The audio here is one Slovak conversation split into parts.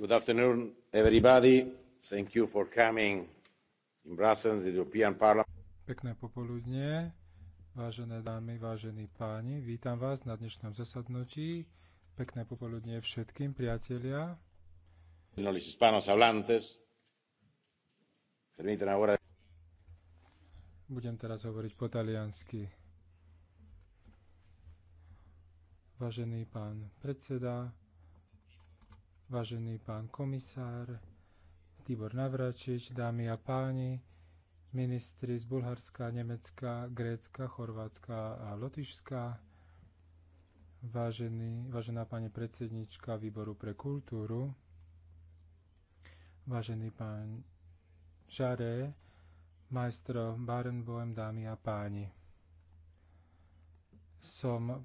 Good afternoon, everybody. Thank you for coming in Brussels, the European Parliament. Pekné popoludne, vážené dámy, vážení páni. Vítam vás na dnešnom zasadnutí. Pekné popoludne všetkým, priatelia. No, los hispanos hablantes. Permítanme ahora... Budem teraz hovoriť po taliansky. Vážený pán predseda, vážený pán komisár Tibor Navračič, dámy a páni, ministri z Bulharska, Nemecka, Grécka, Chorvátska a Lotyšska, vážený, vážená pani predsednička Výboru pre kultúru, vážený pán Žaré, majstro Barenboem, dámy a páni. Som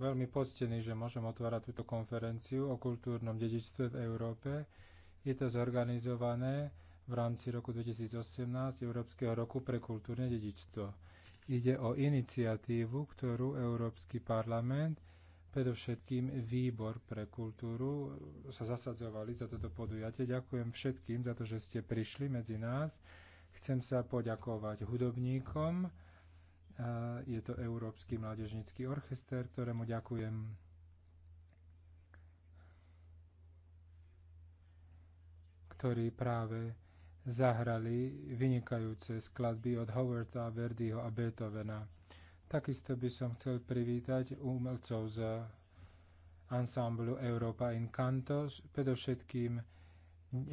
veľmi poctený, že môžem otvárať túto konferenciu o kultúrnom dedičstve v Európe. Je to zorganizované v rámci roku 2018 Európskeho roku pre kultúrne dedičstvo. Ide o iniciatívu, ktorú Európsky parlament, predovšetkým výbor pre kultúru, sa zasadzovali za toto podujatie. Ďakujem všetkým za to, že ste prišli medzi nás. Chcem sa poďakovať hudobníkom, je to Európsky mládežnický orchester, ktorému ďakujem. ktorí práve zahrali vynikajúce skladby od Howarda, Verdiho a Beethovena. Takisto by som chcel privítať umelcov z ansamblu Europa in Canto, predovšetkým 40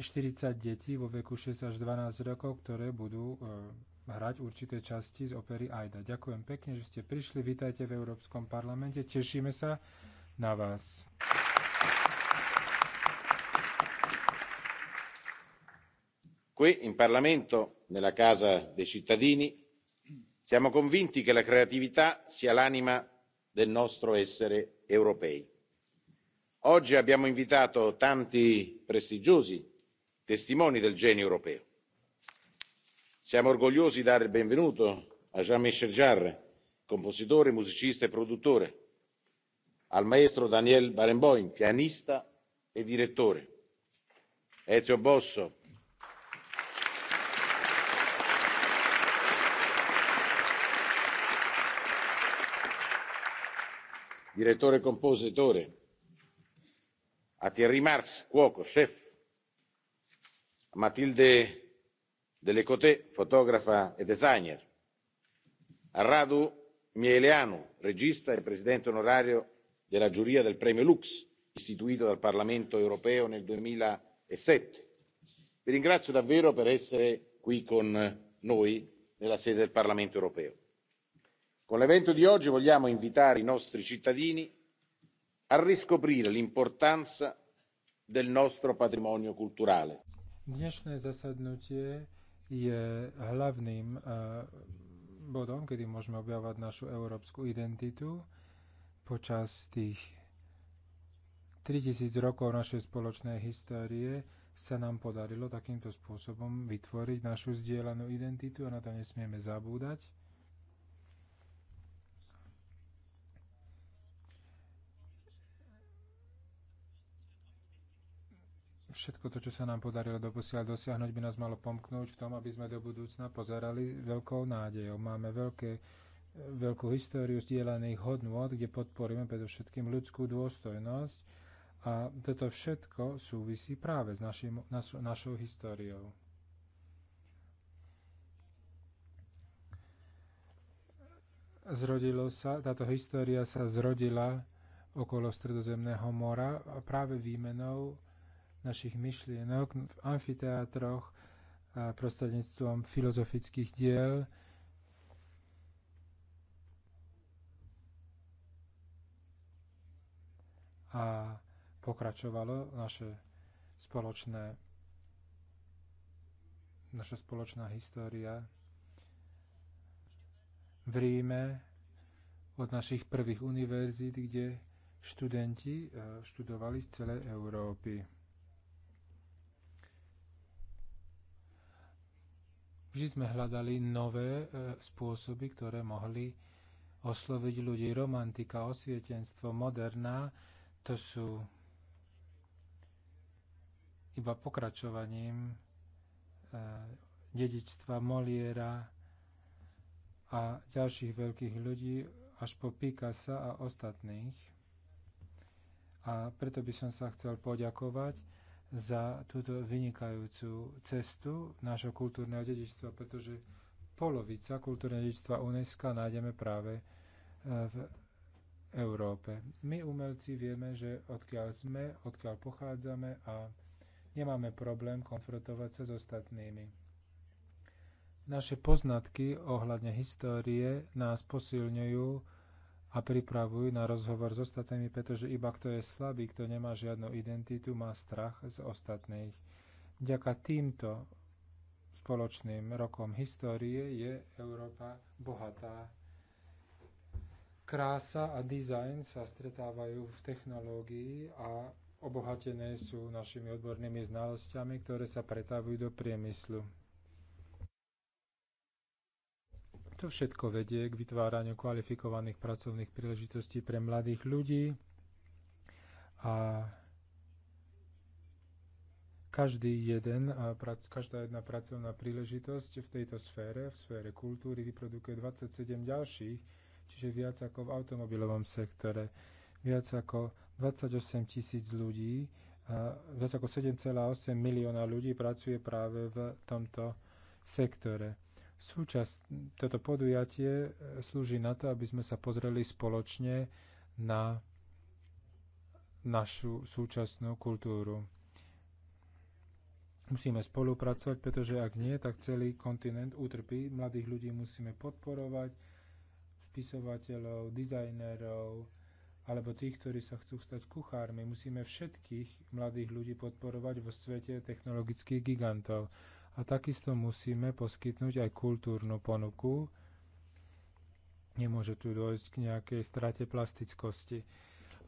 detí vo veku 6 až 12 rokov, ktoré budú e, hrať určité časti z opery Aida. Ďakujem pekne, že ste prišli. Vítajte v Európskom parlamente. Tešíme sa na vás. Qui in Parlamento, nella Casa dei cittadini, siamo convinti che la creatività sia l'anima del nostro essere europei. Oggi abbiamo invitato tanti prestigiosi testimoni del genio europeo siamo orgogliosi di dare il benvenuto a jean michel jarre compositore musicista e produttore al maestro daniel barenboim pianista e direttore ezio bosso direttore e compositore a thierry marx cuoco chef a mathilde dell'ecoté fotografa e designer a radu mieleanu regista e presidente onorario della giuria del premio lux istituito dal parlamento europeo nel. duemilasette e vi ringrazio davvero per essere qui con noi nella sede del parlamento europeo. con l'evento di oggi vogliamo invitare i nostri cittadini a riscoprire l'importanza del nostro patrimonio culturale. Dnešné zasadnutie je hlavným eh, bodom, kedy môžeme objavovať našu európsku identitu počas tých 3000 rokov našej spoločnej histórie sa nám podarilo takýmto spôsobom vytvoriť našu zdieľanú identitu a na to nesmieme zabúdať. všetko to, čo sa nám podarilo doposiaľ dosiahnuť, by nás malo pomknúť v tom, aby sme do budúcna pozerali veľkou nádejou. Máme veľké, veľkú históriu zdieľaných hodnôt, kde podporujeme predovšetkým ľudskú dôstojnosť a toto všetko súvisí práve s našim, naš, našou históriou. Zrodilo sa, táto história sa zrodila okolo Stredozemného mora a práve výmenou našich myšlienok v amfiteátroch a prostredníctvom filozofických diel. A pokračovalo naše spoločné naša spoločná história v Ríme od našich prvých univerzít, kde študenti eh, študovali z celej Európy. Vždy sme hľadali nové e, spôsoby, ktoré mohli osloviť ľudí. Romantika, osvietenstvo, moderná, to sú iba pokračovaním e, dedičstva Moliera a ďalších veľkých ľudí až po Picasso a ostatných. A preto by som sa chcel poďakovať za túto vynikajúcu cestu nášho kultúrneho dedičstva, pretože polovica kultúrneho dedičstva UNESCO nájdeme práve e, v Európe. My umelci vieme, že odkiaľ sme, odkiaľ pochádzame a nemáme problém konfrontovať sa s ostatnými. Naše poznatky ohľadne histórie nás posilňujú a pripravujú na rozhovor s ostatnými, pretože iba kto je slabý, kto nemá žiadnu identitu, má strach z ostatných. Vďaka týmto spoločným rokom histórie je Európa bohatá. Krása a dizajn sa stretávajú v technológii a obohatené sú našimi odbornými znalosťami, ktoré sa pretavujú do priemyslu. To všetko vedie k vytváraniu kvalifikovaných pracovných príležitostí pre mladých ľudí a každý jeden, každá jedna pracovná príležitosť v tejto sfére, v sfére kultúry, vyprodukuje 27 ďalších, čiže viac ako v automobilovom sektore. Viac ako 28 tisíc ľudí, viac ako 7,8 milióna ľudí pracuje práve v tomto sektore. Súčasť, toto podujatie e, slúži na to, aby sme sa pozreli spoločne na našu súčasnú kultúru. Musíme spolupracovať, pretože ak nie, tak celý kontinent utrpí. Mladých ľudí musíme podporovať, spisovateľov, dizajnérov, alebo tých, ktorí sa chcú stať kuchármi. Musíme všetkých mladých ľudí podporovať vo svete technologických gigantov a takisto musíme poskytnúť aj kultúrnu ponuku. Nemôže tu dôjsť k nejakej strate plastickosti.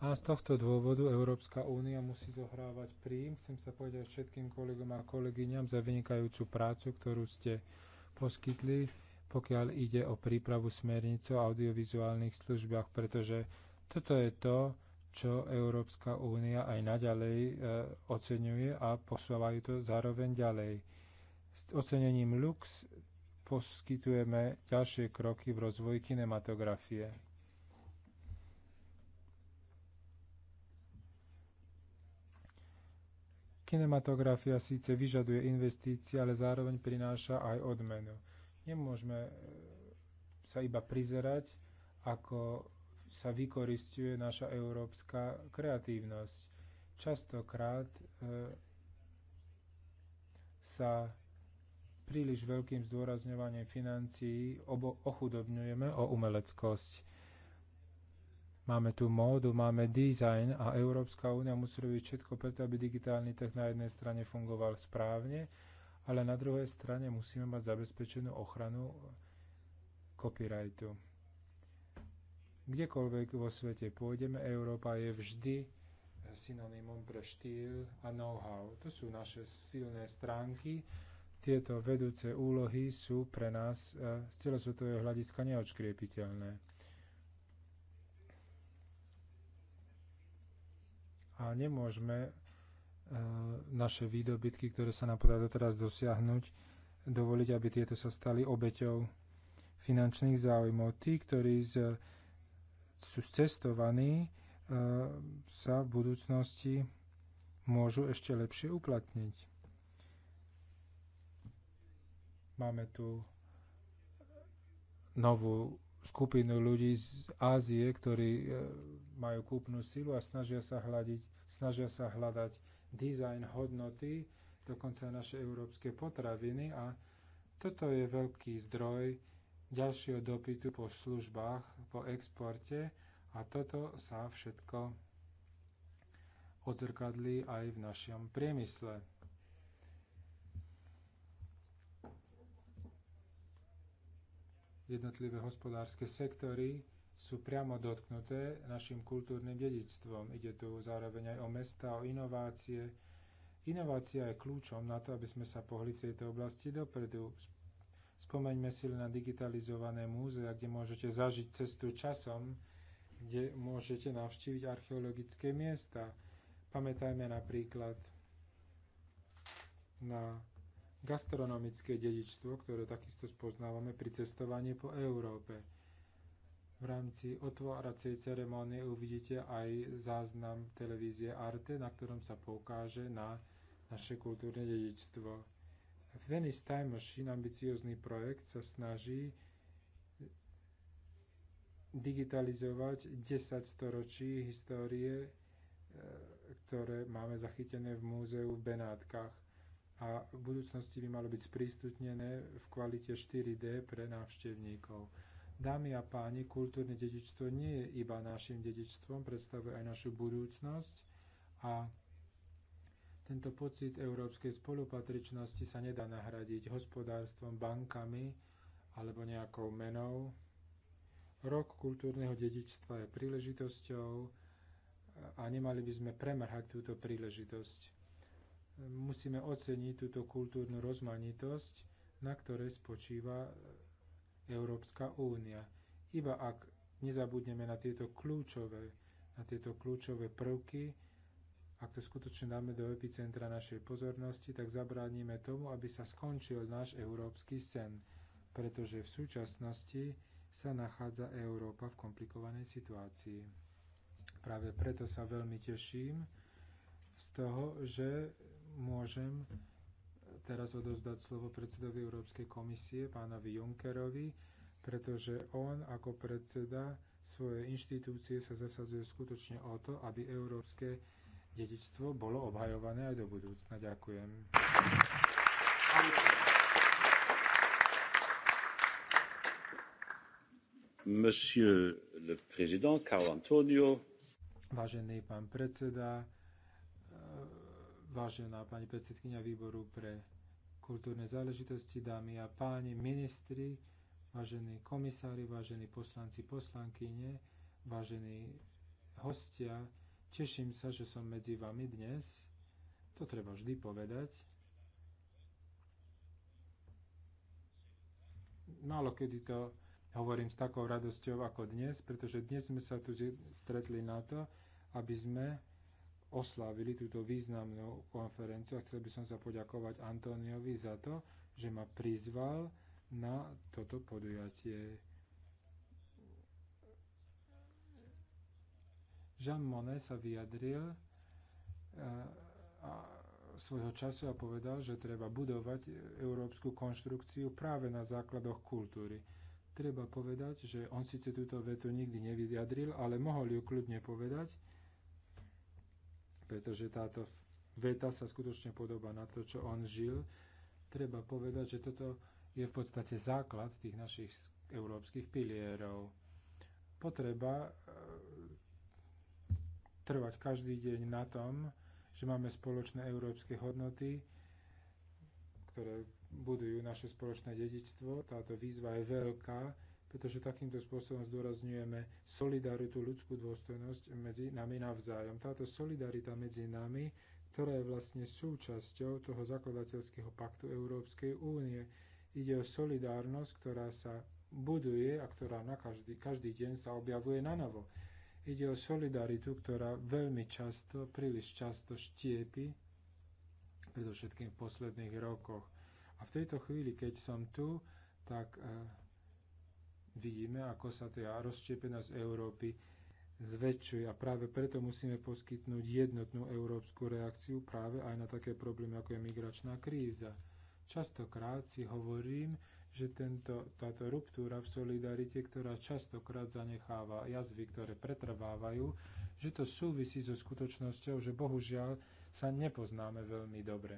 A z tohto dôvodu Európska únia musí zohrávať príjm. Chcem sa povedať všetkým kolegom a kolegyňam za vynikajúcu prácu, ktorú ste poskytli, pokiaľ ide o prípravu smernice o audiovizuálnych službách, pretože toto je to, čo Európska únia aj naďalej e, oceňuje a posúvajú to zároveň ďalej. S ocenením Lux poskytujeme ďalšie kroky v rozvoji kinematografie. Kinematografia síce vyžaduje investície, ale zároveň prináša aj odmenu. Nemôžeme e, sa iba prizerať, ako sa vykoristuje naša európska kreatívnosť. Častokrát e, sa príliš veľkým zdôrazňovaním financií obo ochudobňujeme o umeleckosť. Máme tu módu, máme design a Európska únia musí robiť všetko preto, aby digitálny trh na jednej strane fungoval správne, ale na druhej strane musíme mať zabezpečenú ochranu copyrightu. Kdekoľvek vo svete pôjdeme, Európa je vždy synonymom pre štýl a know-how. To sú naše silné stránky tieto vedúce úlohy sú pre nás e, z celosvetového hľadiska neodškriepiteľné. A nemôžeme e, naše výdobytky, ktoré sa nám podarilo doteraz dosiahnuť, dovoliť, aby tieto sa stali obeťou finančných záujmov. Tí, ktorí z, sú cestovaní, e, sa v budúcnosti môžu ešte lepšie uplatniť. Máme tu novú skupinu ľudí z Ázie, ktorí e, majú kúpnu silu a snažia sa, hľadiť, snažia sa hľadať dizajn hodnoty, dokonca naše európske potraviny a toto je veľký zdroj ďalšieho dopytu po službách, po exporte a toto sa všetko odzrkadlí aj v našom priemysle. Jednotlivé hospodárske sektory sú priamo dotknuté našim kultúrnym dedičstvom. Ide tu zároveň aj o mesta, o inovácie. Inovácia je kľúčom na to, aby sme sa pohli v tejto oblasti dopredu. Spomeňme si len na digitalizované múzea, kde môžete zažiť cestu časom, kde môžete navštíviť archeologické miesta. Pamätajme napríklad na gastronomické dedičstvo, ktoré takisto spoznávame pri cestovaní po Európe. V rámci otváracej ceremonie uvidíte aj záznam televízie Arte, na ktorom sa poukáže na naše kultúrne dedičstvo. Venice Time Machine, ambiciózny projekt, sa snaží digitalizovať 10 storočí histórie, e, ktoré máme zachytené v múzeu v Benátkach a v budúcnosti by malo byť sprístupnené v kvalite 4D pre návštevníkov. Dámy a páni, kultúrne dedičstvo nie je iba našim dedičstvom, predstavuje aj našu budúcnosť a tento pocit európskej spolupatričnosti sa nedá nahradiť hospodárstvom, bankami alebo nejakou menou. Rok kultúrneho dedičstva je príležitosťou a nemali by sme premrhať túto príležitosť musíme oceniť túto kultúrnu rozmanitosť, na ktorej spočíva e, Európska únia. Iba ak nezabudneme na tieto kľúčové, na tieto kľúčové prvky, ak to skutočne dáme do epicentra našej pozornosti, tak zabránime tomu, aby sa skončil náš európsky sen, pretože v súčasnosti sa nachádza Európa v komplikovanej situácii. Práve preto sa veľmi teším, z toho, že môžem teraz odovzdať slovo predsedovi Európskej komisie, pánovi Junckerovi, pretože on ako predseda svojej inštitúcie sa zasadzuje skutočne o to, aby európske dedičstvo bolo obhajované aj do budúcna. Ďakujem. Monsieur le président Carl Antonio. Vážený pán predseda, Vážená pani predsedkynia výboru pre kultúrne záležitosti, dámy a páni, ministri, vážení komisári, vážení poslanci, poslankyne, vážení hostia, teším sa, že som medzi vami dnes. To treba vždy povedať. Málo kedy to hovorím s takou radosťou ako dnes, pretože dnes sme sa tu stretli na to, aby sme oslávili túto významnú konferenciu a chcel by som sa poďakovať Antoniovi za to, že ma prizval na toto podujatie. Jean Monnet sa vyjadril eh, a svojho času a povedal, že treba budovať európsku konštrukciu práve na základoch kultúry. Treba povedať, že on síce túto vetu nikdy nevyjadril, ale mohol ju kľudne povedať, pretože táto veta sa skutočne podobá na to, čo on žil. Treba povedať, že toto je v podstate základ tých našich európskych pilierov. Potreba e, trvať každý deň na tom, že máme spoločné európske hodnoty, ktoré budujú naše spoločné dedičstvo. Táto výzva je veľká, pretože takýmto spôsobom zdôrazňujeme solidaritu, ľudskú dôstojnosť medzi nami navzájom. Táto solidarita medzi nami, ktorá je vlastne súčasťou toho zakladateľského paktu Európskej únie, ide o solidárnosť, ktorá sa buduje a ktorá na každý, každý deň sa objavuje na novo. Ide o solidaritu, ktorá veľmi často, príliš často štiepi, predovšetkým v posledných rokoch. A v tejto chvíli, keď som tu, tak eh, vidíme, ako sa tá rozštiepenosť Európy zväčšuje a práve preto musíme poskytnúť jednotnú európsku reakciu práve aj na také problémy, ako je migračná kríza. Častokrát si hovorím, že tento, táto ruptúra v solidarite, ktorá častokrát zanecháva jazvy, ktoré pretrvávajú, že to súvisí so skutočnosťou, že bohužiaľ sa nepoznáme veľmi dobre.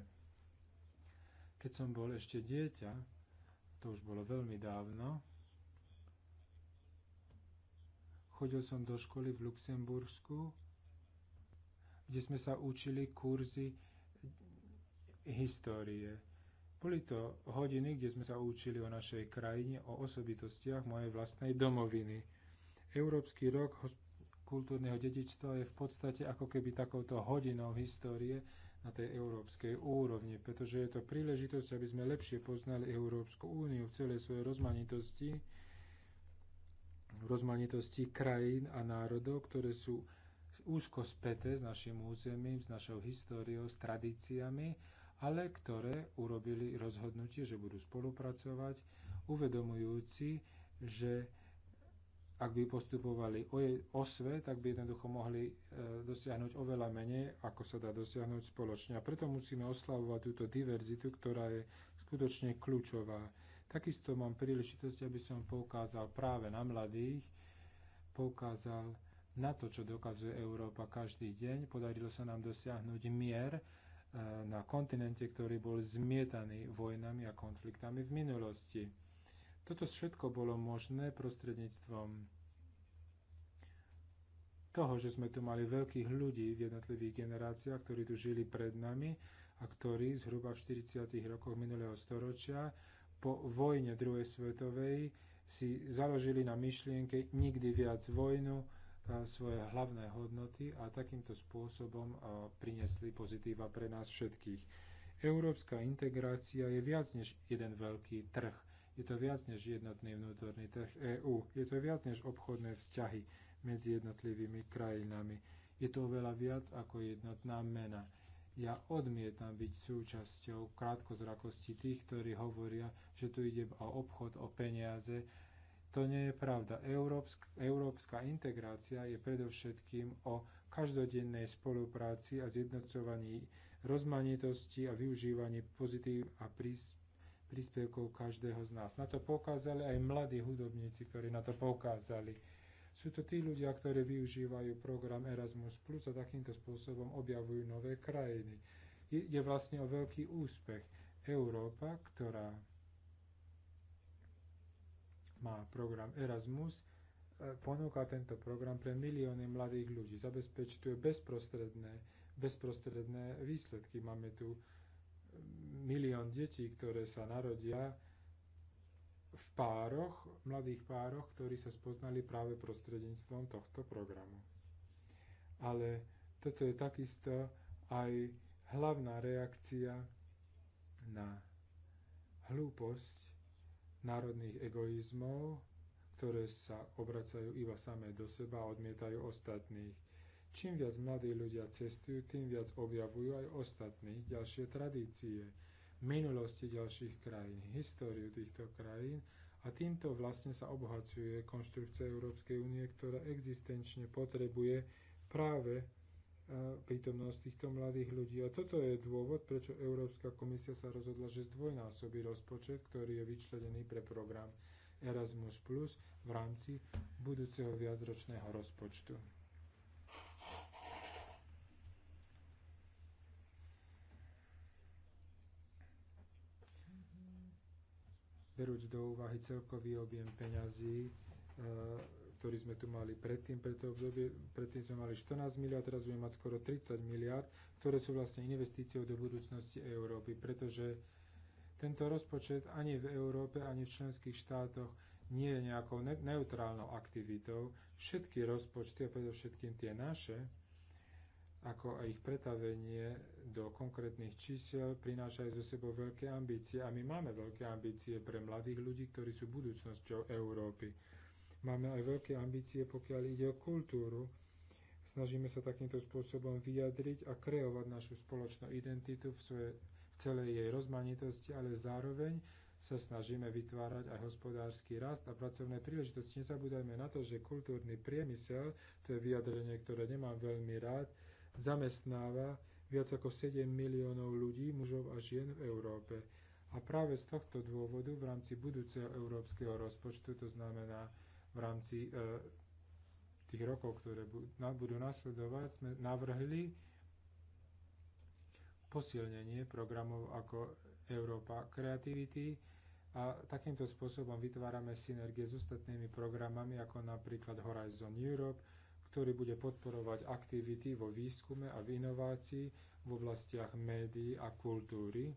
Keď som bol ešte dieťa, to už bolo veľmi dávno, Chodil som do školy v Luxembursku, kde sme sa učili kurzy histórie. Boli to hodiny, kde sme sa učili o našej krajine, o osobitostiach mojej vlastnej domoviny. Európsky rok kultúrneho dedičstva je v podstate ako keby takouto hodinou histórie na tej európskej úrovni, pretože je to príležitosť, aby sme lepšie poznali Európsku úniu v celej svojej rozmanitosti rozmanitosti krajín a národov, ktoré sú úzko späté s našim územím, s našou históriou, s tradíciami, ale ktoré urobili rozhodnutie, že budú spolupracovať, uvedomujúci, že ak by postupovali o, je, o svet, tak by jednoducho mohli e, dosiahnuť oveľa menej, ako sa dá dosiahnuť spoločne. A preto musíme oslavovať túto diverzitu, ktorá je skutočne kľúčová. Takisto mám príležitosť, aby som poukázal práve na mladých, poukázal na to, čo dokazuje Európa každý deň. Podarilo sa nám dosiahnuť mier eh, na kontinente, ktorý bol zmietaný vojnami a konfliktami v minulosti. Toto všetko bolo možné prostredníctvom toho, že sme tu mali veľkých ľudí v jednotlivých generáciách, ktorí tu žili pred nami a ktorí zhruba v 40. rokoch minulého storočia po vojne druhej svetovej si založili na myšlienke nikdy viac vojnu svoje hlavné hodnoty a takýmto spôsobom priniesli pozitíva pre nás všetkých. Európska integrácia je viac než jeden veľký trh. Je to viac než jednotný vnútorný trh EÚ. Je to viac než obchodné vzťahy medzi jednotlivými krajinami. Je to oveľa viac ako jednotná mena. Ja odmietam byť súčasťou krátkozrakosti tých, ktorí hovoria, že tu ide o obchod, o peniaze. To nie je pravda. Európsk, európska integrácia je predovšetkým o každodennej spolupráci a zjednocovaní rozmanitosti a využívaní pozitív a prís, príspevkov každého z nás. Na to poukázali aj mladí hudobníci, ktorí na to poukázali sú to tí ľudia, ktorí využívajú program Erasmus Plus a takýmto spôsobom objavujú nové krajiny. Ide vlastne o veľký úspech. Európa, ktorá má program Erasmus, e, ponúka tento program pre milióny mladých ľudí. Zabezpečuje bezprostredné, bezprostredné výsledky. Máme tu e, milión detí, ktoré sa narodia v pároch, mladých pároch, ktorí sa spoznali práve prostredníctvom tohto programu. Ale toto je takisto aj hlavná reakcia na hlúposť národných egoizmov, ktoré sa obracajú iba samé do seba a odmietajú ostatných. Čím viac mladí ľudia cestujú, tým viac objavujú aj ostatných ďalšie tradície, minulosti ďalších krajín, históriu týchto krajín a týmto vlastne sa obohacuje konštrukcia Európskej únie, ktorá existenčne potrebuje práve e, prítomnosť týchto mladých ľudí. A toto je dôvod, prečo Európska komisia sa rozhodla, že zdvojnásobí rozpočet, ktorý je vyčlenený pre program Erasmus Plus v rámci budúceho viacročného rozpočtu. berúc do úvahy celkový objem peňazí, e, ktorý sme tu mali predtým, pre to obdobie, predtým sme mali 14 miliard, teraz budeme mať skoro 30 miliard, ktoré sú vlastne investíciou do budúcnosti Európy, pretože tento rozpočet ani v Európe, ani v členských štátoch nie je nejakou neutrálnou aktivitou. Všetky rozpočty, a predovšetkým tie naše, ako aj ich pretavenie do konkrétnych čísel prinášajú zo sebou veľké ambície. A my máme veľké ambície pre mladých ľudí, ktorí sú budúcnosťou Európy. Máme aj veľké ambície, pokiaľ ide o kultúru. Snažíme sa takýmto spôsobom vyjadriť a kreovať našu spoločnú identitu v, svoje, v celej jej rozmanitosti, ale zároveň sa snažíme vytvárať aj hospodársky rast a pracovné príležitosti. Nezabúdajme na to, že kultúrny priemysel, to je vyjadrenie, ktoré nemám veľmi rád, zamestnáva viac ako 7 miliónov ľudí, mužov a žien v Európe. A práve z tohto dôvodu v rámci budúceho európskeho rozpočtu, to znamená v rámci e, tých rokov, ktoré budú nasledovať, sme navrhli posilnenie programov ako Európa Creativity a takýmto spôsobom vytvárame synergie s ostatnými programami ako napríklad Horizon Europe, ktorý bude podporovať aktivity vo výskume a v inovácii v oblastiach médií a kultúry,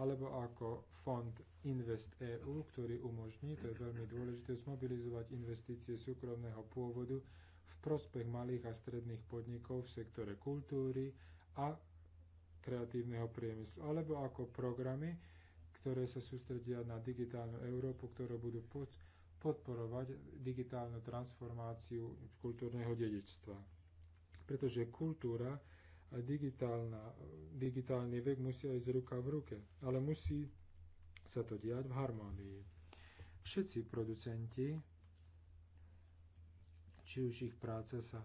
alebo ako fond Invest EU, ktorý umožní, to je veľmi dôležité, zmobilizovať investície súkromného pôvodu v prospech malých a stredných podnikov v sektore kultúry a kreatívneho priemyslu, alebo ako programy, ktoré sa sústredia na digitálnu Európu, ktoré budú pod, podporovať digitálnu transformáciu kultúrneho dedičstva. Pretože kultúra a digitálna, digitálny vek musia ísť ruka v ruke, ale musí sa to diať v harmónii. Všetci producenti, či už ich práca sa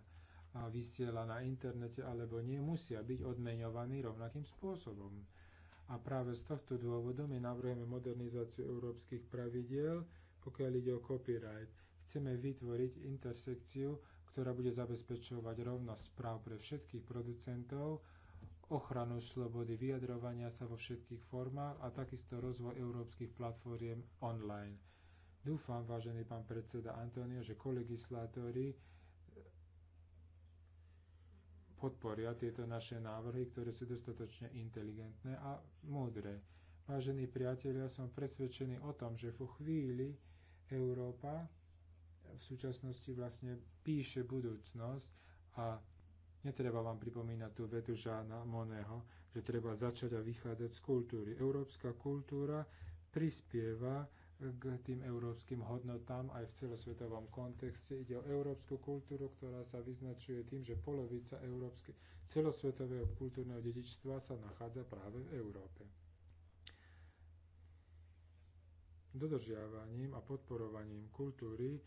vysiela na internete alebo nie, musia byť odmeňovaní rovnakým spôsobom. A práve z tohto dôvodu my navrhujeme modernizáciu európskych pravidiel, pokiaľ ide o copyright. Chceme vytvoriť intersekciu, ktorá bude zabezpečovať rovnosť práv pre všetkých producentov, ochranu slobody vyjadrovania sa vo všetkých formách a takisto rozvoj európskych platform online. Dúfam, vážený pán predseda Antonio, že kolegislátori eh, podporia tieto naše návrhy, ktoré sú dostatočne inteligentné a múdre. Vážení priatelia, som presvedčený o tom, že vo chvíli, Európa v súčasnosti vlastne píše budúcnosť a netreba vám pripomínať tú vetu Žána Moného, že treba začať a vychádzať z kultúry. Európska kultúra prispieva k tým európskym hodnotám aj v celosvetovom kontexte. Ide o európsku kultúru, ktorá sa vyznačuje tým, že polovica európske, celosvetového kultúrneho dedičstva sa nachádza práve v Európe dodržiavaním a podporovaním kultúry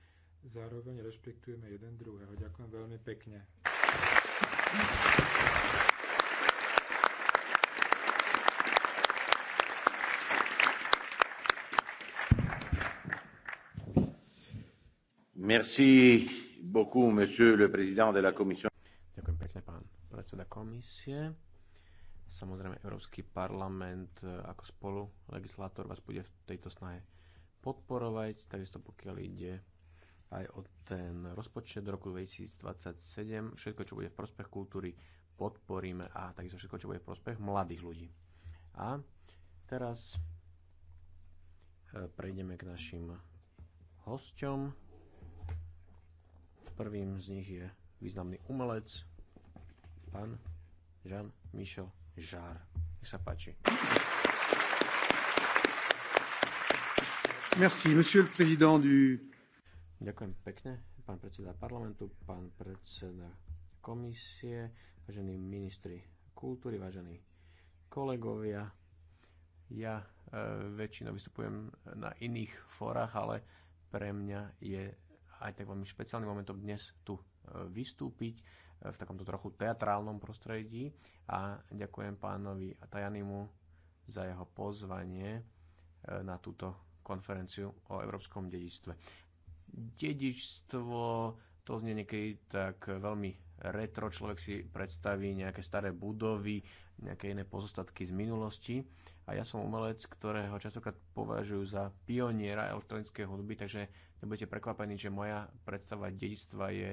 zároveň rešpektujeme jeden druhého. Ďakujem veľmi pekne. Merci beaucoup, monsieur le président de la commission. Ďakujem pekne, pán predseda komisie. Samozrejme, Európsky parlament e, ako spolu legislátor vás bude v tejto snahe podporovať, takisto pokiaľ ide aj o ten rozpočet roku 2027. Všetko, čo bude v prospech kultúry, podporíme a takisto všetko, čo bude v prospech mladých ľudí. A teraz e, prejdeme k našim hosťom. Prvým z nich je významný umelec, pán Jean-Michel Žár. Nech sa páči. Merci, monsieur le président du... Ďakujem pekne, pán predseda parlamentu, pán predseda komisie, vážení ministri kultúry, vážení kolegovia. Ja e, väčšinou vystupujem na iných fórach, ale pre mňa je aj tak veľmi špeciálnym momentom dnes tu e, vystúpiť v takomto trochu teatrálnom prostredí a ďakujem pánovi Tajanimu za jeho pozvanie e, na túto konferenciu o európskom dedičstve. Dedičstvo to znie niekedy tak veľmi retro, človek si predstaví nejaké staré budovy, nejaké iné pozostatky z minulosti a ja som umelec, ktorého častokrát považujú za pioniera elektronickej hudby, takže nebudete prekvapení, že moja predstava dedičstva je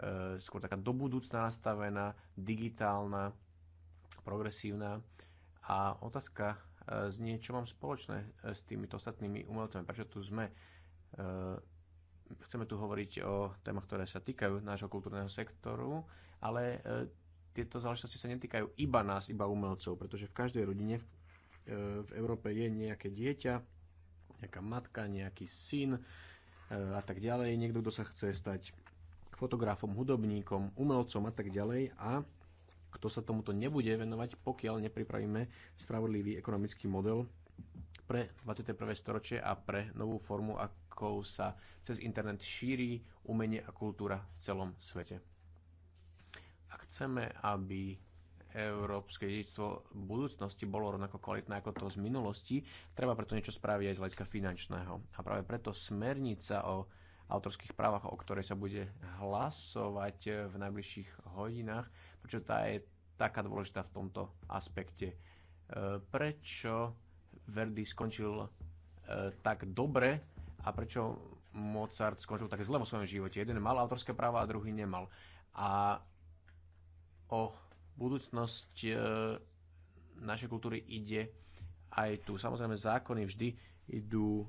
E, skôr taká do budúcna nastavená, digitálna, progresívna. A otázka e, znie, čo mám spoločné e, s týmito ostatnými umelcami, prečo tu sme. Chceme tu hovoriť o témach, ktoré sa týkajú nášho kultúrneho sektoru, ale tieto záležitosti sa netýkajú iba nás, iba umelcov, pretože v každej rodine v Európe je nejaké dieťa, nejaká matka, nejaký syn a tak ďalej, niekto, kto sa chce stať fotografom, hudobníkom, umelcom a tak ďalej a kto sa tomuto nebude venovať, pokiaľ nepripravíme spravodlivý ekonomický model pre 21. storočie a pre novú formu, akou sa cez internet šíri umenie a kultúra v celom svete. Ak chceme, aby európske dedičstvo v budúcnosti bolo rovnako kvalitné ako to z minulosti, treba preto niečo spraviť aj z hľadiska finančného. A práve preto smernica o autorských právach, o ktorej sa bude hlasovať eh, v najbližších hodinách. Prečo tá je taká dôležitá v tomto aspekte? Eh, prečo Verdi skončil eh, tak dobre a prečo Mozart skončil tak zle vo svojom živote? Jeden mal autorské práva a druhý nemal. A o budúcnosť našej kultúry ide aj tu. Samozrejme, zákony vždy idú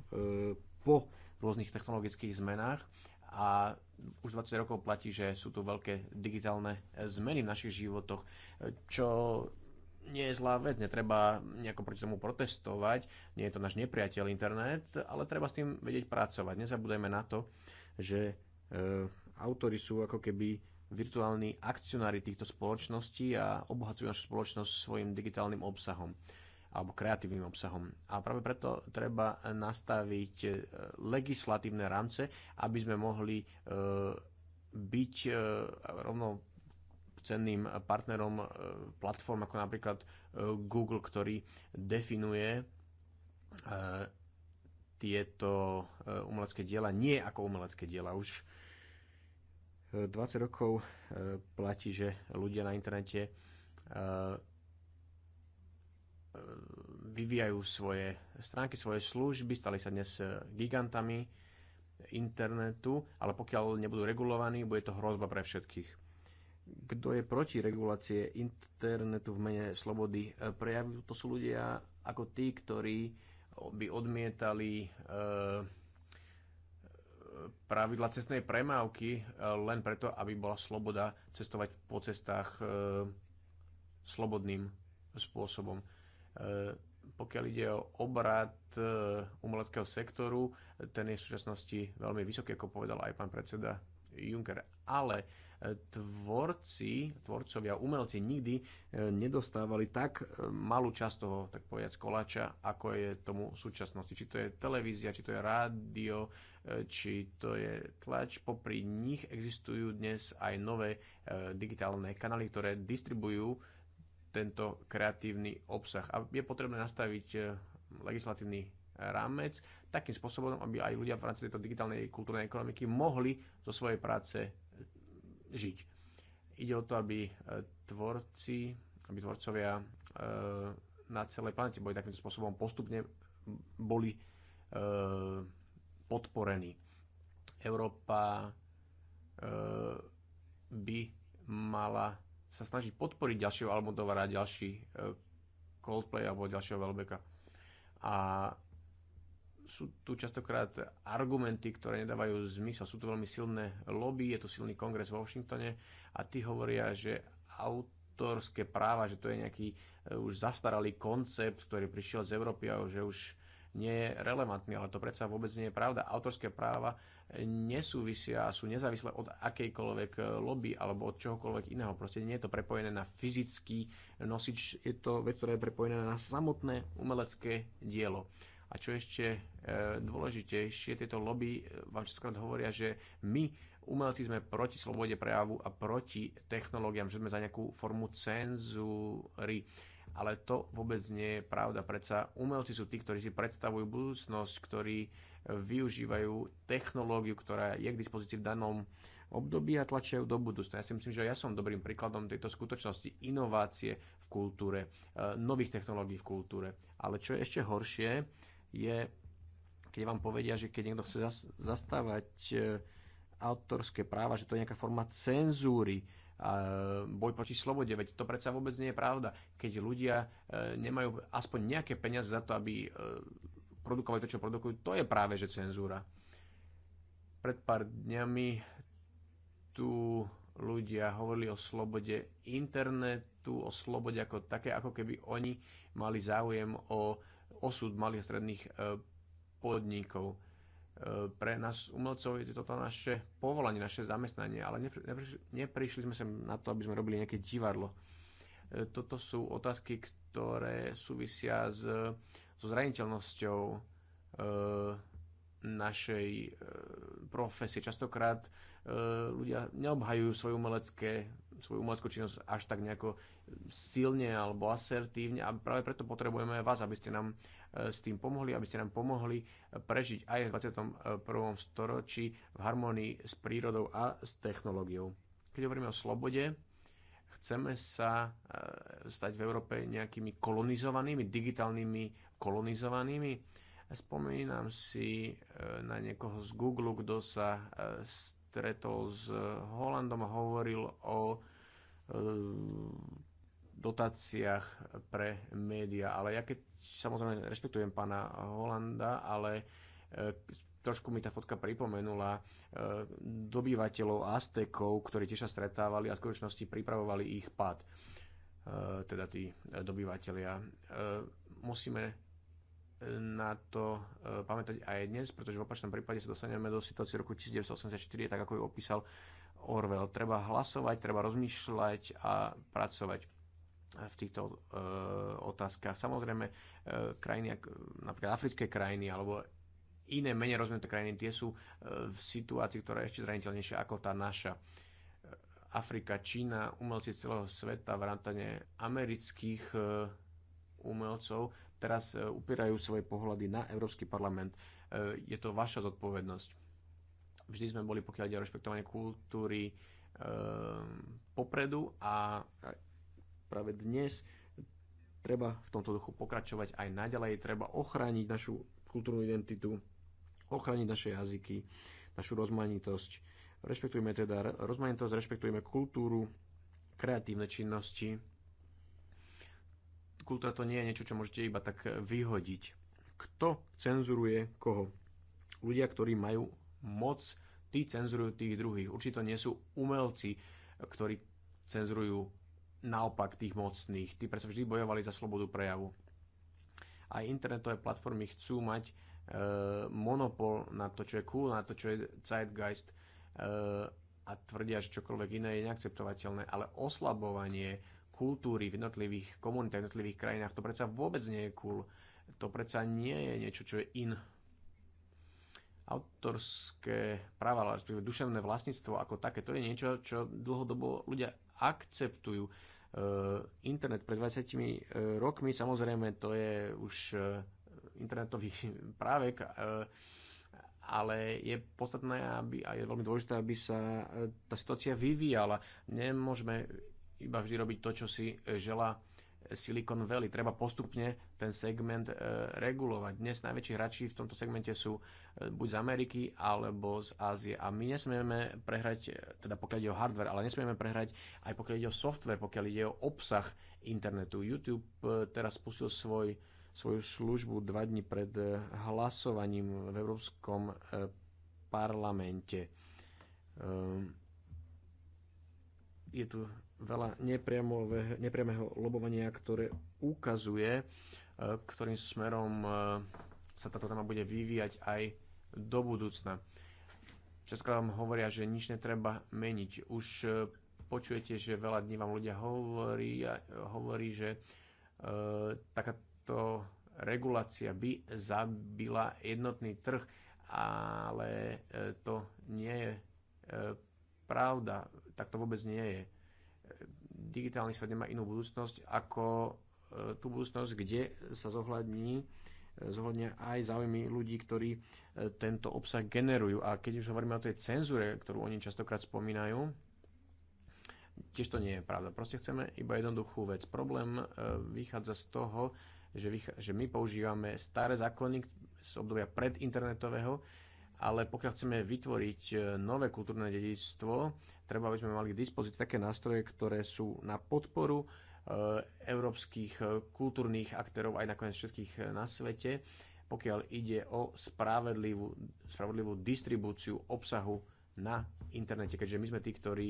po rôznych technologických zmenách a už 20 rokov platí, že sú tu veľké digitálne zmeny v našich životoch, čo nie je zlá vec, netreba nejako proti tomu protestovať, nie je to náš nepriateľ internet, ale treba s tým vedieť pracovať. Nezabúdajme na to, že e, autory sú ako keby virtuálni akcionári týchto spoločností a obohacujú našu spoločnosť svojim digitálnym obsahom alebo kreatívnym obsahom. A práve preto treba nastaviť e, legislatívne rámce, aby sme mohli e, byť e, rovno cenným partnerom platform ako napríklad Google, ktorý definuje tieto umelecké diela nie ako umelecké diela. Už 20 rokov platí, že ľudia na internete E, vyvíjajú svoje stránky, svoje služby, stali sa dnes e, gigantami internetu, ale pokiaľ nebudú regulovaní, bude to hrozba pre všetkých. Kto je proti regulácie internetu v mene slobody e, prejavu, to sú ľudia ako tí, ktorí by odmietali pravidla cestnej premávky len preto, aby bola sloboda cestovať po cestách slobodným spôsobom E, pokiaľ ide o obrad e, umeleckého sektoru, ten je v súčasnosti veľmi vysoký, ako povedal aj pán predseda Juncker. Ale e, tvorci, tvorcovia, umelci nikdy nedostávali tak malú časť toho, tak povedať, koláča, ako je tomu v súčasnosti. Či to je televízia, či to je rádio, či to je tlač. Popri nich existujú dnes aj nové digitálne kanály, ktoré distribujú tento kreatívny obsah. A je potrebné nastaviť e, legislatívny rámec takým spôsobom, aby aj ľudia v rámci tejto digitálnej kultúrnej ekonomiky mohli zo svojej práce e, žiť. Ide o to, aby e, tvorci, aby tvorcovia na celej planete boli takýmto spôsobom postupne boli podporení. Európa by mala sa snaží podporiť ďalšieho Almodovara, ďalší e, Coldplay alebo ďalšieho Velbeka. A sú tu častokrát argumenty, ktoré nedávajú zmysel. Sú tu veľmi silné lobby, je tu silný kongres vo Washingtone a tí hovoria, že autorské práva, že to je nejaký e, už zastaralý koncept, ktorý prišiel z Európy a že už nie je relevantný, ale to predsa vôbec nie je pravda. Autorské práva nesúvisia a sú nezávislé od akejkoľvek eh, lobby alebo od čohokoľvek iného. Proste nie je to prepojené na fyzický nosič, je to vec, ktorá je prepojená na samotné umelecké dielo. A čo ešte eh, dôležitejšie, tieto lobby eh, vám častokrát hovoria, že my umelci sme proti slobode prejavu a proti technológiám, že sme za nejakú formu cenzúry. Ale to vôbec nie je pravda. Predsa umelci sú tí, ktorí si predstavujú budúcnosť, ktorí využívajú technológiu, ktorá je k dispozícii v danom období a tlačia do budúcna. Ja si myslím, že ja som dobrým príkladom tejto skutočnosti. Inovácie v kultúre, e, nových technológií v kultúre. Ale čo je ešte horšie, je, keď vám povedia, že keď niekto chce zastávať e, autorské práva, že to je nejaká forma cenzúry, e, boj proti slobode, veď to predsa vôbec nie je pravda. Keď ľudia nemajú aspoň nejaké peniaze za to, aby produkovali to, čo produkujú, to je práve že cenzúra. Pred pár dňami tu ľudia hovorili o slobode internetu, o slobode ako také, ako keby oni mali záujem o osud malých a stredných e, podnikov. E, pre nás umelcov je toto naše povolanie, naše zamestnanie, ale neprišli sme sem na to, aby sme robili nejaké divadlo. E, toto sú otázky, ktoré súvisia s so zraniteľnosťou e, našej e, profesie. Častokrát e, ľudia neobhajujú svoje umelecké, svoju umeleckú činnosť až tak nejako silne alebo asertívne a práve preto potrebujeme vás, aby ste nám e, s tým pomohli, aby ste nám pomohli e, prežiť aj v 21. storočí v harmonii s prírodou a s technológiou. Keď hovoríme o slobode, Chceme sa e, stať v Európe nejakými kolonizovanými, digitálnymi kolonizovanými? Spomínam si e, na niekoho z Google, kto sa e, stretol s Holandom a hovoril o dotáciách pre médiá. Ale ja keď samozrejme rešpektujem pána Holanda, ale trošku mi tá fotka pripomenula e, dobývateľov Aztekov, ktorí tiež sa stretávali a v skutočnosti pripravovali ich pad, E, teda tí e, dobývateľia. E, musíme e, na to e, pamätať aj dnes, pretože v opačnom prípade sa dostaneme do situácie roku 1984, tak ako ju opísal Orwell. Treba hlasovať, treba rozmýšľať a pracovať v týchto otázkach. Samozrejme, krajiny, napríklad africké krajiny alebo iné menej rozvinuté krajiny, tie sú e, v situácii, ktorá je ešte zraniteľnejšia ako tá naša. E, Afrika, Čína, umelci z celého sveta, vrátane amerických e, umelcov, teraz upierajú svoje pohľady na Európsky parlament. Je to vaša zodpovednosť. Vždy sme boli, pokiaľ ide o rešpektovanie kultúry, popredu a práve dnes treba v tomto duchu pokračovať aj naďalej. Treba ochrániť našu kultúrnu identitu ochraniť naše jazyky, našu rozmanitosť. Rešpektujme teda rozmanitosť, rešpektujme kultúru, kreatívne činnosti. Kultúra to nie je niečo, čo môžete iba tak vyhodiť. Kto cenzuruje koho? Ľudia, ktorí majú moc, tí cenzurujú tých druhých. Určite nie sú umelci, ktorí cenzurujú naopak tých mocných. Tí predsa vždy bojovali za slobodu prejavu. Aj internetové platformy chcú mať Eh, monopol na to, čo je cool, na to, čo je zeitgeist eh, a tvrdia, že čokoľvek iné je neakceptovateľné, ale oslabovanie kultúry v jednotlivých komunitách, v jednotlivých krajinách, to predsa vôbec nie je cool. To predsa nie je niečo, čo je in. Autorské práva, ale respektíve duševné vlastníctvo ako také, to je niečo, čo dlhodobo ľudia akceptujú. Eh, internet pred 20 rokmi, samozrejme, to je už internetový právek, e, ale je podstatné aby, a je veľmi dôležité, aby sa e, tá situácia vyvíjala. Nemôžeme iba vždy robiť to, čo si žela Silicon Valley. Treba postupne ten segment e, regulovať. Dnes najväčší hráči v tomto segmente sú buď z Ameriky alebo z Ázie. A my nesmieme prehrať, teda pokiaľ ide o hardware, ale nesmieme prehrať aj pokiaľ ide o software, pokiaľ ide o obsah internetu. YouTube teraz spustil svoj svoju službu dva dní pred eh, hlasovaním v Európskom eh, parlamente. Ehm, je tu veľa nepriamého lobovania, ktoré ukazuje, eh, ktorým smerom sa táto téma bude vyvíjať aj do budúcna. Častokrát vám hovoria, že nič netreba meniť. Už počujete, že veľa dní vám ľudia hovorí, hovorí že e, taká táto regulácia by zabila jednotný trh, ale e, to nie je e, pravda. Tak to vôbec nie je. E, digitálny svet nemá inú budúcnosť ako tú budúcnosť, kde sa zohľadní zohľadnia aj záujmy ľudí, ktorí tento obsah generujú. A keď už hovoríme o tej cenzúre, ktorú oni častokrát spomínajú, tiež to nie je pravda. Proste chceme iba jednoduchú vec. Problém vychádza z toho, že, vych- že my používame staré zákony z obdobia predinternetového, ale pokiaľ chceme vytvoriť e, nové kultúrne dedičstvo, treba, aby sme mali k dispozícii také nástroje, ktoré sú na podporu e, európskych e, kultúrnych aktérov aj nakoniec všetkých na svete, pokiaľ ide o spravedlivú, spravodlivú distribúciu obsahu na internete, keďže my sme tí, ktorí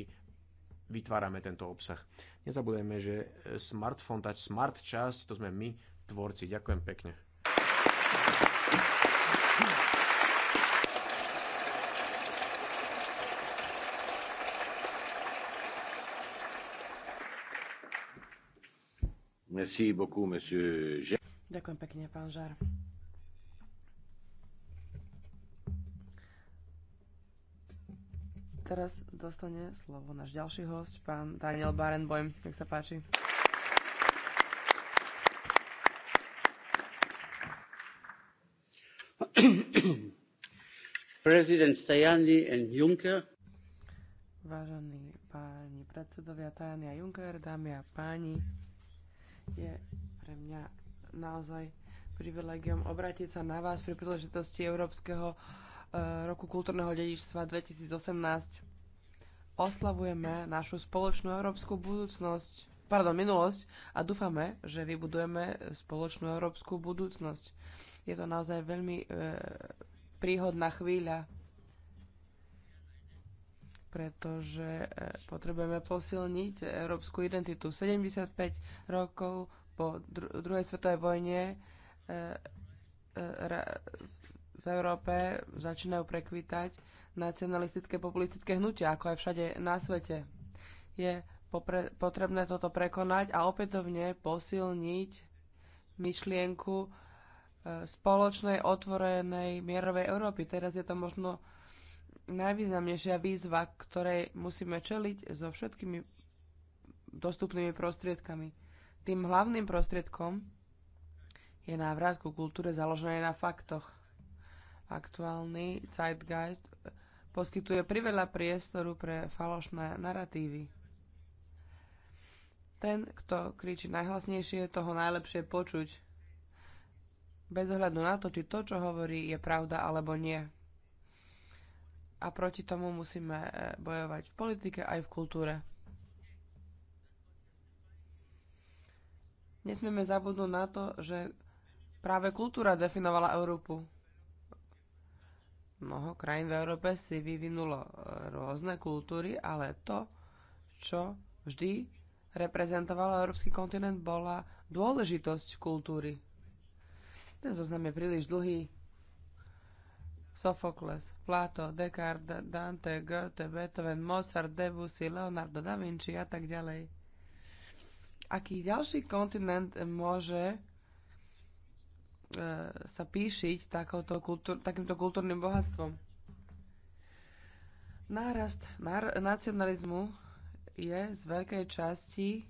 vytvárame tento obsah. Nezabudeme, že smartphone, tá smart časť, to sme my, tvorci. Ďakujem pekne. Merci beaucoup, monsieur. Ďakujem pekne, pán Žar. Teraz dostane slovo náš ďalší host, pán Daniel Barenboim. Nech sa páči. Prezident Juncker. Vážení páni predsedovia Tajani a Juncker, dámy a páni, je pre mňa naozaj privilegium obrátiť sa na vás pri príležitosti Európskeho e, roku kultúrneho dedičstva 2018. Oslavujeme našu spoločnú európsku budúcnosť, pardon, minulosť a dúfame, že vybudujeme spoločnú európsku budúcnosť. Je to naozaj veľmi e, príhodná chvíľa, pretože e, potrebujeme posilniť európsku identitu. 75 rokov po dru- druhej svetovej vojne e, e, ra- v Európe začínajú prekvitať nacionalistické populistické hnutia, ako aj všade na svete. Je potrebné toto prekonať a opätovne posilniť myšlienku spoločnej, otvorenej, mierovej Európy. Teraz je to možno najvýznamnejšia výzva, ktorej musíme čeliť so všetkými dostupnými prostriedkami. Tým hlavným prostriedkom je návrat ku kultúre založenej na faktoch. Aktuálny Zeitgeist poskytuje priveľa priestoru pre falošné narratívy. Ten, kto kričí najhlasnejšie, toho najlepšie počuť bez ohľadu na to, či to, čo hovorí, je pravda alebo nie. A proti tomu musíme e, bojovať v politike aj v kultúre. Nesmieme zabudnúť na to, že práve kultúra definovala Európu. Mnoho krajín v Európe si vyvinulo e, rôzne kultúry, ale to, čo vždy reprezentovalo európsky kontinent, bola dôležitosť kultúry ten zoznam je príliš dlhý. Sofokles, Plato, Descartes, Dante, Goethe, Beethoven, Mozart, Debussy, Leonardo da Vinci a tak ďalej. Aký ďalší kontinent môže e, sa píšiť kultúr, takýmto kultúrnym bohatstvom? Nárast nar- nacionalizmu je z veľkej časti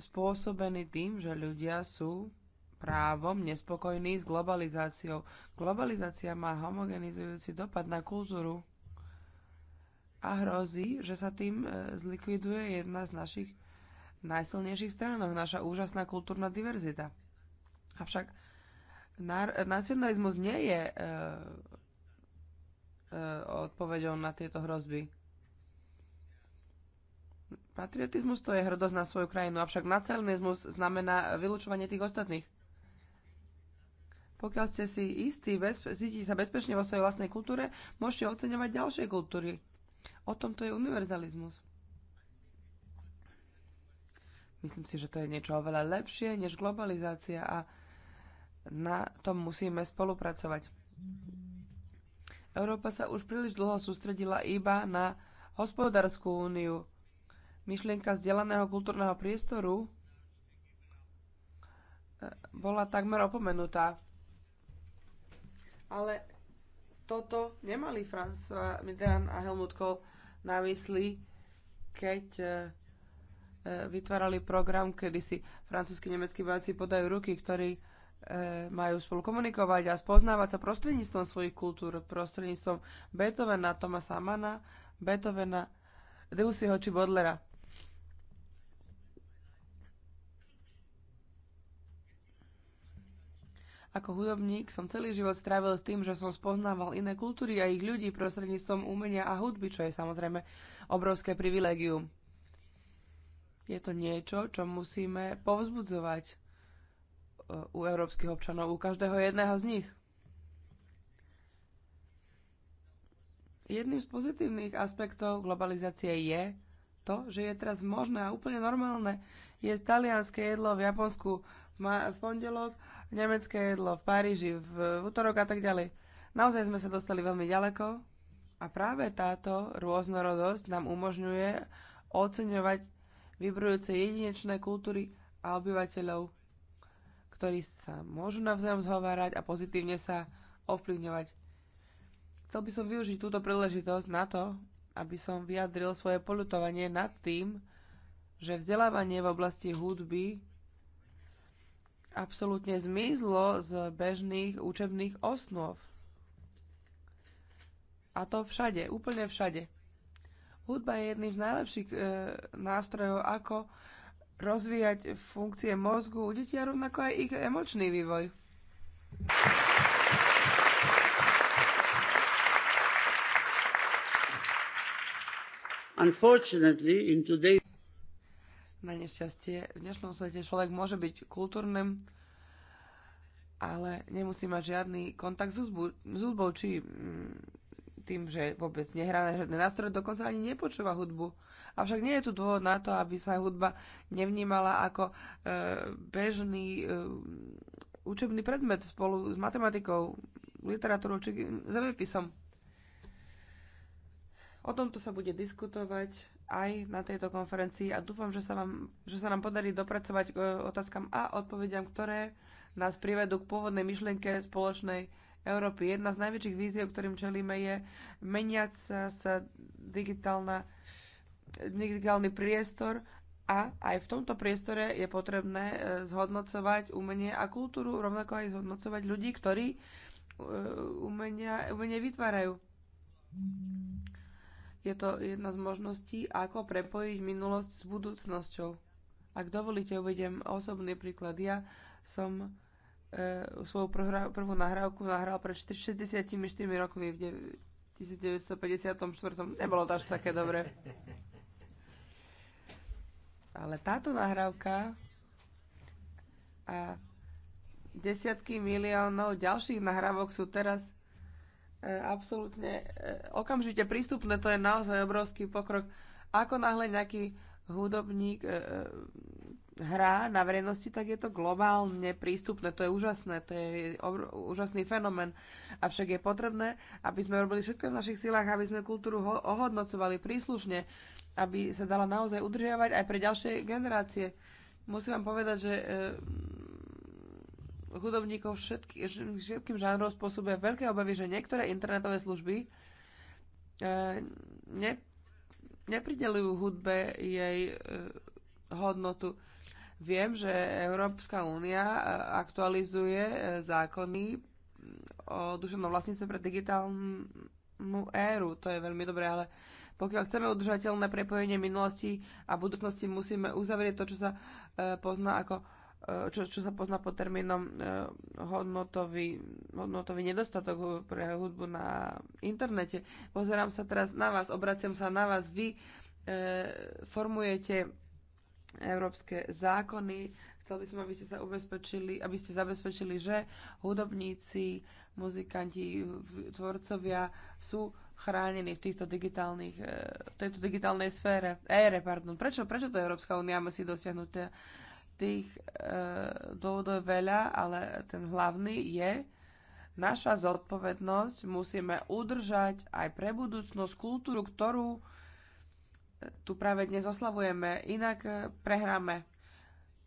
spôsobený tým, že ľudia sú právom nespokojní s globalizáciou. Globalizácia má homogenizujúci dopad na kultúru a hrozí, že sa tým e, zlikviduje jedna z našich najsilnejších stránok, naša úžasná kultúrna diverzita. Avšak nacionalizmus nie je e, e, odpoveďou na tieto hrozby. Patriotizmus to je hrdosť na svoju krajinu, avšak nacionalizmus znamená vylúčovanie tých ostatných. Pokiaľ ste si istí, bezpe- cítite sa bezpečne vo svojej vlastnej kultúre, môžete oceňovať ďalšie kultúry. O tom to je univerzalizmus. Myslím si, že to je niečo oveľa lepšie než globalizácia a na tom musíme spolupracovať. Európa sa už príliš dlho sústredila iba na hospodárskú úniu. Myšlienka vzdelaného kultúrneho priestoru e, bola takmer opomenutá ale toto nemali François Mitterrand a Helmut Kohl na mysli, keď e, e, vytvárali program, kedy si francúzski nemeckí vojaci podajú ruky, ktorí e, majú spolu komunikovať a spoznávať sa prostredníctvom svojich kultúr, prostredníctvom Beethovena, Tomasa Mana, Beethovena, Debussieho či Bodlera. Ako hudobník som celý život strávil tým, že som spoznával iné kultúry a ich ľudí prostredníctvom umenia a hudby, čo je samozrejme obrovské privilégium. Je to niečo, čo musíme povzbudzovať e, u európskych občanov, u každého jedného z nich. Jedným z pozitívnych aspektov globalizácie je to, že je teraz možné a úplne normálne jesť talianské jedlo v Japonsku v pondelok nemecké jedlo v Paríži, v útorok a tak ďalej. Naozaj sme sa dostali veľmi ďaleko a práve táto rôznorodosť nám umožňuje oceňovať vybrujúce jedinečné kultúry a obyvateľov, ktorí sa môžu navzájom zhovárať a pozitívne sa ovplyvňovať. Chcel by som využiť túto príležitosť na to, aby som vyjadril svoje polutovanie nad tým, že vzdelávanie v oblasti hudby absolútne zmizlo z bežných učebných osnov. A to všade, úplne všade. Hudba je jedným z najlepších e, nástrojov, ako rozvíjať funkcie mozgu u detí a rovnako aj ich emočný vývoj. Unfortunately, in today's na nešťastie. V dnešnom svete človek môže byť kultúrnym, ale nemusí mať žiadny kontakt s hudbou, či mm, tým, že vôbec nehrá na žiadne nástroje, dokonca ani nepočúva hudbu. Avšak nie je tu dôvod na to, aby sa hudba nevnímala ako e, bežný e, učebný predmet spolu s matematikou, literatúrou či zemepisom. O tomto sa bude diskutovať aj na tejto konferencii a dúfam, že sa, vám, že sa nám podarí dopracovať k e, otázkam a odpovediam, ktoré nás privedú k pôvodnej myšlienke spoločnej Európy. Jedna z najväčších víziev, ktorým čelíme, je meniať sa, sa digitálna, digitálny priestor a aj v tomto priestore je potrebné e, zhodnocovať umenie a kultúru, rovnako aj zhodnocovať ľudí, ktorí e, umenia, umenie vytvárajú. Je to jedna z možností, ako prepojiť minulosť s budúcnosťou. Ak dovolíte, uvediem osobný príklad. Ja som e, svoju prvú nahrávku nahral pred 64 rokmi v 1954. Nebolo to až také dobre. Ale táto nahrávka a desiatky miliónov ďalších nahrávok sú teraz E, absolútne e, okamžite prístupné, to je naozaj obrovský pokrok. Ako náhle nejaký hudobník e, hrá na verejnosti, tak je to globálne prístupné. To je úžasné, to je úžasný fenomén. Avšak je potrebné, aby sme robili všetko v našich silách, aby sme kultúru ohodnocovali príslušne, aby sa dala naozaj udržiavať aj pre ďalšie generácie. Musím vám povedať, že hudobníkov všetky, všetkým žánrom spôsobuje veľké obavy, že niektoré internetové služby e, ne, nepridelujú hudbe jej e, hodnotu. Viem, že Európska únia e, aktualizuje zákony o duševnom vlastníctve pre digitálnu éru. To je veľmi dobré, ale pokiaľ chceme udržateľné prepojenie minulosti a budúcnosti, musíme uzavrieť to, čo sa pozná ako E, čo, čo sa pozná pod termínom e, hodnotový, hodnotový nedostatok pre hudbu na internete. Pozerám sa teraz na vás, obraciam sa na vás. Vy e, formujete európske zákony. Chcel by som, aby ste sa ubezpečili, aby ste zabezpečili, že hudobníci, muzikanti, tvorcovia sú chránení v týchto digitálnych, e, v tejto digitálnej sfére, ére, pardon. Prečo, prečo to Európska únia musí dosiahnuť tých e, dôvodov je veľa, ale ten hlavný je, naša zodpovednosť musíme udržať aj pre budúcnosť kultúru, ktorú e, tu práve dnes oslavujeme, inak e, prehráme.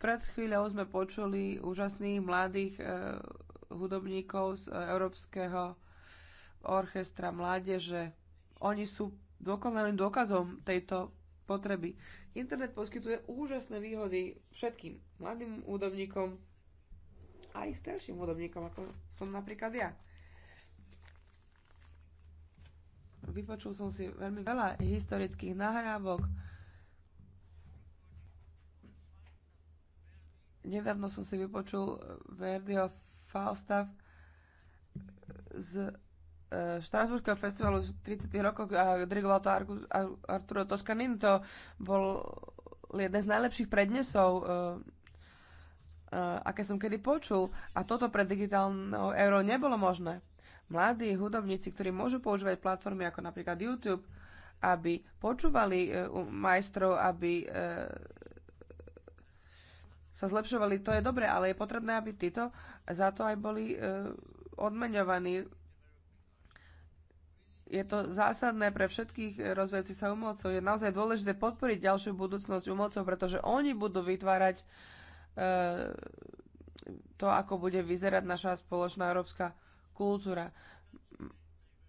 Pred chvíľou sme počuli úžasných mladých e, hudobníkov z Európskeho orchestra mládeže. Oni sú dokonalým dôkazom tejto potreby. Internet poskytuje úžasné výhody všetkým mladým údobníkom, aj starším hudobníkom, ako som napríklad ja. Vypočul som si veľmi veľa historických nahrávok. Nedávno som si vypočul Verdiho Falstaff z Štrasburského festivalu v 30. rokoch a dirigoval to Arturo Toscanin. To bol jeden z najlepších prednesov, e, e, aké som kedy počul. A toto pre digitálnou euro nebolo možné. Mladí hudobníci, ktorí môžu používať platformy ako napríklad YouTube, aby počúvali e, majstrov, aby sa zlepšovali, to je dobre, ale je potrebné, aby títo za to aj boli odmeňovaní je to zásadné pre všetkých rozvíjajúcich sa umelcov. Je naozaj dôležité podporiť ďalšiu budúcnosť umelcov, pretože oni budú vytvárať e, to, ako bude vyzerať naša spoločná európska kultúra.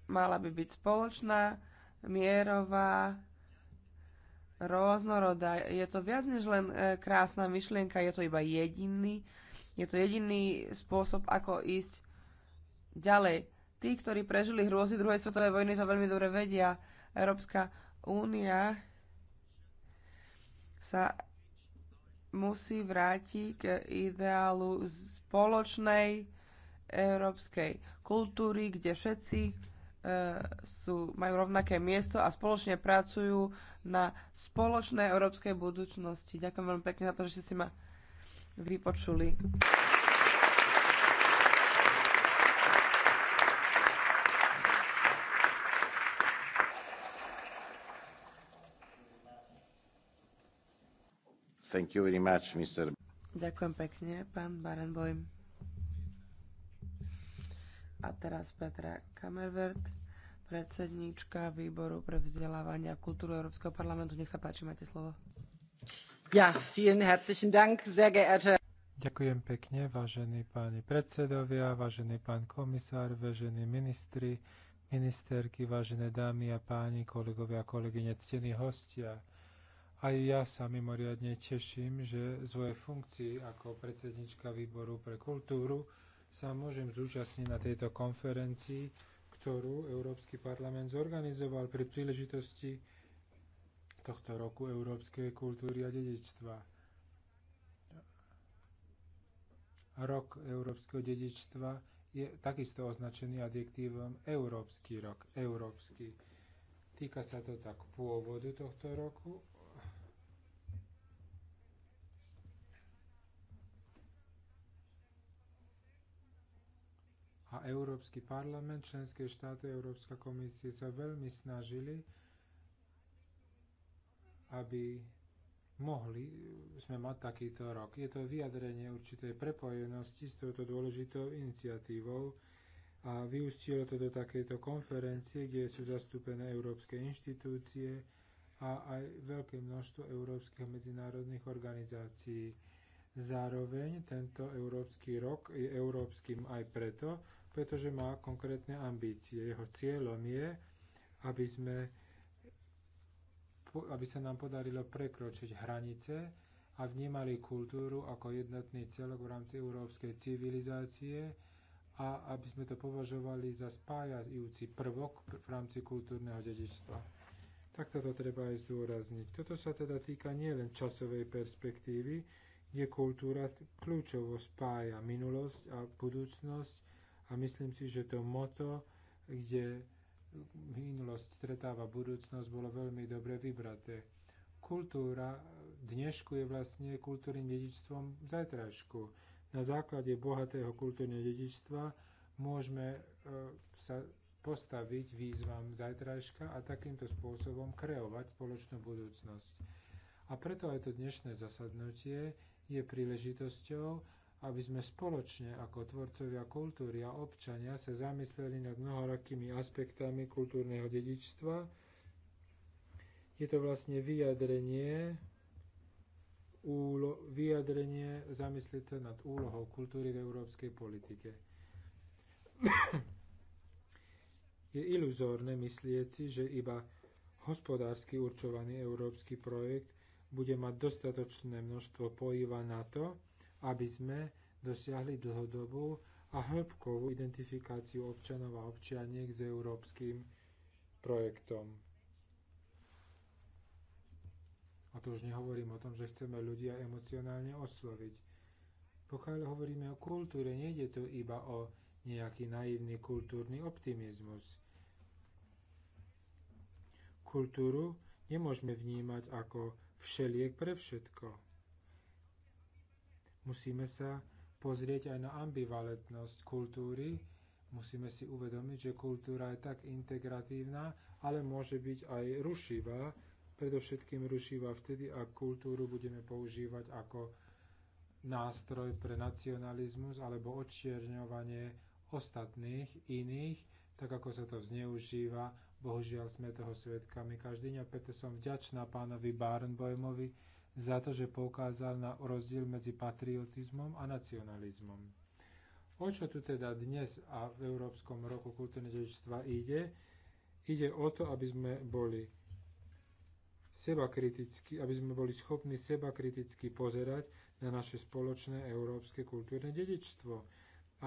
Mala by byť spoločná, mierová, rôznorodá. Je to viac než len e, krásna myšlienka, je to iba jediný. Je to jediný spôsob, ako ísť ďalej. Tí, ktorí prežili hrôzy druhej svetovej vojny, to veľmi dobre vedia. Európska únia sa musí vrátiť k ideálu spoločnej európskej kultúry, kde všetci e, sú, majú rovnaké miesto a spoločne pracujú na spoločnej európskej budúcnosti. Ďakujem veľmi pekne za to, že ste si ma vypočuli. Thank you very much, Mr. Ďakujem pekne, pán Barenboim. A teraz Petra Kamervert, predsedníčka výboru pre vzdelávanie a kultúru Európskeho parlamentu. Nech sa páči, máte slovo. Ja, vielen herzlichen Dank, sehr geehrte. Ďakujem pekne, vážení páni predsedovia, vážený pán komisár, vážení ministri, ministerky, vážené dámy a páni, kolegovia a kolegyne, ctení hostia. Aj ja sa mimoriadne teším, že z svojej funkcii ako predsednička výboru pre kultúru sa môžem zúčastniť na tejto konferencii, ktorú Európsky parlament zorganizoval pri príležitosti tohto roku Európskej kultúry a dedičstva. Rok Európskeho dedičstva je takisto označený adjektívom Európsky rok, Európsky. Týka sa to tak pôvodu tohto roku, a Európsky parlament, členské štáty, Európska komisie sa veľmi snažili, aby mohli sme mať takýto rok. Je to vyjadrenie určitej prepojenosti s touto dôležitou iniciatívou a vyústilo to do takejto konferencie, kde sú zastúpené európske inštitúcie, a aj veľké množstvo európskych medzinárodných organizácií. Zároveň tento Európsky rok je európskym aj preto, pretože má konkrétne ambície. Jeho cieľom je, aby, sme, aby sa nám podarilo prekročiť hranice a vnímali kultúru ako jednotný celok v rámci európskej civilizácie a aby sme to považovali za spájajúci prvok v rámci kultúrneho dedičstva. Tak toto treba aj zdôrazniť. Toto sa teda týka nielen časovej perspektívy, kde kultúra kľúčovo spája minulosť a budúcnosť, a myslím si, že to moto, kde minulosť stretáva budúcnosť, bolo veľmi dobre vybraté. Kultúra dnešku je vlastne kultúrnym dedičstvom zajtrajšku. Na základe bohatého kultúrneho dedičstva môžeme e, sa postaviť výzvam zajtrajška a takýmto spôsobom kreovať spoločnú budúcnosť. A preto aj to dnešné zasadnutie je príležitosťou, aby sme spoločne ako tvorcovia kultúry a občania sa zamysleli nad mnohorakými aspektami kultúrneho dedičstva. Je to vlastne vyjadrenie, úlo, vyjadrenie zamyslieť sa nad úlohou kultúry v európskej politike. Je iluzórne myslieť si, že iba hospodársky určovaný európsky projekt bude mať dostatočné množstvo pojiva na to, aby sme dosiahli dlhodobú a hĺbkovú identifikáciu občanov a občianiek s európskym projektom. A to už nehovorím o tom, že chceme ľudia emocionálne osloviť. Pokiaľ hovoríme o kultúre, nejde tu iba o nejaký naivný kultúrny optimizmus. Kultúru nemôžeme vnímať ako všeliek pre všetko. Musíme sa pozrieť aj na ambivalentnosť kultúry. Musíme si uvedomiť, že kultúra je tak integratívna, ale môže byť aj rušivá, predovšetkým rušivá vtedy, ak kultúru budeme používať ako nástroj pre nacionalizmus alebo odčierňovanie ostatných, iných, tak ako sa to zneužíva. Bohužiaľ sme toho svetkami každý deň a preto som vďačná pánovi Barnbojmovi, za to, že poukázal na rozdiel medzi patriotizmom a nacionalizmom. O čo tu teda dnes a v Európskom roku kultúrne dedičstva ide? Ide o to, aby sme boli seba kriticky, aby sme boli schopní seba kriticky pozerať na naše spoločné európske kultúrne dedičstvo.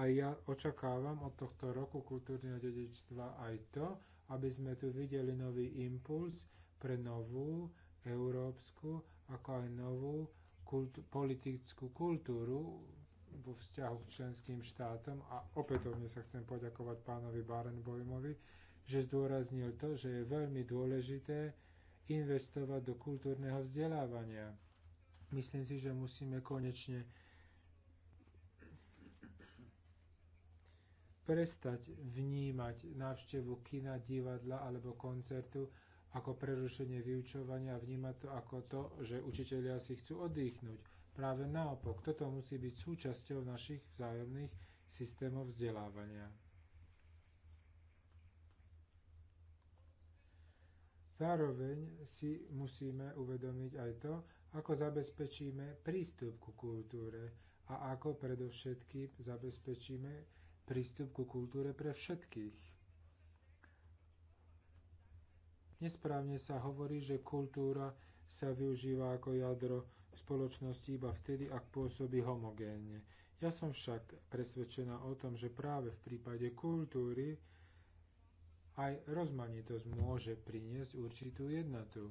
A ja očakávam od tohto roku kultúrneho dedičstva aj to, aby sme tu videli nový impuls pre novú európsku ako aj novú kultú, politickú kultúru vo vzťahu k členským štátom a opätovne sa chcem poďakovať pánovi Barenboimovi, že zdôraznil to, že je veľmi dôležité investovať do kultúrneho vzdelávania. Myslím si, že musíme konečne prestať vnímať návštevu kina, divadla alebo koncertu ako prerušenie vyučovania a vnímať to ako to, že učitelia si chcú oddychnúť. Práve naopak, toto musí byť súčasťou našich vzájomných systémov vzdelávania. Zároveň si musíme uvedomiť aj to, ako zabezpečíme prístup ku kultúre a ako predovšetkým zabezpečíme prístup ku kultúre pre všetkých. Nesprávne sa hovorí, že kultúra sa využíva ako jadro v spoločnosti iba vtedy, ak pôsobí homogénne. Ja som však presvedčená o tom, že práve v prípade kultúry aj rozmanitosť môže priniesť určitú jednotu,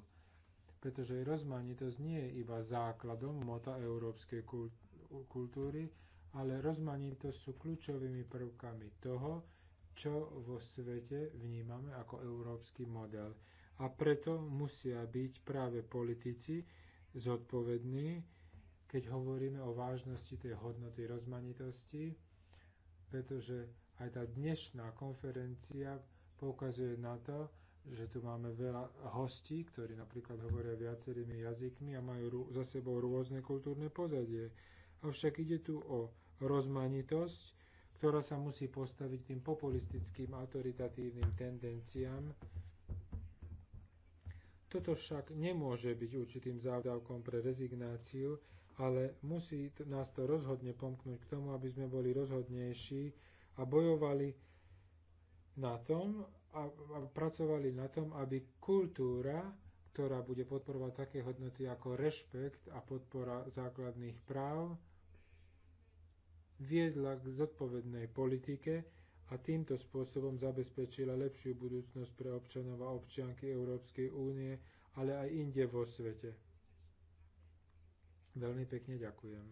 pretože rozmanitosť nie je iba základom mota európskej kultúry, ale rozmanitosť sú kľúčovými prvkami toho, čo vo svete vnímame ako európsky model a preto musia byť práve politici zodpovední, keď hovoríme o vážnosti tej hodnoty rozmanitosti, pretože aj tá dnešná konferencia poukazuje na to, že tu máme veľa hostí, ktorí napríklad hovoria viacerými jazykmi a majú za sebou rôzne kultúrne pozadie. Avšak ide tu o rozmanitosť, ktorá sa musí postaviť tým populistickým autoritatívnym tendenciám, toto však nemôže byť určitým závdavkom pre rezignáciu, ale musí nás to rozhodne pomknúť k tomu, aby sme boli rozhodnejší a bojovali na tom a, a pracovali na tom, aby kultúra, ktorá bude podporovať také hodnoty ako rešpekt a podpora základných práv, viedla k zodpovednej politike, a týmto spôsobom zabezpečila lepšiu budúcnosť pre občanov a občianky Európskej únie, ale aj inde vo svete. Veľmi pekne ďakujem.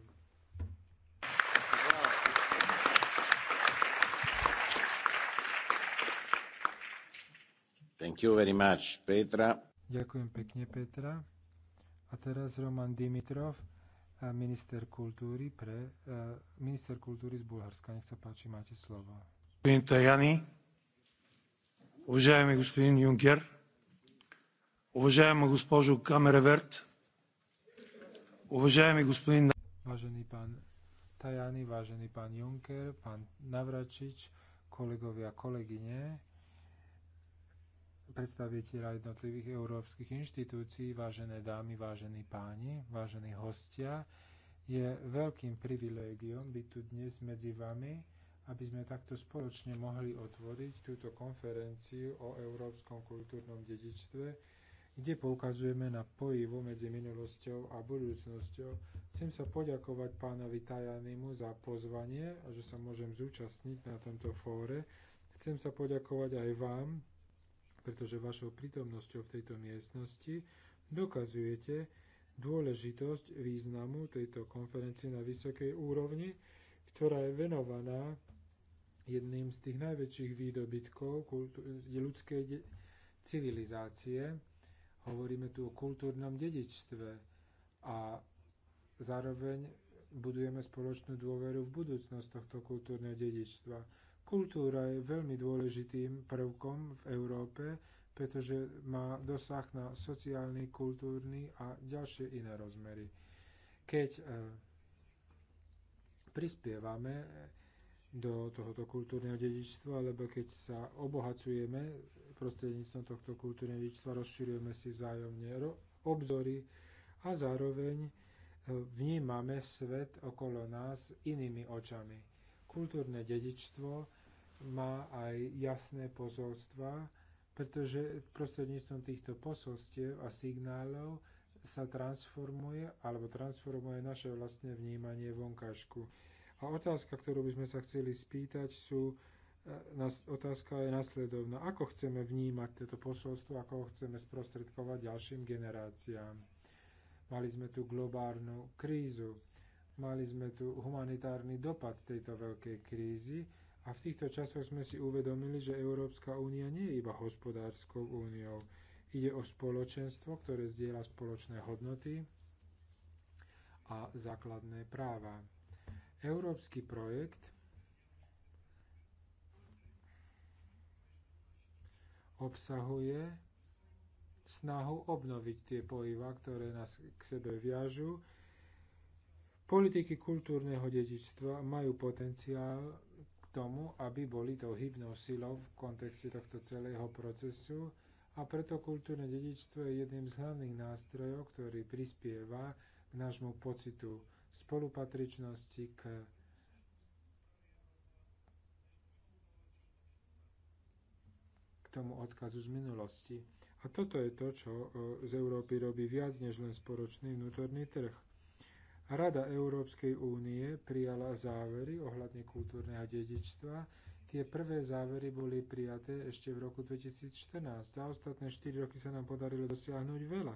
Thank you very much, Petra. Ďakujem pekne, Petra. A teraz Roman Dimitrov, eh, minister kultúry, pre, eh, minister kultúry z Bulharska. Nech sa páči, máte slovo господин Таяни, уважаеми господин Юнкер, уважаема госпожо Камереверт, уважаеми господин... Vážený pán Tajani, vážený pán Juncker, pán Navračič, kolegovia, kolegyne, predstaviteľa jednotlivých európskych inštitúcií, vážené dámy, vážení páni, vážení hostia, je veľkým privilégiom byť tu dnes medzi vami aby sme takto spoločne mohli otvoriť túto konferenciu o európskom kultúrnom dedičstve, kde poukazujeme na pojivo medzi minulosťou a budúcnosťou. Chcem sa poďakovať pánovi Tajanimu za pozvanie a že sa môžem zúčastniť na tomto fóre. Chcem sa poďakovať aj vám, pretože vašou prítomnosťou v tejto miestnosti dokazujete dôležitosť významu tejto konferencie na vysokej úrovni, ktorá je venovaná jedným z tých najväčších výdobytkov ľudskej civilizácie. Hovoríme tu o kultúrnom dedičstve a zároveň budujeme spoločnú dôveru v budúcnosť tohto kultúrneho dedičstva. Kultúra je veľmi dôležitým prvkom v Európe, pretože má dosah na sociálny, kultúrny a ďalšie iné rozmery. Keď eh, prispievame do tohoto kultúrneho dedičstva, lebo keď sa obohacujeme prostredníctvom tohto kultúrneho dedičstva, rozširujeme si vzájomne obzory a zároveň e, vnímame svet okolo nás inými očami. Kultúrne dedičstvo má aj jasné posolstva, pretože prostredníctvom týchto posolstiev a signálov sa transformuje alebo transformuje naše vlastné vnímanie vonkažku a otázka, ktorú by sme sa chceli spýtať, sú, e, otázka je nasledovná. Ako chceme vnímať toto posolstvo, ako ho chceme sprostredkovať ďalším generáciám? Mali sme tu globálnu krízu, mali sme tu humanitárny dopad tejto veľkej krízy a v týchto časoch sme si uvedomili, že Európska únia nie je iba hospodárskou úniou. Ide o spoločenstvo, ktoré zdieľa spoločné hodnoty a základné práva. Európsky projekt obsahuje snahu obnoviť tie pojiva, ktoré nás k sebe viažú. Politiky kultúrneho dedičstva majú potenciál k tomu, aby boli tou hybnou silou v kontexte tohto celého procesu a preto kultúrne dedičstvo je jedným z hlavných nástrojov, ktorý prispieva k nášmu pocitu spolupatričnosti, k tomu odkazu z minulosti. A toto je to, čo e, z Európy robí viac než len sporočný vnútorný trh. Rada Európskej únie prijala závery ohľadne kultúrneho dedičstva. Tie prvé závery boli prijaté ešte v roku 2014. Za ostatné 4 roky sa nám podarilo dosiahnuť veľa.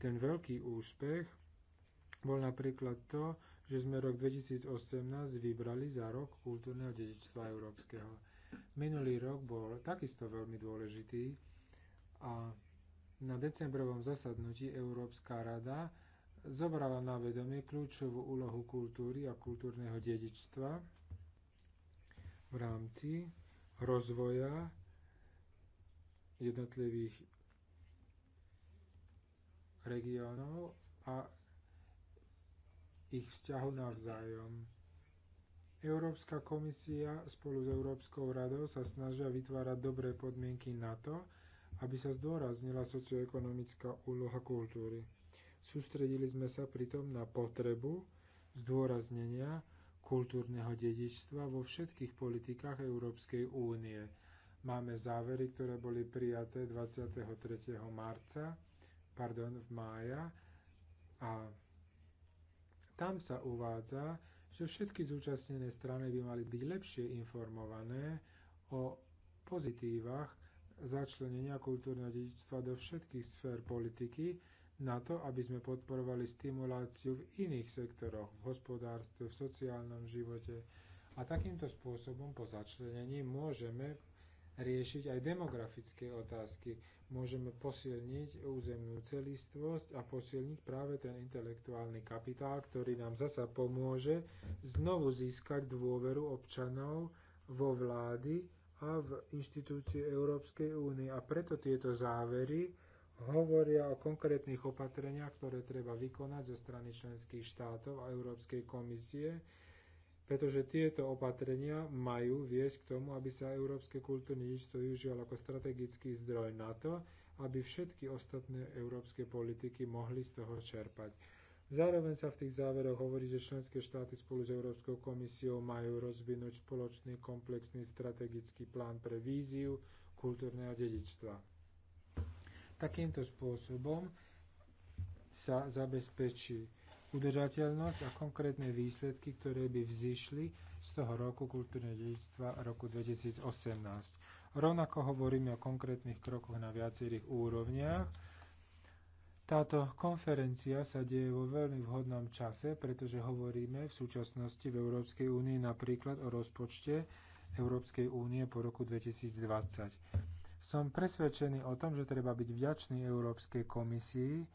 Ten veľký úspech bol napríklad to, že sme rok 2018 vybrali za rok kultúrneho dedičstva európskeho. Minulý rok bol takisto veľmi dôležitý a na decembrovom zasadnutí Európska rada zobrala na vedomie kľúčovú úlohu kultúry a kultúrneho dedičstva v rámci rozvoja jednotlivých regiónov a ich vzťahu navzájom. Európska komisia spolu s Európskou radou sa snažia vytvárať dobré podmienky na to, aby sa zdôraznila socioekonomická úloha kultúry. Sústredili sme sa pritom na potrebu zdôraznenia kultúrneho dedičstva vo všetkých politikách Európskej únie. Máme závery, ktoré boli prijaté 23. marca, pardon, v mája a tam sa uvádza, že všetky zúčastnené strany by mali byť lepšie informované o pozitívach začlenenia kultúrneho dedičstva do všetkých sfér politiky, na to, aby sme podporovali stimuláciu v iných sektoroch, v hospodárstve, v sociálnom živote. A takýmto spôsobom po začlenení môžeme riešiť aj demografické otázky môžeme posilniť územnú celistvosť a posilniť práve ten intelektuálny kapitál, ktorý nám zasa pomôže znovu získať dôveru občanov vo vlády a v inštitúcie Európskej únie. A preto tieto závery hovoria o konkrétnych opatreniach, ktoré treba vykonať zo strany členských štátov a Európskej komisie, pretože tieto opatrenia majú viesť k tomu, aby sa európske kultúrne dedičstvo využívalo ako strategický zdroj na to, aby všetky ostatné európske politiky mohli z toho čerpať. Zároveň sa v tých záveroch hovorí, že členské štáty spolu s Európskou komisiou majú rozvinúť spoločný komplexný strategický plán pre víziu kultúrneho dedičstva. Takýmto spôsobom sa zabezpečí udržateľnosť a konkrétne výsledky, ktoré by vzýšli z toho roku kultúrneho dedičstva roku 2018. Rovnako hovoríme o konkrétnych krokoch na viacerých úrovniach. Táto konferencia sa deje vo veľmi vhodnom čase, pretože hovoríme v súčasnosti v Európskej únii napríklad o rozpočte Európskej únie po roku 2020. Som presvedčený o tom, že treba byť vďačný Európskej komisii,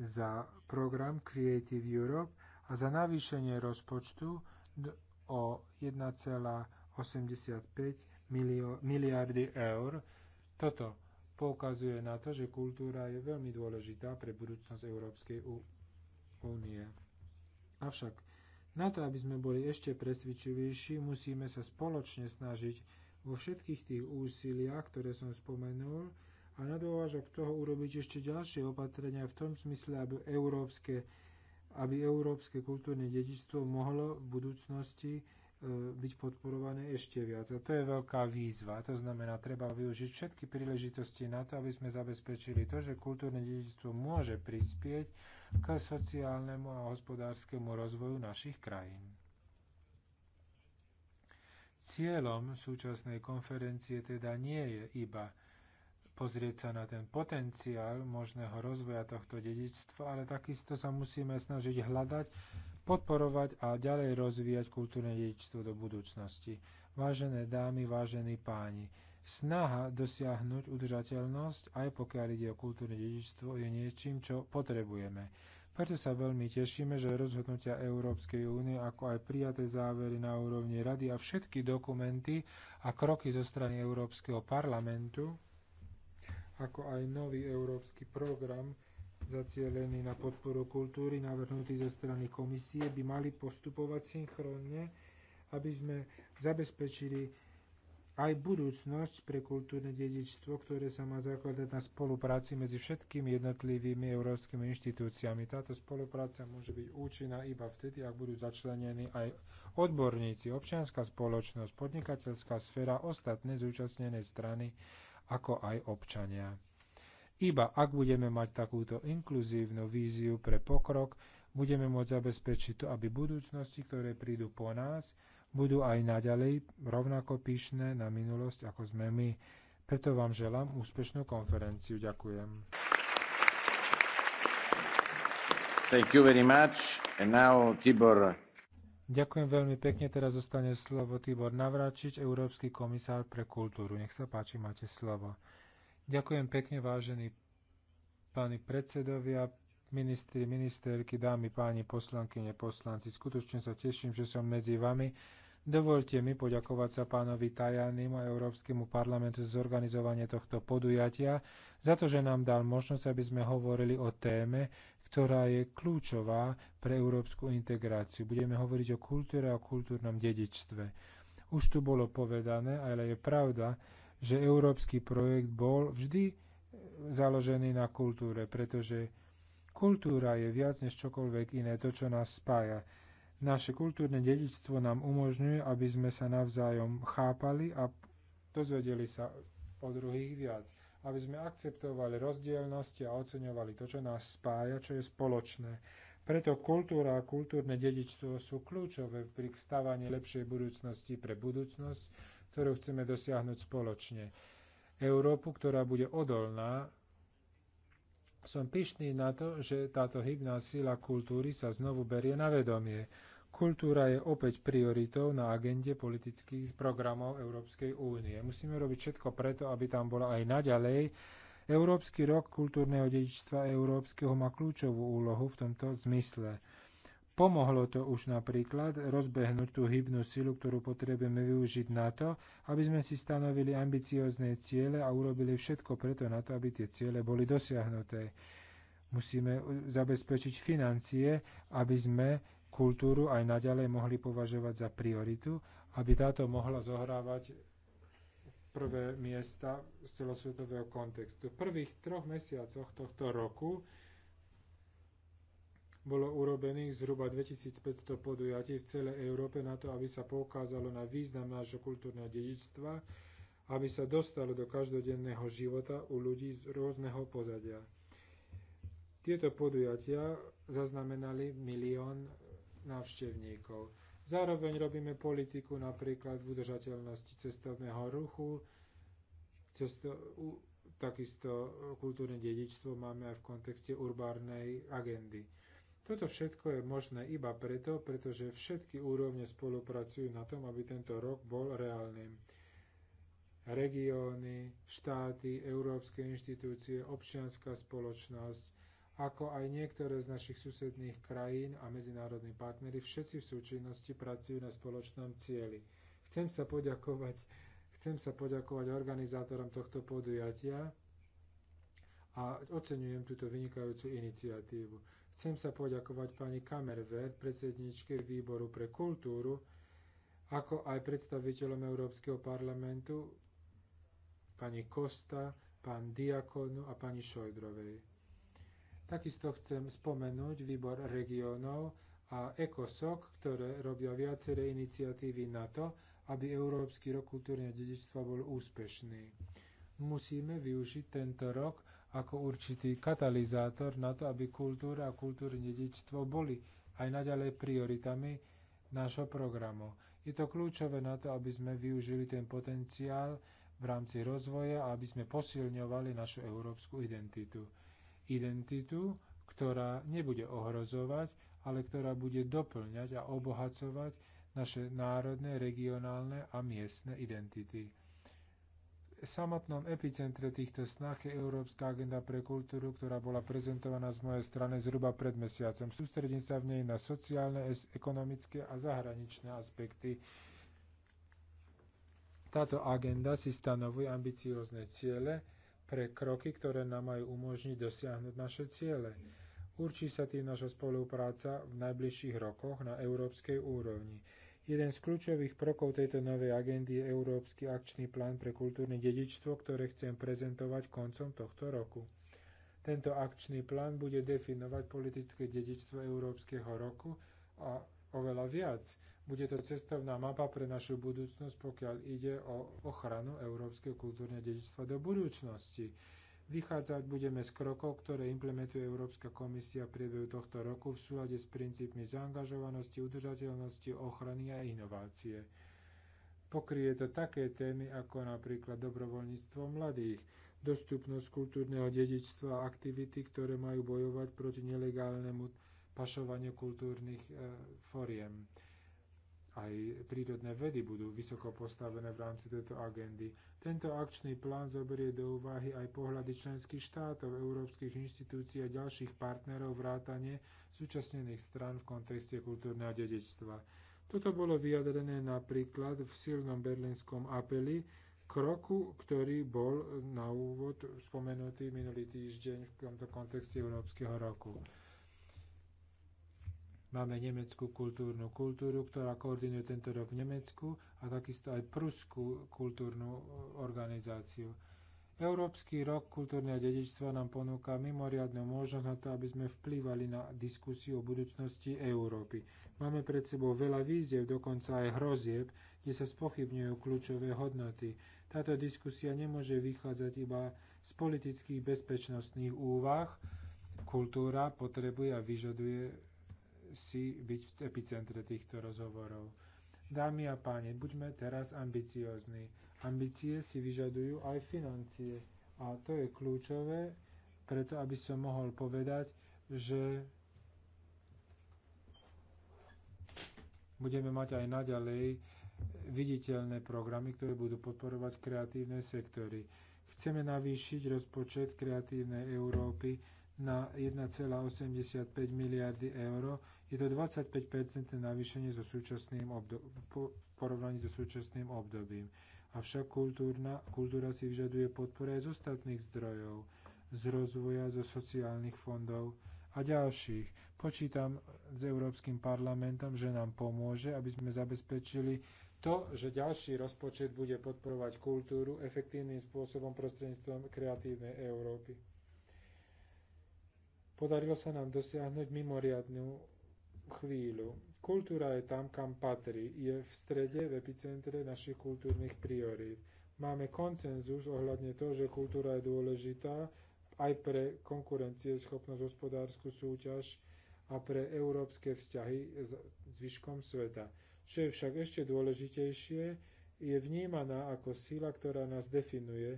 za program Creative Europe a za navýšenie rozpočtu o 1,85 miliardy eur. Toto poukazuje na to, že kultúra je veľmi dôležitá pre budúcnosť Európskej únie. Avšak na to, aby sme boli ešte presvedčivejší, musíme sa spoločne snažiť vo všetkých tých úsiliach, ktoré som spomenul, a na dôvažok toho urobiť ešte ďalšie opatrenia v tom smysle, aby európske, aby európske kultúrne dedičstvo mohlo v budúcnosti e, byť podporované ešte viac. A to je veľká výzva. To znamená, treba využiť všetky príležitosti na to, aby sme zabezpečili to, že kultúrne dedičstvo môže prispieť k sociálnemu a hospodárskemu rozvoju našich krajín. Cieľom súčasnej konferencie teda nie je iba pozrieť sa na ten potenciál možného rozvoja tohto dedičstva, ale takisto sa musíme snažiť hľadať, podporovať a ďalej rozvíjať kultúrne dedičstvo do budúcnosti. Vážené dámy, vážení páni, snaha dosiahnuť udržateľnosť, aj pokiaľ ide o kultúrne dedičstvo, je niečím, čo potrebujeme. Preto sa veľmi tešíme, že rozhodnutia Európskej únie, ako aj prijaté závery na úrovni Rady a všetky dokumenty a kroky zo strany Európskeho parlamentu ako aj nový európsky program zacielený na podporu kultúry navrhnutý zo strany komisie, by mali postupovať synchronne, aby sme zabezpečili aj budúcnosť pre kultúrne dedičstvo, ktoré sa má zakladať na spolupráci medzi všetkými jednotlivými európskymi inštitúciami. Táto spolupráca môže byť účinná iba vtedy, ak budú začlenení aj odborníci, občianská spoločnosť, podnikateľská sféra, ostatné zúčastnené strany ako aj občania. Iba ak budeme mať takúto inkluzívnu víziu pre pokrok, budeme môcť zabezpečiť to, aby budúcnosti, ktoré prídu po nás, budú aj naďalej rovnako pyšné na minulosť, ako sme my. Preto vám želám úspešnú konferenciu. Ďakujem. Thank you very much. And now Tibor Ďakujem veľmi pekne. Teraz zostane slovo Tibor Navračič, Európsky komisár pre kultúru. Nech sa páči, máte slovo. Ďakujem pekne, vážení páni predsedovia, ministri, ministerky, dámy, páni, poslankyne, poslanci. Skutočne sa teším, že som medzi vami. Dovolte mi poďakovať sa pánovi Tajanimu a Európskemu parlamentu za zorganizovanie tohto podujatia, za to, že nám dal možnosť, aby sme hovorili o téme, ktorá je kľúčová pre európsku integráciu. Budeme hovoriť o kultúre a o kultúrnom dedičstve. Už tu bolo povedané, ale je pravda, že európsky projekt bol vždy e, založený na kultúre, pretože kultúra je viac než čokoľvek iné, to, čo nás spája. Naše kultúrne dedičstvo nám umožňuje, aby sme sa navzájom chápali a dozvedeli sa o druhých viac aby sme akceptovali rozdielnosti a oceňovali to, čo nás spája, čo je spoločné. Preto kultúra a kultúrne dedičstvo sú kľúčové pri stávaní lepšej budúcnosti pre budúcnosť, ktorú chceme dosiahnuť spoločne. Európu, ktorá bude odolná, som pyšný na to, že táto hybná sila kultúry sa znovu berie na vedomie. Kultúra je opäť prioritou na agende politických programov Európskej únie. Musíme robiť všetko preto, aby tam bola aj naďalej. Európsky rok kultúrneho dedičstva európskeho má kľúčovú úlohu v tomto zmysle. Pomohlo to už napríklad rozbehnúť tú hybnú silu, ktorú potrebujeme využiť na to, aby sme si stanovili ambiciózne ciele a urobili všetko preto na to, aby tie ciele boli dosiahnuté. Musíme zabezpečiť financie, aby sme kultúru aj naďalej mohli považovať za prioritu, aby táto mohla zohrávať prvé miesta z celosvetového kontextu. V prvých troch mesiacoch tohto roku bolo urobených zhruba 2500 podujatí v celej Európe na to, aby sa poukázalo na význam nášho kultúrneho dedičstva, aby sa dostalo do každodenného života u ľudí z rôzneho pozadia. Tieto podujatia zaznamenali milión návštevníkov. Zároveň robíme politiku napríklad v udržateľnosti cestovného ruchu, cesto, takisto kultúrne dedičstvo máme aj v kontexte urbárnej agendy. Toto všetko je možné iba preto, pretože všetky úrovne spolupracujú na tom, aby tento rok bol reálnym. Regióny, štáty, európske inštitúcie, občianská spoločnosť, ako aj niektoré z našich susedných krajín a medzinárodní partnery, všetci v súčinnosti pracujú na spoločnom cieli. Chcem sa poďakovať, chcem sa poďakovať organizátorom tohto podujatia a oceňujem túto vynikajúcu iniciatívu. Chcem sa poďakovať pani Kamervert, predsedničke Výboru pre kultúru, ako aj predstaviteľom Európskeho parlamentu, pani Kosta, pán Diakonu a pani Šojdrovej. Takisto chcem spomenúť výbor regiónov a ECOSOC, ktoré robia viaceré iniciatívy na to, aby Európsky rok kultúrneho dedičstva bol úspešný. Musíme využiť tento rok ako určitý katalizátor na to, aby kultúra a kultúrne dedičstvo boli aj naďalej prioritami nášho programu. Je to kľúčové na to, aby sme využili ten potenciál v rámci rozvoja a aby sme posilňovali našu európsku identitu identitu, ktorá nebude ohrozovať, ale ktorá bude doplňať a obohacovať naše národné, regionálne a miestne identity. V samotnom epicentre týchto snah je Európska agenda pre kultúru, ktorá bola prezentovaná z mojej strany zhruba pred mesiacom. Sústredím sa v nej na sociálne, ekonomické a zahraničné aspekty. Táto agenda si stanovuje ambiciózne ciele, pre kroky, ktoré nám majú umožniť dosiahnuť naše ciele. Určí sa tým naša spolupráca v najbližších rokoch na európskej úrovni. Jeden z kľúčových prvkov tejto novej agendy je Európsky akčný plán pre kultúrne dedičstvo, ktoré chcem prezentovať koncom tohto roku. Tento akčný plán bude definovať politické dedičstvo Európskeho roku a oveľa viac. Bude to cestovná mapa pre našu budúcnosť, pokiaľ ide o ochranu európskeho kultúrneho dedičstva do budúcnosti. Vychádzať budeme z krokov, ktoré implementuje Európska komisia v priebehu tohto roku v súlade s princípmi zaangažovanosti, udržateľnosti, ochrany a inovácie. Pokrie to také témy ako napríklad dobrovoľníctvo mladých, dostupnosť kultúrneho dedičstva a aktivity, ktoré majú bojovať proti nelegálnemu pašovaniu kultúrnych e, foriem. Aj prírodné vedy budú vysoko postavené v rámci tejto agendy. Tento akčný plán zoberie do úvahy aj pohľady členských štátov, európskych inštitúcií a ďalších partnerov vrátane zúčastnených strán v kontexte kultúrneho dedičstva. Toto bolo vyjadrené napríklad v silnom berlínskom apeli, kroku, ktorý bol na úvod spomenutý minulý týždeň v tomto kontexte Európskeho roku. Máme nemeckú kultúrnu kultúru, ktorá koordinuje tento rok v Nemecku a takisto aj pruskú kultúrnu e, organizáciu. Európsky rok kultúrneho dedičstva nám ponúka mimoriadnu možnosť na to, aby sme vplývali na diskusiu o budúcnosti Európy. Máme pred sebou veľa víziev, dokonca aj hrozieb, kde sa spochybňujú kľúčové hodnoty. Táto diskusia nemôže vychádzať iba z politických bezpečnostných úvah. Kultúra potrebuje a vyžaduje si byť v epicentre týchto rozhovorov. Dámy a páni, buďme teraz ambiciózni. Ambície si vyžadujú aj financie a to je kľúčové, preto aby som mohol povedať, že budeme mať aj naďalej viditeľné programy, ktoré budú podporovať kreatívne sektory. Chceme navýšiť rozpočet kreatívnej Európy na 1,85 miliardy eur je to 25% navýšenie so súčasným porovnaní so súčasným obdobím. Avšak kultúrna, kultúra si vyžaduje podporu aj z ostatných zdrojov, z rozvoja, zo sociálnych fondov a ďalších. Počítam s Európskym parlamentom, že nám pomôže, aby sme zabezpečili to, že ďalší rozpočet bude podporovať kultúru efektívnym spôsobom prostredníctvom kreatívnej Európy. Podarilo sa nám dosiahnuť mimoriadnu chvíľu. Kultúra je tam, kam patrí. Je v strede, v epicentre našich kultúrnych priorít. Máme konsenzus ohľadne toho, že kultúra je dôležitá aj pre konkurencieschopnosť, hospodárskú súťaž a pre európske vzťahy s zvyškom sveta. Čo je však ešte dôležitejšie, je vnímaná ako sila, ktorá nás definuje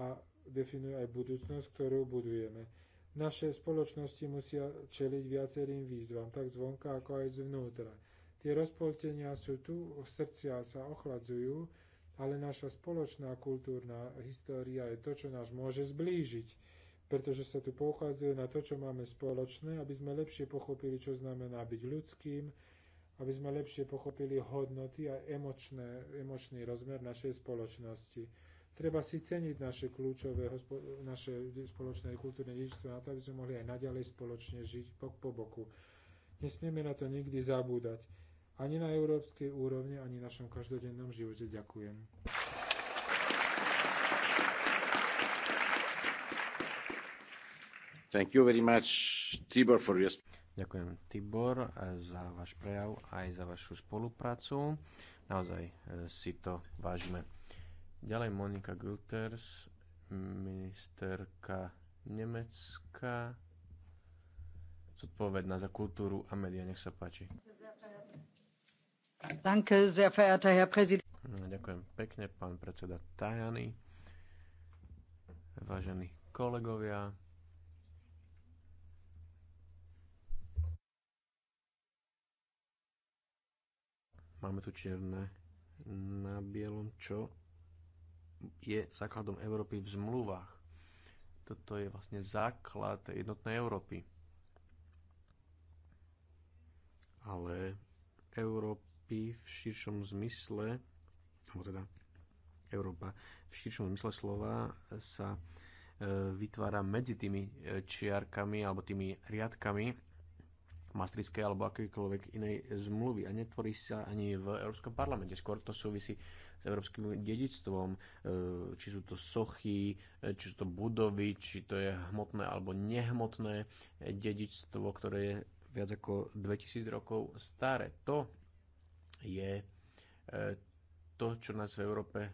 a definuje aj budúcnosť, ktorú budujeme. Naše spoločnosti musia čeliť viacerým výzvam, tak zvonka ako aj zvnútra. Tie rozpoltenia sú tu, srdcia sa ochladzujú, ale naša spoločná kultúrna história je to, čo nás môže zblížiť pretože sa tu poukazuje na to, čo máme spoločné, aby sme lepšie pochopili, čo znamená byť ľudským, aby sme lepšie pochopili hodnoty a emočné, emočný rozmer našej spoločnosti. Treba si ceniť naše kľúčové, naše spoločné kultúrne dedičstvo na to, aby sme mohli aj naďalej spoločne žiť bok po boku. Nesmieme na to nikdy zabúdať. Ani na európskej úrovni, ani v našom každodennom živote. Ďakujem. Thank you very much, Tibor, for your... Ďakujem, Tibor, za váš prejav aj za vašu spoluprácu. Naozaj eh, si to vážime. Ďalej Monika Gülters, ministerka Nemecka, zodpovedná za kultúru a médiá. Nech sa páči. Danke, sehr verehrter Herr Präsident. No, ďakujem pekne, pán predseda Tajany. Vážení kolegovia, máme tu čierne na bielom, čo je základom Európy v zmluvách. Toto je vlastne základ jednotnej Európy. Ale Európy v širšom zmysle, alebo teda Európa v širšom zmysle slova sa e, vytvára medzi tými e, čiarkami alebo tými riadkami mastrickej alebo akejkoľvek inej zmluvy a netvorí sa ani v Európskom parlamente. Skôr to súvisí s európskym dedictvom, e, či sú to sochy, e, či sú to budovy, či to je hmotné alebo nehmotné dedičstvo, ktoré je viac ako 2000 rokov staré. To je e, to, čo nás v Európe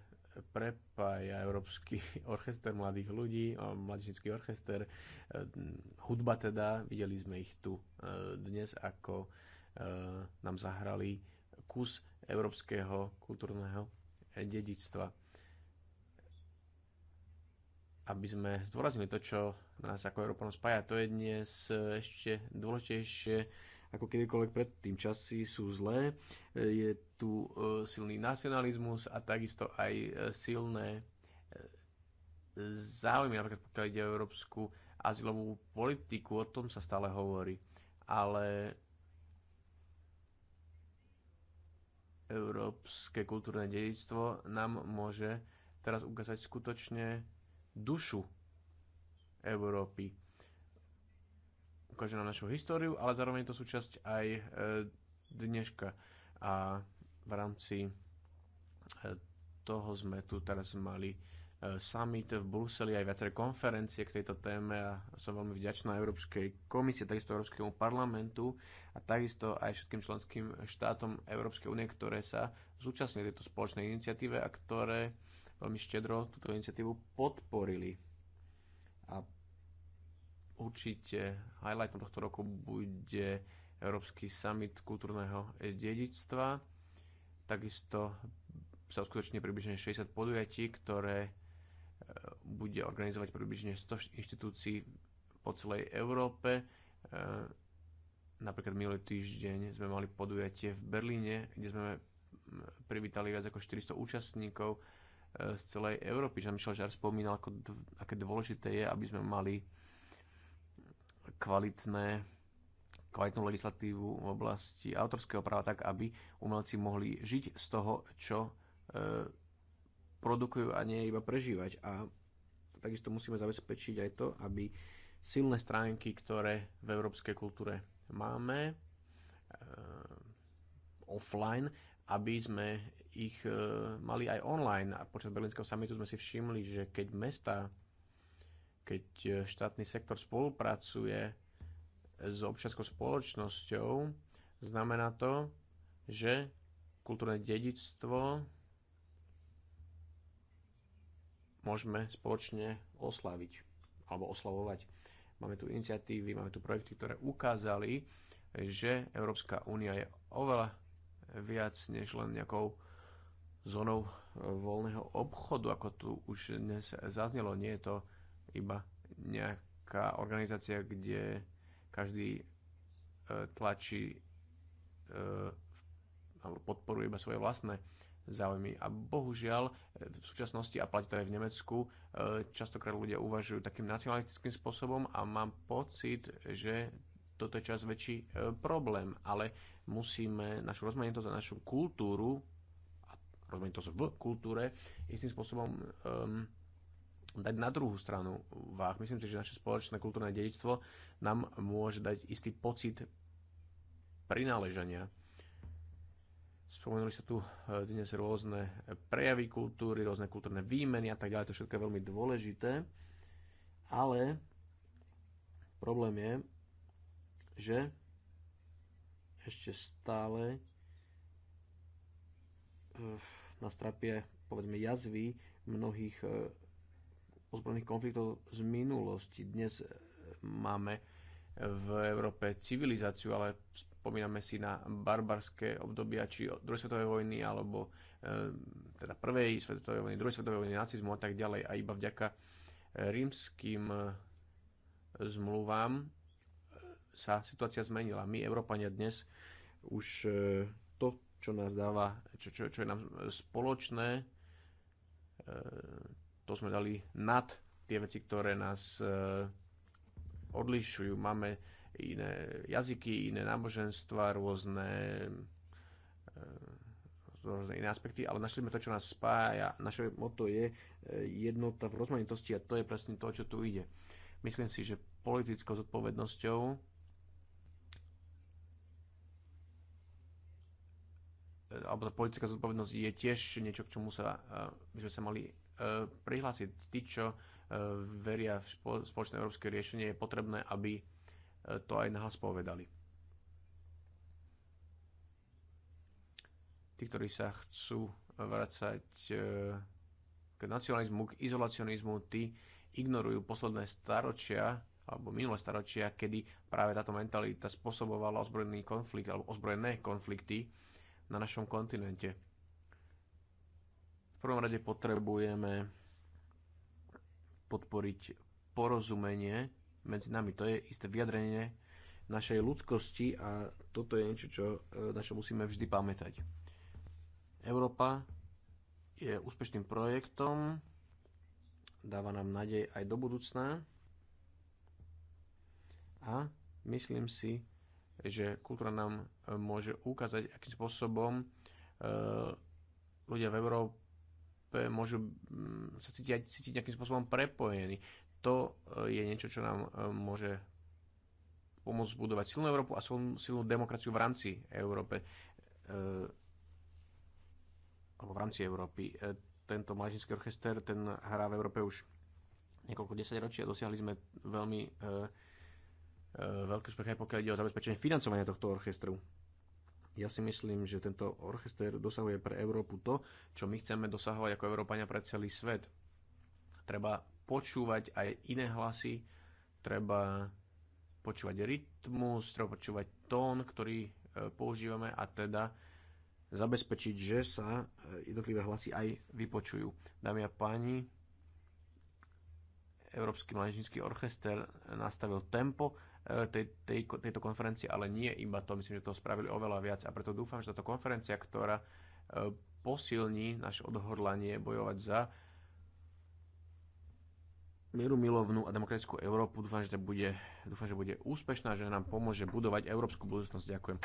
prepája Európsky orchester mladých ľudí, mladíčnický orchester, hudba teda, videli sme ich tu dnes, ako nám zahrali kus európskeho kultúrneho dedičstva. Aby sme zdôraznili to, čo nás ako Európanom spája, to je dnes ešte dôležitejšie ako kedykoľvek predtým. Časy sú zlé, je tu e, silný nacionalizmus a takisto aj e, silné e, záujmy, napríklad pokiaľ ide o európsku azylovú politiku, o tom sa stále hovorí. Ale európske kultúrne dedičstvo nám môže teraz ukázať skutočne dušu Európy. Ukáže nám našu históriu, ale zároveň je to súčasť aj e, dneška. A v rámci e, toho sme tu teraz mali Eh, summit v Bruseli, aj viaceré konferencie k tejto téme a som veľmi vďačná Európskej komisie, takisto Európskemu parlamentu a takisto aj všetkým členským štátom Európskej únie, ktoré sa zúčastnili tejto spoločnej iniciatíve a ktoré veľmi štedro túto iniciatívu podporili. A určite highlightom tohto roku bude Európsky summit kultúrneho dedičstva. Takisto sa uskutoční približne 60 podujatí, ktoré bude organizovať približne 100 inštitúcií po celej Európe. E, napríklad minulý týždeň sme mali podujatie v Berlíne, kde sme privítali viac ako 400 účastníkov e, z celej Európy. Jean-Michel Žar spomínal, ako, aké dôležité je, aby sme mali kvalitné, kvalitnú legislatívu v oblasti autorského práva tak, aby umelci mohli žiť z toho, čo e, produkujú a nie iba prežívať. A takisto musíme zabezpečiť aj to, aby silné stránky, ktoré v európskej kultúre máme, eh, offline, aby sme ich uh, mali aj online. A počas Berlínskeho samitu sme si všimli, že keď mesta, keď eh, štátny sektor spolupracuje s občianskou spoločnosťou, znamená to, že kultúrne dedičstvo môžeme spoločne oslaviť alebo oslavovať. Máme tu iniciatívy, máme tu projekty, ktoré ukázali, že Európska únia je oveľa viac než len nejakou zónou voľného obchodu, ako tu už dnes zaznelo. Nie je to iba nejaká organizácia, kde každý e, tlačí e, alebo podporuje iba svoje vlastné záujmy. A bohužiaľ e, v súčasnosti, a platí to aj v Nemecku, e, častokrát ľudia uvažujú takým nacionalistickým spôsobom a mám pocit, že toto je čas väčší e, problém, ale musíme našu rozmanitosť a našu kultúru, a rozmanitosť v kultúre, istým spôsobom um, dať na druhú stranu váh. Myslím si, že naše spoločné kultúrne dedičstvo nám môže dať istý pocit prináležania Spomenuli sa tu e, dnes rôzne prejavy kultúry, rôzne kultúrne výmeny a tak ďalej. To všetko je veľmi dôležité. Ale problém je, že ešte stále e, na strapie povedzme jazvy mnohých e, ozbrojených konfliktov z minulosti. Dnes máme v Európe civilizáciu, ale spomíname si na barbarské obdobia či druhej svetovej vojny alebo e, teda prvej svetovej vojny, druhej svetovej vojny, nacizmu a tak ďalej a iba vďaka eh, rímským eh, zmluvám sa situácia zmenila. My, Európania, dnes už to, čo nás dáva, čo, čo, čo je nám spoločné, to sme dali nad tie veci, ktoré nás odlišujú. Máme iné jazyky, iné náboženstva, rôzne, e, rôzne iné aspekty, ale našli sme to, čo nás spája. Naše moto je e, jednota v rozmanitosti a to je presne to, čo tu ide. Myslím si, že politickou zodpovednosťou e, alebo tá politická zodpovednosť je tiež niečo, k čomu sa, by sme sa mali prihlásiť. Tí, čo veria v spoločné európske riešenie, je potrebné, aby E, to aj nahlas povedali. Tí, ktorí sa chcú vracať e, k nacionalizmu, k izolacionizmu, tí ignorujú posledné staročia alebo minulé staročia, kedy práve táto mentalita spôsobovala ozbrojený konflikt alebo ozbrojené konflikty na našom kontinente. V prvom rade potrebujeme podporiť porozumenie medzi nami. To je isté vyjadrenie našej ľudskosti a toto je niečo, čo, e, na čo musíme vždy pamätať. Európa je úspešným projektom, dáva nám nádej aj do budúcna a myslím si, že kultúra nám e, môže ukázať, akým spôsobom e, ľudia v Európe môžu sa cítiť, cítiť nejakým spôsobom prepojení to eh, je niečo, čo nám eh, môže pomôcť budovať silnú Európu a silnú demokraciu v rámci Európe eh, alebo v rámci Európy. Tento mladínsky orchester, ten hrá v Európe už niekoľko desaťročí a dosiahli sme veľmi veľký úspech aj pokiaľ ide o zabezpečenie financovania tohto orchestru. Ja si myslím, že tento orchester dosahuje pre Európu to, čo my chceme dosahovať ako Európania pre celý svet. Treba počúvať aj iné hlasy, treba počúvať rytmus, treba počúvať tón, ktorý e, používame a teda zabezpečiť, že sa e, jednotlivé hlasy aj vypočujú. Dámy a páni, Európsky mládežnícky orchester nastavil tempo e, tej, tej, tejto konferencie, ale nie iba to, myslím, že to spravili oveľa viac a preto dúfam, že táto konferencia, ktorá posilní naše odhodlanie bojovať za mieru milovnú a demokratickú Európu. Dúfam, že, bude, dúfam, že bude úspešná, že nám pomôže budovať európsku budúcnosť. Ďakujem.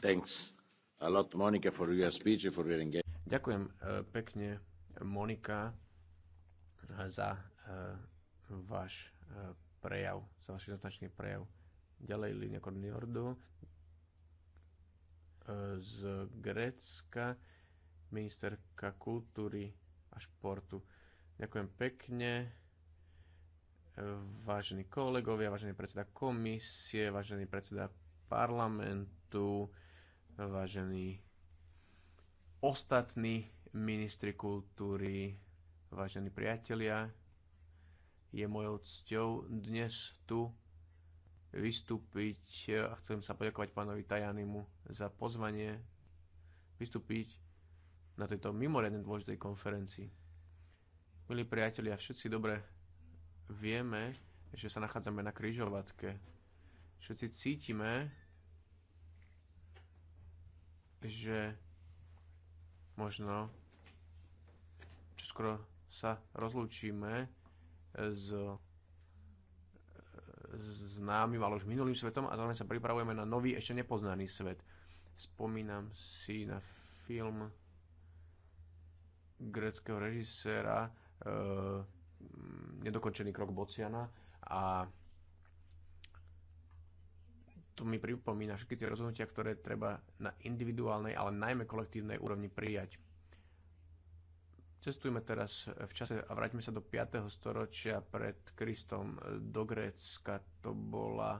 Thanks a lot, Monika, for your speech, and for your engagement. Ďakujem eh, pekne, Monika, za eh, váš eh, prejav, za váš jednoznačný prejav. Ďalej Línia Korniordo, z Grécka, ministerka kultúry a športu. Ďakujem pekne, vážení kolegovia, vážený predseda komisie, vážený predseda parlamentu, vážení ostatní ministri kultúry, vážení priatelia, je mojou cťou dnes tu vystúpiť a chcem sa poďakovať pánovi Tajanimu za pozvanie vystúpiť na tejto mimoriadne dôležitej konferencii. Milí priatelia, všetci dobre vieme, že sa nachádzame na kryžovatke. Všetci cítime, že možno čoskoro sa rozlúčime s známym, ale už minulým svetom a zároveň sa pripravujeme na nový, ešte nepoznaný svet. Spomínam si na film greckého režiséra e, Nedokončený krok Bociana a to mi pripomína všetky tie rozhodnutia, ktoré treba na individuálnej, ale najmä kolektívnej úrovni prijať Cestujme teraz eh, v čase a vráťme sa do 5. storočia pred Kristom do Grécka. To bola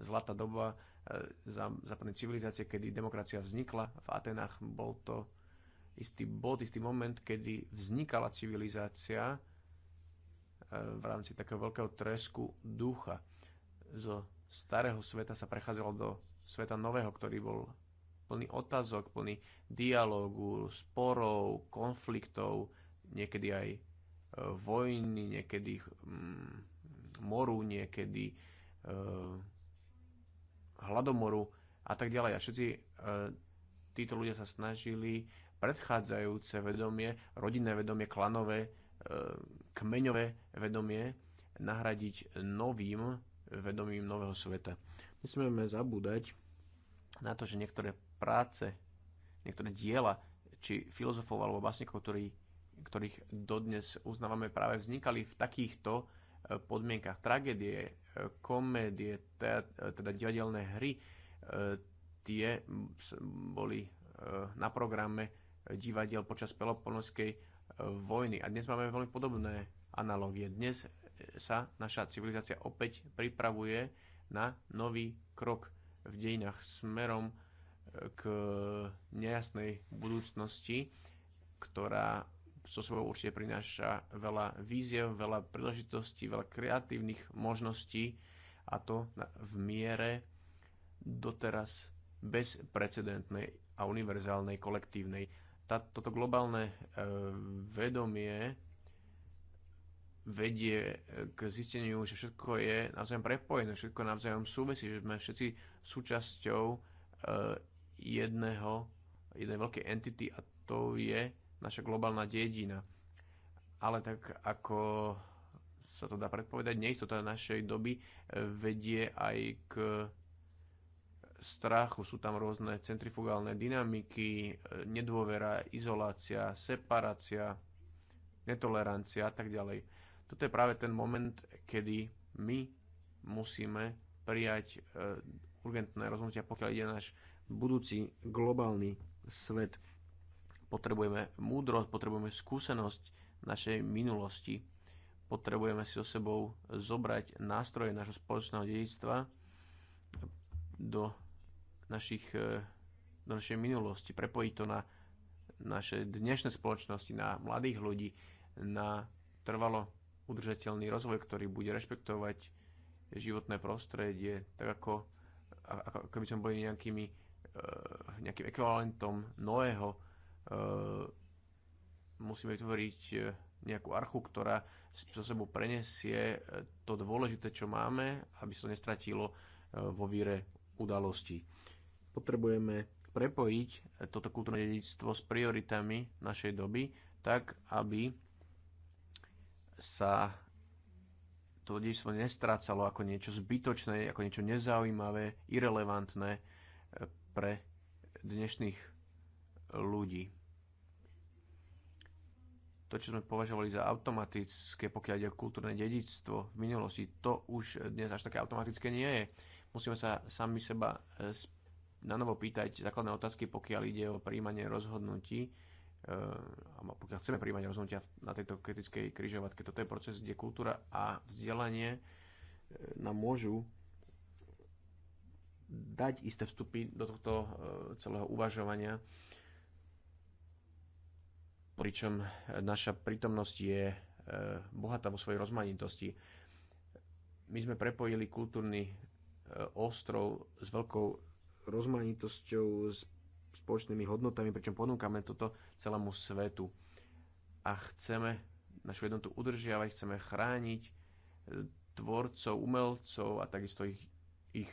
zlatá doba eh, za západnej civilizácie, kedy demokracia vznikla v Atenách. Bol to istý bod, istý moment, kedy vznikala civilizácia eh, v rámci takého veľkého tresku ducha. Zo starého sveta sa prechádzalo do sveta nového, ktorý bol plný otázok, plný dialogu, sporov, konfliktov, niekedy aj e, vojny, niekedy mm, moru, niekedy e, hladomoru a tak ďalej. A všetci e, títo ľudia sa snažili predchádzajúce vedomie, rodinné vedomie, klanové, kmeňové vedomie nahradiť novým vedomím nového sveta. Nesmieme zabúdať na to, že niektoré práce, niektoré diela, či filozofov alebo básnikov, ktorí, ktorých dodnes uznávame práve vznikali v takýchto e, podmienkach. Tragédie, e, komédie, e, teda divadelné hry, tie boli na programe divadiel počas Peloponovskej vojny. A dnes máme veľmi podobné analogie. Dnes sa naša civilizácia opäť pripravuje na nový krok v dejinách smerom k nejasnej budúcnosti, ktorá so sebou určite prináša veľa víziev, veľa príležitostí, veľa kreatívnych možností a to v miere doteraz bezprecedentnej a univerzálnej, kolektívnej. Tá, toto globálne e, vedomie vedie k zisteniu, že všetko je navzájom prepojené, všetko navzájom súvisí, že sme všetci súčasťou e, jedného, jednej veľkej entity a to je naša globálna dedina. Ale tak ako sa to dá predpovedať, neistota našej doby vedie aj k strachu. Sú tam rôzne centrifugálne dynamiky, nedôvera, izolácia, separácia, netolerancia a tak ďalej. Toto je práve ten moment, kedy my musíme prijať e, urgentné rozhodnutia, pokiaľ ide náš budúci globálny svet. Potrebujeme múdrosť, potrebujeme skúsenosť našej minulosti, potrebujeme si so sebou zobrať nástroje našho spoločného dedictva do, našich, e, do našej minulosti, prepojiť to na naše dnešné spoločnosti, na mladých ľudí, na trvalo udržateľný rozvoj, ktorý bude rešpektovať životné prostredie, tak ako, ako by sme boli nejakými E, nejakým ekvivalentom Noého. E, musíme vytvoriť e, nejakú archu, ktorá so sebou prenesie to dôležité, čo máme, aby sa to nestratilo vo víre udalostí. Potrebujeme prepojiť toto kultúrne dedičstvo s prioritami našej doby, tak aby sa to dedičstvo nestrácalo ako niečo zbytočné, ako niečo nezaujímavé, irrelevantné, pre dnešných ľudí. To, čo sme považovali za automatické, pokiaľ ide o kultúrne dedictvo v minulosti, to už dnes až také automatické nie je. Musíme sa sami seba e, na novo pýtať základné otázky, pokiaľ ide o príjmanie rozhodnutí, e, alebo pokiaľ chceme príjmať rozhodnutia na tejto kritickej križovatke. Toto je proces, kde kultúra a vzdelanie e, nám môžu dať isté vstupy do tohto e, celého uvažovania, pričom e, naša prítomnosť je e, bohatá vo svojej rozmanitosti. My sme prepojili kultúrny ostrov s veľkou rozmanitosťou, s spoločnými hodnotami, pričom ponúkame toto celému svetu. A chceme našu jednotu udržiavať, chceme chrániť tvorcov, umelcov a takisto ich, ich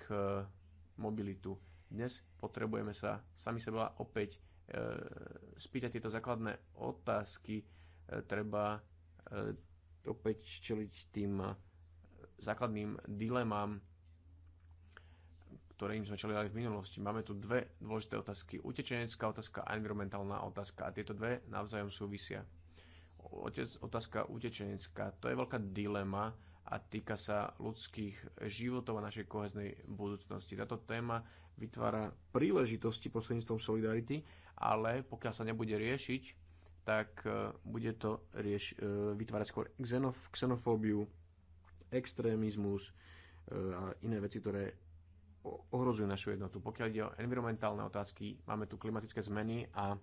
mobilitu. Dnes potrebujeme sa sami seba opäť e, spýtať tieto základné otázky. E, treba e, opäť čeliť tým e, základným dilemám, ktoré im sme čelili aj v minulosti. Máme tu dve dôležité otázky. Utečenecká otázka a environmentálna otázka. A tieto dve navzájom súvisia. Otec, otázka utečenecká. To je veľká dilema, a týka sa ľudských životov a našej koheznej budúcnosti. Táto téma vytvára príležitosti prostredníctvom solidarity, ale pokiaľ sa nebude riešiť, tak e, bude to rieš, e, vytvárať skôr xenof, xenofóbiu, extrémizmus e, a iné veci, ktoré ohrozujú našu jednotu. Pokiaľ ide o environmentálne otázky, máme tu klimatické zmeny a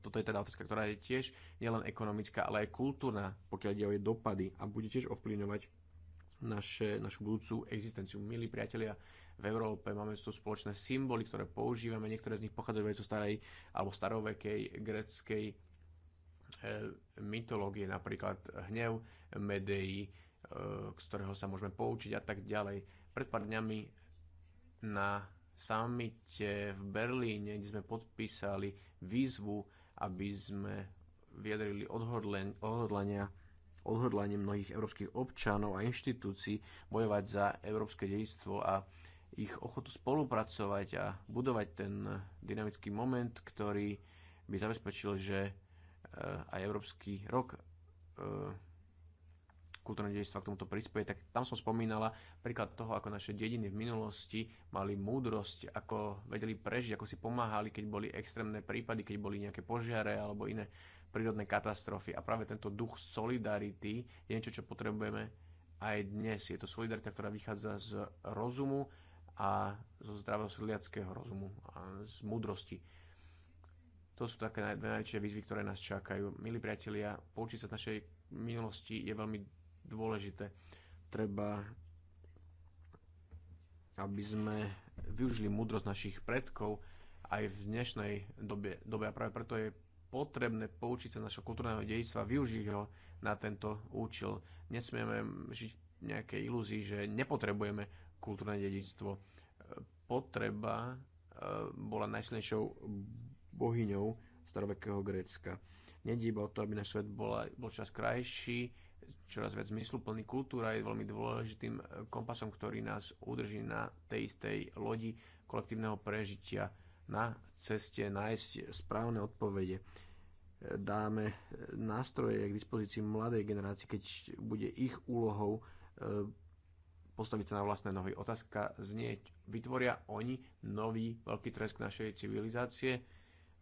toto je teda otázka, ktorá je tiež nielen ekonomická, ale aj kultúrna, pokiaľ ide o jej dopady a bude tiež ovplyvňovať naše, našu budúcu existenciu. Milí priatelia, v Európe máme tu spoločné symboly, ktoré používame, niektoré z nich pochádzajú aj zo starej alebo starovekej greckej e, mytológie, napríklad hnev, Medei, e, z ktorého sa môžeme poučiť a tak ďalej. Pred pár dňami na samite v Berlíne, kde sme podpísali výzvu aby sme vyjadrili odhodlania odhodlanie mnohých európskych občanov a inštitúcií bojovať za európske dejstvo a ich ochotu spolupracovať a budovať ten dynamický moment, ktorý by zabezpečil, že eh, aj Európsky rok eh, kultúrne dedičstva k tomuto prispieje, tak tam som spomínala príklad toho, ako naše dediny v minulosti mali múdrosť, ako vedeli prežiť, ako si pomáhali, keď boli extrémne prípady, keď boli nejaké požiare alebo iné prírodné katastrofy. A práve tento duch solidarity je niečo, čo potrebujeme aj dnes. Je to solidarita, ktorá vychádza z rozumu a zo zdravého sedliackého rozumu a z múdrosti. To sú také najväčšie výzvy, ktoré nás čakajú. Milí priatelia, poučiť sa z našej minulosti je veľmi dôležité. Treba, aby sme využili múdrosť našich predkov aj v dnešnej dobe, dobe a práve preto je potrebné poučiť sa našho kultúrneho dedičstva, využiť ho na tento účel. Nesmieme žiť v nejakej ilúzii, že nepotrebujeme kultúrne dedičstvo. Potreba e, bola najsilnejšou bohyňou starovekého Grécka. Nedíba o to, aby náš svet bol čas krajší, čoraz viac zmysluplný. Kultúra je veľmi dôležitým eh, kompasom, ktorý nás udrží na tej istej lodi kolektívneho prežitia na ceste nájsť správne odpovede. Eh, dáme eh, nástroje k dispozícii mladej generácii, keď bude ich úlohou postaviť sa na vlastné nohy. Otázka znie, vytvoria oni nový veľký tresk našej civilizácie?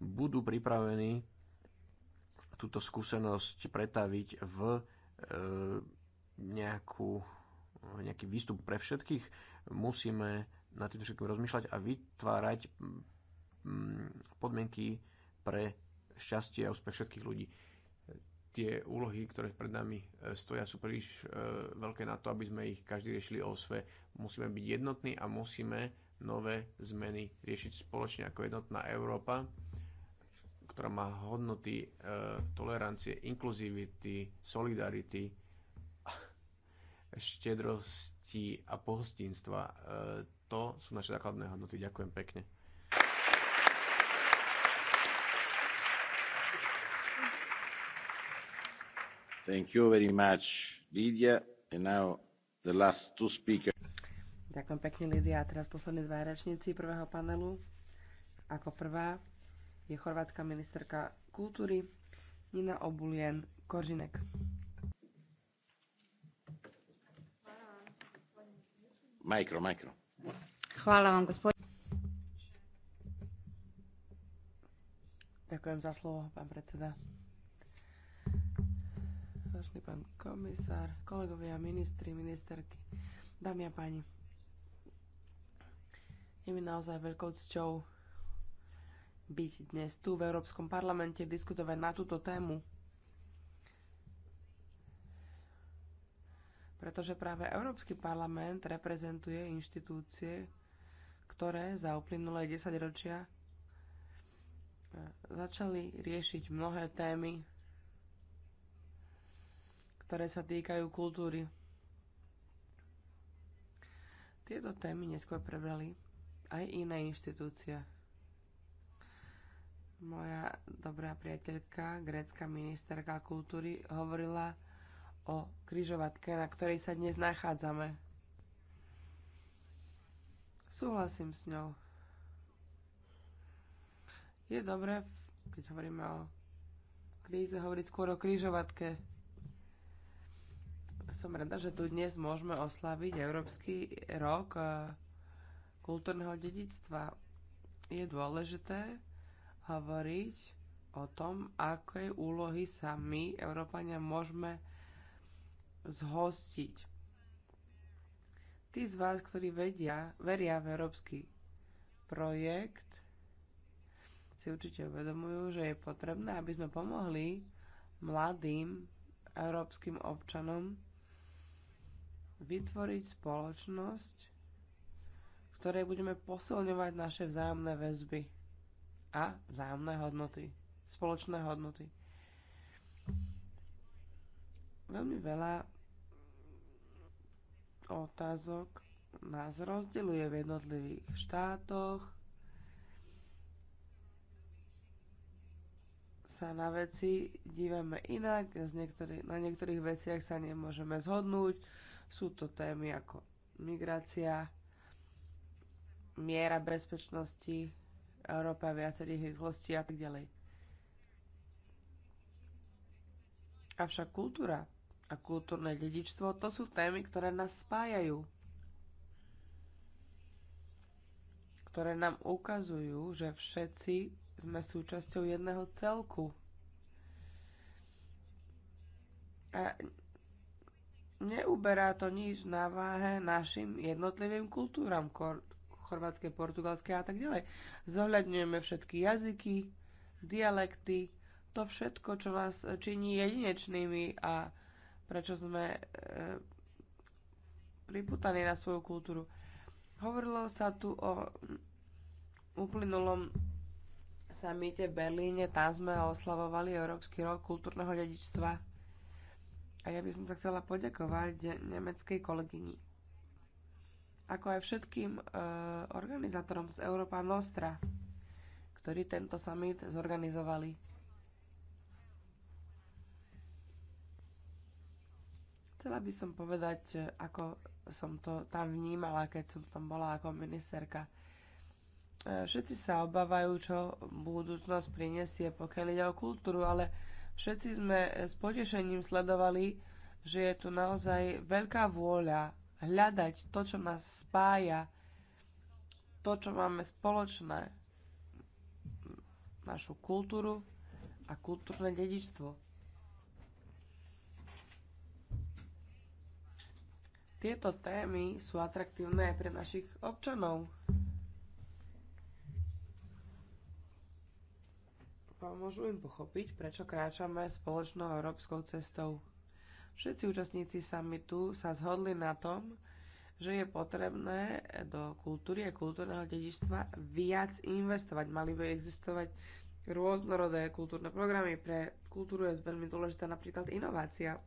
Budú pripravení túto skúsenosť pretaviť v E, nejakú, nejaký výstup pre všetkých. Musíme na tým všetkým rozmýšľať a vytvárať mm, podmienky pre šťastie a úspech všetkých ľudí. Tie úlohy, ktoré pred nami e, stoja, sú príliš e, veľké na to, aby sme ich každý riešili o sve. Musíme byť jednotní a musíme nové zmeny riešiť spoločne ako jednotná Európa ktorá má hodnoty e, tolerancie, inkluzivity, solidarity, štedrosti a pohostinstva. E, to sú naše základné hodnoty. Ďakujem pekne. Thank you very much, Lydia. And now the last two speakers. Ďakujem pekne, Lydia. A teraz poslední dva rečníci prvého panelu. Ako prvá je chorvátska ministerka kultúry Nina Obulien Koržinek. Mikro, mikro. Chvála vám, gospod. Ďakujem za slovo, pán predseda. Vážený pán komisár, kolegovia, ministri, ministerky, dámy a páni. Je mi naozaj veľkou cťou byť dnes tu v Európskom parlamente diskutovať na túto tému. Pretože práve Európsky parlament reprezentuje inštitúcie, ktoré za uplynulé 10 ročia e, začali riešiť mnohé témy, ktoré sa týkajú kultúry. Tieto témy neskôr prebrali aj iné inštitúcie. Moja dobrá priateľka, grécka ministerka kultúry, hovorila o kryžovatke, na ktorej sa dnes nachádzame. Súhlasím s ňou. Je dobré, keď hovoríme o kríze, hovoriť skôr o kryžovatke. Som rada, že tu dnes môžeme oslaviť Európsky rok eh, kultúrneho dedictva. Je dôležité, hovoriť o tom, aké úlohy sa my, Európania, môžeme zhostiť. Tí z vás, ktorí vedia, veria v európsky projekt, si určite uvedomujú, že je potrebné, aby sme pomohli mladým európskym občanom vytvoriť spoločnosť, v ktorej budeme posilňovať naše vzájomné väzby a vzájomné hodnoty, spoločné hodnoty. Veľmi veľa otázok nás rozdeľuje v jednotlivých štátoch, sa na veci dívame inak, z niektorý, na niektorých veciach sa nemôžeme zhodnúť. Sú to témy ako migrácia, miera bezpečnosti, Európa viacerých rýchlostí a tak ďalej. Avšak kultúra a kultúrne dedičstvo to sú témy, ktoré nás spájajú. Ktoré nám ukazujú, že všetci sme súčasťou jedného celku. A neuberá to nič na váhe našim jednotlivým kultúram, chorvátske, portugalské a tak ďalej. Zohľadňujeme všetky jazyky, dialekty, to všetko, čo nás činí jedinečnými a prečo sme e, priputaní na svoju kultúru. Hovorilo sa tu o uplynulom samite v Berlíne, tam sme oslavovali Európsky rok kultúrneho dedičstva. A ja by som sa chcela poďakovať nemeckej kolegyni ako aj všetkým e, organizátorom z Európa Nostra, ktorí tento summit zorganizovali. Chcela by som povedať, e, ako som to tam vnímala, keď som tam bola ako ministerka. E, všetci sa obávajú, čo budúcnosť prinesie, pokiaľ ide o kultúru, ale všetci sme s potešením sledovali, že je tu naozaj veľká vôľa hľadať to, čo nás spája, to, čo máme spoločné, našu kultúru a kultúrne dedičstvo. Tieto témy sú atraktívne aj pre našich občanov. Pomôžu im pochopiť, prečo kráčame spoločnou európskou cestou. Všetci účastníci samitu sa zhodli na tom, že je potrebné do kultúry a kultúrneho dedičstva viac investovať. Mali by existovať rôznorodé kultúrne programy. Pre kultúru je veľmi dôležitá napríklad inovácia.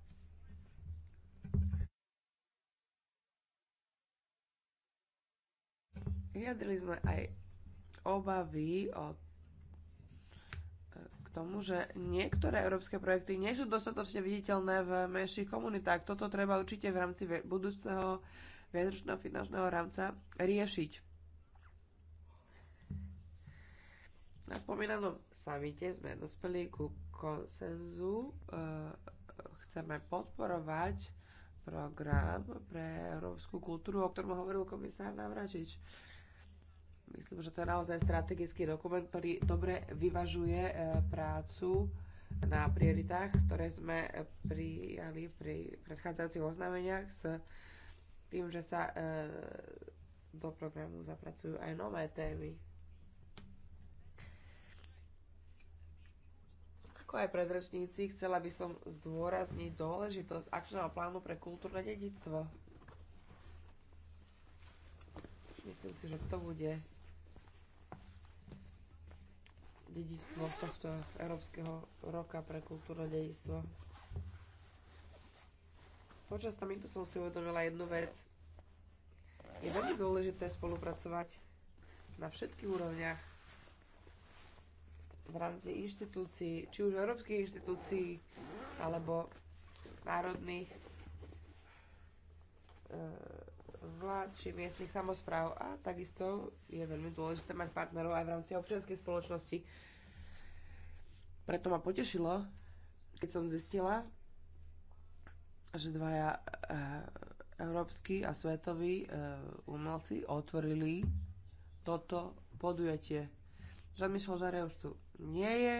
Vyjadrili sme aj obavy od tomu, že niektoré európske projekty nie sú dostatočne viditeľné v menších komunitách. Toto treba určite v rámci budúceho viacročného finančného rámca riešiť. Na spomínanom samite sme dospeli ku konsenzu. E, chceme podporovať program pre európsku kultúru, o ktorom hovoril komisár Navračič Myslím, že to je naozaj strategický dokument, ktorý dobre vyvažuje e, prácu na prioritách, ktoré sme e, prijali pri predchádzajúcich oznámeniach s tým, že sa e, do programu zapracujú aj nové témy. Ako aj predrečníci, chcela by som zdôrazniť dôležitosť akčného plánu pre kultúrne dedictvo. Myslím si, že to bude dedictvo tohto Európskeho roka pre kultúrne dedictvo. Počas samitu som si uvedomila jednu vec. Je veľmi dôležité spolupracovať na všetkých úrovniach v rámci inštitúcií, či už európskych inštitúcií, alebo národných e vlád či miestnych samozpráv. A takisto je veľmi dôležité mať partnerov aj v rámci občianskej spoločnosti. Preto ma potešilo, keď som zistila, že dvaja eh, európsky a svetoví eh, umelci otvorili toto podujatie. Jean-Michel Jarre už tu nie je,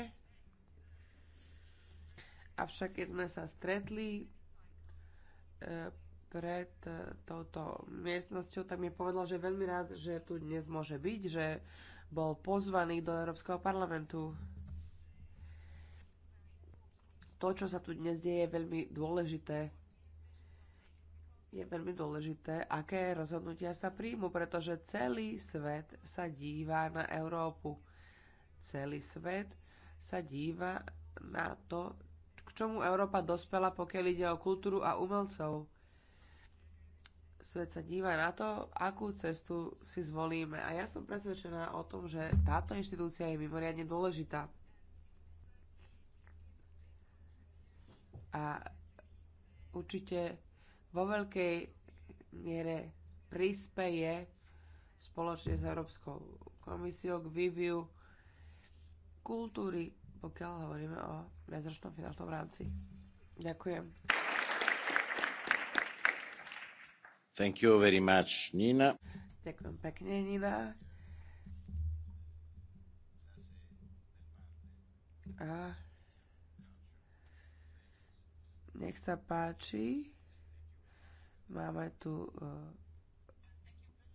avšak keď sme sa stretli, eh, pred e, touto miestnosťou, tak mi povedal, že veľmi rád, že tu dnes môže byť, že bol pozvaný do Európskeho parlamentu. To, čo sa tu dnes deje, je veľmi dôležité. Je veľmi dôležité, aké rozhodnutia sa príjmu, pretože celý svet sa díva na Európu. Celý svet sa díva na to, k čomu Európa dospela, pokiaľ ide o kultúru a umelcov svet sa díva na to, akú cestu si zvolíme. A ja som presvedčená o tom, že táto inštitúcia je mimoriadne dôležitá. A určite vo veľkej miere prispeje spoločne s Európskou komisiou k výviu kultúry, pokiaľ hovoríme o medzročnom finančnom rámci. Ďakujem. Thank you very much, Nina. Ďakujem pekne, Nina. A nech sa páči. Máme tu e,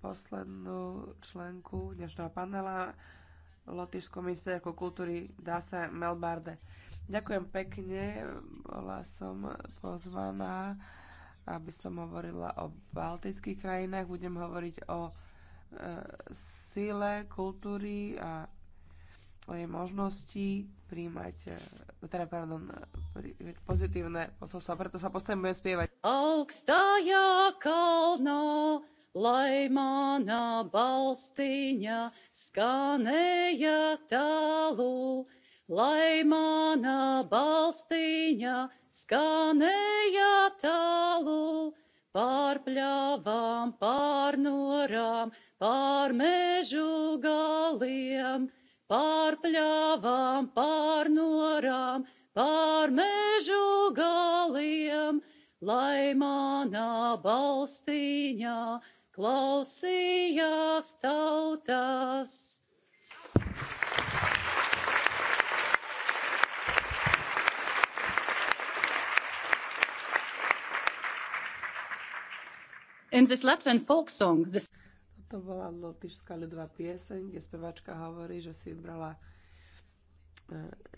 poslednú členku dnešného panela, lotyšskou ministerku kultúry Dasa Melbarde. Ďakujem pekne, bola som pozvaná aby som hovorila o baltických krajinách, budem hovoriť o e, sile kultúry a o jej možnosti príjmať, e, teda, pardon, pozitívne posolstvo, preto sa postavím, budem spievať. Ak staja kalno, lajmana mana skaneja talu, Laimana balstīņa skanēja tālu, pār pļavām, pār norām, pār mežu galiem, pār pļavām, pār norām, pār mežu galiem, laimana balstīņa klausījās tautas. In this Latvian folk song, this... To bola lotyšská ľudová pieseň, kde spevačka hovorí, že si vybrala e,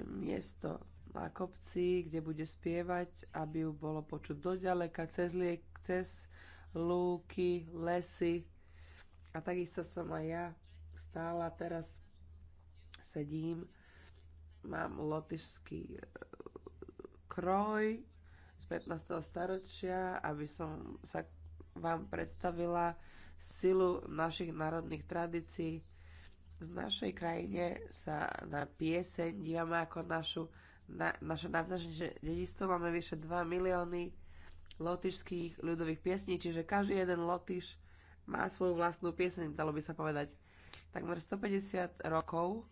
miesto na kopci, kde bude spievať, aby ju bolo počuť doďaleka, cez, liek, cez lúky, lesy. A takisto som aj ja stála, teraz sedím, mám lotyšský e, kroj z 15. storočia, aby som sa vám predstavila silu našich národných tradícií. V našej krajine sa na pieseň dívame ako našu, na, naše navzájomné dedistvo. Máme vyše 2 milióny lotišských ľudových piesní, čiže každý jeden lotiš má svoju vlastnú pieseň, dalo by sa povedať. Takmer 150 rokov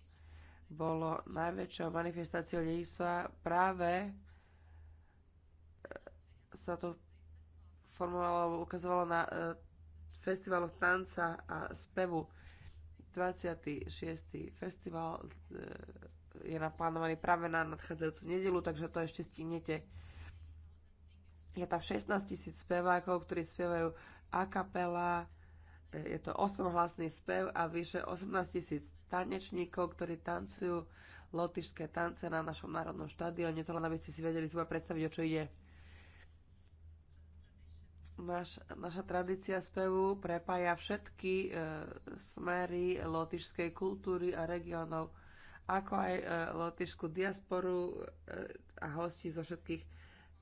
bolo najväčšou manifestáciou dedistva práve e, sa to alebo ukazovalo na e, Festival tanca a spevu. 26. festival e, je naplánovaný práve na nadchádzajúcu nedelu, takže to ešte stihnete. Je tam 16 tisíc spevákov, ktorí spievajú a kapela, e, je to 8-hlasný spev a vyše 18 tisíc tanečníkov, ktorí tancujú lotišské tance na našom národnom štadióne. To len aby ste si vedeli zhruba predstaviť, o čo ide. Naš, naša tradícia spevu prepája všetky e, smery lotišskej kultúry a regiónov, ako aj e, lotišskú diasporu e, a hostí zo všetkých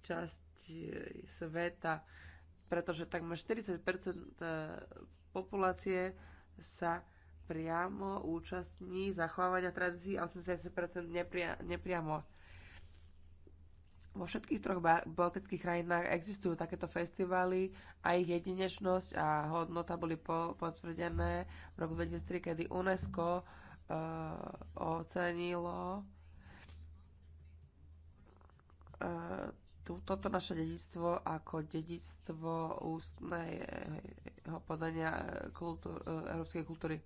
častí e, sveta, pretože takmer 40 e, populácie sa priamo účastní zachovávania tradícií a 80 nepria, nepriamo vo všetkých troch baltických krajinách existujú takéto festivály a ich jedinečnosť a hodnota boli po- potvrdené v roku 2003, kedy UNESCO uh, ocenilo uh, toto naše dedictvo ako dedictvo ústneho podania eh, kultúr, európskej kultúry.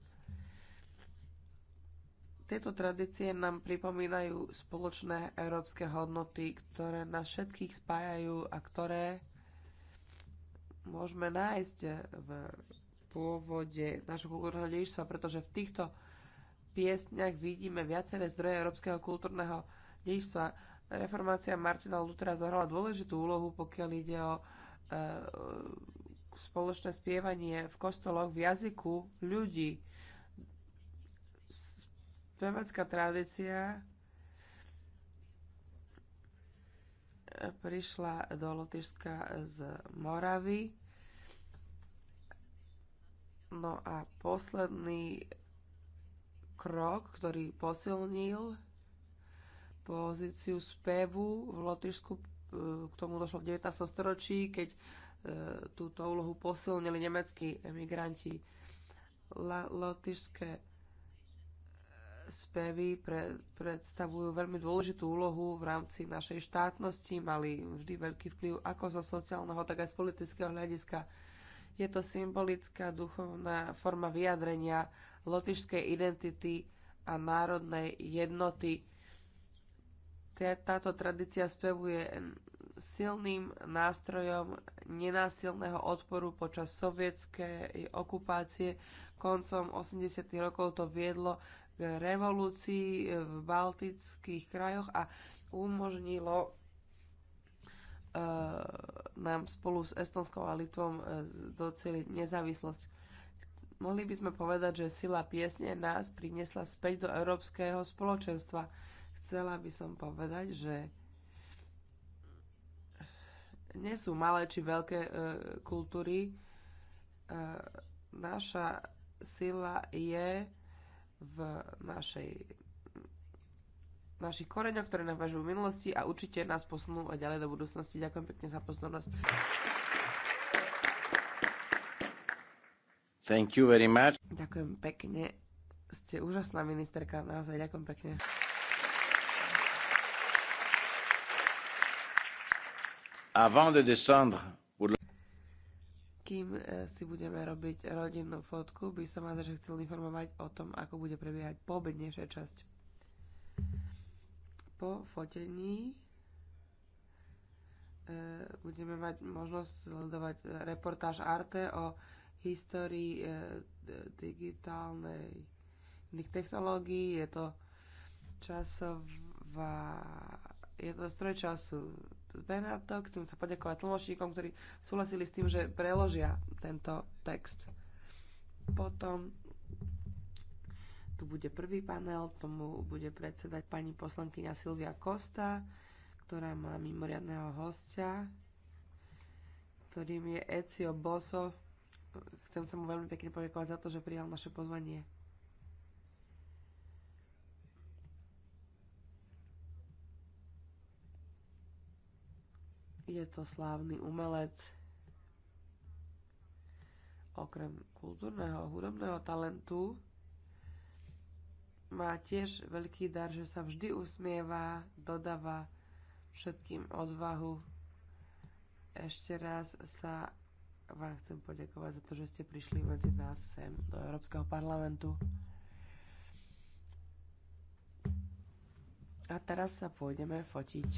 Tieto tradície nám pripomínajú spoločné európske hodnoty, ktoré nás všetkých spájajú a ktoré môžeme nájsť v pôvode nášho kultúrneho dedičstva, pretože v týchto piesňach vidíme viaceré zdroje európskeho kultúrneho dedičstva. Reformácia Martina Lutra zohrala dôležitú úlohu, pokiaľ ide o e, spoločné spievanie v kostoloch v jazyku ľudí spevacká tradícia e, prišla do Lotyšska z Moravy. No a posledný krok, ktorý posilnil pozíciu spevu v Lotyšsku, e, k tomu došlo v 19. storočí, keď e, túto úlohu posilnili nemeckí emigranti. La, lotyšské spevy pre, predstavujú veľmi dôležitú úlohu v rámci našej štátnosti, mali vždy veľký vplyv ako zo sociálneho, tak aj z politického hľadiska. Je to symbolická duchovná forma vyjadrenia lotišskej identity a národnej jednoty. Táto tradícia spevuje silným nástrojom nenásilného odporu počas sovietskej okupácie. Koncom 80. rokov to viedlo revolúcii v baltických krajoch a umožnilo e, nám spolu s Estonskou a Litvom e, doceliť nezávislosť. Mohli by sme povedať, že sila piesne nás priniesla späť do európskeho spoločenstva. Chcela by som povedať, že nie sú malé či veľké e, kultúry. E, naša sila je v našej našich koreňoch, ktoré nám vážujú v minulosti a určite nás posunú aj ďalej do budúcnosti. Ďakujem pekne za pozornosť. Thank you very much. Ďakujem pekne. Ste úžasná ministerka, naozaj ďakujem pekne. Avant de descendre kým e, si budeme robiť rodinnú fotku, by som vás že chcel informovať o tom, ako bude prebiehať poobednejšia časť. Po fotení e, budeme mať možnosť sledovať reportáž Arte o histórii e, digitálnej technológií. Je to časová... Je to stroj času Benátok. Chcem sa poďakovať tlmočníkom, ktorí súhlasili s tým, že preložia tento text. Potom tu bude prvý panel, tomu bude predsedať pani poslankyňa Silvia Kosta, ktorá má mimoriadného hostia, ktorým je Ecio Boso. Chcem sa mu veľmi pekne poďakovať za to, že prijal naše pozvanie. Je to slávny umelec. Okrem kultúrneho, hudobného talentu má tiež veľký dar, že sa vždy usmieva, dodáva všetkým odvahu. Ešte raz sa vám chcem poďakovať za to, že ste prišli medzi nás sem do Európskeho parlamentu. A teraz sa pôjdeme fotiť.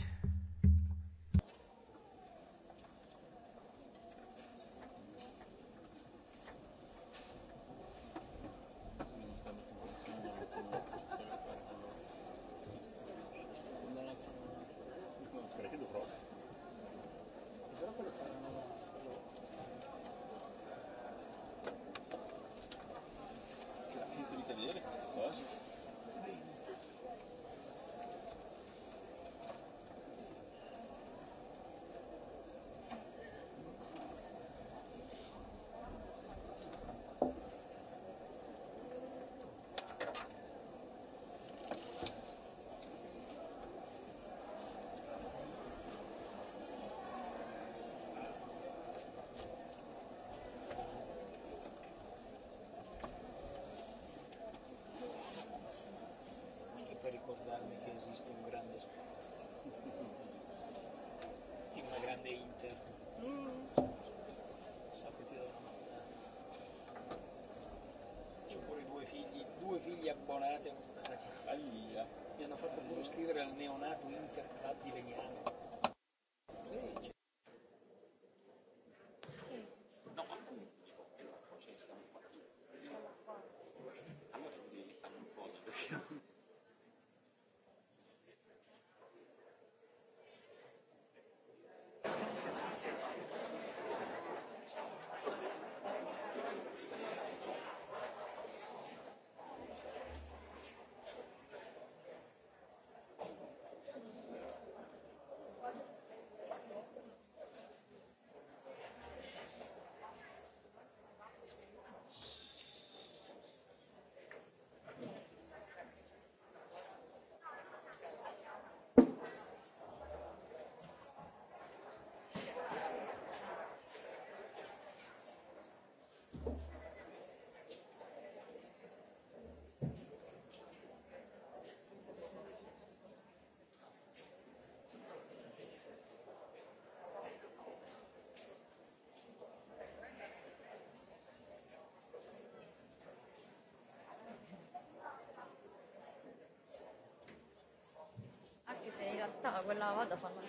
لا ولا هذا فما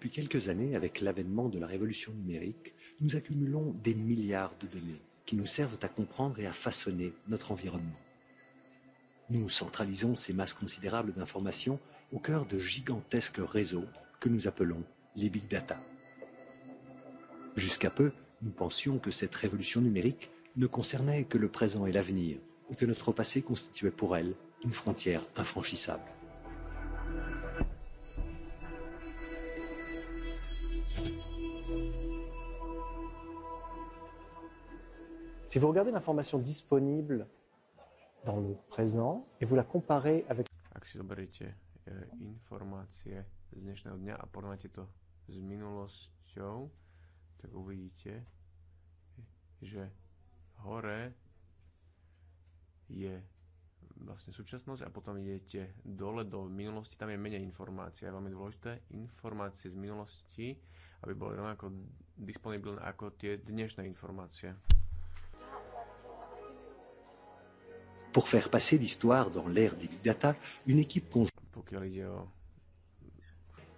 Depuis quelques années, avec l'avènement de la révolution numérique, nous accumulons des milliards de données qui nous servent à comprendre et à façonner notre environnement. Nous centralisons ces masses considérables d'informations au cœur de gigantesques réseaux que nous appelons les big data. Jusqu'à peu, nous pensions que cette révolution numérique ne concernait que le présent et l'avenir, et que notre passé constituait pour elle une frontière infranchissable. Si vous regardez l'information disponible dans le présent et vous la comparez avec... Ak si zoberiete e, informácie z dnešného dňa a porovnáte to s minulosťou, tak uvidíte, že hore je vlastne súčasnosť a potom idete dole do minulosti, tam je menej informácií. Je veľmi dôležité informácie z minulosti, aby boli rovnako disponibilné ako tie dnešné informácie. pour faire passer l'histoire dans l'ère des big data, une équipe conjointe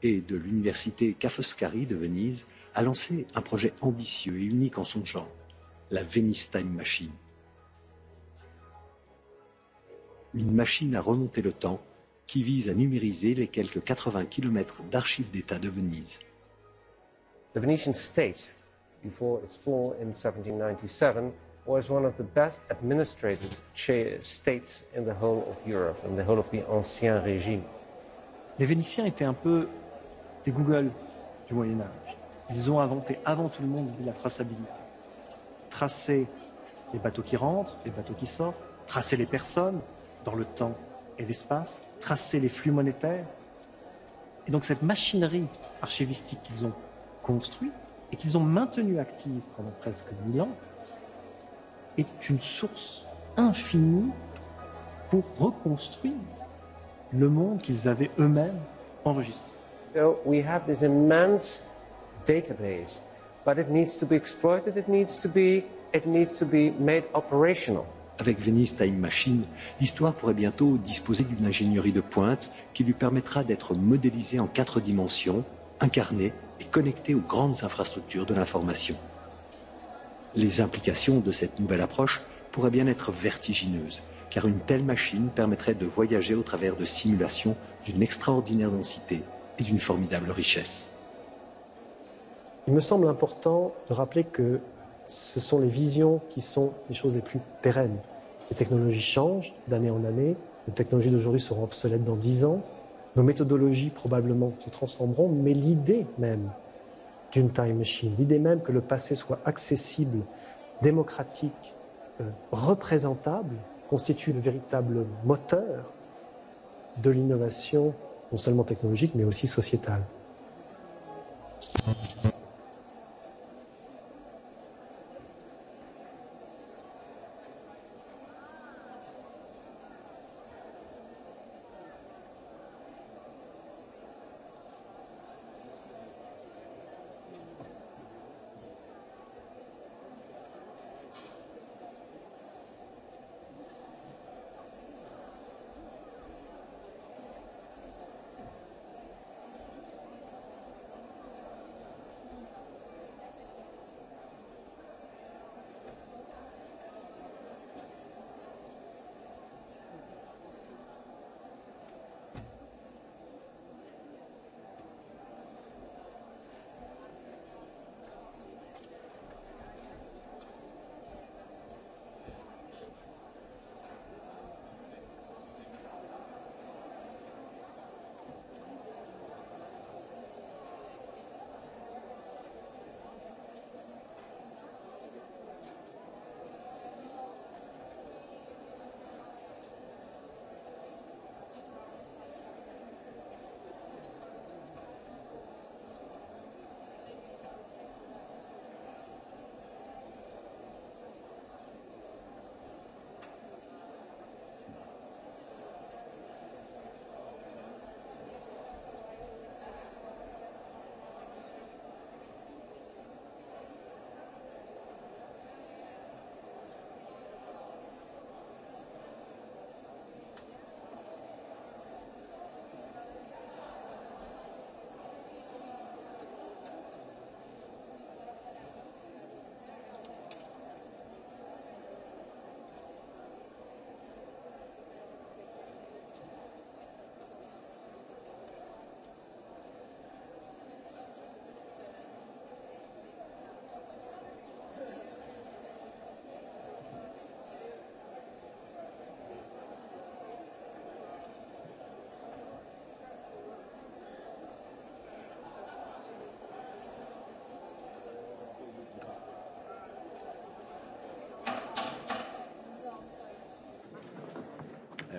et de l'université Ca' Foscari de Venise a lancé un projet ambitieux et unique en son genre, la Venice Time Machine. Une machine à remonter le temps qui vise à numériser les quelques 80 km d'archives d'État de Venise. The Venetian state, before its fall in 1797, was one of the best administrated states in the whole of Europe, in the whole of the ancien régime. Les Vénitiens étaient un peu les Google du Moyen Âge. Ils ont inventé avant tout le monde la traçabilité. Tracer les bateaux qui rentrent, les bateaux qui sortent, tracer les personnes dans le temps et l'espace, tracer les flux monétaires. Et donc cette machinerie archivistique qu'ils ont construite et qu'ils ont maintenue active pendant presque mille ans, est une source infinie pour reconstruire le monde qu'ils avaient eux-mêmes enregistré. So we have this immense database, but it needs to be exploited, it needs to be, it needs to be made operational. Avec Venice Time Machine, l'histoire pourrait bientôt disposer d'une ingénierie de pointe qui lui permettra d'être modélisée en quatre dimensions, incarnée et connectée aux grandes infrastructures de l'information les implications de cette nouvelle approche pourraient bien être vertigineuses, car une telle machine permettrait de voyager au travers de simulations d'une extraordinaire densité et d'une formidable richesse. Il me semble important de rappeler que ce sont les visions qui sont les choses les plus pérennes. Les technologies changent d'année en année, les technologies d'aujourd'hui seront obsolètes dans 10 ans, nos méthodologies probablement se transformeront, mais l'idée même d'une time machine. L'idée même que le passé soit accessible, démocratique, euh, représentable, constitue le véritable moteur de l'innovation, non seulement technologique, mais aussi sociétale.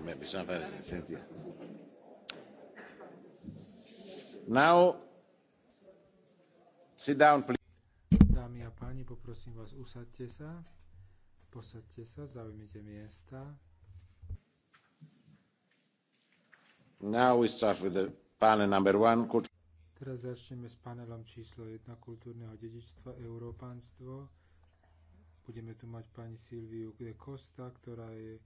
ma bisogna fare sentire. Now, sit down, please. Dámy a páni, poprosím vás, usadte sa. Posadte sa, zaujmite miesta. Now we start with the panel number one. Teraz začneme s panelom číslo 1 kultúrneho dedičstva Európanstvo. Budeme tu mať pani Silviu de Costa, ktorá je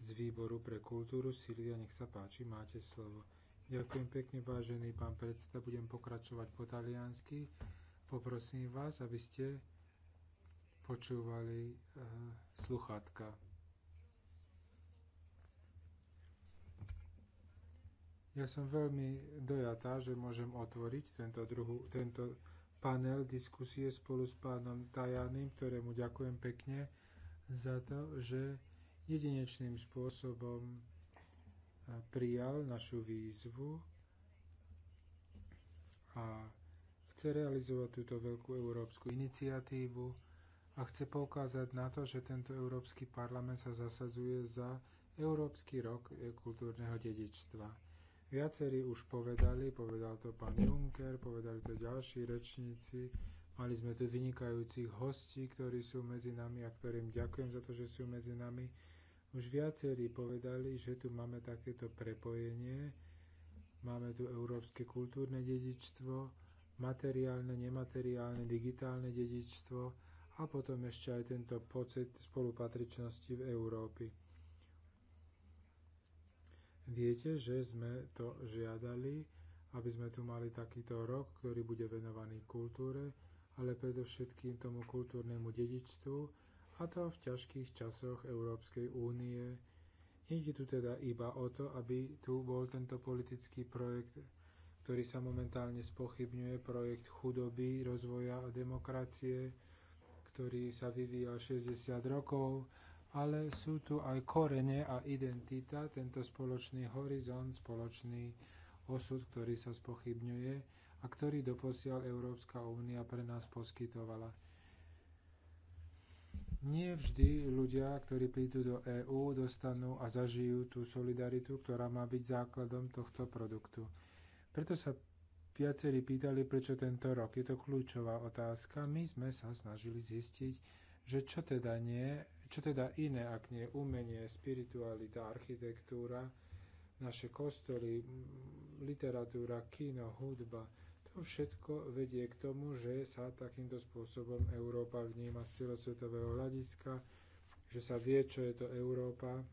z výboru pre kultúru. Silvia, nech sa páči, máte slovo. Ďakujem pekne, vážený pán predseda. Budem pokračovať po taliansky. Poprosím vás, aby ste počúvali uh, sluchátka. Ja som veľmi dojatá, že môžem otvoriť tento, druhu, tento panel diskusie spolu s pánom Tajaným, ktorému ďakujem pekne za to, že jedinečným spôsobom eh, prijal našu výzvu a chce realizovať túto veľkú európsku iniciatívu a chce poukázať na to, že tento Európsky parlament sa zasadzuje za Európsky rok kultúrneho dedičstva. Viacerí už povedali, povedal to pán Juncker, povedali to ďalší rečníci, mali sme tu vynikajúcich hostí, ktorí sú medzi nami a ktorým ďakujem za to, že sú medzi nami. Už viacerí povedali, že tu máme takéto prepojenie, máme tu európske kultúrne dedičstvo, materiálne, nemateriálne, digitálne dedičstvo a potom ešte aj tento pocit spolupatričnosti v Európy. Viete, že sme to žiadali, aby sme tu mali takýto rok, ktorý bude venovaný kultúre, ale predovšetkým tomu kultúrnemu dedičstvu, a to v ťažkých časoch Európskej únie. Ide tu teda iba o to, aby tu bol tento politický projekt, ktorý sa momentálne spochybňuje, projekt chudoby, rozvoja a demokracie, ktorý sa vyvíjal 60 rokov, ale sú tu aj korene a identita, tento spoločný horizont, spoločný osud, ktorý sa spochybňuje a ktorý doposiaľ Európska únia pre nás poskytovala. Nie vždy ľudia, ktorí prídu do EÚ, dostanú a zažijú tú solidaritu, ktorá má byť základom tohto produktu. Preto sa viacerí pýtali, prečo tento rok. Je to kľúčová otázka. My sme sa snažili zistiť, že čo teda, nie, čo teda iné, ak nie umenie, spiritualita, architektúra, naše kostoly, literatúra, kino, hudba, to všetko vedie k tomu, že sa takýmto spôsobom Európa vníma z celosvetového hľadiska, že sa vie, čo je to Európa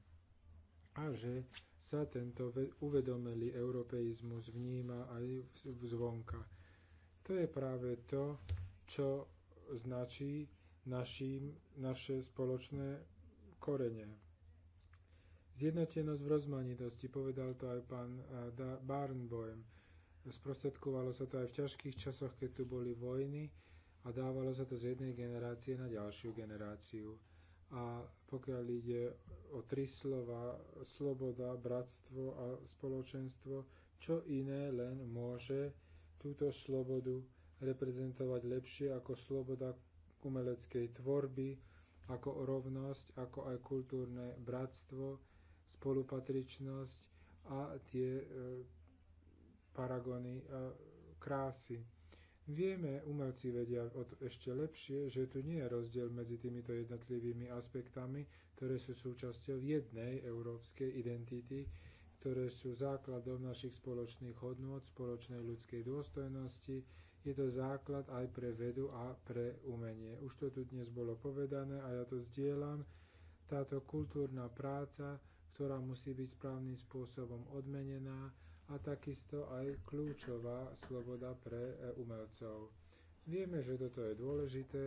a že sa tento uvedomelý europeizmus vníma aj zvonka. To je práve to, čo značí našim, naše spoločné korene. Zjednotenosť v rozmanitosti, povedal to aj pán eh, Barnboem. Sprostredkovalo sa to aj v ťažkých časoch, keď tu boli vojny a dávalo sa to z jednej generácie na ďalšiu generáciu. A pokiaľ ide o tri slova, sloboda, bratstvo a spoločenstvo, čo iné len môže túto slobodu reprezentovať lepšie ako sloboda umeleckej tvorby, ako rovnosť, ako aj kultúrne bratstvo, spolupatričnosť a tie e, paragony e, krásy. Vieme, umelci vedia ešte lepšie, že tu nie je rozdiel medzi týmito jednotlivými aspektami, ktoré sú súčasťou jednej európskej identity, ktoré sú základom našich spoločných hodnôt, spoločnej ľudskej dôstojnosti. Je to základ aj pre vedu a pre umenie. Už to tu dnes bolo povedané a ja to zdieľam. Táto kultúrna práca, ktorá musí byť správnym spôsobom odmenená, a takisto aj kľúčová sloboda pre e, umelcov. Vieme, že toto je dôležité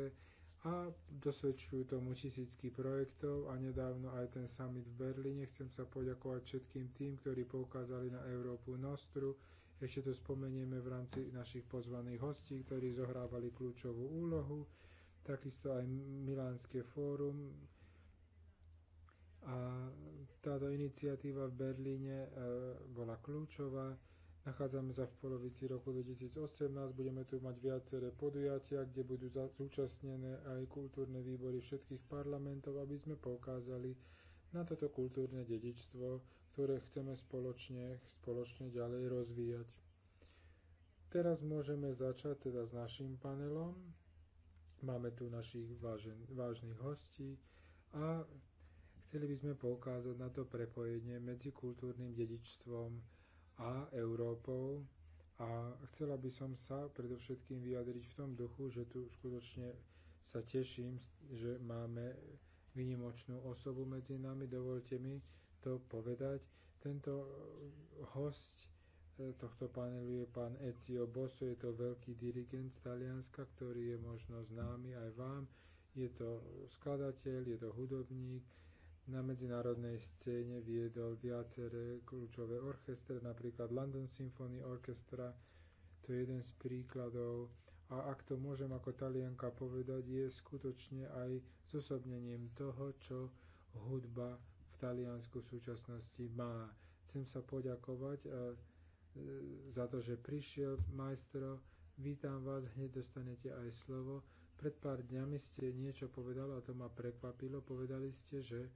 a dosvedčujú tomu tisícky projektov a nedávno aj ten summit v Berlíne. Chcem sa poďakovať všetkým tým, ktorí poukázali na Európu Nostru. Ešte to spomenieme v rámci našich pozvaných hostí, ktorí zohrávali kľúčovú úlohu. Takisto aj Milánske fórum, a táto iniciatíva v Berlíne e, bola kľúčová. Nachádzame sa v polovici roku 2018, budeme tu mať viaceré podujatia, kde budú zúčastnené aj kultúrne výbory všetkých parlamentov, aby sme poukázali na toto kultúrne dedičstvo, ktoré chceme spoločne, spoločne ďalej rozvíjať. Teraz môžeme začať teda s našim panelom. Máme tu našich vážen, vážnych hostí a Chceli by sme poukázať na to prepojenie medzi kultúrnym dedičstvom a Európou a chcela by som sa predovšetkým vyjadriť v tom duchu, že tu skutočne sa teším, že máme vynimočnú osobu medzi nami. Dovolte mi to povedať. Tento host e, tohto panelu je pán Ezio Bosso, je to veľký dirigent z Talianska, ktorý je možno známy aj vám. Je to skladateľ, je to hudobník, na medzinárodnej scéne viedol viaceré kľúčové orchestre, napríklad London Symphony Orchestra, to je jeden z príkladov. A ak to môžem ako talianka povedať, je skutočne aj zosobnením toho, čo hudba v Taliansku v súčasnosti má. Chcem sa poďakovať e, e, za to, že prišiel majstro. Vítam vás, hneď dostanete aj slovo. Pred pár dňami ste niečo povedali a to ma prekvapilo. Povedali ste, že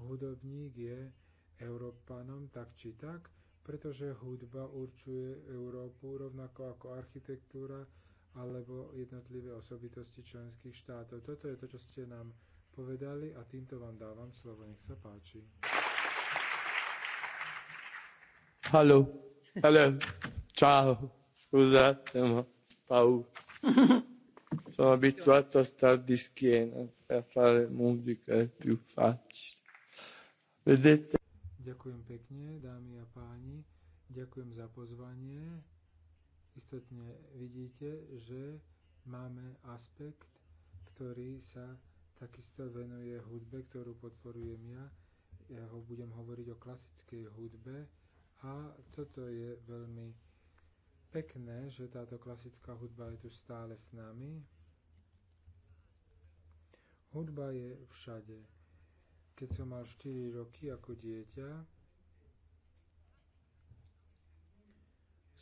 Hudobník je Európanom tak či tak, pretože hudba určuje Európu rovnako ako architektúra alebo jednotlivé osobitosti členských štátov. Toto je to, čo ste nám povedali a týmto vám dávam slovo. Nech sa páči. Halo. Halo. Pau. Sono abituato a star di schiena no, fare musica più facile. Ďakujem pekne, dámy a páni. Ďakujem za pozvanie. Istotne vidíte, že máme aspekt, ktorý sa takisto venuje hudbe, ktorú podporujem ja. Ja ho budem hovoriť o klasickej hudbe a toto je veľmi pekné, že táto klasická hudba je tu stále s nami. Hudba je všade keď som mal 4 roky ako dieťa,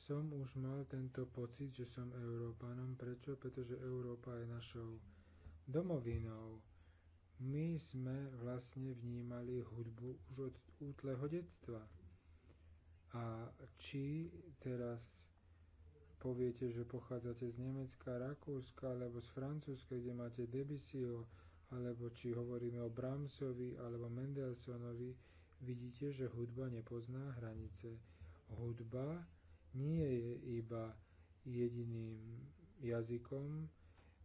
som už mal tento pocit, že som Európanom. Prečo? Pretože Európa je našou domovinou. My sme vlastne vnímali hudbu už od útleho detstva. A či teraz poviete, že pochádzate z Nemecka, Rakúska alebo z Francúzska, kde máte Debussyho, alebo či hovoríme o Brahmsovi alebo Mendelsonovi, vidíte, že hudba nepozná hranice. Hudba nie je iba jediným jazykom,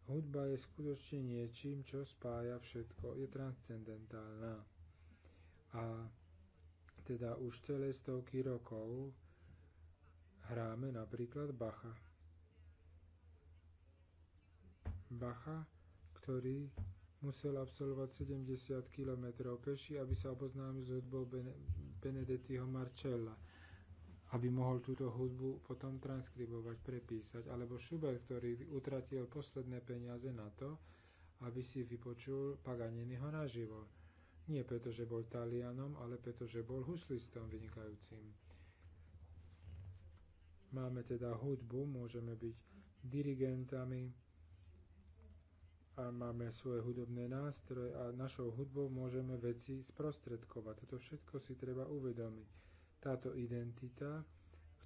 hudba je skutočne niečím, čo spája všetko, je transcendentálna. A teda už celé stovky rokov hráme napríklad Bacha. Bacha, ktorý musel absolvovať 70 km peši, aby sa oboznámil s hudbou Benedettiho Marcella aby mohol túto hudbu potom transkribovať, prepísať. Alebo Schubert, ktorý utratil posledné peniaze na to, aby si vypočul Paganiniho naživo. Nie preto, že bol Talianom, ale preto, že bol huslistom vynikajúcim. Máme teda hudbu, môžeme byť dirigentami, a máme svoje hudobné nástroje a našou hudbou môžeme veci sprostredkovať. Toto všetko si treba uvedomiť. Táto identita,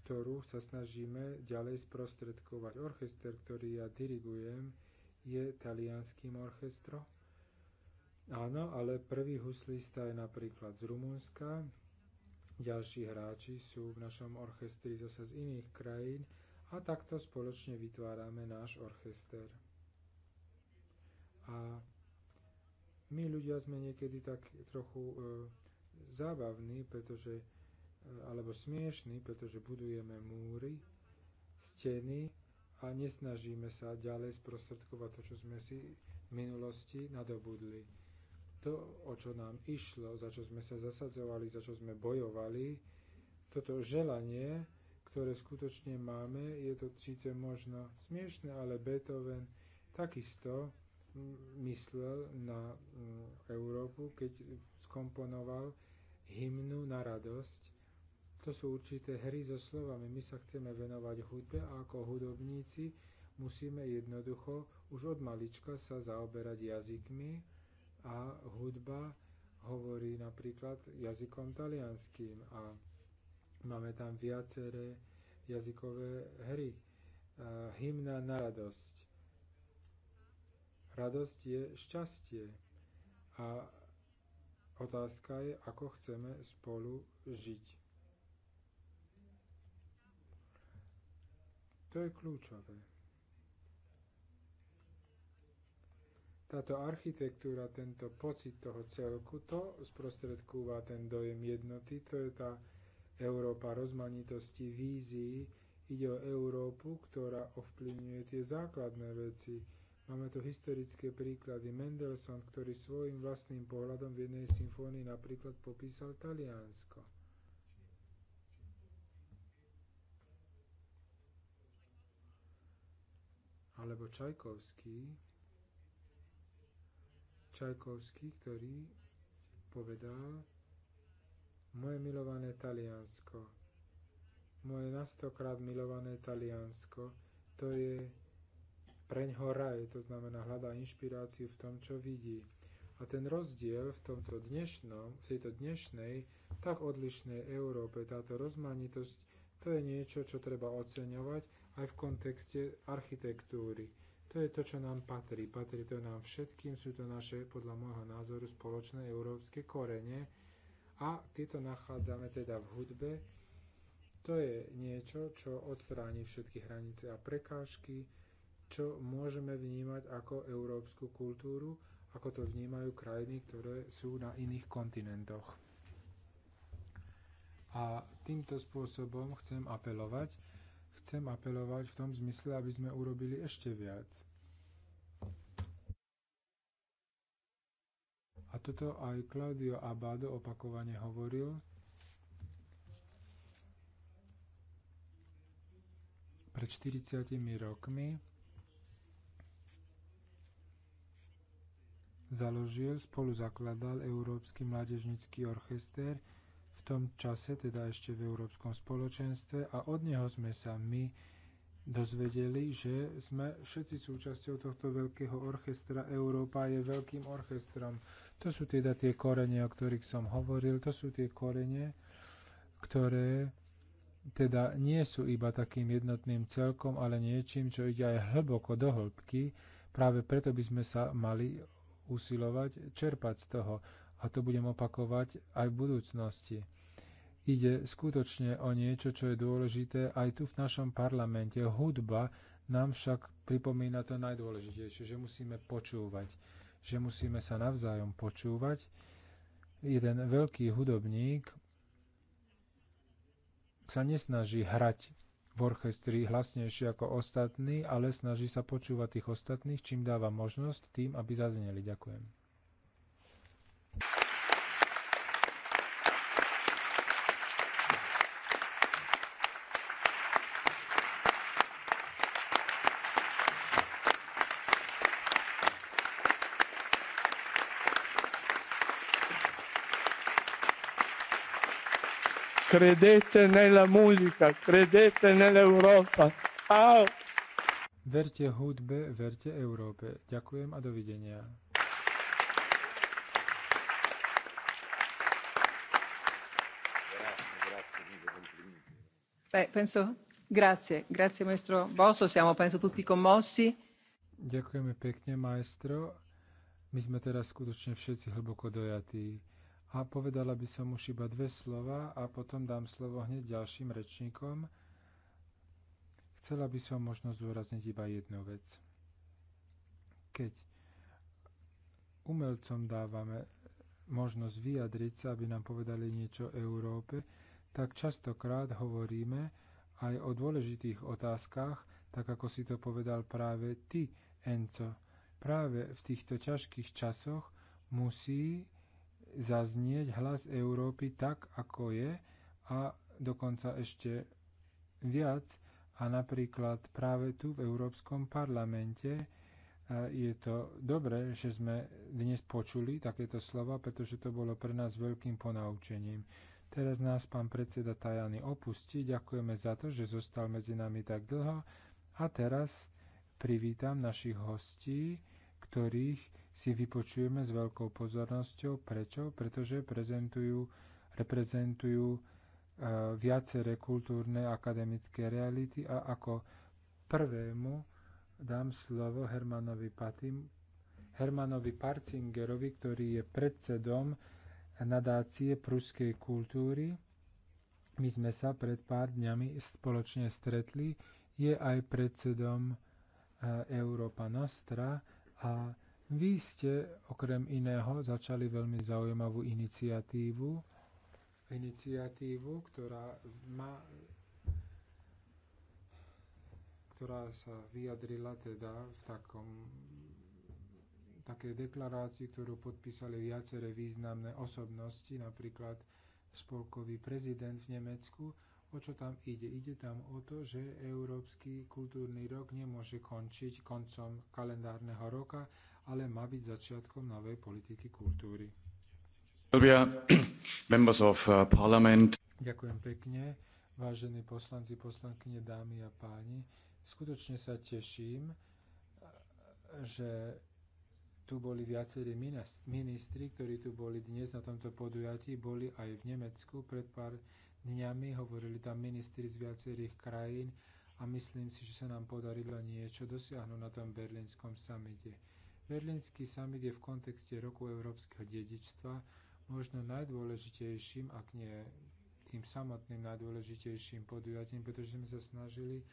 ktorú sa snažíme ďalej sprostredkovať. Orchester, ktorý ja dirigujem, je talianským orchestrom. Áno, ale prvý huslista je napríklad z Rumunska, ďalší hráči sú v našom orchestri zase z iných krajín a takto spoločne vytvárame náš orchester. A my ľudia sme niekedy tak trochu e, zábavní, pretože, e, alebo smiešní, pretože budujeme múry, steny a nesnažíme sa ďalej sprostredkovať to, čo sme si v minulosti nadobudli. To, o čo nám išlo, za čo sme sa zasadzovali, za čo sme bojovali, toto želanie, ktoré skutočne máme, je to síce možno smiešne, ale Beethoven takisto myslel na mm, Európu, keď skomponoval hymnu na radosť. To sú určité hry so slovami. My sa chceme venovať hudbe a ako hudobníci musíme jednoducho už od malička sa zaoberať jazykmi a hudba hovorí napríklad jazykom talianským a máme tam viaceré jazykové hry. Hymna na radosť Radosť je šťastie. A otázka je, ako chceme spolu žiť. To je kľúčové. Táto architektúra, tento pocit toho celku, to sprostredkúva ten dojem jednoty, to je tá Európa rozmanitosti, vízií, ide o Európu, ktorá ovplyvňuje tie základné veci, Máme tu historické príklady. Mendelssohn, ktorý svojim vlastným pohľadom v jednej symfónii napríklad popísal Taliansko. Alebo Čajkovský, Čajkovský, ktorý povedal Moje milované Taliansko, moje nastokrát milované Taliansko, to je preň ho raje, to znamená hľadá inšpiráciu v tom, čo vidí. A ten rozdiel v, tomto dnešnom, v tejto dnešnej, tak odlišnej Európe, táto rozmanitosť, to je niečo, čo treba oceňovať aj v kontexte architektúry. To je to, čo nám patrí. Patrí to nám všetkým, sú to naše, podľa môjho názoru, spoločné európske korene. A tieto nachádzame teda v hudbe. To je niečo, čo odstráni všetky hranice a prekážky, čo môžeme vnímať ako európsku kultúru, ako to vnímajú krajiny, ktoré sú na iných kontinentoch. A týmto spôsobom chcem apelovať, chcem apelovať v tom zmysle, aby sme urobili ešte viac. A toto aj Claudio Abado opakovane hovoril, pred 40 rokmi založil, spoluzakladal Európsky mládežnický orchester v tom čase, teda ešte v Európskom spoločenstve a od neho sme sa my dozvedeli, že sme všetci súčasťou tohto veľkého orchestra. Európa je veľkým orchestrom. To sú teda tie korene, o ktorých som hovoril. To sú tie korene, ktoré teda nie sú iba takým jednotným celkom, ale niečím, čo ide aj hlboko do hĺbky. Práve preto by sme sa mali usilovať čerpať z toho a to budem opakovať aj v budúcnosti. Ide skutočne o niečo, čo je dôležité aj tu v našom parlamente. Hudba nám však pripomína to najdôležitejšie, že musíme počúvať, že musíme sa navzájom počúvať. Jeden veľký hudobník sa nesnaží hrať v orchestri hlasnejšie ako ostatní, ale snaží sa počúvať tých ostatných, čím dáva možnosť tým, aby zazneli. Ďakujem. Credete nella musica, credete nell'Europa. Ciao! Verte hudbe, verte Európe. Ďakujem a dovidenia. Beh, penso, grazie, grazie maestro Bosso, siamo penso tutti commossi. Ďakujeme pekne, maestro. My sme teraz skutočne všetci hlboko dojatí a povedala by som už iba dve slova a potom dám slovo hneď ďalším rečníkom. Chcela by som možno zdôrazniť iba jednu vec. Keď umelcom dávame možnosť vyjadriť sa, aby nám povedali niečo o Európe, tak častokrát hovoríme aj o dôležitých otázkach, tak ako si to povedal práve ty, Enco. Práve v týchto ťažkých časoch musí zaznieť hlas Európy tak, ako je a dokonca ešte viac. A napríklad práve tu v Európskom parlamente e, je to dobré, že sme dnes počuli takéto slova, pretože to bolo pre nás veľkým ponaučením. Teraz nás pán predseda Tajany opustí. Ďakujeme za to, že zostal medzi nami tak dlho. A teraz privítam našich hostí, ktorých si vypočujeme s veľkou pozornosťou. Prečo? Pretože prezentujú, reprezentujú e, viaceré kultúrne akademické reality a ako prvému dám slovo Hermanovi, Patim, Hermanovi Parcingerovi, ktorý je predsedom nadácie pruskej kultúry. My sme sa pred pár dňami spoločne stretli. Je aj predsedom e, Európa Nostra a vy ste okrem iného začali veľmi zaujímavú iniciatívu, iniciatívu, ktorá má ktorá sa vyjadrila teda v takom takej deklarácii, ktorú podpísali viaceré významné osobnosti, napríklad spolkový prezident v Nemecku. O čo tam ide? Ide tam o to, že Európsky kultúrny rok nemôže končiť koncom kalendárneho roka, ale má byť začiatkom novej politiky kultúry. Uh, Ďakujem pekne, vážení poslanci, poslankyne, dámy a páni. Skutočne sa teším, uh, že tu boli viacerí ministri, ktorí tu boli dnes na tomto podujatí, boli aj v Nemecku pred pár dňami, hovorili tam ministri z viacerých krajín a myslím si, že sa nám podarilo niečo dosiahnuť na tom berlínskom samite. Berlínsky summit je v kontexte roku európskeho dedičstva možno najdôležitejším, ak nie tým samotným najdôležitejším podujatím, pretože sme sa snažili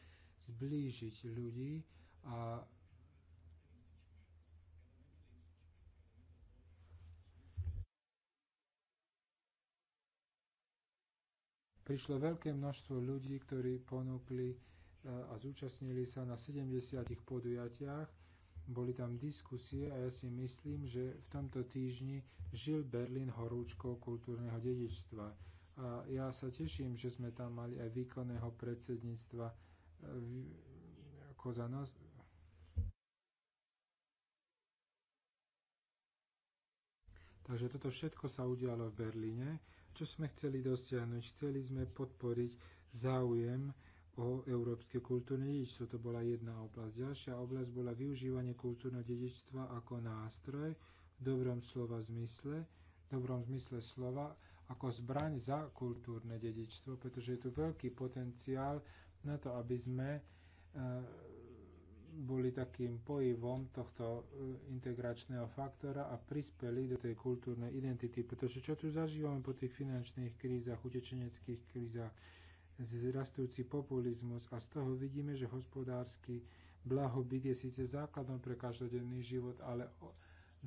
zblížiť ľudí a prišlo veľké množstvo ľudí, ktorí ponúkli eh, a zúčastnili sa na 70 podujatiach boli tam diskusie a ja si myslím, že v tomto týždni žil Berlín horúčkou kultúrneho dedičstva. A ja sa teším, že sme tam mali aj výkonného predsedníctva e, Kozanos, Takže toto všetko sa udialo v Berlíne. Čo sme chceli dosiahnuť? Chceli sme podporiť záujem o európske kultúrne dedičstvo. To bola jedna oblasť. Ďalšia oblasť bola využívanie kultúrneho dedičstva ako nástroj v dobrom slova zmysle, v dobrom zmysle slova, ako zbraň za kultúrne dedičstvo, pretože je tu veľký potenciál na to, aby sme e, boli takým pojivom tohto e, integračného faktora a prispeli do tej kultúrnej identity. Pretože čo tu zažívame po tých finančných krízach, utečeneckých krízach, zrastujúci populizmus a z toho vidíme, že hospodársky blahobyt je síce základom pre každodenný život, ale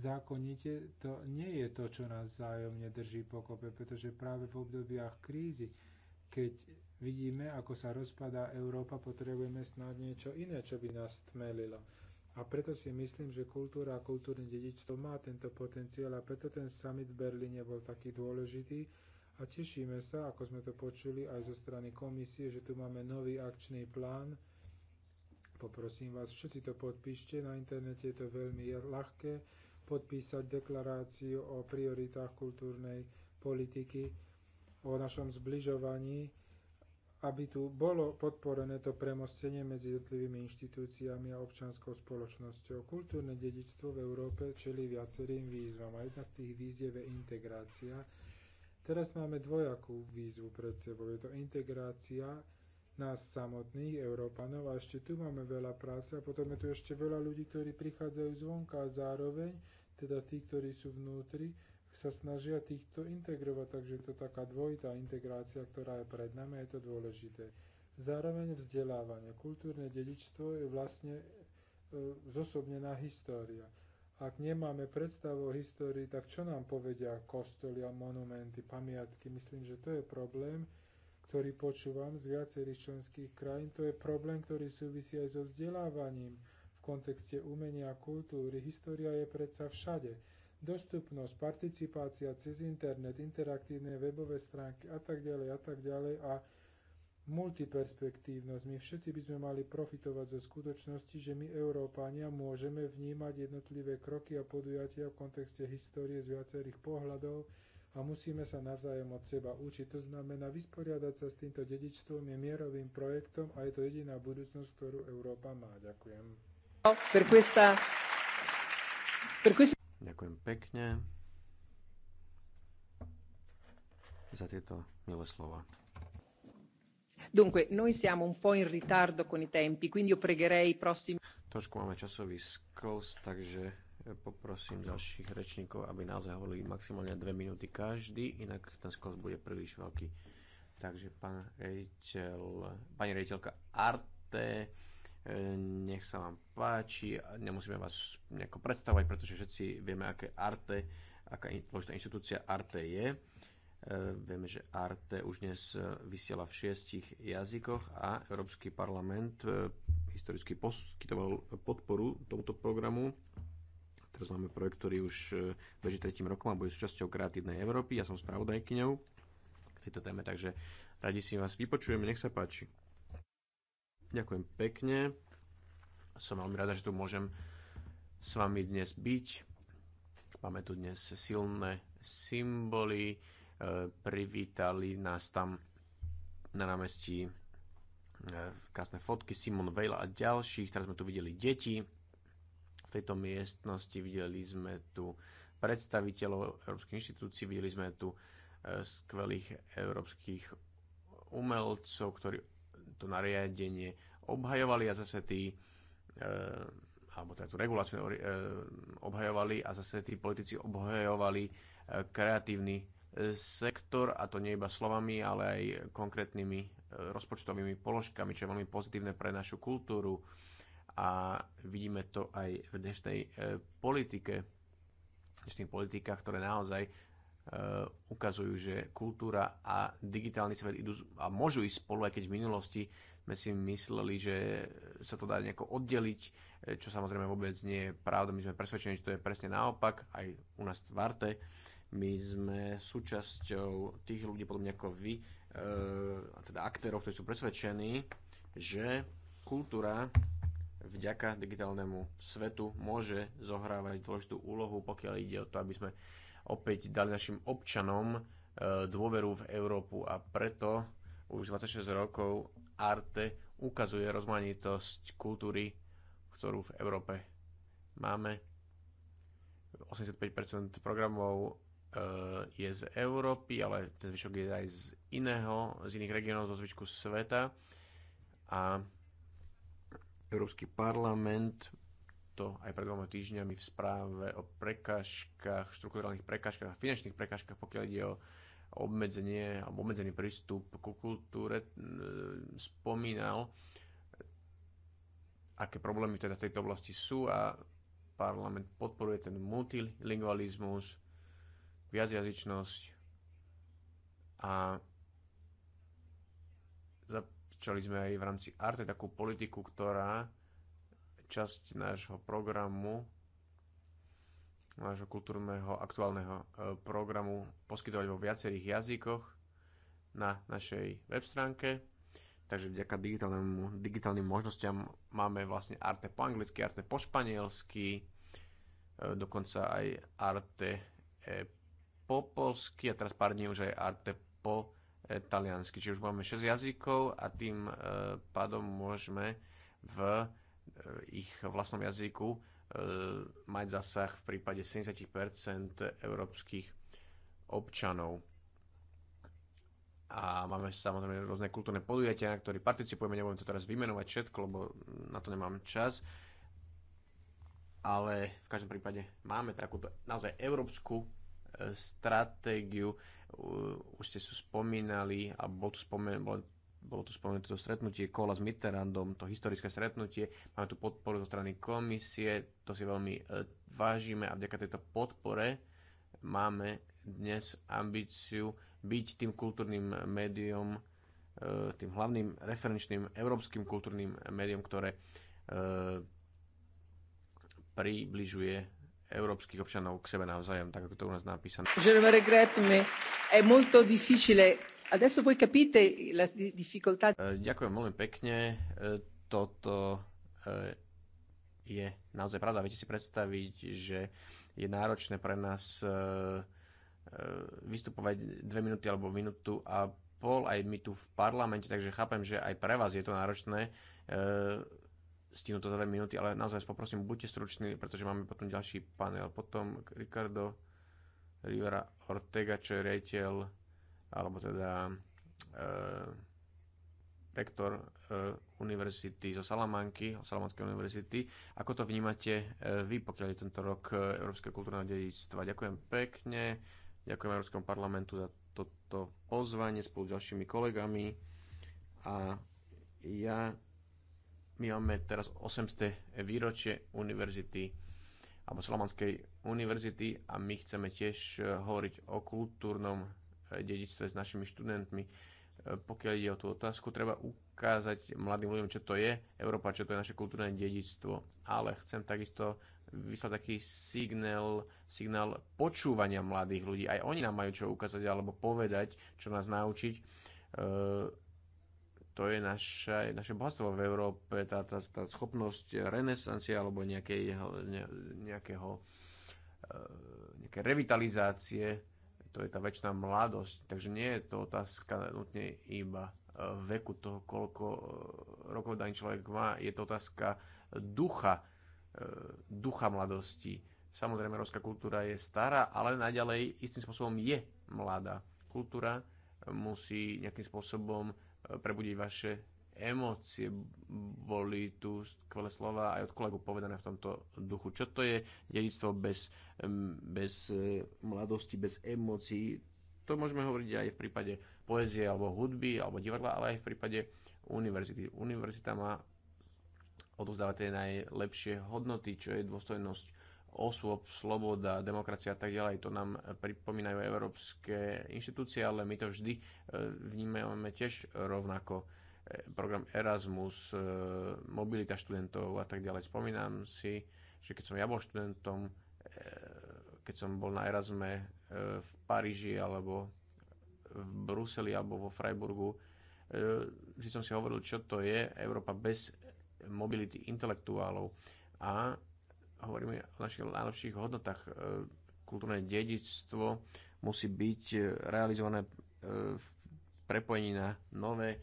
zákonite to nie je to, čo nás zájomne drží pokope, pretože práve v obdobiach krízy, keď vidíme, ako sa rozpadá Európa, potrebujeme snáď niečo iné, čo by nás stmelilo. A preto si myslím, že kultúra a kultúrne dedičstvo má tento potenciál a preto ten summit v Berlíne bol taký dôležitý, a tešíme sa, ako sme to počuli aj zo strany komisie, že tu máme nový akčný plán. Poprosím vás, všetci to podpíšte. Na internete je to veľmi ľahké podpísať deklaráciu o prioritách kultúrnej politiky, o našom zbližovaní, aby tu bolo podporené to premostenie medzi jednotlivými inštitúciami a občanskou spoločnosťou. Kultúrne dedičstvo v Európe čelí viacerým výzvam a jedna z tých výziev je integrácia Teraz máme dvojakú výzvu pred sebou. Je to integrácia nás samotných, Európanov, a ešte tu máme veľa práce a potom je tu ešte veľa ľudí, ktorí prichádzajú zvonka a zároveň, teda tí, ktorí sú vnútri, sa snažia týchto integrovať, takže je to taká dvojitá integrácia, ktorá je pred nami a je to dôležité. Zároveň vzdelávanie. Kultúrne dedičstvo je vlastne e, zosobnená história. Ak nemáme predstavu o histórii, tak čo nám povedia kostoly a monumenty, pamiatky? Myslím, že to je problém, ktorý počúvam z viacerých členských krajín. To je problém, ktorý súvisí aj so vzdelávaním v kontexte umenia a kultúry. História je predsa všade. Dostupnosť, participácia cez internet, interaktívne webové stránky a tak ďalej a tak ďalej a multiperspektívnosť. My všetci by sme mali profitovať zo skutočnosti, že my Európania môžeme vnímať jednotlivé kroky a podujatia v kontexte histórie z viacerých pohľadov a musíme sa navzájom od seba učiť. To znamená, vysporiadať sa s týmto dedičstvom je mierovým projektom a je to jediná budúcnosť, ktorú Európa má. Ďakujem. Ďakujem pekne za tieto milé slova. Dunque, noi siamo un po' in ritardo con i tempi, quindi io pregherei i prossimi... Trošku máme časový skos, takže eh, poprosím ďalších rečníkov, aby naozaj hovorili maximálne dve minúty každý, inak ten skos bude príliš veľký. Takže pán rejiteľ, pani rejiteľka Arte, eh, nech sa vám páči, nemusíme vás nejako predstavovať, pretože všetci vieme, aké Arte, aká dôležitá inštitúcia Arte je. E, vieme, že Arte už dnes e, vysiela v šiestich jazykoch a Európsky parlament e, historicky poskytoval podporu tomuto programu. Teraz máme projekt, ktorý už beží tretím rokom a bude súčasťou Kreatívnej Európy. Ja som spravodajkyňou k tejto téme, takže radi si vás vypočujeme. Nech sa páči. Ďakujem pekne. Som veľmi rada, že tu môžem s vami dnes byť. Máme tu dnes silné symboly, privítali nás tam na námestí e, krásne fotky Simon Veil a ďalších. Teraz sme tu videli deti. V tejto miestnosti videli sme tu predstaviteľov európskych inštitúcií, videli sme tu e, skvelých európskych umelcov, ktorí to nariadenie obhajovali a zase tí e, alebo teda tú reguláciu obhajovali a zase tí politici obhajovali kreatívny sektor, a to nie iba slovami, ale aj konkrétnymi e, rozpočtovými položkami, čo je veľmi pozitívne pre našu kultúru a vidíme to aj v dnešnej e, politike, v dnešných politikách, ktoré naozaj e, ukazujú, že kultúra a digitálny svet idú a môžu ísť spolu, aj keď v minulosti sme si mysleli, že sa to dá nejako oddeliť, čo samozrejme vôbec nie je pravda. My sme presvedčení, že to je presne naopak, aj u nás v Arte my sme súčasťou tých ľudí, podobne ako vy, eh, a teda aktérov, ktorí sú presvedčení, že kultúra vďaka digitálnemu svetu môže zohrávať dôležitú úlohu, pokiaľ ide o to, aby sme opäť dali našim občanom eh, dôveru v Európu a preto už 26 rokov Arte ukazuje rozmanitosť kultúry, ktorú v Európe máme. 85% programov je z Európy, ale ten zvyšok je aj z iného, z iných regiónov zo zvyšku sveta. A Európsky parlament to aj pred dvoma týždňami v správe o prekážkach, štruktúrálnych prekážkach a finančných prekážkach, pokiaľ ide o obmedzenie alebo obmedzený prístup ku kultúre, spomínal, aké problémy teda v tejto oblasti sú a parlament podporuje ten multilingualizmus, viacjazyčnosť a začali sme aj v rámci ARTE takú politiku, ktorá časť nášho programu, nášho kultúrneho aktuálneho e, programu poskytovať vo viacerých jazykoch na našej web stránke. Takže vďaka digitálnemu, digitálnym možnosťam máme vlastne arte po anglicky, arte po španielsky, e, dokonca aj arte e, po polsky a teraz pár dní už aj Arte po e, taliansky. Čiže už máme 6 jazykov a tým e, pádom môžeme v e, ich vlastnom jazyku mať zasah v prípade 70% európskych občanov. A máme samozrejme rôzne kultúrne podujatia, na ktorých participujeme, nebudem to teraz vymenovať všetko, lebo na to nemám čas. Ale v každom prípade máme takúto naozaj európsku stratégiu. Už ste sú spomínali, a bol tu spomen, bol, bolo tu spomenuté to stretnutie kola s Mitterrandom, to historické stretnutie. Máme tu podporu zo strany komisie, to si veľmi e, vážime a vďaka tejto podpore máme dnes ambíciu byť tým kultúrnym médium, e, tým hlavným referenčným európskym kultúrnym médium, ktoré e, približuje európskych občanov k sebe navzájom, tak ako to u nás napísané. Ďakujem veľmi pekne. Eh, toto eh, je naozaj pravda. Viete si predstaviť, že je náročné pre nás eh, vystupovať dve minúty alebo minútu a pol aj my tu v parlamente, takže chápem, že aj pre vás je to náročné stihnú to za 2 minúty, ale naozaj poprosím, buďte struční, pretože máme potom ďalší panel. Potom Ricardo Rivera Ortega, čo je rejiteľ, alebo teda e, rektor e, univerzity zo Salamanky, Salamanskej univerzity. Ako to vnímate e, vy, pokiaľ je tento rok Európskeho kultúrneho dedictva? Ďakujem pekne, ďakujem Európskom parlamentu za toto pozvanie spolu s ďalšími kolegami a ja my máme teraz 800. výročie univerzity alebo Slovanskej univerzity a my chceme tiež e, hovoriť o kultúrnom e, dedičstve s našimi študentmi. E, pokiaľ ide o tú otázku, treba ukázať mladým ľuďom, čo to je Európa, čo to je naše kultúrne dedičstvo. Ale chcem takisto vyslať taký signál, signál počúvania mladých ľudí. Aj oni nám majú čo ukázať alebo povedať, čo nás naučiť to je naša, naše bohatstvo v Európe, tá, tá, tá schopnosť renesancie alebo nejakého, ne, nejakého, eh, nejaké revitalizácie, to je tá väčšiná mladosť. Takže nie je to otázka nutne iba eh, veku toho, koľko eh, rokov daný človek má, je to otázka ducha, ducha mladosti. Samozrejme, rovská kultúra je stará, ale naďalej istým spôsobom je mladá. Kultúra musí nejakým spôsobom prebudiť vaše emócie. Boli tu skvelé slova aj od kolegu povedané v tomto duchu. Čo to je dedictvo bez, bez e, mladosti, bez emócií? To môžeme hovoriť aj v prípade poezie, alebo hudby, alebo divadla, ale aj v prípade univerzity. Univerzita má odovzdávať tie najlepšie hodnoty, čo je dôstojnosť osôb, sloboda, demokracia a tak ďalej. To nám pripomínajú európske inštitúcie, ale my to vždy e, vnímame tiež rovnako. E, program Erasmus, e, mobilita študentov a tak ďalej. Spomínam si, že keď som ja bol študentom, keď som bol na Erasme v Paríži alebo v Bruseli alebo vo Freiburgu, vždy som si hovoril, čo to je Európa bez mobility intelektuálov. A hovoríme o našich najlepších hodnotách. E, kultúrne dedičstvo musí byť e, realizované e, v prepojení na nové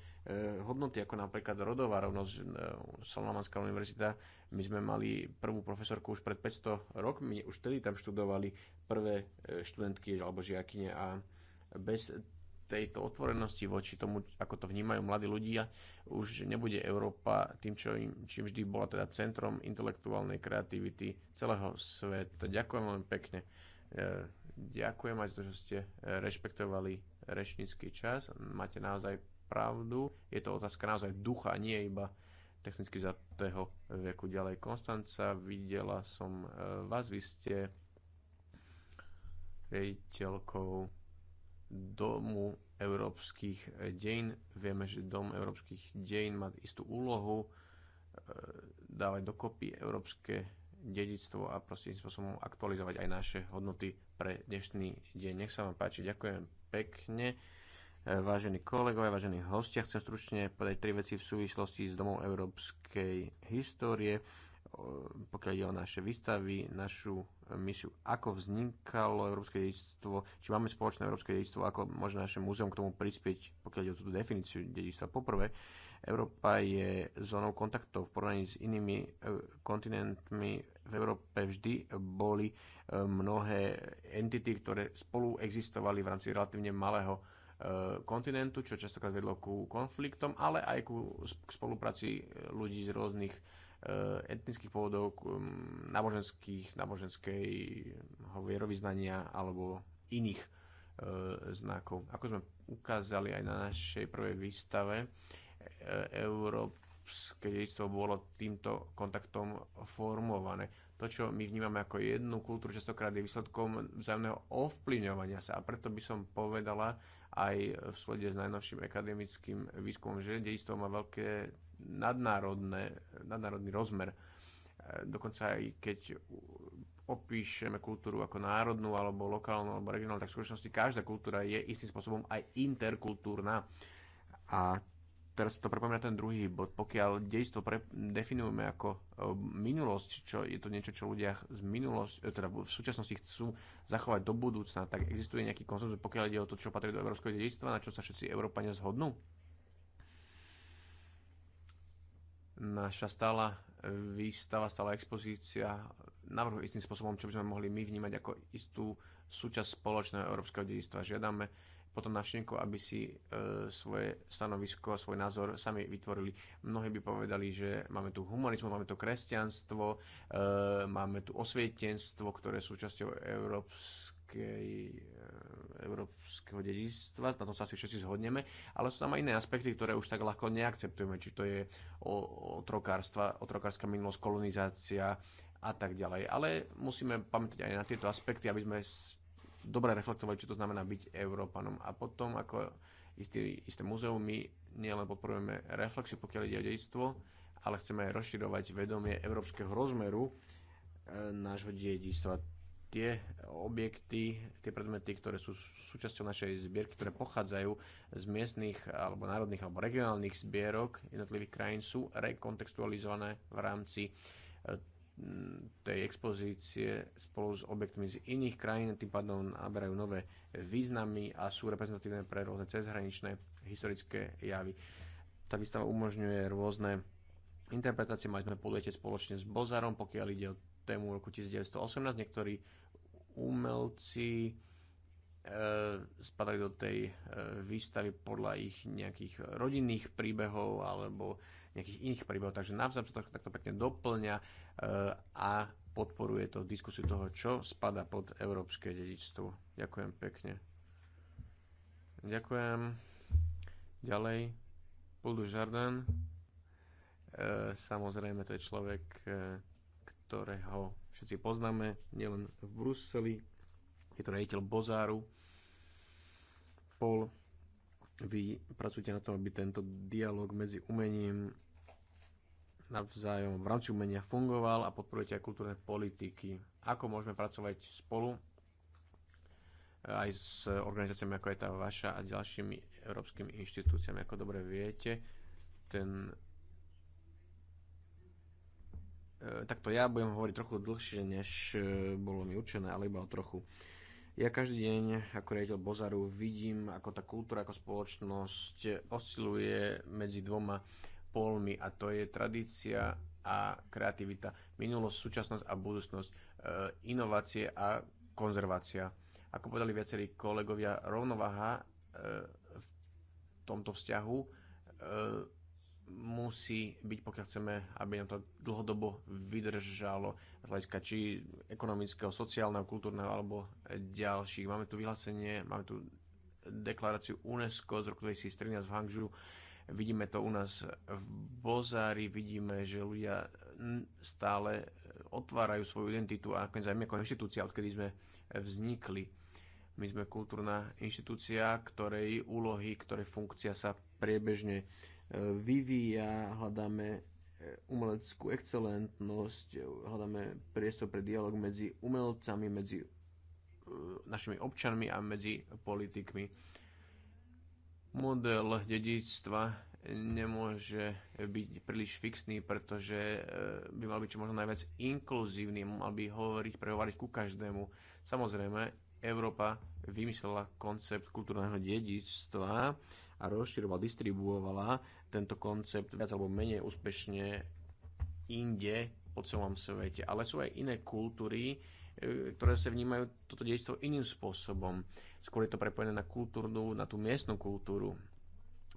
hodnoty, ako napríklad rodová rovnosť. Salamanská univerzita, my sme mali prvú profesorku už pred 500 rokmi, už tedy tam študovali prvé študentky alebo žiakine a bez tejto otvorenosti voči tomu, ako to vnímajú mladí ľudia, už nebude Európa tým, čo im, čím vždy bola teda centrom intelektuálnej kreativity celého sveta. Ďakujem veľmi pekne. E, ďakujem aj za to, že ste e, rešpektovali rečnícky čas. Máte naozaj pravdu. Je to otázka naozaj ducha, nie iba technicky za toho veku. Ďalej Konstanca, videla som e, vás, vy ste riaditeľkou Domu európskych dejín. Vieme, že Dom európskych dejín má istú úlohu e, dávať dokopy európske dedictvo a prostým spôsobom aktualizovať aj naše hodnoty pre dnešný deň. Nech sa vám páči, ďakujem pekne. E, vážení kolegovia, vážení hostia, chcem stručne povedať tri veci v súvislosti s Domom európskej histórie, pokiaľ ide o naše výstavy, našu misiu. Ako vznikalo európske dedičstvo, či máme spoločné európske dedičstvo, ako môže naše múzeum k tomu prispieť, pokiaľ ide o túto definíciu dedičstva. Poprvé, Európa je zónou kontaktov v porovnaní s inými e, kontinentmi. V Európe vždy boli e, mnohé entity, ktoré spolu existovali v rámci relatívne malého e, kontinentu, čo častokrát vedlo ku konfliktom, ale aj ku spolupráci ľudí z rôznych Eh, etnických pôvodov, um, náboženských, náboženskej vierovýznania alebo iných eh, znakov. Ako sme ukázali aj na našej prvej výstave, eh, európske dedictvo bolo týmto kontaktom formované. To, čo my vnímame ako jednu kultúru, častokrát je výsledkom vzájomného ovplyvňovania sa. A preto by som povedala aj v slede s najnovším akademickým výskumom, že dedictvo má veľké nadnárodné, nadnárodný rozmer. E, dokonca aj keď opíšeme kultúru ako národnú alebo lokálnu alebo regionálnu, tak v skutočnosti každá kultúra je istým spôsobom aj interkultúrna. A teraz to prepomína ten druhý bod. Pokiaľ dejstvo pre, definujeme ako e, minulosť, čo je to niečo, čo ľudia z minulosť, e, teda v súčasnosti chcú zachovať do budúcna, tak existuje nejaký konsenzus, pokiaľ ide o to, čo patrí do európskeho dejstva, na čo sa všetci Európania zhodnú? naša stála výstava, stála expozícia navrhu istým spôsobom, čo by sme mohli my vnímať ako istú súčasť spoločného európskeho dedictva. Žiadame potom návštevníkov, aby si e, svoje stanovisko a svoj názor sami vytvorili. Mnohí by povedali, že máme tu humanizmus, máme tu kresťanstvo, e, máme tu osvietenstvo, ktoré sú súčasťou európskej e, európskeho dedictva, na tom sa asi všetci zhodneme, ale sú tam aj iné aspekty, ktoré už tak ľahko neakceptujeme, či to je otrokárstva, otrokárska minulosť, kolonizácia a tak ďalej. Ale musíme pamätať aj na tieto aspekty, aby sme dobre reflektovali, čo to znamená byť Európanom. A potom, ako istý, isté muzeum, my nielen podporujeme reflexiu, pokiaľ ide o dedictvo, ale chceme aj rozširovať vedomie európskeho rozmeru e, nášho dedičstva tie objekty, tie predmety, ktoré sú súčasťou našej zbierky, ktoré pochádzajú z miestnych alebo národných alebo regionálnych zbierok jednotlivých krajín, sú rekontextualizované v rámci eh, tej expozície spolu s objektmi z iných krajín, tým pádom naberajú nové významy a sú reprezentatívne pre rôzne cezhraničné historické javy. Tá výstava umožňuje rôzne interpretácie, mali sme podujete spoločne s Bozarom, pokiaľ ide o tému roku 1918, niektorí umelci e, spadali do tej e, výstavy podľa ich nejakých rodinných príbehov alebo nejakých iných príbehov. Takže navzájom sa to takto pekne doplňa e, a podporuje to diskusiu toho, čo spada pod európske dedičstvo. Ďakujem pekne. Ďakujem. Ďalej. Puldu Žardan. Samozrejme, to je človek, ktorého všetci poznáme, nielen v Bruseli. Je to rejiteľ Bozáru. Paul, vy pracujete na tom, aby tento dialog medzi umením navzájom v rámci umenia fungoval a podporujete aj kultúrne politiky. Ako môžeme pracovať spolu e, aj s organizáciami ako je tá vaša a ďalšími európskymi inštitúciami. Ako dobre viete, ten E, takto ja budem hovoriť trochu dlhšie, než e, bolo mi určené, ale iba o trochu. Ja každý deň ako riaditeľ Bozaru vidím, ako tá kultúra, ako spoločnosť osciluje medzi dvoma polmi a to je tradícia a kreativita, minulosť, súčasnosť a budúcnosť, e, inovácie a konzervácia. Ako povedali viacerí kolegovia, rovnováha v tomto vzťahu musí byť, pokiaľ chceme, aby nám to dlhodobo vydržalo z hľadiska či ekonomického, sociálneho, kultúrneho alebo ďalších. Máme tu vyhlásenie, máme tu deklaráciu UNESCO z roku 2013 v Hangžu. Vidíme to u nás v Bozári, vidíme, že ľudia stále otvárajú svoju identitu a nakoniec aj my ako inštitúcia, odkedy sme vznikli. My sme kultúrna inštitúcia, ktorej úlohy, ktorej funkcia sa priebežne vyvíja, hľadáme e, umeleckú excelentnosť, e, hľadáme priestor pre dialog medzi umelcami, medzi e, našimi občanmi a medzi politikmi. Model dedictva nemôže byť príliš fixný, pretože by mal byť čo možno najviac inkluzívny, mal by hovoriť, prehovoriť ku každému. Samozrejme, Európa vymyslela koncept kultúrneho dedictva, a rozširovala, distribuovala tento koncept viac alebo menej úspešne inde po celom svete. Ale sú aj iné kultúry, e, ktoré sa vnímajú toto dejstvo iným spôsobom. Skôr je to prepojené na kultúrnu, na tú miestnu kultúru.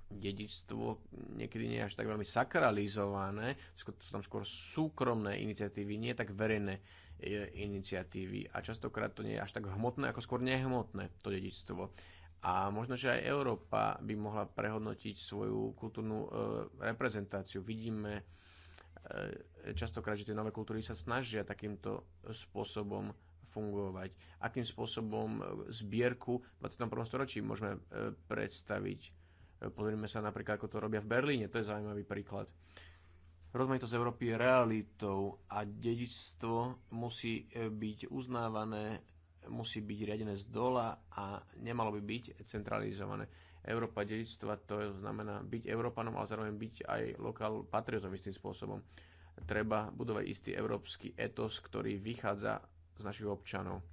Dedičstvo niekedy nie je až tak veľmi sakralizované, sú tam skôr súkromné iniciatívy, nie tak verejné e, iniciatívy. A častokrát to nie je až tak hmotné, ako skôr nehmotné to dedičstvo. A možno, že aj Európa by mohla prehodnotiť svoju kultúrnu e, reprezentáciu. Vidíme e, častokrát, že tie nové kultúry sa snažia takýmto spôsobom fungovať. Akým spôsobom e, zbierku v 21. storočí môžeme e, predstaviť. E, pozrime sa napríklad, ako to robia v Berlíne, to je zaujímavý príklad. Rozmanitosť Európy je realitou a dedičstvo musí e, byť uznávané musí byť riadené z dola a nemalo by byť centralizované. Európa dedičstva, to znamená byť Európanom, ale zároveň byť aj lokál patriotom istým spôsobom. Treba budovať istý európsky etos, ktorý vychádza z našich občanov.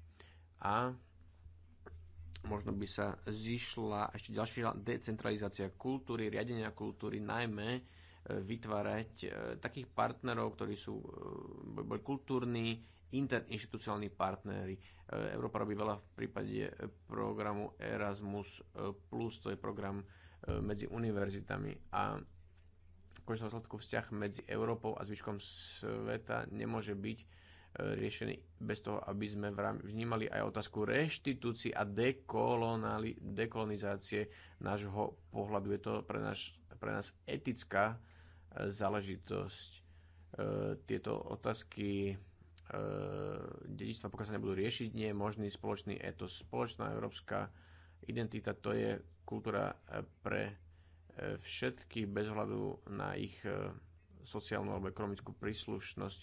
A možno by sa zišla ešte ďalšia decentralizácia kultúry, riadenia kultúry, najmä e, vytvárať e, takých partnerov, ktorí sú e, boli kultúrni, interinstitucionálni partnery. E, Európa robí veľa v prípade e, programu Erasmus+, e, plus, to je program medzi univerzitami a v konečnom sledku vzťah medzi Európou a zvyškom sveta nemôže byť riešený bez toho, aby sme vnímali aj otázku reštitúcii a dekolonizácie nášho pohľadu. Je to pre, naš, pre nás etická záležitosť. Tieto otázky E, dedičstva pokiaľ sa nebudú riešiť, nie je možný spoločný etos. Spoločná európska identita to je kultúra e, pre e, všetky bez hľadu na ich sociálnu alebo ekonomickú príslušnosť.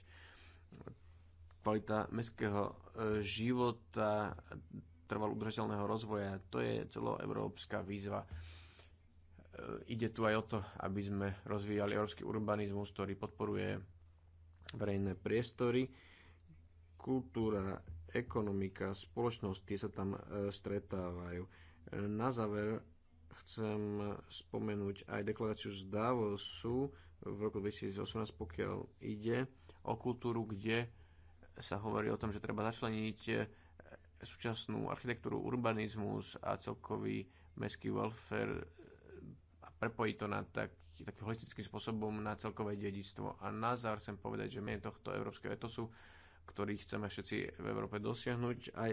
Kvalita mestského života, trvalo udržateľného rozvoja, to je celoeurópska výzva. Ide tu aj o to, aby sme rozvíjali európsky urbanizmus, ktorý podporuje verejné priestory kultúra, ekonomika, spoločnosť, tie sa tam e, stretávajú. Na záver chcem spomenúť aj deklaráciu z Davosu v roku 2018, pokiaľ ide o kultúru, kde sa hovorí o tom, že treba začleniť e, súčasnú architektúru, urbanizmus a celkový mestský welfare a prepojiť to na tak, takým holistickým spôsobom na celkové dedičstvo. A na záver chcem povedať, že mene tohto európskeho etosu ktorý chceme všetci v Európe dosiahnuť. Aj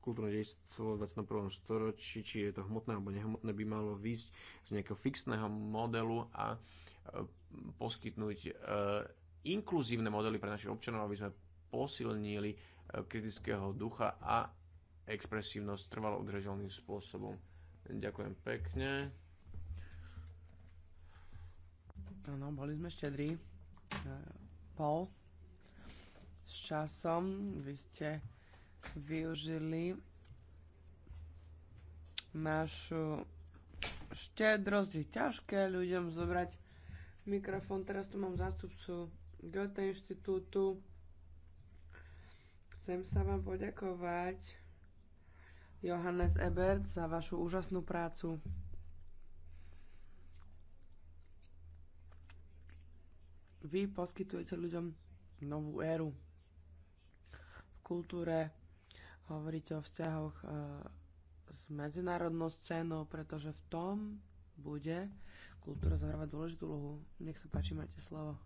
kultúrne dejstvo v 21. storočí, či je to hmotné alebo nehmotné, by malo výjsť z nejakého fixného modelu a e, poskytnúť e, inkluzívne modely pre našich občanov, aby sme posilnili e, kritického ducha a expresívnosť trvalo udržateľným spôsobom. Ďakujem pekne. Áno, boli sme štedrí. Paul? s časom. Vy ste využili našu štedrosť. Je ťažké ľuďom zobrať mikrofón. Teraz tu mám zástupcu Goethe inštitútu. Chcem sa vám poďakovať Johannes Ebert za vašu úžasnú prácu. Vy poskytujete ľuďom novú éru kultúre, hovoríte o vzťahoch e, s medzinárodnou scénou, pretože v tom bude kultúra zahrávať dôležitú úlohu. Nech sa páči, máte slovo.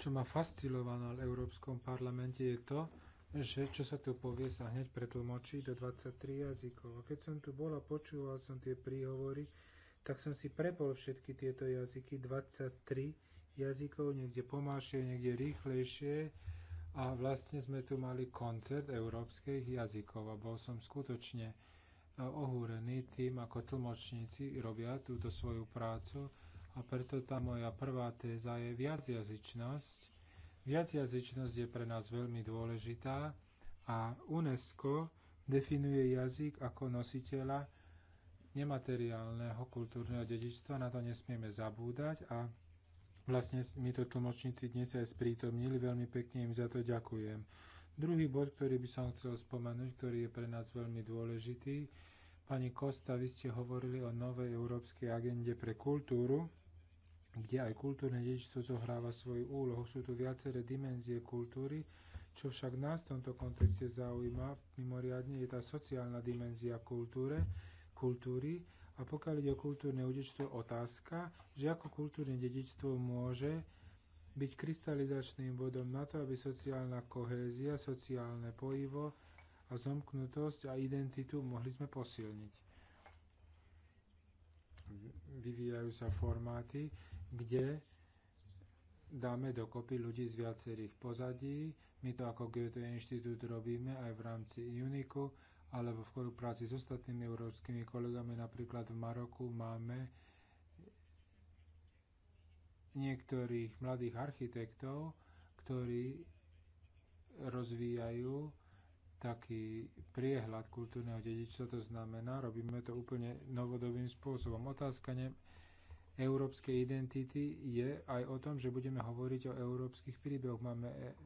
Čo ma fascinovalo v Európskom parlamente je to, že čo sa tu povie sa hneď pretlmočí do 23 jazykov. A keď som tu bola, počúval som tie príhovory, tak som si prepol všetky tieto jazyky, 23 jazykov, niekde pomalšie, niekde rýchlejšie a vlastne sme tu mali koncert európskych jazykov a bol som skutočne e, ohúrený tým, ako tlmočníci robia túto svoju prácu a preto tá moja prvá téza je viacjazyčnosť. Viacjazyčnosť je pre nás veľmi dôležitá a UNESCO definuje jazyk ako nositeľa nemateriálneho kultúrneho dedičstva, na to nesmieme zabúdať a Vlastne mi to tlmočníci dnes aj sprítomnili, veľmi pekne im za to ďakujem. Druhý bod, ktorý by som chcel spomenúť, ktorý je pre nás veľmi dôležitý. Pani Kosta, vy ste hovorili o novej európskej agende pre kultúru, kde aj kultúrne dedičstvo zohráva svoju úlohu. Sú tu viaceré dimenzie kultúry, čo však nás v tomto kontexte zaujíma mimoriadne je tá sociálna dimenzia kultúre, kultúry a pokiaľ ide o kultúrne dedičstvo, otázka, že ako kultúrne dedičstvo môže byť krystalizačným bodom na to, aby sociálna kohézia, sociálne pojivo a zomknutosť a identitu mohli sme posilniť. Vyvíjajú sa formáty, kde dáme dokopy ľudí z viacerých pozadí. My to ako Goethe Inštitút robíme aj v rámci Uniku alebo v spolupráci s ostatnými európskymi kolegami, napríklad v Maroku máme niektorých mladých architektov, ktorí rozvíjajú taký priehľad kultúrneho dedičstva, to znamená, robíme to úplne novodobým spôsobom. Otázka ne, európskej identity je aj o tom, že budeme hovoriť o európskych príbehoch. Máme e-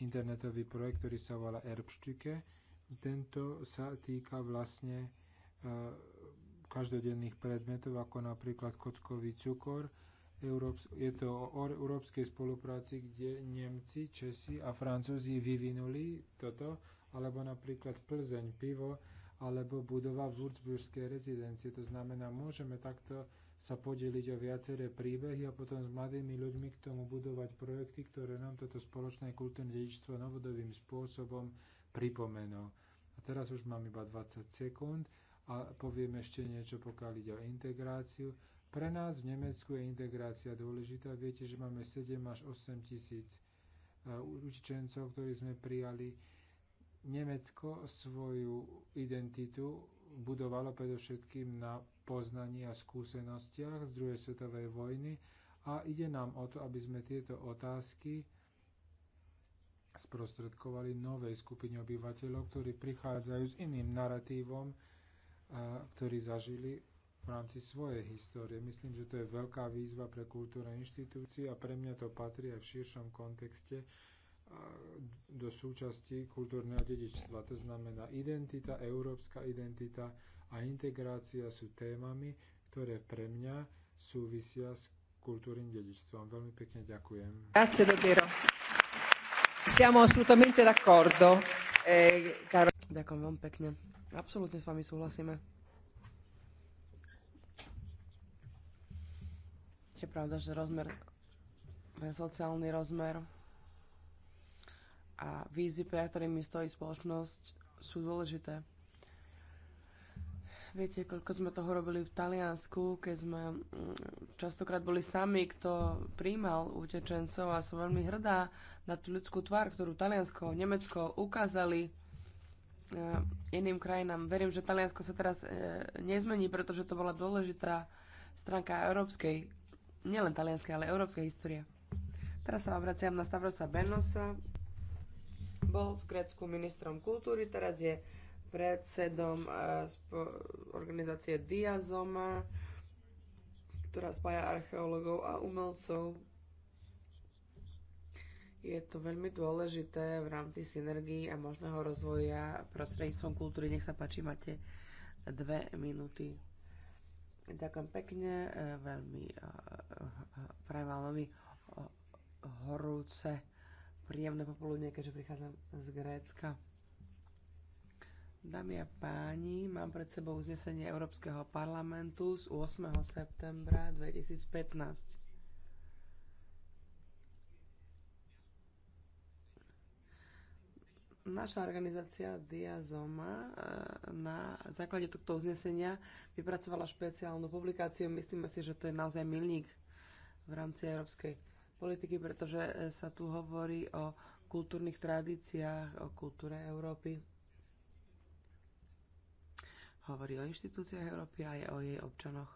internetový projekt, ktorý sa volá Erbstücke, tento sa týka vlastne e, každodenných predmetov, ako napríklad kockový cukor. Je to o európskej spolupráci, kde Nemci, Česi a Francúzi vyvinuli toto, alebo napríklad Plzeň, pivo, alebo budova Würzburgskej rezidencie. To znamená, môžeme takto sa podeliť o viaceré príbehy a potom s mladými ľuďmi k tomu budovať projekty, ktoré nám toto spoločné kultúrne dedičstvo novodobým spôsobom pripomenul. A teraz už mám iba 20 sekúnd a poviem ešte niečo, pokiaľ ide o integráciu. Pre nás v Nemecku je integrácia dôležitá. Viete, že máme 7 až 8 tisíc e, učencov, ktorí sme prijali. Nemecko svoju identitu budovalo predovšetkým na poznaní a skúsenostiach z druhej svetovej vojny a ide nám o to, aby sme tieto otázky sprostredkovali novej skupine obyvateľov, ktorí prichádzajú s iným narratívom, ktorý zažili v rámci svojej histórie. Myslím, že to je veľká výzva pre kultúrne inštitúcie a pre mňa to patrí aj v širšom kontexte do súčasti kultúrneho dedičstva. To znamená, identita, európska identita a integrácia sú témami, ktoré pre mňa súvisia s kultúrnym dedičstvom. Veľmi pekne ďakujem. Grazie Siamo assolutamente d'accordo. Eh, Karol... Ďakujem veľmi pekne. Absolútne s vami súhlasíme. Je pravda, že rozmer, ten sociálny rozmer a výzvy, pre ktorými stojí spoločnosť, sú dôležité. Viete, koľko sme toho robili v Taliansku, keď sme mm, častokrát boli sami, kto príjmal utečencov a som veľmi hrdá na tú ľudskú tvár, ktorú Taliansko, Nemecko ukázali e, iným krajinám. Verím, že Taliansko sa teraz e, nezmení, pretože to bola dôležitá stránka európskej, nielen talianskej, ale európskej histórie. Teraz sa obraciam na Stavrosa Benosa. Bol v Grécku ministrom kultúry, teraz je predsedom eh, organizácie Diazoma, ktorá spája archeológov a umelcov. Je to veľmi dôležité v rámci synergii a možného rozvoja prostredníctvom kultúry. Nech sa páči, máte dve minúty. Ďakujem pekne, eh, veľmi, eh, prajem vám veľmi horúce, príjemné popoludne, keďže prichádzam z Grécka. Dámy a páni, mám pred sebou uznesenie Európskeho parlamentu z 8. septembra 2015. Naša organizácia Diazoma eh, na základe tohto uznesenia vypracovala špeciálnu publikáciu. Myslíme si, že to je naozaj milník v rámci európskej politiky, pretože eh, sa tu hovorí o kultúrnych tradíciách, o kultúre Európy hovorí o inštitúciách Európy a aj o jej občanoch.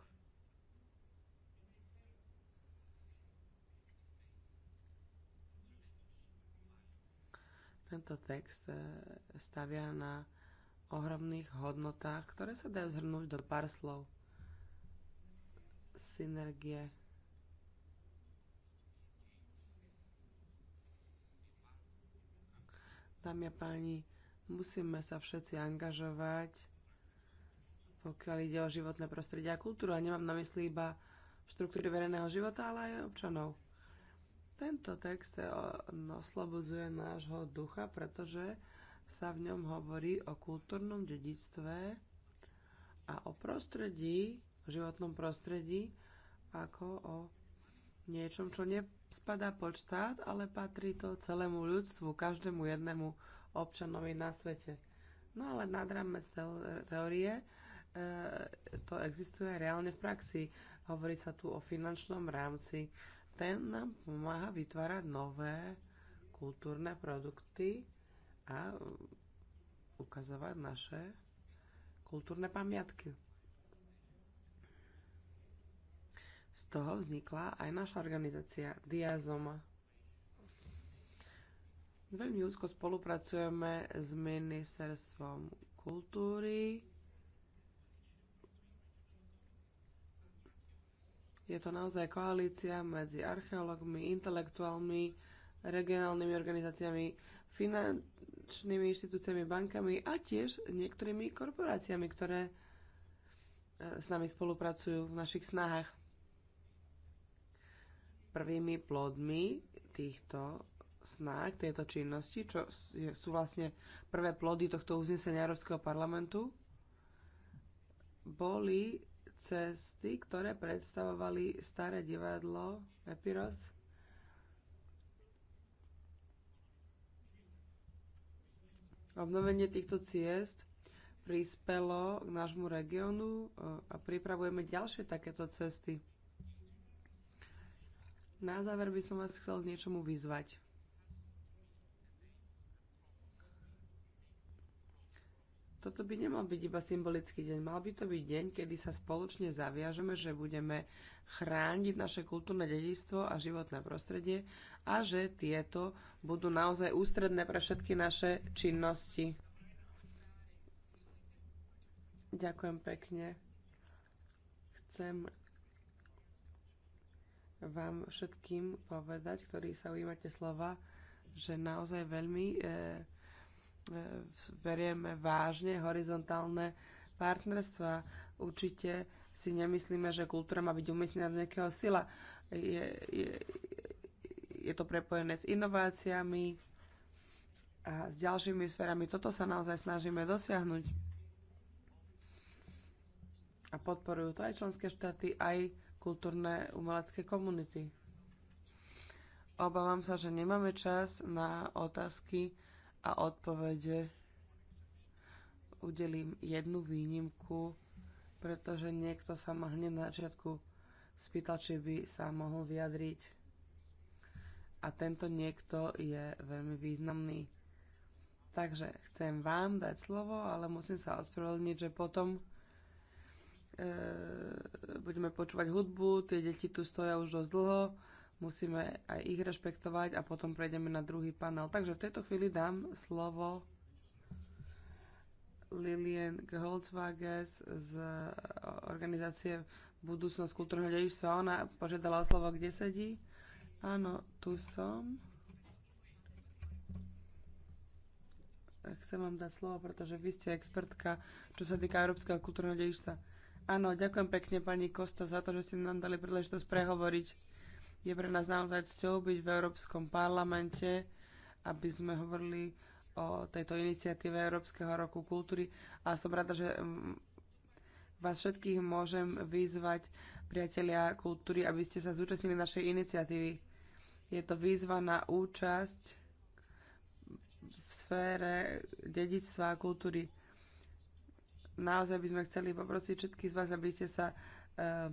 Tento text e, stavia na ohromných hodnotách, ktoré sa dajú zhrnúť do pár slov. Synergie, Dámy a páni, musíme sa všetci angažovať pokiaľ ide o životné prostredie a kultúru. A nemám na mysli iba štruktúry verejného života, ale aj občanov. Tento text e, oslobodzuje nášho ducha, pretože sa v ňom hovorí o kultúrnom dedictve a o prostredí, o životnom prostredí, ako o niečom, čo nespadá pod štát, ale patrí to celému ľudstvu, každému jednému občanovi na svete. No ale nad rámec teórie E, to existuje reálne v praxi. Hovorí sa tu o finančnom rámci. Ten nám pomáha vytvárať nové kultúrne produkty a ukazovať naše kultúrne pamiatky. Z toho vznikla aj naša organizácia Diazoma. Veľmi úzko spolupracujeme s Ministerstvom kultúry, Je to naozaj koalícia medzi archeológmi, intelektuálmi, regionálnymi organizáciami, finančnými inštitúciami, bankami a tiež niektorými korporáciami, ktoré e, s nami spolupracujú v našich snahách. Prvými plodmi týchto snah, tejto činnosti, čo sú vlastne prvé plody tohto uznesenia Európskeho parlamentu, boli cesty, ktoré predstavovali staré divadlo Epiros. Obnovenie týchto ciest prispelo k nášmu regiónu e, a pripravujeme ďalšie takéto cesty. Na záver by som vás chcel k niečomu vyzvať. Toto by nemal byť iba symbolický deň, mal by to byť deň, kedy sa spoločne zaviažeme, že budeme chrániť naše kultúrne dedičstvo a životné prostredie a že tieto budú naozaj ústredné pre všetky naše činnosti. Ďakujem pekne. Chcem vám všetkým povedať, ktorí sa ujímate slova, že naozaj veľmi Eh, E, berieme vážne horizontálne partnerstva. Určite si nemyslíme, že kultúra má byť umiestnená do nejakého sila. Je, je, je to prepojené s inováciami a s ďalšími sférami. Toto sa naozaj snažíme dosiahnuť. A podporujú to aj členské štáty, aj kultúrne umelecké komunity. Obávam sa, že nemáme čas na otázky, a odpovede udelím jednu výnimku, pretože niekto sa ma hneď na začiatku spýtal, či by sa mohol vyjadriť. A tento niekto je veľmi významný. Takže chcem vám dať slovo, ale musím sa ospravedlniť, že potom e, budeme počúvať hudbu, tie deti tu stoja už dosť dlho musíme aj ich rešpektovať a potom prejdeme na druhý panel. Takže v tejto chvíli dám slovo Lilien Holzwages z organizácie Budúcnosť kultúrneho dedičstva. Ona požiadala o slovo, kde sedí. Áno, tu som. Chcem vám dať slovo, pretože vy ste expertka, čo sa týka európskeho kultúrneho dedičstva. Áno, ďakujem pekne pani Kosta za to, že ste nám dali príležitosť prehovoriť je pre nás naozaj cťou byť v Európskom parlamente, aby sme hovorili o tejto iniciatíve Európskeho roku kultúry a som rada, že mm, vás všetkých môžem vyzvať, priatelia kultúry, aby ste sa zúčastnili našej iniciatívy. Je to výzva na účasť v sfére dedičstva a kultúry. Naozaj by sme chceli poprosiť všetkých z vás, aby ste sa e,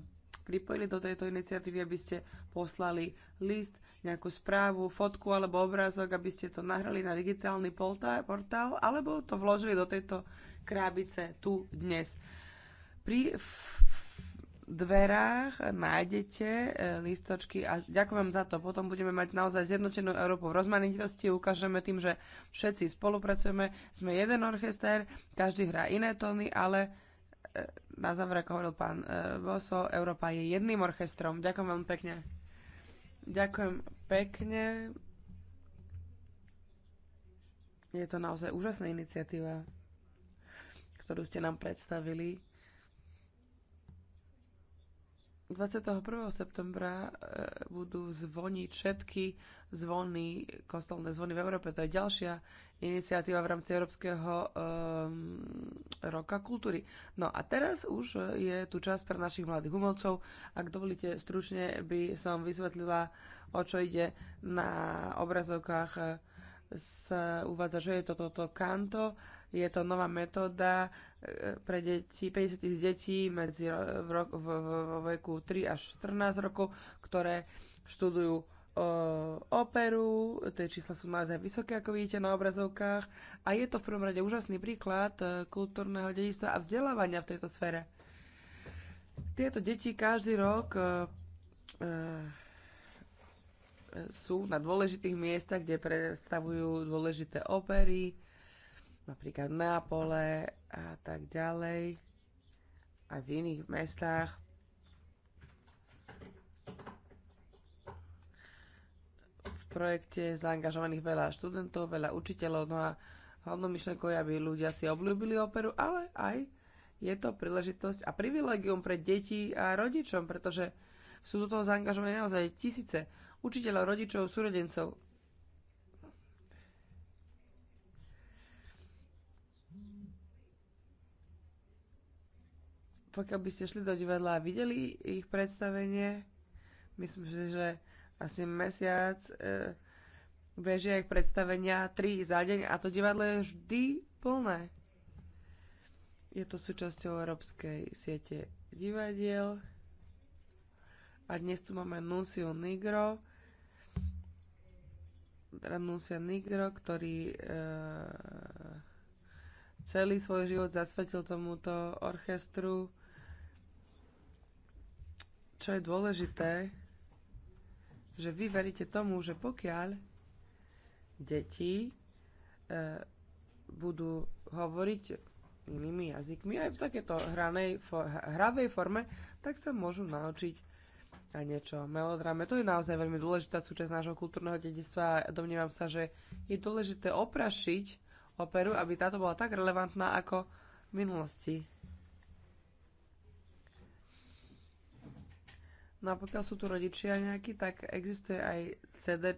pripojili do tejto iniciatívy, aby ste poslali list, nejakú správu, fotku alebo obrázok, aby ste to nahrali na digitálny portál alebo to vložili do tejto krábice tu dnes. Pri dverách nájdete e, listočky a ďakujem za to. Potom budeme mať naozaj zjednotenú Európu v rozmanitosti. Ukážeme tým, že všetci spolupracujeme, sme jeden orchester, každý hrá iné tóny, ale na záver, ako hovoril pán Voso, eh, Európa je jedným orchestrom. Ďakujem veľmi pekne. Ďakujem pekne. Je to naozaj úžasná iniciatíva, ktorú ste nám predstavili. 21. septembra eh, budú zvoniť všetky zvony, kostolné zvony v Európe. To je ďalšia iniciatíva v rámci Európskeho um, roka kultúry. No a teraz už je tu čas pre našich mladých umelcov. Ak dovolíte, stručne by som vysvetlila, o čo ide na obrazovkách sa uvádza, že je to toto kanto, je to nová metóda eh, pre deti, 50 tisíc detí medzi v, v, v, v veku 3 až 14 rokov, ktoré študujú operu, tie čísla sú naozaj vysoké, ako vidíte na obrazovkách a je to v prvom rade úžasný príklad e, kultúrneho dedičstva a vzdelávania v tejto sfére. Tieto deti každý rok e, e sú na dôležitých miestach, kde predstavujú dôležité opery, napríklad na pole a tak ďalej, aj v iných mestách. projekte zaangažovaných veľa študentov, veľa učiteľov, no a hlavnou myšlenkou je, aby ľudia si obľúbili operu, ale aj je to príležitosť a privilegium pre deti a rodičom, pretože sú do toho zaangažované naozaj tisíce učiteľov, rodičov, súrodencov. Pokiaľ by ste šli do divadla a videli ich predstavenie, myslím si, že asi mesiac e, bežia ich predstavenia 3 za deň a to divadlo je vždy plné. Je to súčasťou európskej siete divadiel a dnes tu máme Nuncio Nigro, Ranusia teda Nigro, ktorý e, celý svoj život zasvetil tomuto orchestru. Čo je dôležité, že vy veríte tomu, že pokiaľ deti e, budú hovoriť inými jazykmi aj v takéto hranej, fo, hravej forme, tak sa môžu naučiť aj niečo o melodrame. To je naozaj veľmi dôležitá súčasť nášho kultúrneho dedictva a domnievam sa, že je dôležité oprašiť operu, aby táto bola tak relevantná ako v minulosti. No a pokiaľ sú tu rodičia nejakí, tak existuje aj CD,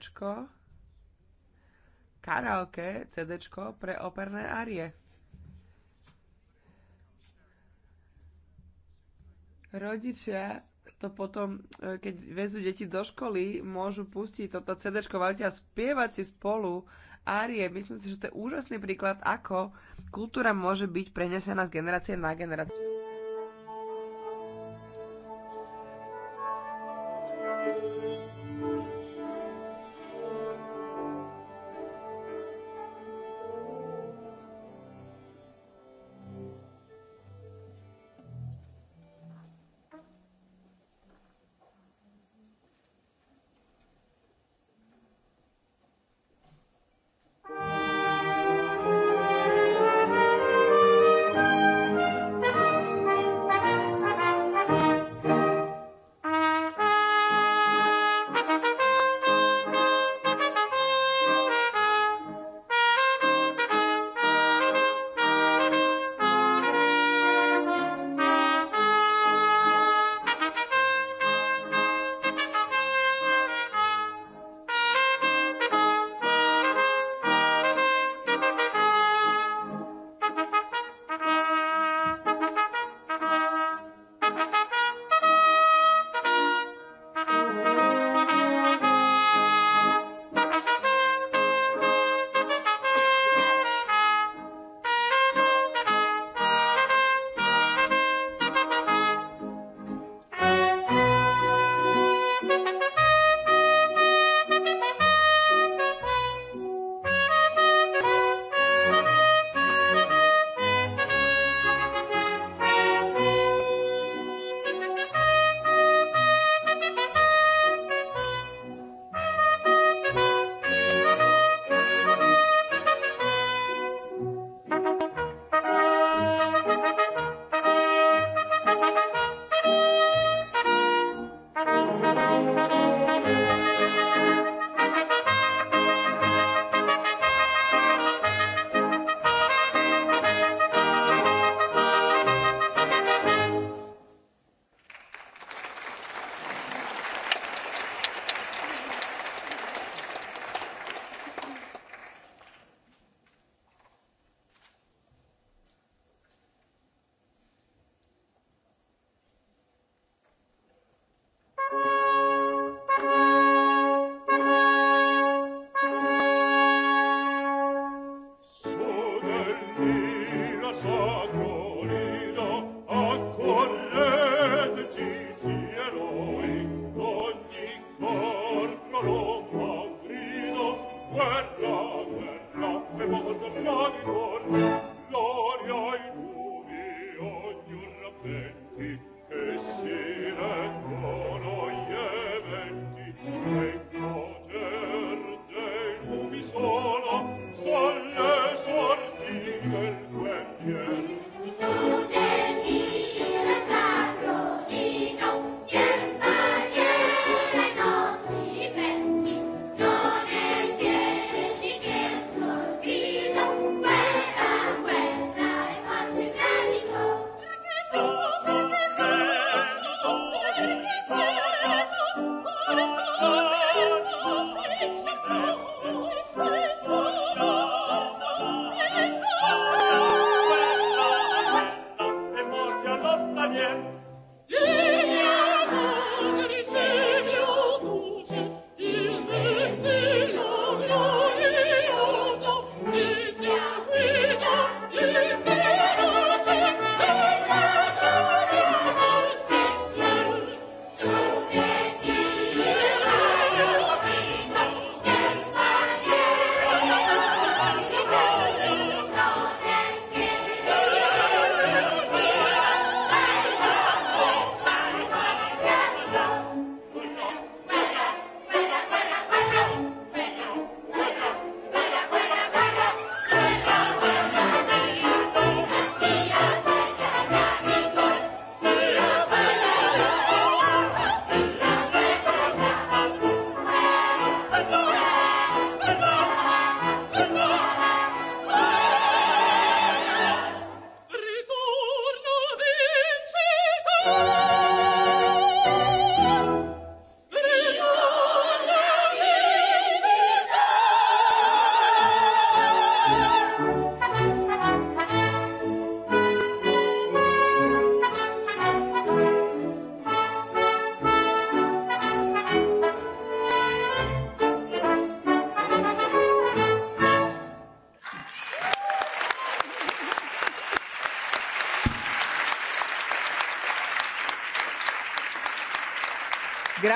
karaoke CD pre operné arie. Rodičia to potom, e, keď vezú deti do školy, môžu pustiť toto CD v aute a spievať si spolu arie. Myslím si, že to je úžasný príklad, ako kultúra môže byť prenesená z generácie na generáciu.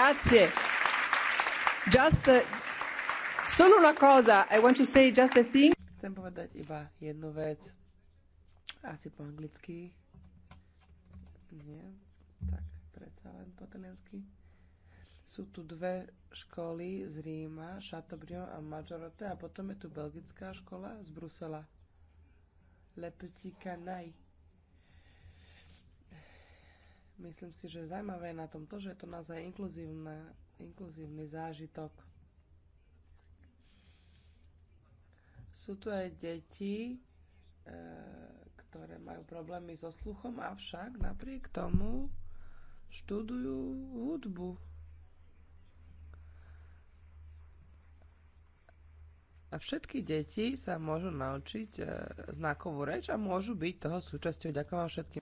Grazie. Just uh, solo una cosa, I want to say just a thing. Chcem povedať iba jednu vec. Asi po anglicky. Nie. Tak, predsa len po taliansky. Sú tu dve školy z Ríma, Chateaubriand a Majorote a potom je tu belgická škola z Brusela. Le Petit Canaille. Myslím si, že zaujímavé je na tom to, že je to naozaj inkluzívny zážitok. Sú tu aj deti, e, ktoré majú problémy so sluchom, avšak napriek tomu študujú hudbu. A všetky deti sa môžu naučiť e, znakovú reč a môžu byť toho súčasťou. Ďakujem vám všetkým.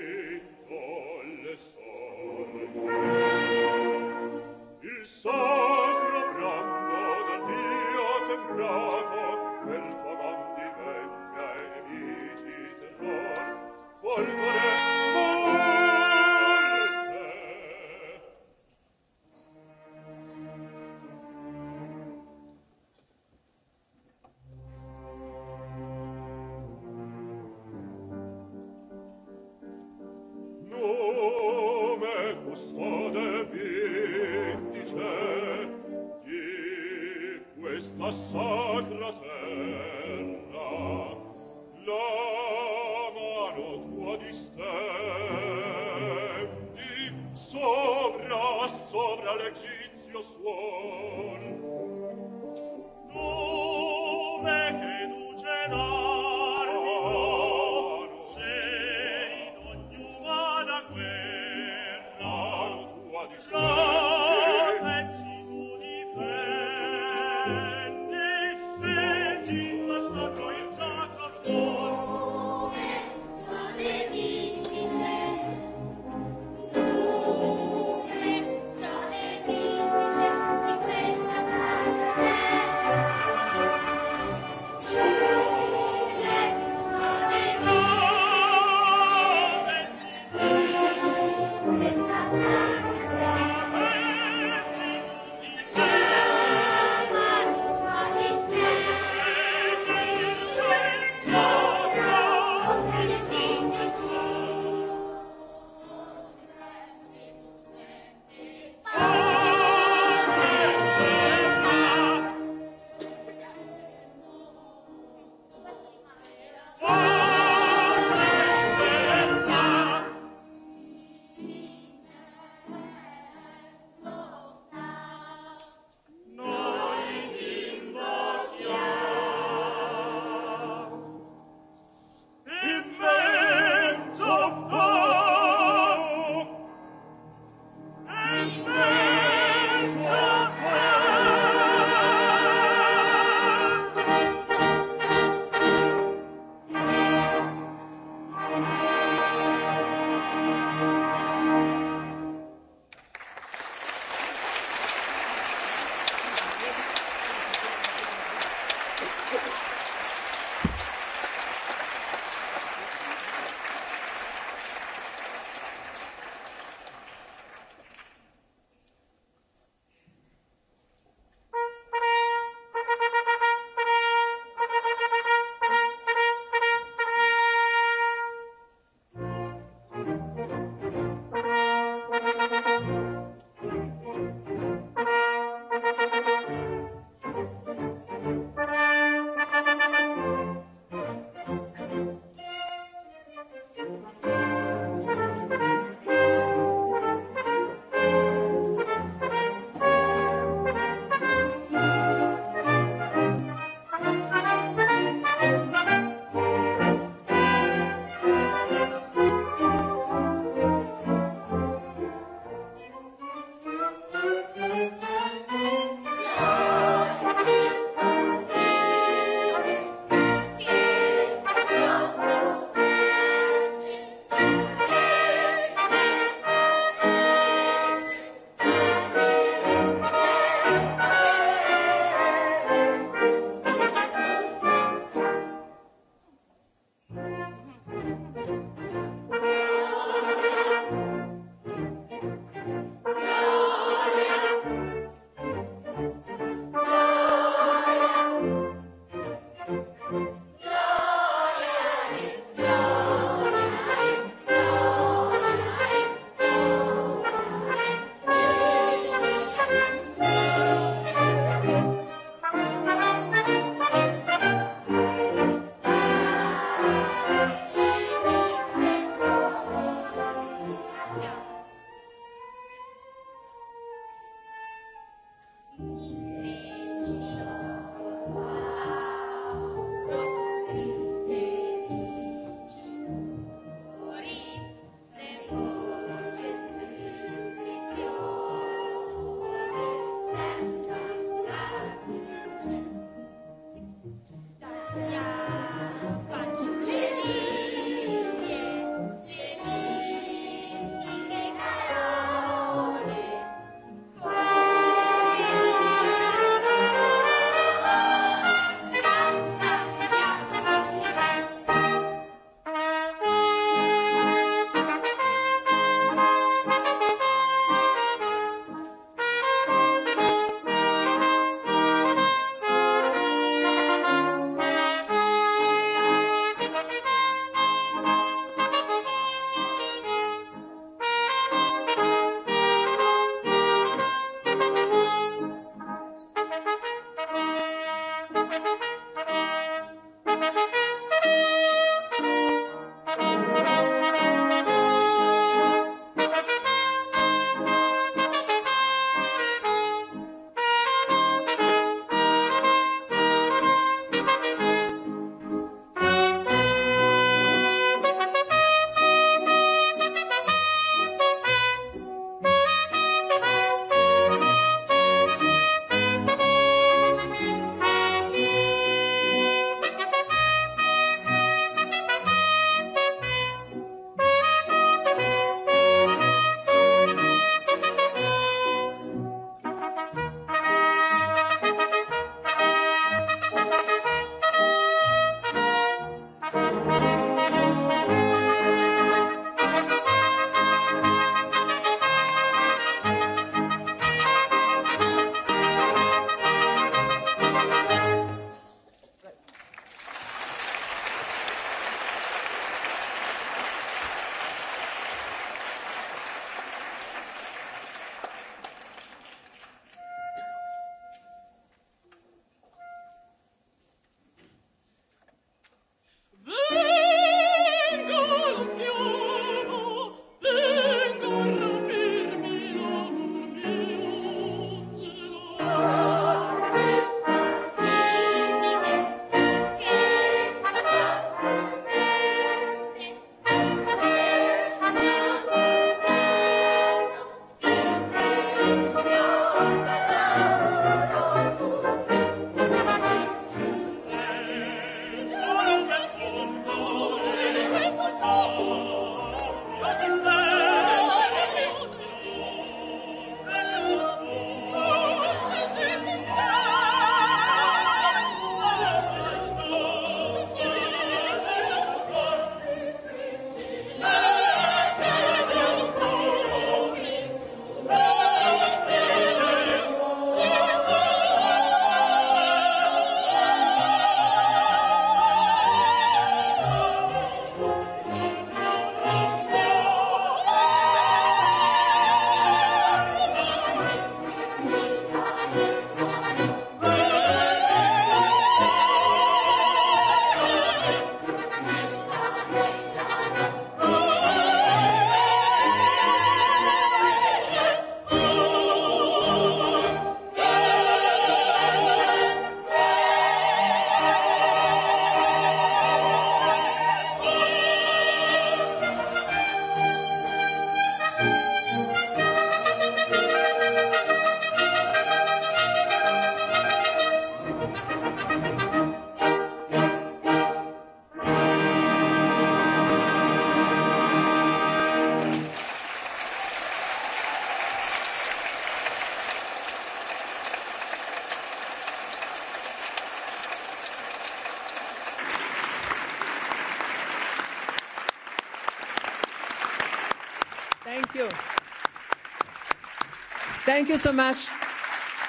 Thank you so much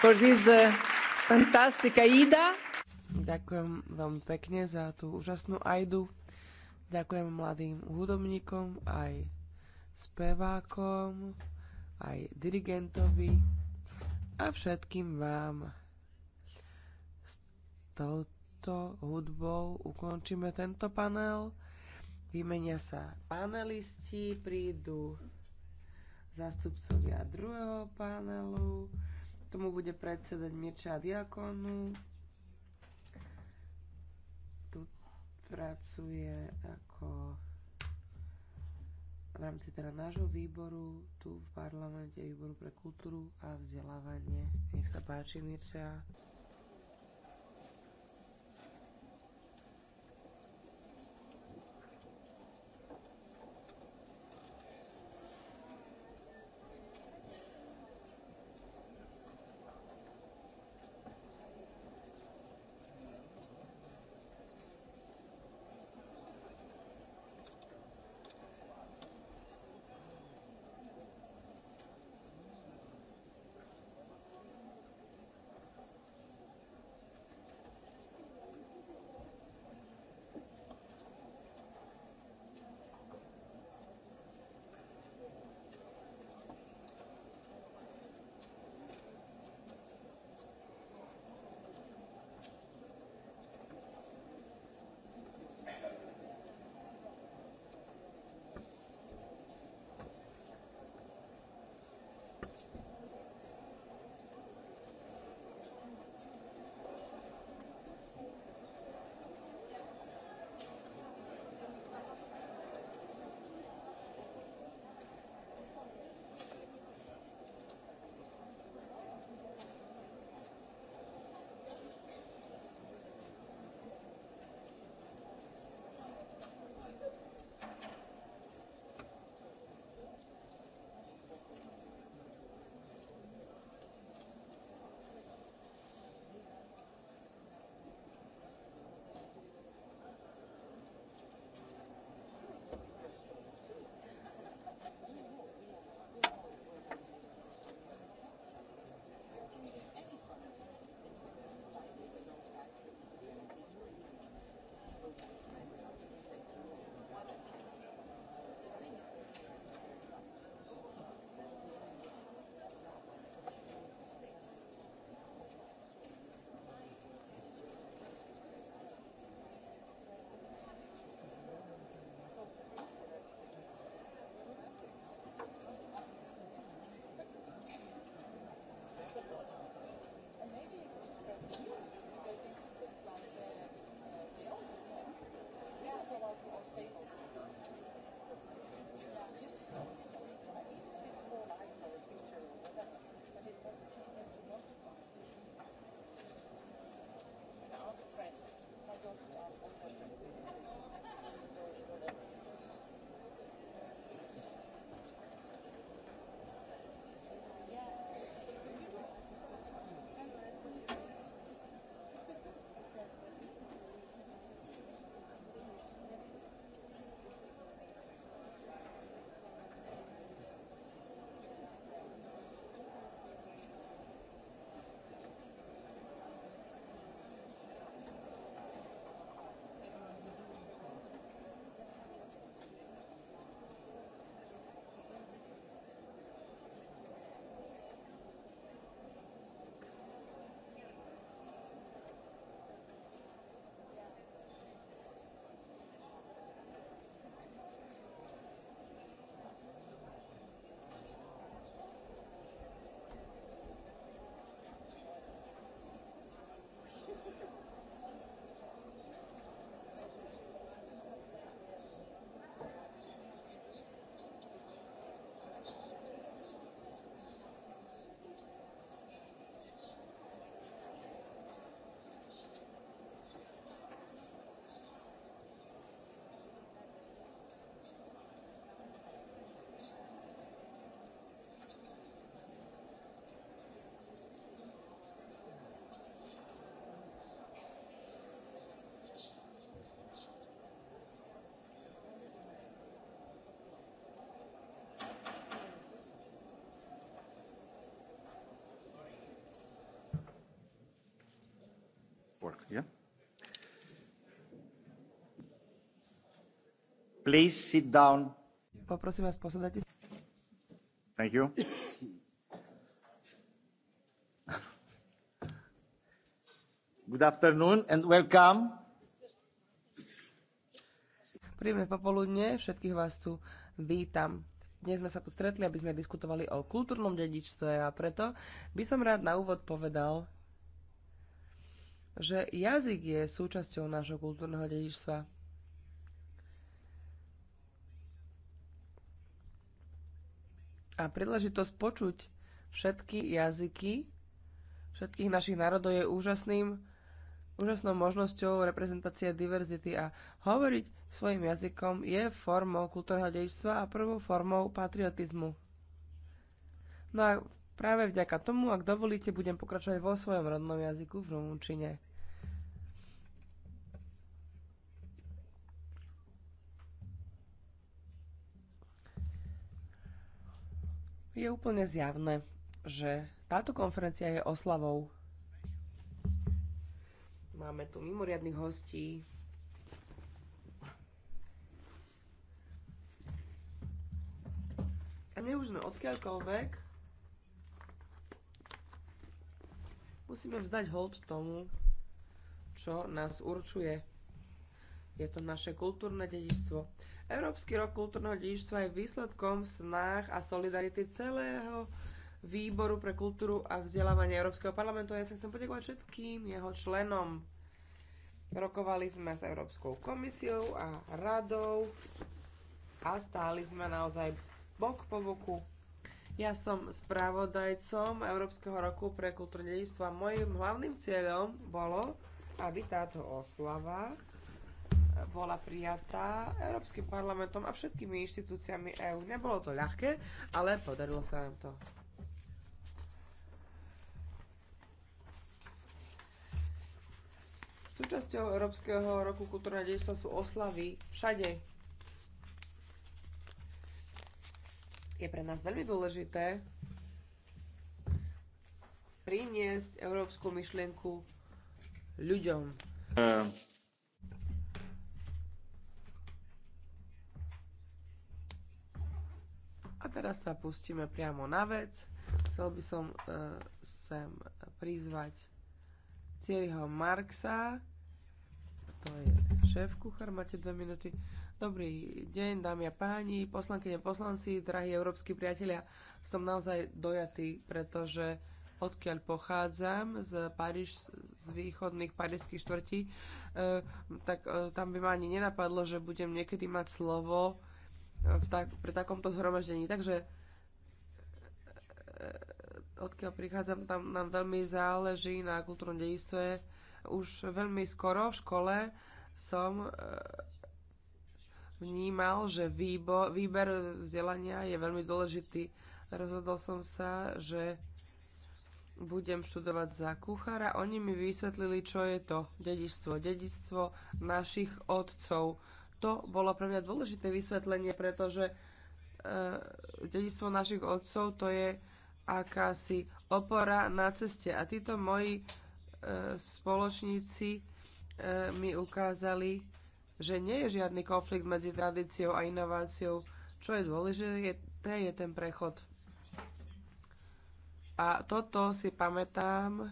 for this uh, fantastic AIDA. Ďakujem veľmi pekne za tú úžasnú AIDu. Ďakujem mladým hudobníkom, aj spevákom, aj dirigentovi a všetkým vám. S touto hudbou ukončíme tento panel. Vymenia sa panelisti, prídu zástupcovia druhého panelu. Tomu bude predsedať Mirča Diakonu. Tu pracuje ako v rámci teda nášho výboru tu v parlamente, výboru pre kultúru a vzdelávanie. Nech sa páči, Mirča. Poprosím vás, posadajte sa. Good afternoon and welcome. Príjemné popoludne, všetkých vás tu vítam. Dnes sme sa tu stretli, aby sme diskutovali o kultúrnom dedičstve a preto by som rád na úvod povedal, že jazyk je súčasťou nášho kultúrneho dedičstva a príležitosť počuť všetky jazyky všetkých našich národov je úžasným, úžasnou možnosťou reprezentácie diverzity a hovoriť svojim jazykom je formou kultúrneho dedičstva a prvou formou patriotizmu. No a práve vďaka tomu, ak dovolíte, budem pokračovať vo svojom rodnom jazyku v Rumúnčine. Je úplne zjavné, že táto konferencia je oslavou. Máme tu mimoriadných hostí, A ne už sme odkiaľkoľvek, musíme vzdať hold tomu, čo nás určuje. Je to naše kultúrne dedičstvo. Európsky rok kultúrneho dedičstva je výsledkom snách a solidarity celého výboru pre kultúru a vzdelávanie Európskeho parlamentu. Ja sa chcem poďakovať všetkým jeho členom. Rokovali sme s Európskou komisiou a radou a stáli sme naozaj bok po boku. Ja som správodajcom Európskeho roku pre kultúrne dedičstvo a mojim hlavným cieľom bolo, aby táto oslava bola prijatá Európskym parlamentom a všetkými inštitúciami EÚ. Nebolo to ľahké, ale podarilo sa nám to. Súčasťou Európskeho roku kultúrne dedičstva sú oslavy všade. Je pre nás veľmi dôležité priniesť európsku myšlienku ľuďom. Uh. A teraz sa pustíme priamo na vec. Chcel by som e, sem prizvať Ciriho Marksa. To je šéf kuchár, máte dve minúty. Dobrý deň, dámy a páni, poslankyne, poslanci, drahí európsky priatelia. Som naozaj dojatý, pretože odkiaľ pochádzam, z, Paríž, z východných parížských štvrtí, e, tak e, tam by ma ani nenapadlo, že budem niekedy mať slovo v tak, pri takomto zhromaždení. Takže eh, odkiaľ prichádzam, tam nám veľmi záleží na kultúrnom dedistve. Už veľmi skoro v škole som eh, vnímal, že výbo, výber vzdelania je veľmi dôležitý. Rozhodol som sa, že budem študovať za kuchára. Oni mi vysvetlili, čo je to dedičstvo. Dedičstvo našich otcov to bolo pre mňa dôležité vysvetlenie, pretože e, dedičstvo našich otcov to je akási opora na ceste. A títo moji e, spoločníci e, mi ukázali, že nie je žiadny konflikt medzi tradíciou a inováciou. Čo je dôležité, je, to je ten prechod. A toto si pamätám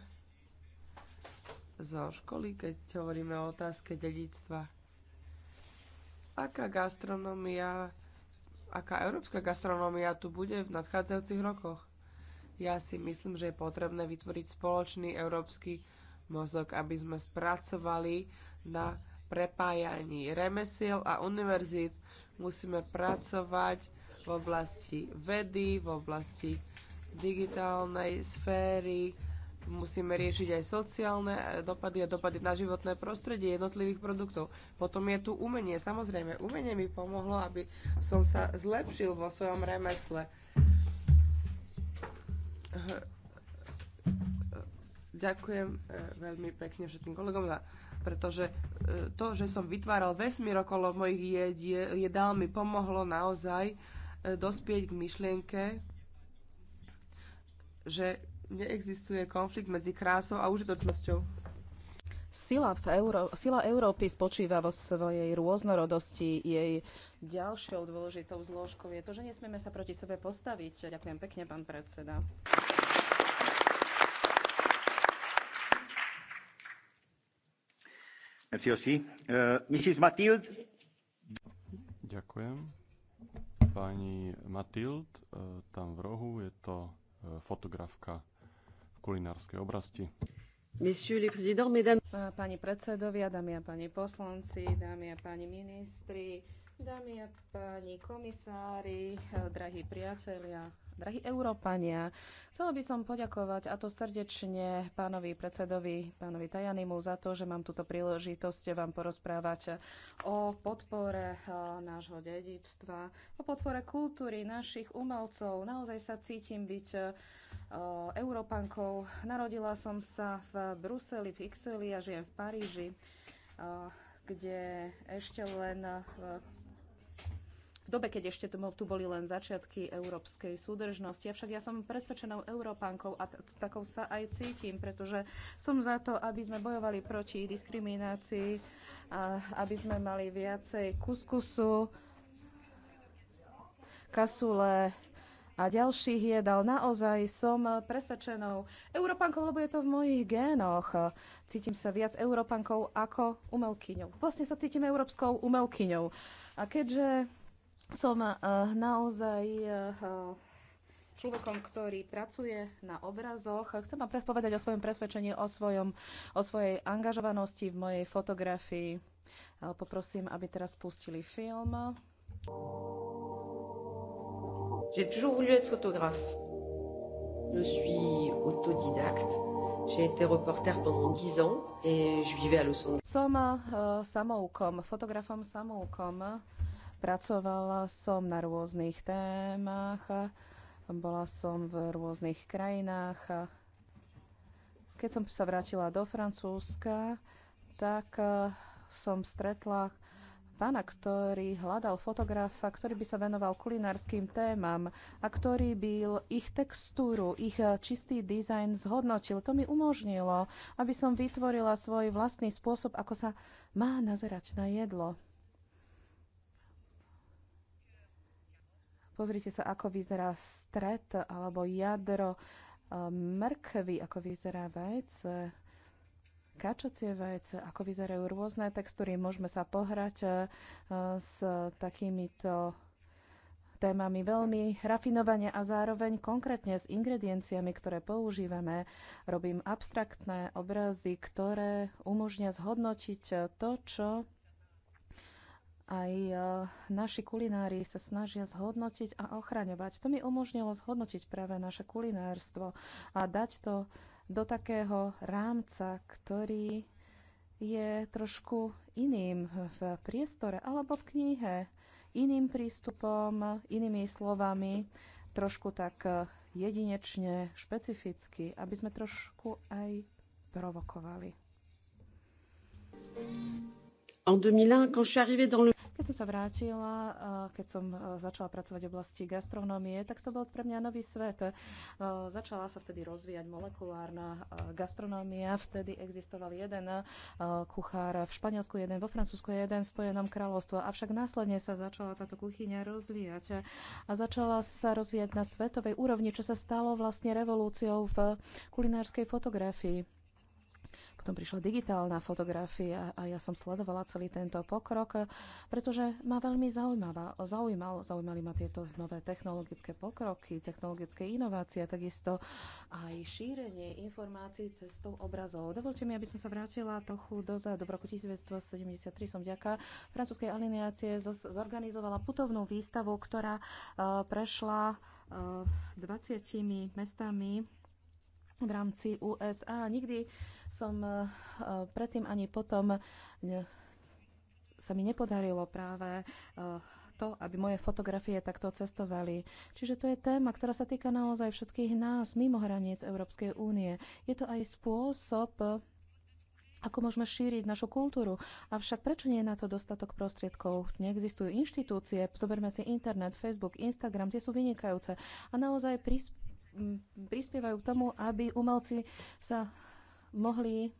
zo školy, keď hovoríme o otázke dedictva aká gastronomia, aká európska gastronomia tu bude v nadchádzajúcich rokoch. Ja si myslím, že je potrebné vytvoriť spoločný európsky mozog, aby sme spracovali na prepájaní remesiel a univerzít. Musíme pracovať v oblasti vedy, v oblasti digitálnej sféry, musíme riešiť aj sociálne eh, dopady a dopady na životné prostredie jednotlivých produktov. Potom je tu umenie. Samozrejme, umenie mi pomohlo, aby som sa zlepšil vo svojom remesle. Ďakujem eh, veľmi pekne všetkým kolegom za pretože eh, to, že som vytváral vesmír okolo mojich jediel, jedál, mi pomohlo naozaj dospieť k myšlienke, že neexistuje konflikt medzi krásou a užitočnosťou. Sila, v Euró- sila Európy spočíva vo svojej rôznorodosti. Jej ďalšou dôležitou zložkou je to, že nesmieme sa proti sebe postaviť. Ďakujem pekne, pán predseda. Merci aussi. Uh, Mrs. Mathilde. Ďakujem. Pani Matild, e, tam v rohu je to e, fotografka kulinárskej oblasti. Pani predsedovia, dámy a pani poslanci, dámy a pani ministri, dámy a pani komisári, drahí priatelia, drahí Európania, chcela by som poďakovať a to srdečne pánovi predsedovi, pánovi Tajanimu za to, že mám túto príležitosť vám porozprávať o podpore nášho dedičstva, o podpore kultúry našich umelcov. Naozaj sa cítim byť Eh, Európankou. Narodila som sa v Bruseli, v Ixeli a žijem v Paríži, eh, kde ešte len eh, v dobe, keď ešte tu boli len začiatky európskej súdržnosti. Avšak ja som presvedčenou Európankou a takou sa aj cítim, pretože som za to, aby sme bojovali proti diskriminácii, aby sme mali viacej kuskusu, kasule, a ďalších jedal. Naozaj som presvedčenou Európankou, lebo je to v mojich génoch. Cítim sa viac Európankou ako umelkyňou. Vlastne sa cítim európskou umelkyňou. A keďže som eh, naozaj eh, človekom, ktorý pracuje na obrazoch. Chcem vám prespovedať o svojom presvedčení, o, svojom, o svojej angažovanosti v mojej fotografii. Eh, poprosím, aby teraz spustili film. J'ai toujours voulu être photographe. Je suis autodidacte. J'ai été reporter pendant 10 ans et je vivais à Los Angeles. Som uh, eh, samoukom, fotografom samoukom. Pracovala som na rôznych témach, bola som v rôznych krajinách. Keď som sa vrátila do Francúzska, tak uh, som stretla pána, ktorý hľadal fotografa, ktorý by sa venoval kulinárskym témam a ktorý by ich textúru, ich eh, čistý dizajn zhodnotil. To mi umožnilo, aby som vytvorila svoj vlastný spôsob, ako sa má nazerať na jedlo. Pozrite sa, ako vyzerá stret alebo jadro eh, mrkvy, ako vyzerá vajce kačacie vajce, ako vyzerajú rôzne textúry. Môžeme sa pohrať e, s takýmito témami veľmi rafinovane a zároveň konkrétne s ingredienciami, ktoré používame. Robím abstraktné obrazy, ktoré umožnia zhodnotiť to, čo aj e, naši kulinári sa snažia zhodnotiť a ochraňovať. To mi umožnilo zhodnotiť práve naše kulinárstvo a dať to do takého rámca, ktorý je trošku iným v priestore alebo v knihe, iným prístupom, inými slovami, trošku tak jedinečne, špecificky, aby sme trošku aj provokovali. Keď som sa vrátila, eh, keď som eh, začala pracovať v oblasti gastronómie, tak to bol pre mňa nový svet. Eh, začala sa vtedy rozvíjať molekulárna gastronómia. Vtedy existoval jeden kuchár v Španielsku, jeden vo Francúzsku, jeden v Spojenom kráľovstve. Avšak následne sa začala táto kuchyňa rozvíjať a začala sa rozvíjať na svetovej úrovni, čo sa stalo vlastne revolúciou v kulinárskej fotografii. Potom prišla digitálna fotografia a ja som sledovala celý tento pokrok, pretože ma veľmi zaujímavá, zaujímal, zaujímali ma tieto nové technologické pokroky, technologické inovácie, takisto aj šírenie informácií cestou obrazov. Dovolte mi, aby som sa vrátila trochu dozadu. V roku 1973 som vďaka francúzskej alineácie zorganizovala putovnú výstavu, ktorá eh, prešla 20 eh, mestami v rámci USA. Nikdy som e, predtým ani potom sa mi nepodarilo práve e, to, aby moje fotografie takto cestovali. Čiže to je téma, ktorá sa týka naozaj všetkých nás mimo hraníc Európskej únie. Je to aj spôsob, ako môžeme šíriť našu kultúru. Avšak prečo nie je na to dostatok prostriedkov? Neexistujú inštitúcie, zoberme si internet, Facebook, Instagram, tie sú vynikajúce a naozaj prisp- prispievajú k tomu, aby umelci sa mohli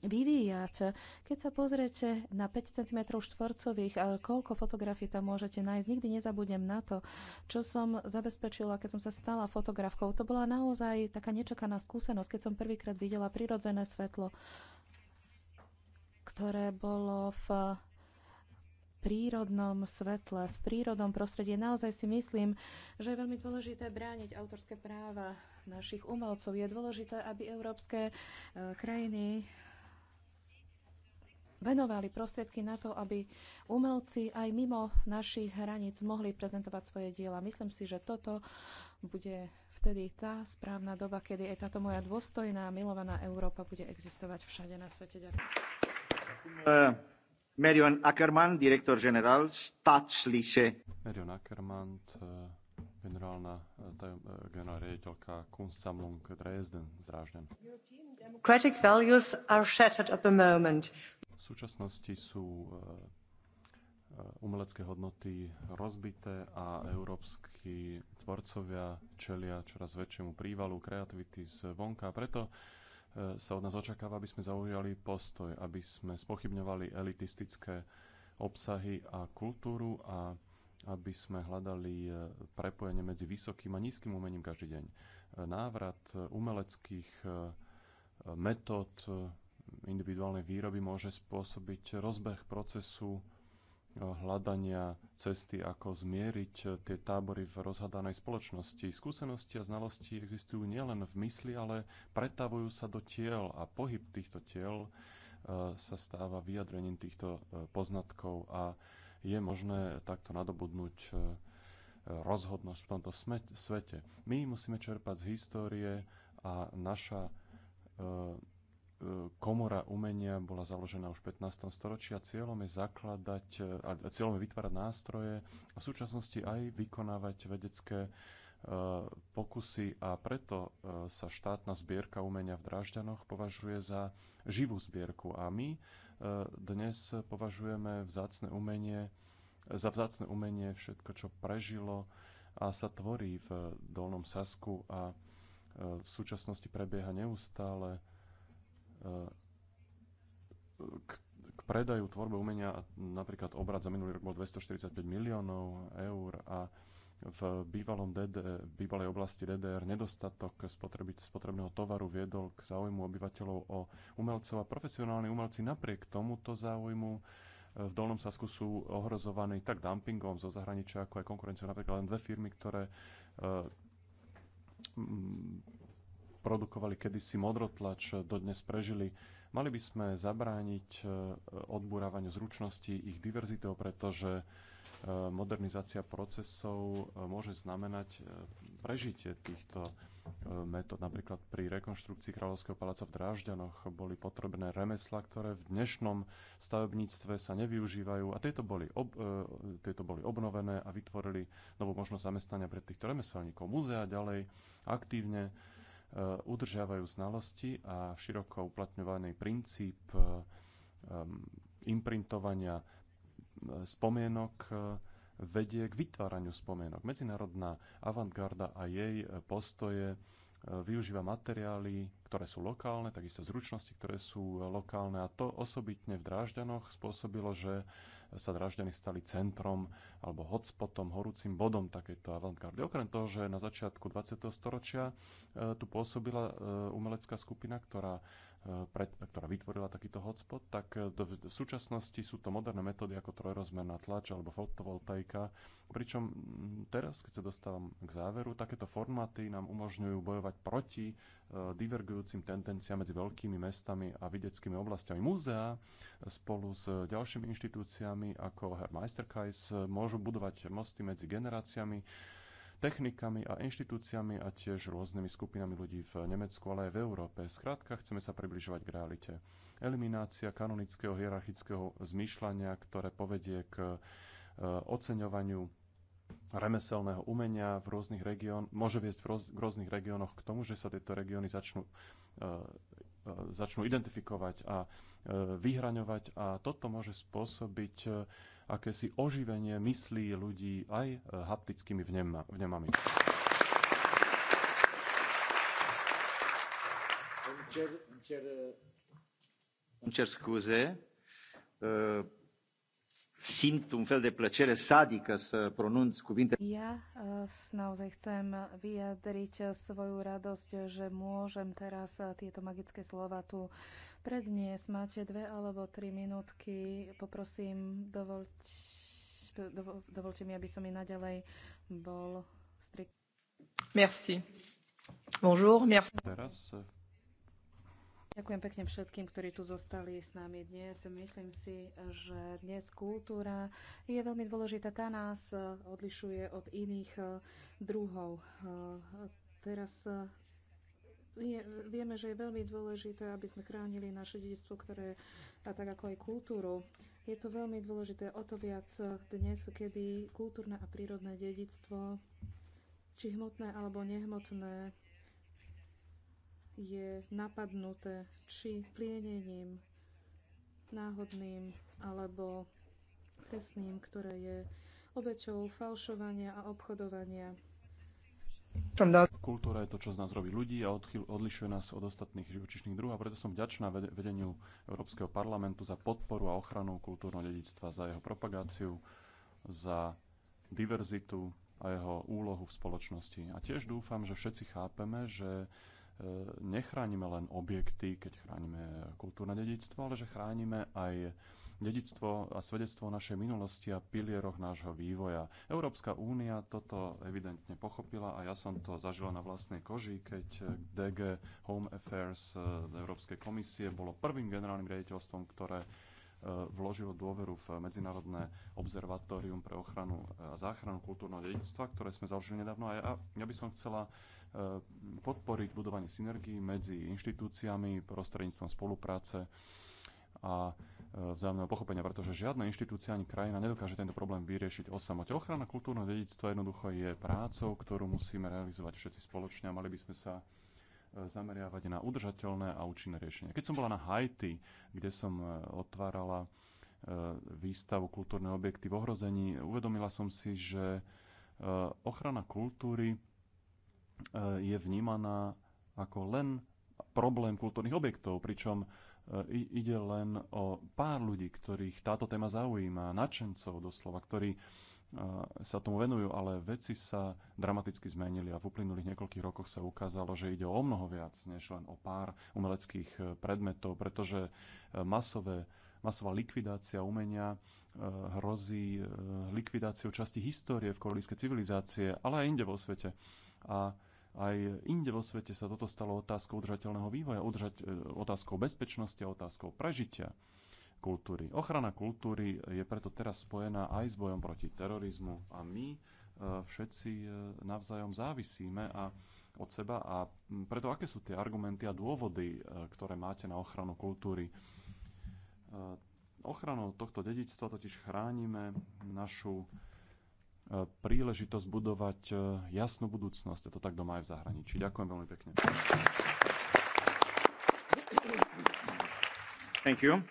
vyvíjať. Keď sa pozriete na 5 cm štvorcových, koľko fotografií tam môžete nájsť, nikdy nezabudnem na to, čo som zabezpečila, keď som sa stala fotografkou. To bola naozaj taká nečakaná skúsenosť, keď som prvýkrát videla prirodzené svetlo, ktoré bolo v prírodnom svetle, v prírodnom prostredí. Naozaj si myslím, že je veľmi dôležité brániť autorské práva našich umelcov. Je dôležité, aby európske e, krajiny venovali prostriedky na to, aby umelci aj mimo našich hraníc mohli prezentovať svoje diela. Myslím si, že toto bude vtedy tá správna doba, kedy aj táto moja dôstojná, milovaná Európa bude existovať všade na svete. Ďakujem. E, Merion Ackermann, direktor generál Staatsliche. Merion Ackermann, eh, generálna eh, tajom, eh, generálna riaditeľka Kunstsammlung Dresden z Drážďan. Democratic values are shattered at the moment. V súčasnosti sú umelecké hodnoty rozbité a európsky tvorcovia čelia čoraz väčšiemu prívalu kreativity zvonka. Preto E, sa od nás očakáva, aby sme zaujali postoj, aby sme spochybňovali elitistické obsahy a kultúru a aby sme hľadali e, prepojenie medzi vysokým a nízkym umením každý deň. E, návrat umeleckých metód individuálnej výroby môže spôsobiť rozbeh procesu hľadania cesty, ako zmieriť eh, tie tábory v rozhadanej spoločnosti. Skúsenosti a znalosti existujú nielen v mysli, ale pretavujú sa do tiel a pohyb týchto tiel eh, sa stáva vyjadrením týchto eh, poznatkov a je možné takto nadobudnúť rozhodnosť v tomto svete. My musíme čerpať z histórie a naša komora umenia bola založená už v 15. storočí a cieľom je zakladať, a cieľom je vytvárať nástroje a v súčasnosti aj vykonávať vedecké e, pokusy a preto e, sa štátna zbierka umenia v Drážďanoch považuje za živú zbierku a my e, dnes považujeme vzácne umenie, za vzácne umenie všetko, čo prežilo a sa tvorí v Dolnom Sasku a v súčasnosti prebieha neustále k, k predaju tvorbe umenia napríklad obrad za minulý rok bol 245 miliónov eur a v bývalom DDR, bývalej oblasti DDR nedostatok spotreby, spotrebného tovaru viedol k záujmu obyvateľov o umelcov a profesionálni umelci napriek tomuto záujmu e, v Dolnom Sasku sú ohrozovaní tak dumpingom zo zahraničia, ako aj konkurenciou. Napríklad len dve firmy, ktoré e, produkovali kedysi modrotlač, dodnes prežili. Mali by sme zabrániť e, odburávaniu zručností ich diverzitou, pretože e, modernizácia procesov e, môže znamenať prežitie týchto metód. Napríklad pri rekonštrukcii Kráľovského paláca v Drážďanoch boli potrebné remesla, ktoré v dnešnom stavebníctve sa nevyužívajú a tieto boli, ob, tieto boli obnovené a vytvorili novú možnosť zamestnania pre týchto remeselníkov. Múzea ďalej aktívne Eh, udržiavajú znalosti a široko uplatňovaný princíp eh, imprintovania eh, spomienok vedie k vytváraniu spomienok. Medzinárodná avantgarda a jej postoje E, využíva materiály, ktoré sú lokálne, takisto zručnosti, ktoré sú e, lokálne a to osobitne v Drážďanoch spôsobilo, že sa Drážďany stali centrom alebo hotspotom, horúcim bodom takejto avantgardy. Okrem toho, že na začiatku 20. storočia e, tu pôsobila umelecká skupina, ktorá Eh, ktorá vytvorila takýto hotspot, tak eh, do, v súčasnosti sú to moderné metódy ako trojrozmerná tlač alebo fotovoltaika. Pričom mm, teraz, keď sa dostávam k záveru, takéto formáty nám umožňujú bojovať proti eh, divergujúcim tendenciám medzi veľkými mestami a videckými oblastiami. Múzea spolu s ďalšími inštitúciami ako Herr Meisterkreis môžu budovať mosty medzi generáciami, technikami a inštitúciami a tiež rôznymi skupinami ľudí v Nemecku, ale aj v Európe. Skrátka, chceme sa približovať k realite. Eliminácia kanonického hierarchického zmýšľania, ktoré povedie k e, oceňovaniu remeselného umenia v rôznych región, môže viesť v, roz, v rôznych regiónoch k tomu, že sa tieto regióny začnú, e, e začnú identifikovať a e, vyhraňovať a toto môže spôsobiť e, akési oživenie myslí ľudí aj e, haptickými vnema, vnemami. scuze, e, simt un fel de plăcere sadică să pronunț cuvinte. Ja e, naozaj chcem vyjadriť svoju radosť, že môžem teraz tieto magické slova tu predniesť. Máte dve alebo tri minútky. Poprosím, dovolte. dovol, mi, aby som i naďalej bol strik. Merci. Bonjour, merci. Teraz e, Ďakujem pekne všetkým, ktorí tu zostali s nami dnes. Myslím si, že dnes kultúra je veľmi dôležitá. Tá nás e, odlišuje od iných e, druhov. Teraz je, vieme, že je veľmi dôležité, aby sme chránili naše dedictvo, ktoré, a tak ako aj kultúru. Je to veľmi dôležité o to viac dnes, kedy kultúrne a prírodné dedictvo, či hmotné alebo nehmotné, je napadnuté či plienením náhodným alebo presným, ktoré je obeťou falšovania a obchodovania Kultúra je to, čo z nás robí ľudí a odlišuje nás od ostatných živočišných druhov a preto som vďačná vedeniu Európskeho parlamentu za podporu a ochranu kultúrneho dedictva, za jeho propagáciu, za diverzitu a jeho úlohu v spoločnosti. A tiež dúfam, že všetci chápeme, že e, nechránime len objekty, keď chránime kultúrne dedictvo, ale že chránime aj dedictvo a svedectvo o našej minulosti a pilieroch nášho vývoja. Európska únia toto evidentne pochopila a ja som to zažila na vlastnej koži, keď eh, DG Home Affairs eh, Európskej komisie bolo prvým generálnym riaditeľstvom, ktoré eh, vložilo dôveru v Medzinárodné observatórium pre ochranu a záchranu kultúrneho dedictva, ktoré sme založili nedávno. A ja, ja by som chcela podporiť budovanie synergií medzi inštitúciami prostredníctvom spolupráce a vzájomného pochopenia, pretože žiadna inštitúcia ani krajina nedokáže tento problém vyriešiť samote. Ochrana kultúrneho dedictva jednoducho je prácou, ktorú musíme realizovať všetci spoločne a mali by sme sa e, zameriavať na udržateľné a účinné riešenie. Keď som bola na Haiti, kde som e, otvárala e, výstavu kultúrne objekty v ohrození, uvedomila som si, že ochrana kultúry je vnímaná ako len problém kultúrnych objektov, pričom ide len o pár ľudí, ktorých táto téma zaujíma, nadšencov doslova, ktorí e, sa tomu venujú, ale veci sa dramaticky zmenili a v uplynulých niekoľkých rokoch sa ukázalo, že ide o mnoho viac, než len o pár umeleckých e, predmetov, pretože e, masové, masová likvidácia umenia hrozí likvidáciou časti histórie v kolíske civilizácie, ale aj inde vo svete. A aj inde vo svete sa toto stalo otázkou udržateľného vývoja, udržať, e, otázkou bezpečnosti a otázkou prežitia kultúry. Ochrana kultúry je preto teraz spojená aj s bojom proti terorizmu a my e, všetci e, navzájom závisíme a od seba a preto aké sú tie argumenty a dôvody, ktoré máte na ochranu kultúry? Ochranou tohto dedičstva totiž chránime našu príležitosť budovať e, jasnú budúcnosť. To tak doma aj v zahraničí. Ďakujem veľmi pekne. Thank you.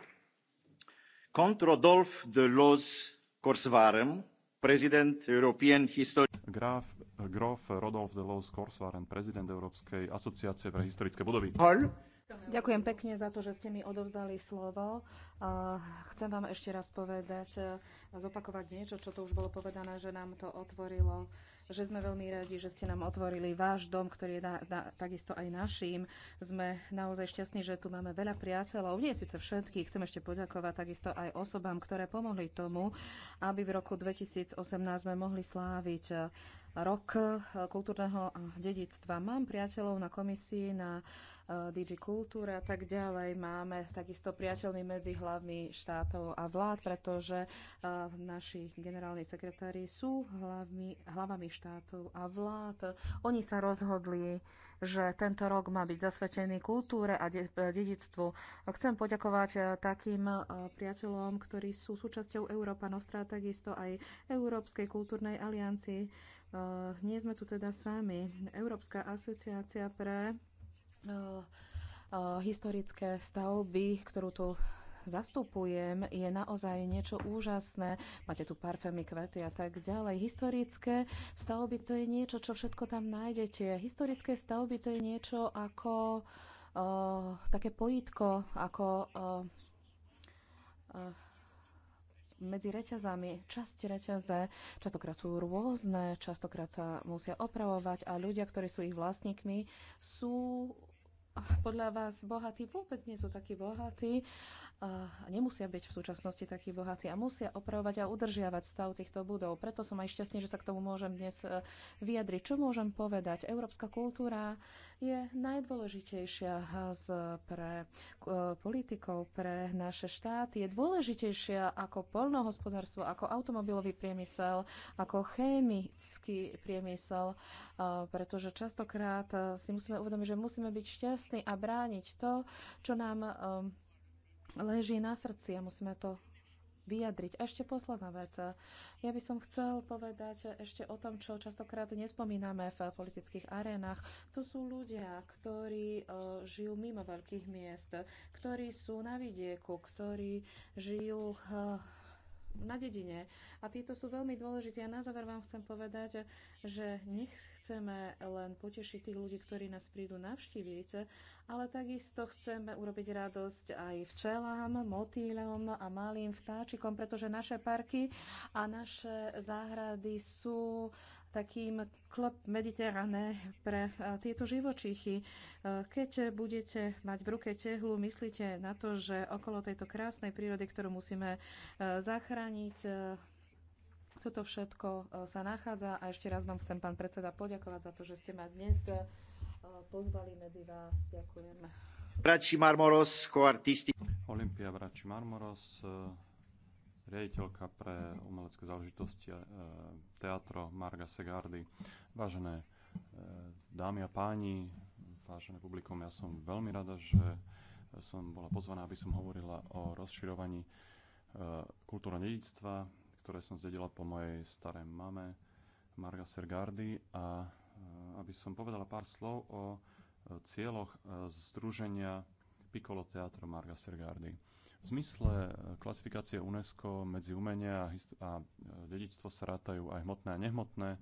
Controdolf de Loz Korsvarem, prezident European History... Graf, grof Rodolf de Loz Korsvaren, prezident Európskej asociácie pre historické budovy. Hall. Ďakujem pekne za to, že ste mi odovzdali slovo. Chcem vám ešte raz povedať, zopakovať niečo, čo to už bolo povedané, že nám to otvorilo že sme veľmi radi, že ste nám otvorili váš dom, ktorý je na, na, takisto aj našim. Sme naozaj šťastní, že tu máme veľa priateľov. Nie síce všetkých, chcem ešte poďakovať takisto aj osobám, ktoré pomohli tomu, aby v roku 2018 sme mohli sláviť rok kultúrneho dedictva. Mám priateľov na komisii, na Eh, DG Kultúra a tak ďalej. Máme takisto priateľmi medzi hlavmi štátov a vlád, pretože eh, naši generálni sekretári sú hlavmi, hlavami štátov a vlád. Oni sa rozhodli, že tento rok má byť zasvetený kultúre a eh, dedictvu. Chcem poďakovať takým priateľom, ktorí sú súčasťou Európa Nostra, takisto aj Európskej kultúrnej aliancii. Nie sme tu teda sami. Európska asociácia pre Eh, eh, historické stavby, ktorú tu zastupujem, je naozaj niečo úžasné. Máte tu parfémy, kvety a tak ďalej. Historické stavby to je niečo, čo všetko tam nájdete. Historické stavby to je niečo ako eh, také pojitko, ako medzi reťazami, časť reťaze, častokrát sú rôzne, častokrát sa musia opravovať a ľudia, ktorí sú ich vlastníkmi, sú podľa vás bohatí vôbec nie sú takí bohatí nemusia byť v súčasnosti takí bohatí a musia opravovať a udržiavať stav týchto budov. Preto som aj šťastný, že sa k tomu môžem dnes e, vyjadriť. Čo môžem povedať? Európska kultúra je najdôležitejšia z, pre e, politikov, pre naše štáty. Je dôležitejšia ako polnohospodárstvo, ako automobilový priemysel, ako chemický priemysel, e, pretože častokrát si musíme uvedomiť, že musíme byť šťastní a brániť to, čo nám leží na srdci a musíme to vyjadriť. A ešte posledná vec. Ja by som chcel povedať ešte o tom, čo častokrát nespomíname v politických arénach. To sú ľudia, ktorí e, žijú mimo veľkých miest, ktorí sú na vidieku, ktorí žijú e, na dedine. A títo sú veľmi dôležití. A na záver vám chcem povedať, že nechceme len potešiť tých ľudí, ktorí nás prídu navštíviť, ale takisto chceme urobiť radosť aj včelám, motýľom a malým vtáčikom, pretože naše parky a naše záhrady sú takým klub mediteráne pre e, tieto živočíchy. E, keď budete mať v ruke tehlu, myslíte na to, že okolo tejto krásnej prírody, ktorú musíme e, zachrániť, toto všetko sa nachádza. A ešte raz vám chcem, pán predseda, poďakovať za to, že ste ma dnes pozvali medzi vás. Ďakujem. Brači Marmoros, ko Olimpia Brači Marmoros, riaditeľka pre umelecké záležitosti eh, Teatro Marga Segardy. Vážené eh, dámy a páni, vážené publikum, ja som veľmi rada, že som bola pozvaná, aby som hovorila o rozširovaní eh, kultúrneho dedictva, ktoré som zdedila po mojej starej mame Marga Sergardy a aby som povedala pár slov o cieľoch Združenia Piccolo Teatro Marga Sergardy. V zmysle e, klasifikácie UNESCO medzi umenia a, a e, dedičstvo sa rátajú aj hmotné a nehmotné e,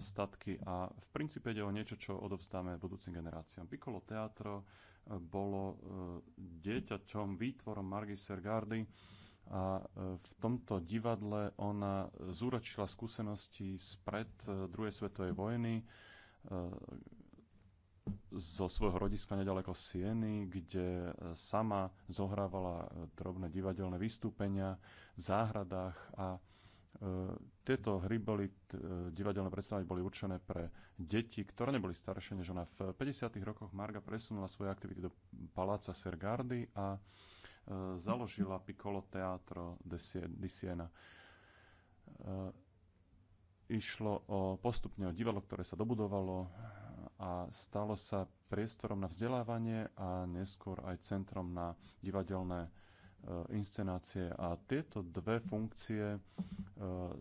statky a v princípe ide o niečo, čo odovzdáme budúcim generáciám. Piccolo Teatro bolo dieťaťom, výtvorom Margis Sergardy a v tomto divadle ona zúročila skúsenosti spred druhej svetovej vojny, zo svojho rodiska nedaleko Sieny, kde sama zohrávala e, drobné divadelné vystúpenia v záhradách a e, tieto hry boli, e, divadelné predstavenia boli určené pre deti, ktoré neboli staršie než ona. V 50. rokoch Marga presunula svoje aktivity do paláca Sergardy a založila Piccolo Teatro di Siena. Išlo o, postupne o divadlo, ktoré sa dobudovalo, a stalo sa priestorom na vzdelávanie a neskôr aj centrom na divadelné e, inscenácie a tieto dve funkcie e,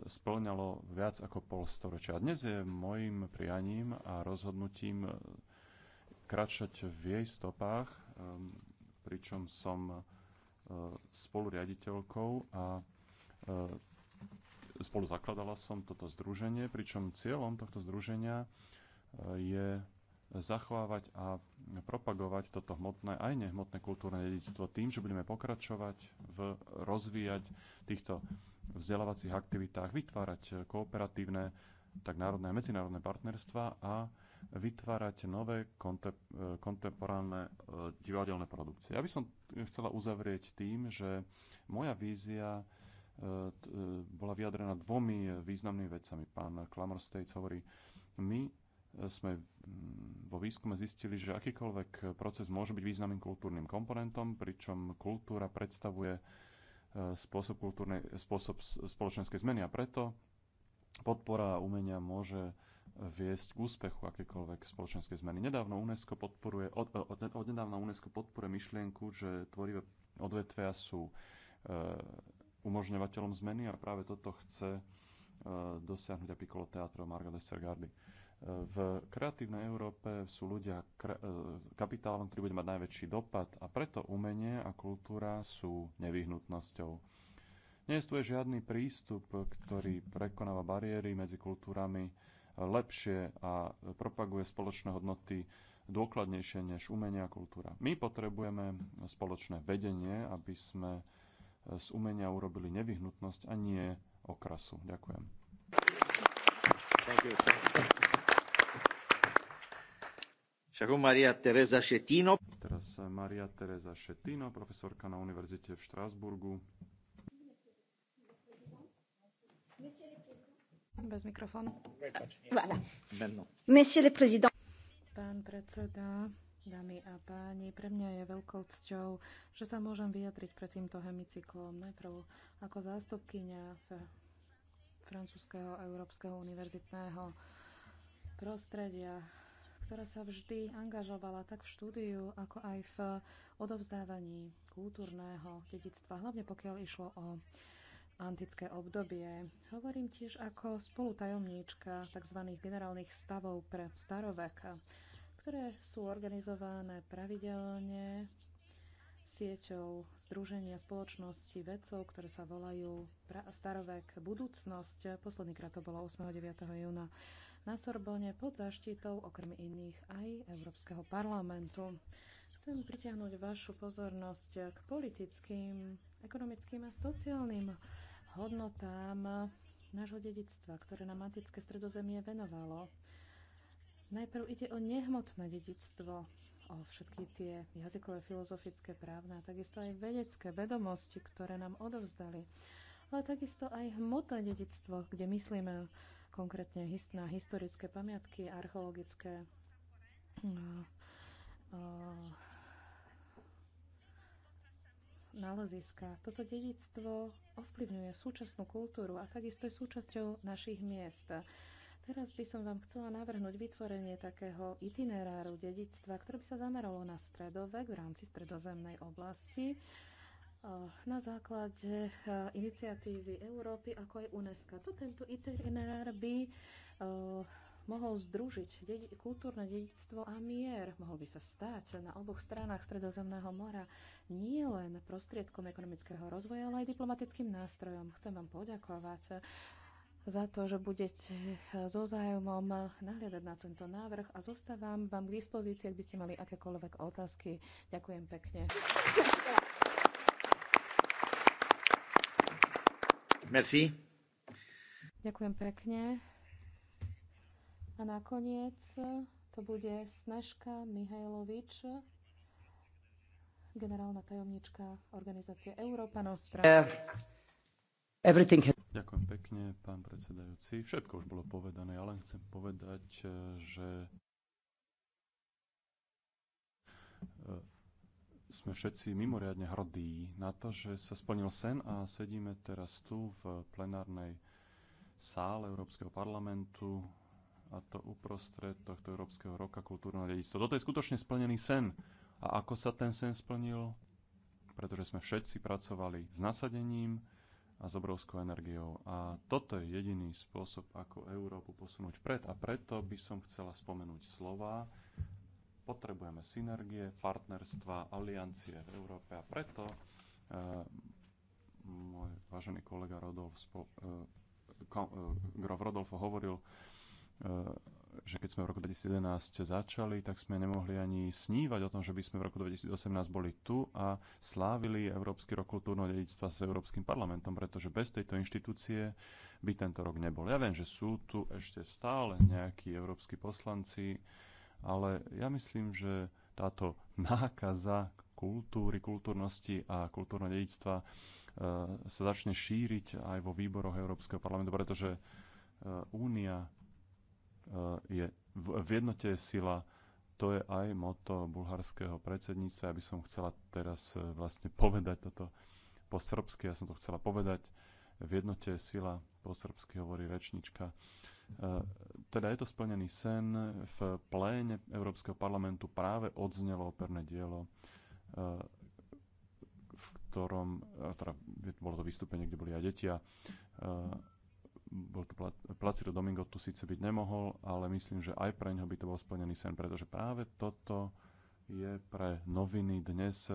splňalo viac ako pol storočia. A dnes je môjim prianím a rozhodnutím e, kračať v jej stopách, pričom som spoluriaditeľkou a spolu zakladala som toto združenie, pričom cieľom tohto združenia je zachovávať a propagovať toto hmotné aj nehmotné kultúrne dedičstvo tým, že budeme pokračovať v rozvíjať týchto vzdelávacích aktivitách, vytvárať kooperatívne, tak národné a medzinárodné partnerstva a vytvárať nové kontep kontemporálne e, divadelné produkcie. Ja by som chcela uzavrieť tým, že moja vízia e, e, bola vyjadrená dvomi významnými vecami. Pán Klamor States hovorí, my sme mm, vo výskume zistili, že akýkoľvek proces môže byť významným kultúrnym komponentom, pričom kultúra predstavuje e, spôsob, kultúrnej, spôsob spoločenskej zmeny a preto podpora umenia môže viesť k úspechu akékoľvek spoločenskej zmeny. Nedávno UNESCO podporuje, od, od, od nedávna UNESCO podporuje myšlienku, že tvorivé odvetvia sú e, umožňovateľom zmeny a práve toto chce e, dosiahnuť apikolo Teatro Marga de E, v kreatívnej Európe sú ľudia e, kapitálom, ktorý bude mať najväčší dopad a preto umenie a kultúra sú nevyhnutnosťou. Nie je žiadny prístup, ktorý prekonáva bariéry medzi kultúrami lepšie a propaguje spoločné hodnoty dôkladnejšie než umenie a kultúra. My potrebujeme spoločné vedenie, aby sme z umenia urobili nevyhnutnosť a nie okrasu. Ďakujem. Thank you. Maria Teresa Šetino. Teraz Maria Teresa Šetino, profesorka na univerzite v Štrásburgu. Bez mikrofónu. Pán predseda, dámy a páni, pre mňa je veľkou cťou, že sa môžem vyjadriť pred týmto hemicyklom. Najprv ako zástupkynia francúzského európskeho univerzitného prostredia ktorá sa vždy angažovala tak v štúdiu, ako aj v odovzdávaní kultúrneho dedictva, hlavne pokiaľ išlo o antické obdobie. Hovorím tiež ako spolutajomníčka tzv. generálnych stavov pre starovek, ktoré sú organizované pravidelne sieťou Združenia spoločnosti vedcov, ktoré sa volajú Starovek budúcnosť. Posledný krát to bolo 8. 9. júna na Sorbonne pod zaštitou okrem iných aj Európskeho parlamentu. Chcem pritiahnuť vašu pozornosť k politickým, ekonomickým a sociálnym hodnotám nášho dedictva, ktoré nám antické stredozemie venovalo. Najprv ide o nehmotné dedictvo, o všetky tie jazykové, filozofické, právne a takisto aj vedecké vedomosti, ktoré nám odovzdali. Ale takisto aj hmotné dedictvo, kde myslíme konkrétne na historické pamiatky, archeologické náleziska. Toto dedictvo ovplyvňuje súčasnú kultúru a takisto je súčasťou našich miest. Teraz by som vám chcela navrhnúť vytvorenie takého itineráru dedictva, ktoré by sa zameralo na stredovek v rámci stredozemnej oblasti na základe e, iniciatívy Európy, ako aj UNESCO. To tento itinerár by e, mohol združiť kultúrne dedictvo a mier. Mohol by sa stať na oboch stranách Stredozemného mora nie len prostriedkom ekonomického rozvoja, ale aj diplomatickým nástrojom. Chcem vám poďakovať e, za to, že budete so zájomom nahliadať na tento návrh a zostávam vám k dispozícii, ak by ste mali akékoľvek otázky. Ďakujem pekne. Merci. Ďakujem pekne. A nakoniec to bude Snažka Mihajlovič, generálna tajomnička organizácie Európa Nostra. Everything. Ďakujem pekne, pán predsedajúci. Všetko už bolo povedané, ale chcem povedať, že sme všetci mimoriadne hrdí na to, že sa splnil sen a sedíme teraz tu v plenárnej sále Európskeho parlamentu a to uprostred tohto Európskeho roka kultúrneho dedictva. Toto je skutočne splnený sen. A ako sa ten sen splnil? Pretože sme všetci pracovali s nasadením a s obrovskou energiou. A toto je jediný spôsob, ako Európu posunúť vpred. A preto by som chcela spomenúť slova potrebujeme synergie, partnerstva, aliancie v Európe a preto e, môj vážený kolega Rodolf e, e, Grof Rodolfo hovoril, že keď sme v roku 2011 začali, tak sme nemohli ani snívať o tom, že by sme v roku 2018 boli tu a slávili Európsky rok kultúrneho dedictva s Európskym parlamentom, pretože bez tejto inštitúcie by tento rok nebol. Ja viem, že sú tu ešte stále nejakí európsky poslanci, ale ja myslím, že táto nákaza kultúry, kultúrnosti a kultúrneho dedičstva e, sa začne šíriť aj vo výboroch Európskeho parlamentu, pretože e, únia e, je v jednote je sila. To je aj moto bulharského predsedníctva. Ja by som chcela teraz vlastne povedať toto po srbsky. Ja som to chcela povedať. V jednote je sila, po srbsky hovorí rečnička. Eh, teda je to splnený sen. V pléne Európskeho parlamentu práve odznelo operné dielo, eh, v ktorom, eh, teda bolo to vystúpenie, kde boli aj deti a bol tu Placido Domingo tu síce byť nemohol, ale myslím, že aj pre ňo by to bol splnený sen, pretože práve toto je pre noviny dnes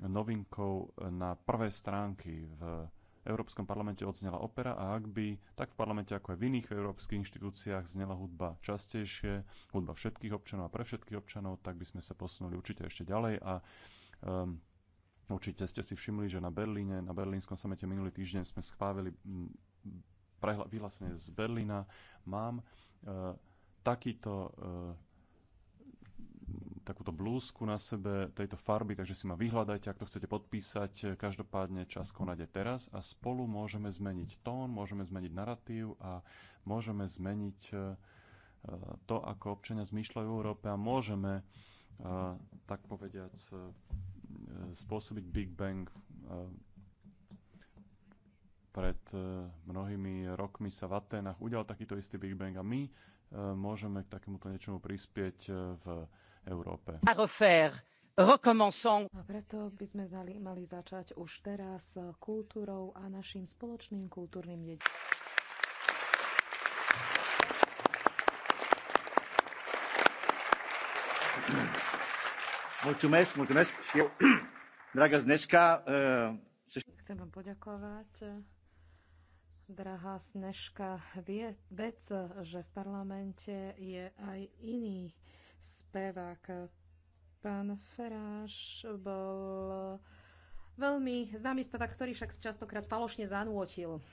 novinkou na prvé stránky v Európskom parlamente odznela opera a ak by tak v parlamente ako aj v iných európskych inštitúciách znela hudba častejšie, hudba všetkých občanov a pre všetkých občanov, tak by sme sa posunuli určite ešte ďalej a um, určite ste si všimli, že na Berlíne, na Berlínskom samete minulý týždeň sme schválili vyhlásenie z Berlína. Mám uh, takýto uh, takúto blúzku na sebe tejto farby, takže si ma vyhľadajte, ak to chcete podpísať. Každopádne čas konať je teraz a spolu môžeme zmeniť tón, môžeme zmeniť narratív a môžeme zmeniť e, to, ako občania zmýšľajú v Európe a môžeme, e, tak povediac, e, spôsobiť Big Bang. Pred mnohými rokmi sa v Atenách udial takýto istý Big Bang a my môžeme k takémuto niečomu prispieť v Európe. A refaire. A preto by sme zali, mali začať už teraz kultúrou a našim spoločným kultúrnym dedičstvom. Mulțumesc, mulțumesc și eu, dragă Zneșca, uh, Chcem vám poďakovať, drahá Sneška. Vie, vec, že v parlamente je aj iný spevák. Pán Feráš bol veľmi známy spevák, ktorý však častokrát falošne zanúotil.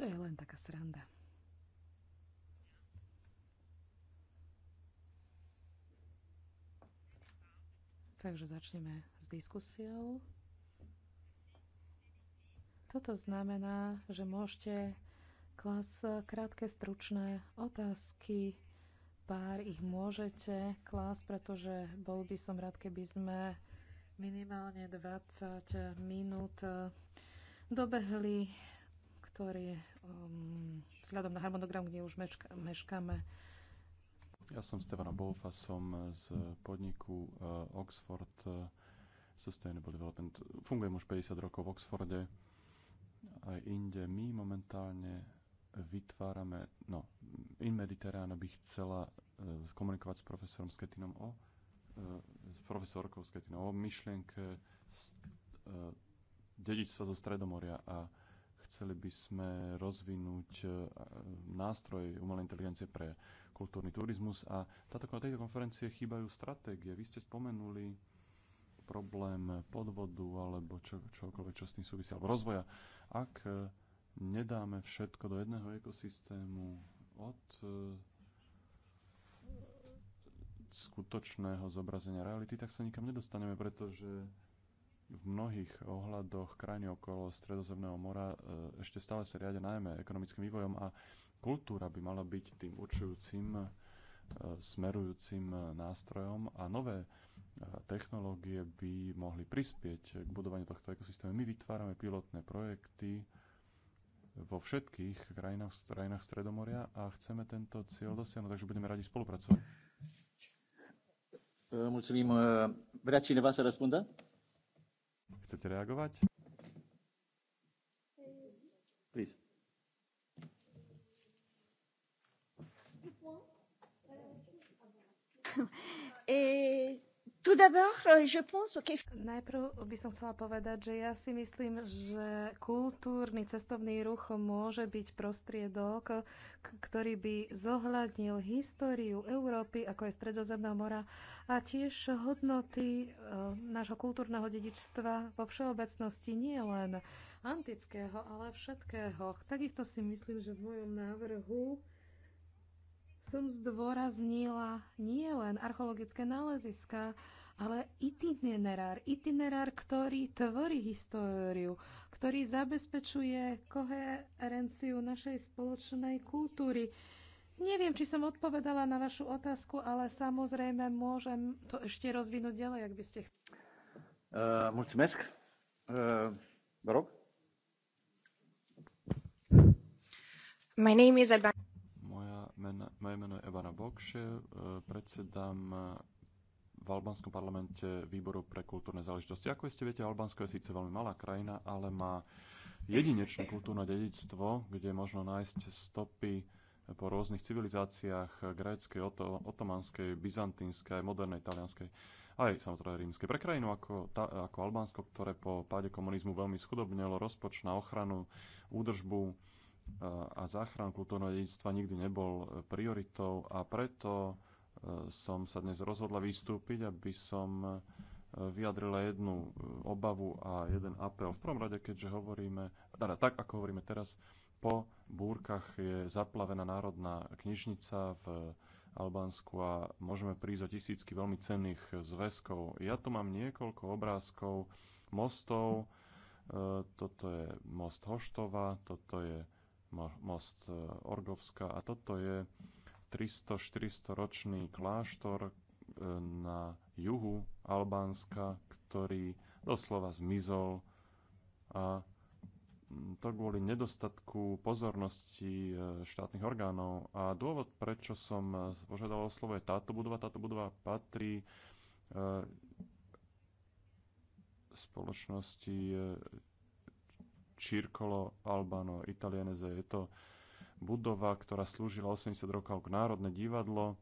To je len taká sranda. Takže začneme s diskusiou. Toto znamená, že môžete klas krátke, stručné otázky. Pár ich môžete klásť, pretože bol by som rád, keby sme minimálne 20 minút dobehli, ktorý um, vzhľadom na harmonogram, kde už meška, meškáme. Ja som Stefano Bolfa, som z podniku uh, Oxford uh, Sustainable Development. Fungujem už 50 rokov v Oxforde, aj inde. My momentálne vytvárame, no, Mediterráne by chcela e, komunikovať s profesorom Sketinom o, e, s profesorkou Sketinom o myšlienke e, dedičstva zo Stredomoria a chceli by sme rozvinúť nástroj umelej inteligencie pre kultúrny turizmus a táto, na tejto konferencie chýbajú stratégie. Vy ste spomenuli problém podvodu alebo čo, čokoľvek, čo s tým súvisí, alebo rozvoja. Ak nedáme všetko do jedného ekosystému od e, skutočného zobrazenia reality, tak sa nikam nedostaneme, pretože v mnohých ohľadoch krajiny okolo Stredozemného mora e, ešte stále sa riadia najmä ekonomickým vývojom a kultúra by mala byť tým určujúcim, e, smerujúcim nástrojom a nové technológie by mohli prispieť k budovaniu tohto ekosystému. My vytvárame pilotné projekty, vo všetkých krajinách, krajinách Stredomoria a chceme tento cieľ dosiahnuť, takže budeme radi spolupracovať. Eh, mulțumim. Eh, vrea cineva să răspundă? Chcete reagovať? Please. Eh, Euh, Najprv by som chcela povedať, že ja si myslím, že kultúrny cestovný ruch môže byť prostriedok, ktorý by zohľadnil históriu Európy, ako je Stredozemného mora, a tiež hodnoty eh, nášho kultúrneho dedičstva vo všeobecnosti, nie len antického, ale všetkého. Takisto si myslím, že v mojom návrhu som zdôraznila nielen archeologické náleziska, ale itinerár, itinerár, ktorý tvorí históriu, ktorý zabezpečuje koherenciu našej spoločnej kultúry. Neviem, či som odpovedala na vašu otázku, ale samozrejme môžem to ešte rozvinúť ďalej, ak by ste chceli. Uh, Uh, My name is Alban. Moje meno je Evana Bokše, e, predsedám e, v albánskom parlamente výboru pre kultúrne záležitosti. Ako ste viete, Albánsko je síce veľmi malá krajina, ale má jedinečné kultúrne dedičstvo, kde možno nájsť stopy po rôznych civilizáciách gréckej, oto, otomanskej, byzantínskej, modernej talianskej aj samozrejme rímskej. Pre krajinu ako, tá, ako Albánsko, ktoré po páde komunizmu veľmi schudobnelo, rozpočná ochranu, údržbu, a záchran kultúrneho dedictva nikdy nebol e, prioritou a preto e, som sa dnes rozhodla vystúpiť, aby som e, vyjadrila jednu obavu a jeden apel. V prvom rade, keďže hovoríme, teda tak ako hovoríme teraz, po búrkach je zaplavená národná knižnica v Albánsku a môžeme prísť o tisícky veľmi cenných zväzkov. Ja tu mám niekoľko obrázkov mostov. Toto je most Hoštova, toto je most e, Orgovska. A toto je 300-400 ročný kláštor e, na juhu Albánska, ktorý doslova zmizol a to kvôli nedostatku pozornosti e, štátnych orgánov. A dôvod, prečo som požiadal o slovo, je táto budova. Táto budova patrí spoločnosti Circolo Albano Italianese. Je to budova, ktorá slúžila 80 rokov k Národné divadlo, e,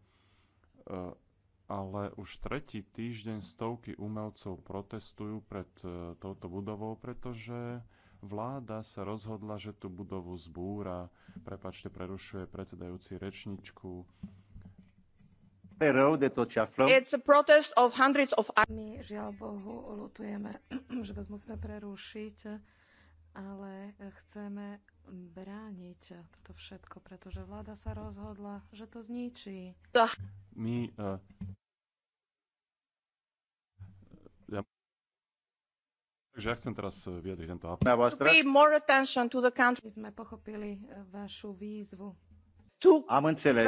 ale už tretí týždeň stovky umelcov protestujú pred e, touto budovou, pretože vláda sa rozhodla, že tú budovu zbúra. Prepačte, prerušuje predsedajúci rečničku. My, žiaľ Bohu, lutujeme, že vás musíme prerušiť ale chceme brániť toto všetko, pretože vláda sa rozhodla, že to zničí. My uh... ja... Takže ja chcem teraz eh, vyjadriť tento apel. My sme pochopili eh, vašu výzvu. Am înțeles.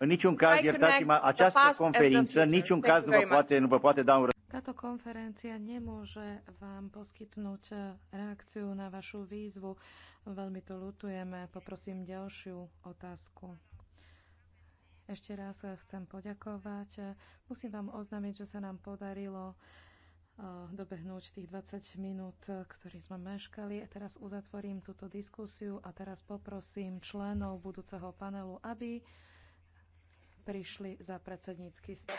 În niciun caz, iertați-mă, această conferință, niciun caz nu vă, poate, nu vă poate da un răspuns. Táto konferencia nemôže vám poskytnúť eh, reakciu na vašu výzvu. Veľmi to lutujeme. Poprosím ďalšiu otázku. Ešte raz eh, chcem poďakovať. Musím vám oznámiť, že sa nám podarilo eh, dobehnúť tých 20 minút, ktorí sme meškali. Teraz uzatvorím túto diskusiu a teraz poprosím členov budúceho panelu, aby prišli za predsednícky stav.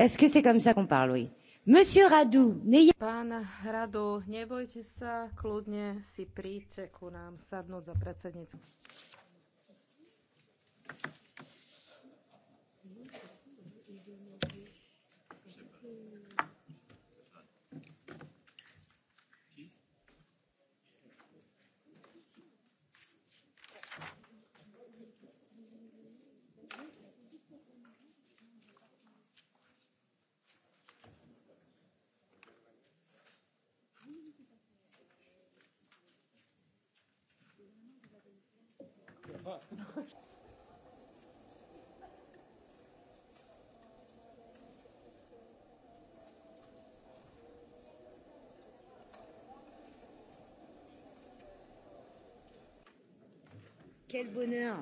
Est-ce que c'est comme ça qu'on parle, oui? Monsieur Radu, Pán Radu, nebojte sa, kľudne si príďte ku nám sadnúť za predsedníctvo. Quel bonheur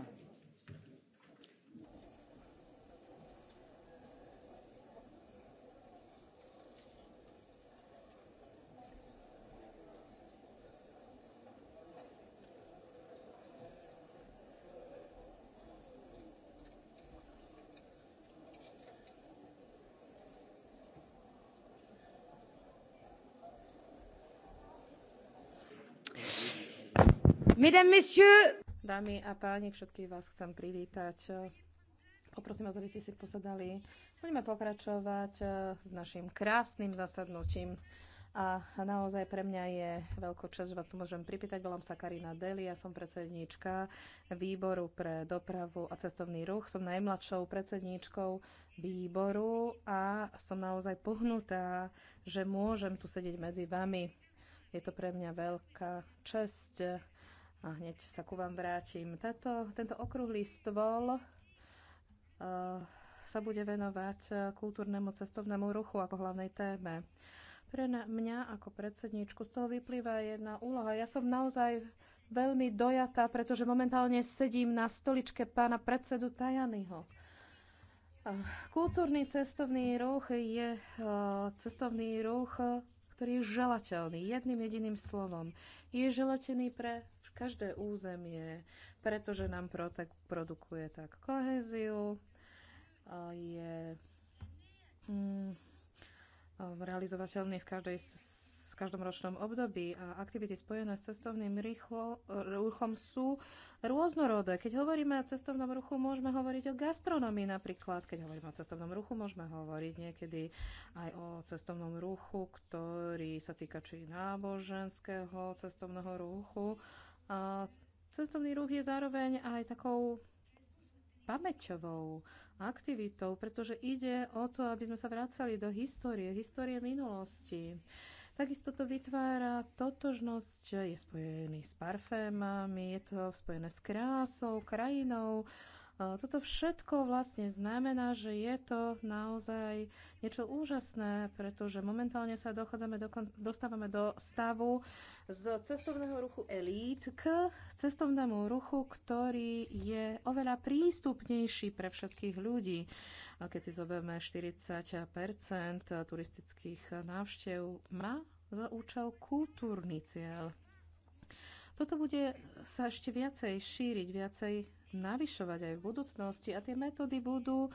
Mesdames, Messieurs, Dámy a páni, všetkých vás chcem privítať. Poprosím vás, aby ste si posadali. Budeme pokračovať eh, s našim krásnym zasadnutím. A naozaj pre mňa je veľko čest, že vás tu môžem pripýtať. Volám sa Karina Deli, ja som predsedníčka výboru pre dopravu a cestovný ruch. Som najmladšou predsedníčkou výboru a som naozaj pohnutá, že môžem tu sedieť medzi vami. Je to pre mňa veľká česť a hneď sa ku vám vrátim. Tato, tento okrúhly stôl uh, sa bude venovať kultúrnemu cestovnému ruchu ako hlavnej téme. Pre mňa ako predsedničku z toho vyplýva jedna úloha. Ja som naozaj veľmi dojatá, pretože momentálne sedím na stoličke pána predsedu Tajanyho. Eh, kultúrny cestovný ruch je eh, cestovný ruch, ktorý je želateľný jedným jediným slovom. Je želateľný pre každé územie, pretože nám produkuje tak koheziu, je mm, realizovateľný v každej v každom ročnom období a aktivity spojené s cestovným rýchlo, ruchom sú rôznorodé. Keď hovoríme o cestovnom ruchu, môžeme hovoriť o gastronomii napríklad. Keď hovoríme o cestovnom ruchu, môžeme hovoriť niekedy aj o cestovnom ruchu, ktorý sa týka či náboženského cestovného ruchu, cestovný ruch je zároveň aj takou pamäťovou aktivitou, pretože ide o to, aby sme sa vracali do histórie, histórie minulosti. Takisto to vytvára totožnosť, je spojený s parfémami, je to spojené s krásou, krajinou, toto všetko vlastne znamená, že je to naozaj niečo úžasné, pretože momentálne sa dochádzame do, dostávame do stavu z cestovného ruchu elít k cestovnému ruchu, ktorý je oveľa prístupnejší pre všetkých ľudí. Keď si zoberieme 40 turistických návštev, má za účel kultúrny cieľ. Toto bude sa ešte viacej šíriť, viacej navyšovať aj v budúcnosti a tie metódy budú e,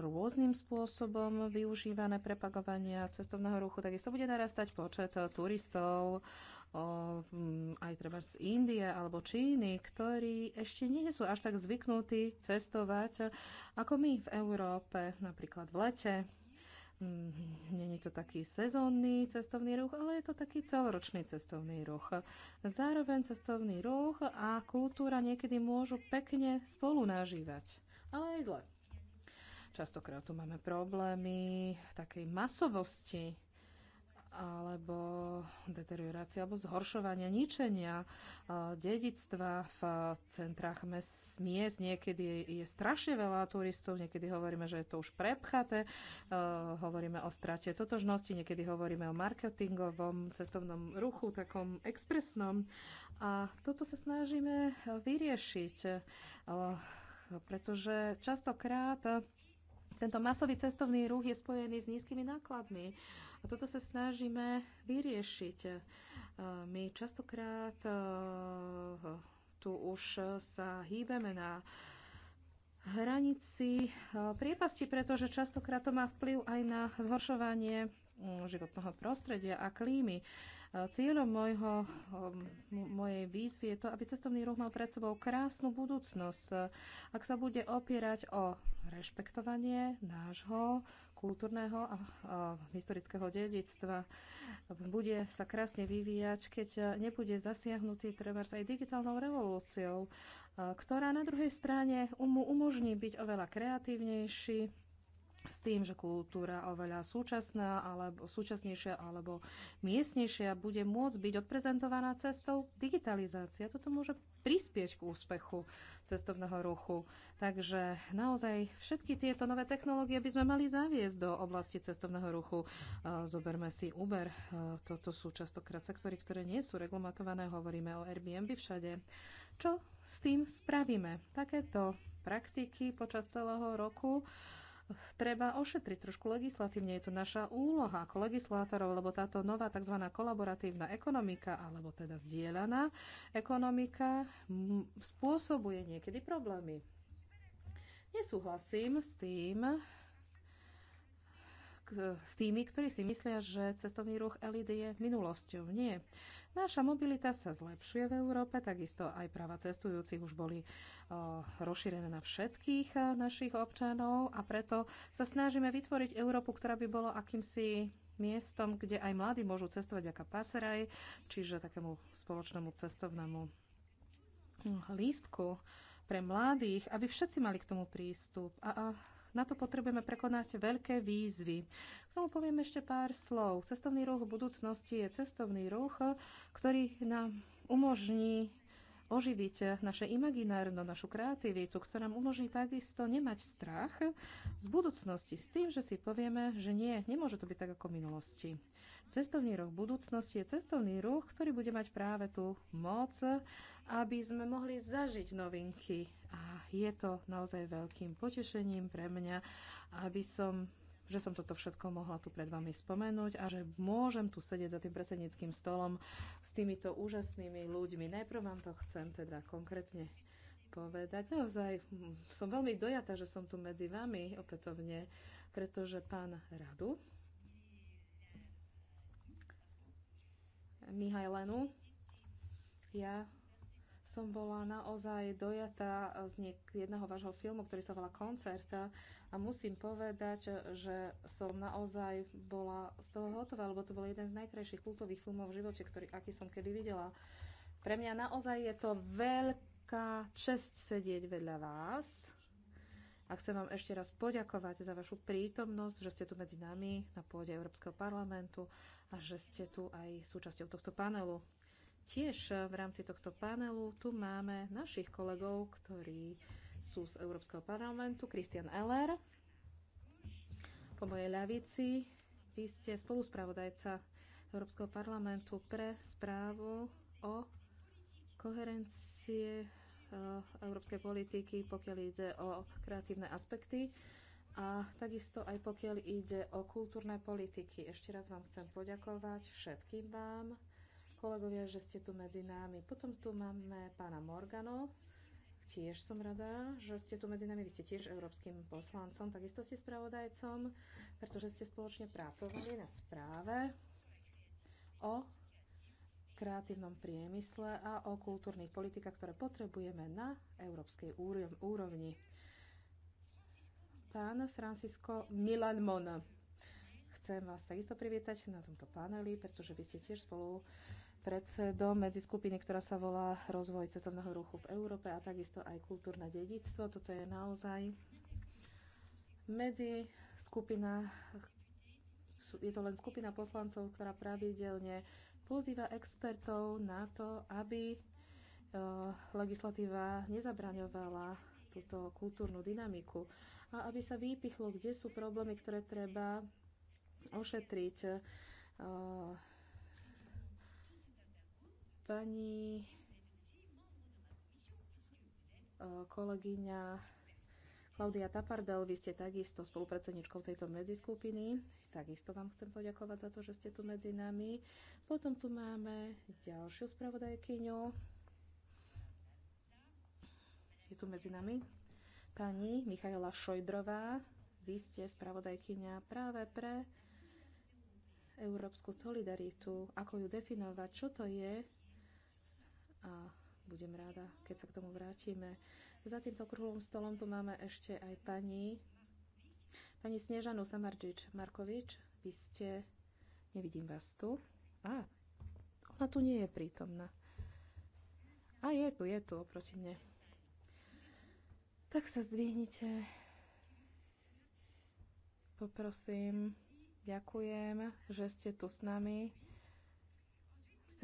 rôznym spôsobom využívané prepagovania cestovného ruchu. Takisto bude narastať počet turistov aj treba z Indie alebo Číny, ktorí ešte nie sú až tak zvyknutí cestovať ako my v Európe, napríklad v lete Mhm, není to taký sezónny cestovný ruch, ale je to taký celoročný cestovný ruch. Zároveň cestovný ruch a kultúra niekedy môžu pekne spolu nažívať, ale aj zle. Častokrát tu máme problémy takej masovosti alebo deteriorácia, alebo zhoršovania, ničenia dedictva v centrách miest. Niekedy je, strašne veľa turistov, niekedy hovoríme, že je to už prepchaté, hovoríme o strate totožnosti, niekedy hovoríme o marketingovom cestovnom ruchu, takom expresnom. A toto sa snažíme vyriešiť, pretože častokrát tento masový cestovný ruch je spojený s nízkymi nákladmi. A toto sa snažíme vyriešiť. E, my častokrát e, tu už sa hýbeme na hranici e, priepasti, pretože častokrát to má vplyv aj na zhoršovanie životného prostredia a klímy. Cieľom mojho, mojej výzvy je to, aby cestovný ruch mal pred sebou krásnu budúcnosť, ak sa bude opierať o rešpektovanie nášho kultúrneho a, historického dedictva bude sa krásne vyvíjať, keď e, nebude zasiahnutý trebárs aj digitálnou revolúciou, e, ktorá na druhej strane mu umožní byť oveľa kreatívnejší, s tým, že kultúra oveľa súčasná alebo súčasnejšia alebo miestnejšia bude môcť byť odprezentovaná cestou digitalizácia. Toto môže prispieť k úspechu cestovného ruchu. Takže naozaj všetky tieto nové technológie by sme mali zaviesť do oblasti cestovného ruchu. E, zoberme si Uber. E, toto sú častokrát sektory, ktoré nie sú regulatované. Hovoríme o Airbnb všade. Čo s tým spravíme? Takéto praktiky počas celého roku uh, treba ošetriť trošku legislatívne. Je to naša úloha ako legislátorov, lebo táto nová tzv. kolaboratívna ekonomika, alebo teda zdieľaná ekonomika, spôsobuje niekedy problémy. Nesúhlasím s tým, s tými, ktorí si myslia, že cestovný ruch elity je minulosťou. Nie. Naša mobilita sa zlepšuje v Európe, takisto aj práva cestujúcich už boli eh, rozšírené na všetkých eh, našich občanov a preto sa snažíme vytvoriť Európu, ktorá by bola akýmsi miestom, kde aj mladí môžu cestovať ako paseraj, čiže takému spoločnému cestovnému hm, lístku pre mladých, aby všetci mali k tomu prístup. A, a na to potrebujeme prekonať veľké výzvy. K tomu poviem ešte pár slov. Cestovný ruch v budúcnosti je cestovný ruch, ktorý nám umožní oživiť naše imaginárno, našu kreativitu, ktorá nám umožní takisto nemať strach z budúcnosti, s tým, že si povieme, že nie, nemôže to byť tak ako v minulosti. Cestovný ruch budúcnosti je cestovný ruch, ktorý bude mať práve tú moc, aby sme mohli zažiť novinky, a je to naozaj veľkým potešením pre mňa, aby som že som toto všetko mohla tu pred vami spomenúť a že môžem tu sedieť za tým predsedníckým stolom s týmito úžasnými ľuďmi. Najprv vám to chcem teda konkrétne povedať. Naozaj som veľmi dojatá, že som tu medzi vami opätovne, pretože pán Radu Mihajlenu ja som bola naozaj dojatá z jedného vášho filmu, ktorý sa volá Koncert a musím povedať, že som naozaj bola z toho hotová, lebo to bol jeden z najkrajších kultových filmov v živote, ktorý, aký som kedy videla. Pre mňa naozaj je to veľká čest sedieť vedľa vás a chcem vám ešte raz poďakovať za vašu prítomnosť, že ste tu medzi nami na pôde Európskeho parlamentu a že ste tu aj súčasťou tohto panelu. Tiež eh, v rámci tohto panelu tu máme našich kolegov, ktorí sú z Európskeho parlamentu. Christian Eller, po mojej ľavici, vy ste spoluspravodajca Európskeho parlamentu pre správu o koherencie eh, európskej politiky, pokiaľ ide o kreatívne aspekty a takisto aj pokiaľ ide o kultúrne politiky. Ešte raz vám chcem poďakovať všetkým vám kolegovia, že ste tu medzi nami. Potom tu máme pána Morgano, tiež som rada, že ste tu medzi nami. Vy ste tiež európskym poslancom, takisto ste spravodajcom, pretože ste spoločne pracovali na správe o kreatívnom priemysle a o kultúrnych politikách, ktoré potrebujeme na európskej úrovni. Pán Francisco Milan Chcem vás takisto privítať na tomto paneli, pretože vy ste tiež spolu predsedom medzi skupiny, ktorá sa volá Rozvoj cestovného ruchu v Európe a takisto aj kultúrne dedictvo. Toto je naozaj medzi skupina, je to len skupina poslancov, ktorá pravidelne pozýva expertov na to, aby e, legislatíva nezabraňovala túto kultúrnu dynamiku a aby sa vypichlo, kde sú problémy, ktoré treba ošetriť e, Pani e, kolegyňa Klaudia Tapardel, vy ste takisto spolupracovníčkou tejto medziskupiny. Takisto vám chcem poďakovať za to, že ste tu medzi nami. Potom tu máme ďalšiu spravodajkyňu. Je tu medzi nami pani Michaela Šojdrová. Vy ste spravodajkyňa práve pre európsku solidaritu. Ako ju definovať? Čo to je? a budem ráda, keď sa k tomu vrátime. Za týmto okrúhlým stolom tu máme ešte aj pani, pani Snežanu Samarčič Markovič. Vy ste, nevidím vás tu. A, ona tu nie je prítomná. A je tu, je tu oproti mne. Tak sa zdvihnite. Poprosím, ďakujem, že ste tu s nami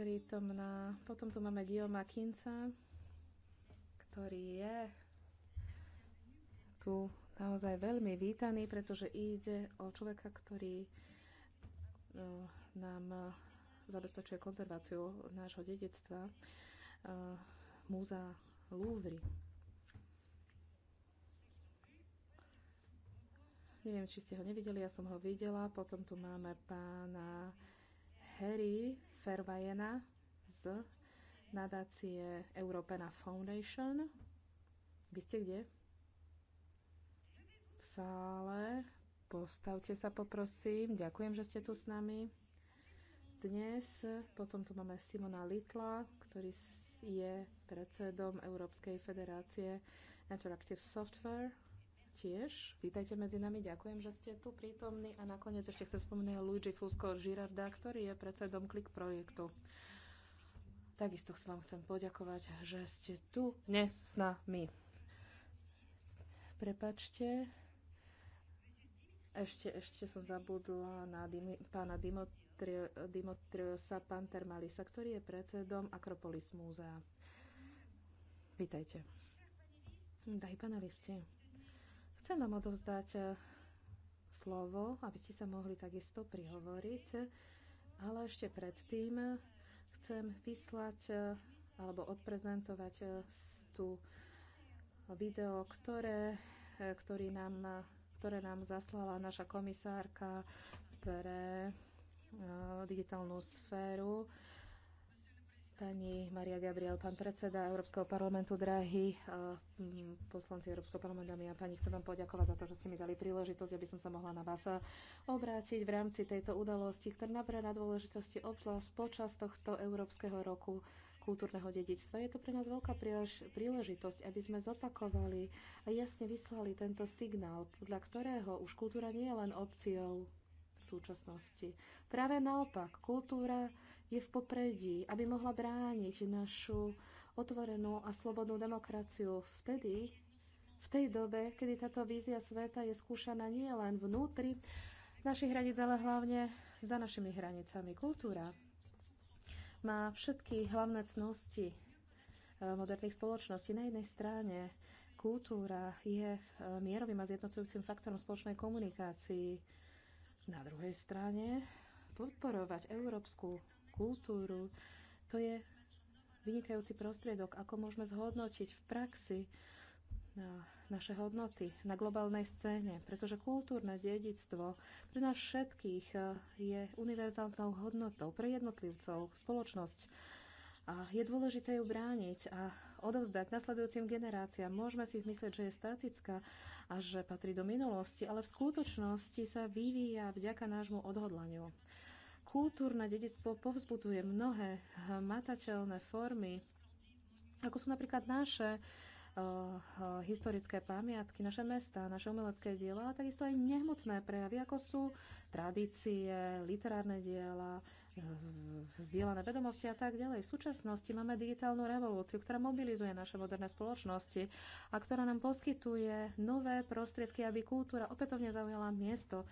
prítomná. Potom tu máme Guillaume Kinca, ktorý je tu naozaj veľmi vítaný, pretože ide o človeka, ktorý e, nám zabezpečuje konzerváciu nášho dedictva e, múzea Louvre. Neviem, či ste ho nevideli, ja som ho videla. Potom tu máme pána Harry Fervajena z nadácie Europena Foundation. Vy ste kde? V sále. Postavte sa poprosím. Ďakujem, že ste tu s nami. Dnes potom tu máme Simona Litla, ktorý je predsedom Európskej federácie Interactive Software tiež. Vítajte medzi nami, ďakujem, že ste tu prítomní a nakoniec ešte chcem spomenúť Luigi Fusco Girarda, ktorý je predsedom Klik projektu. Takisto vám chcem poďakovať, že ste tu dnes s nami. Prepačte, ešte, ešte som zabudla na Dimi, pána Dimotriosa Pantermalisa, ktorý je predsedom Akropolis múzea. Vítajte. Drahí panelisti, Chcem vám odovzdať e, slovo, aby ste sa mohli takisto prihovoriť, ale ešte predtým e, chcem vyslať e, alebo odprezentovať tu video, ktoré, ktorý nám, ktoré nám zaslala naša komisárka pre digitálnu sféru Pani Maria Gabriel, pán predseda Európskeho parlamentu, drahí poslanci Európskeho parlamentu, dámy a pani, chcem vám poďakovať za to, že ste mi dali príležitosť, aby som sa mohla na vás obrátiť v rámci tejto udalosti, ktorá nabrá na dôležitosti obzvlášť počas tohto Európskeho roku kultúrneho dedičstva. Je to pre nás veľká príležitosť, aby sme zopakovali a jasne vyslali tento signál, podľa ktorého už kultúra nie je len opciou v súčasnosti. Práve naopak, kultúra je v popredí, aby mohla brániť našu otvorenú a slobodnú demokraciu vtedy, v tej dobe, kedy táto vízia sveta je skúšaná nie len vnútri našich hraníc, ale hlavne za našimi hranicami. Kultúra má všetky hlavné cnosti eh, moderných spoločností. Na jednej strane kultúra je eh, mierovým a zjednocujúcim faktorom spoločnej komunikácii. Na druhej strane podporovať európsku kultúru. To je vynikajúci prostriedok, ako môžeme zhodnotiť v praxi na naše hodnoty na globálnej scéne, pretože kultúrne dedictvo pre nás všetkých e, je univerzálnou hodnotou pre jednotlivcov, spoločnosť. A je dôležité ju brániť a odovzdať nasledujúcim generáciám. Môžeme si myslieť, že je statická a že patrí do minulosti, ale v skutočnosti sa vyvíja vďaka nášmu odhodlaniu kultúrne dedictvo povzbudzuje mnohé matateľné formy, ako sú napríklad naše eh, eh, historické pamiatky, naše mesta, naše umelecké diela, a takisto aj nehmotné prejavy, ako sú tradície, literárne diela, eh, vzdielané vedomosti a tak ďalej. V súčasnosti máme digitálnu revolúciu, ktorá mobilizuje naše moderné spoločnosti a ktorá nám poskytuje nové prostriedky, aby kultúra opätovne zaujala miesto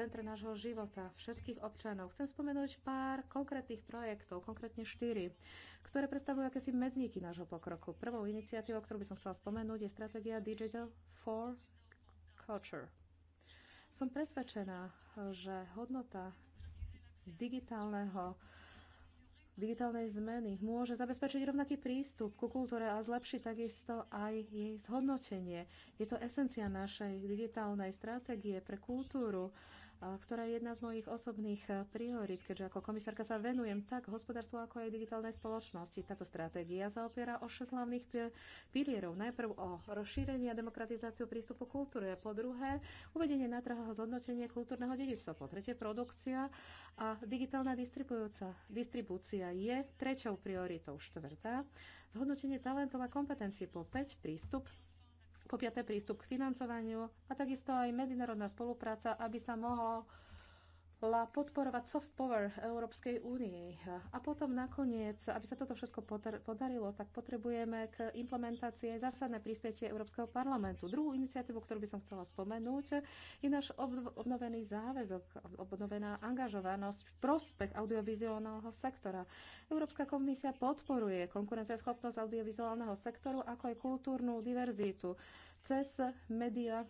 centre nášho života, všetkých občanov. Chcem spomenúť pár konkrétnych projektov, konkrétne štyri, ktoré predstavujú akési medzníky nášho pokroku. Prvou iniciatívou, ktorú by som chcela spomenúť, je stratégia Digital for Culture. Som presvedčená, že hodnota digitálneho digitálnej zmeny môže zabezpečiť rovnaký prístup ku kultúre a zlepšiť takisto aj jej zhodnotenie. Je to esencia našej digitálnej stratégie pre kultúru ktorá je jedna z mojich osobných eh, priorít, keďže ako komisárka sa venujem tak hospodárstvu, ako aj digitálnej spoločnosti. Táto stratégia sa opiera o šesť hlavných eh, pilierov. Najprv o rozšírenie a demokratizáciu prístupu kultúry, po druhé uvedenie na trh zhodnotenie kultúrneho dedičstva, po tretie produkcia a digitálna distribúcia je treťou prioritou. Štvrtá zhodnotenie talentov a kompetencií, po päť, prístup po piaté prístup k financovaniu a takisto aj medzinárodná spolupráca, aby sa mohlo podporovať soft power Európskej únie. A potom nakoniec, aby sa toto všetko podarilo, tak potrebujeme k implementácii zásadné prispätie Európskeho parlamentu. Druhú iniciatívu, ktorú by som chcela spomenúť, je náš obnovený záväzok, obnovená angažovanosť v prospech audiovizuálneho sektora. Európska komisia podporuje konkurencieschopnosť audiovizuálneho sektoru, ako aj kultúrnu diverzitu cez media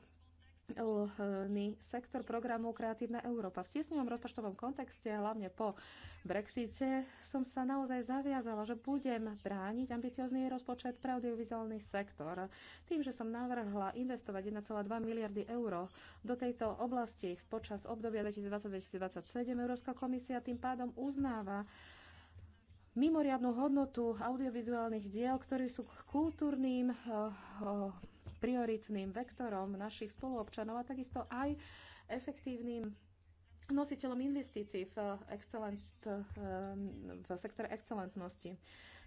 sektor programu Kreatívna Európa. V tiesňovom rozpočtovom kontexte, hlavne po Brexite, som sa naozaj zaviazala, že budem brániť ambiciozný rozpočet pre audiovizuálny sektor. Tým, že som navrhla investovať 1,2 miliardy eur do tejto oblasti počas obdobia 2020-2027, Európska komisia tým pádom uznáva mimoriadnú hodnotu audiovizuálnych diel, ktorí sú kultúrnym eh, eh, prioritným vektorom našich spoluobčanov a takisto aj efektívnym nositeľom investícií v, excelent, v eh, sektore excelentnosti.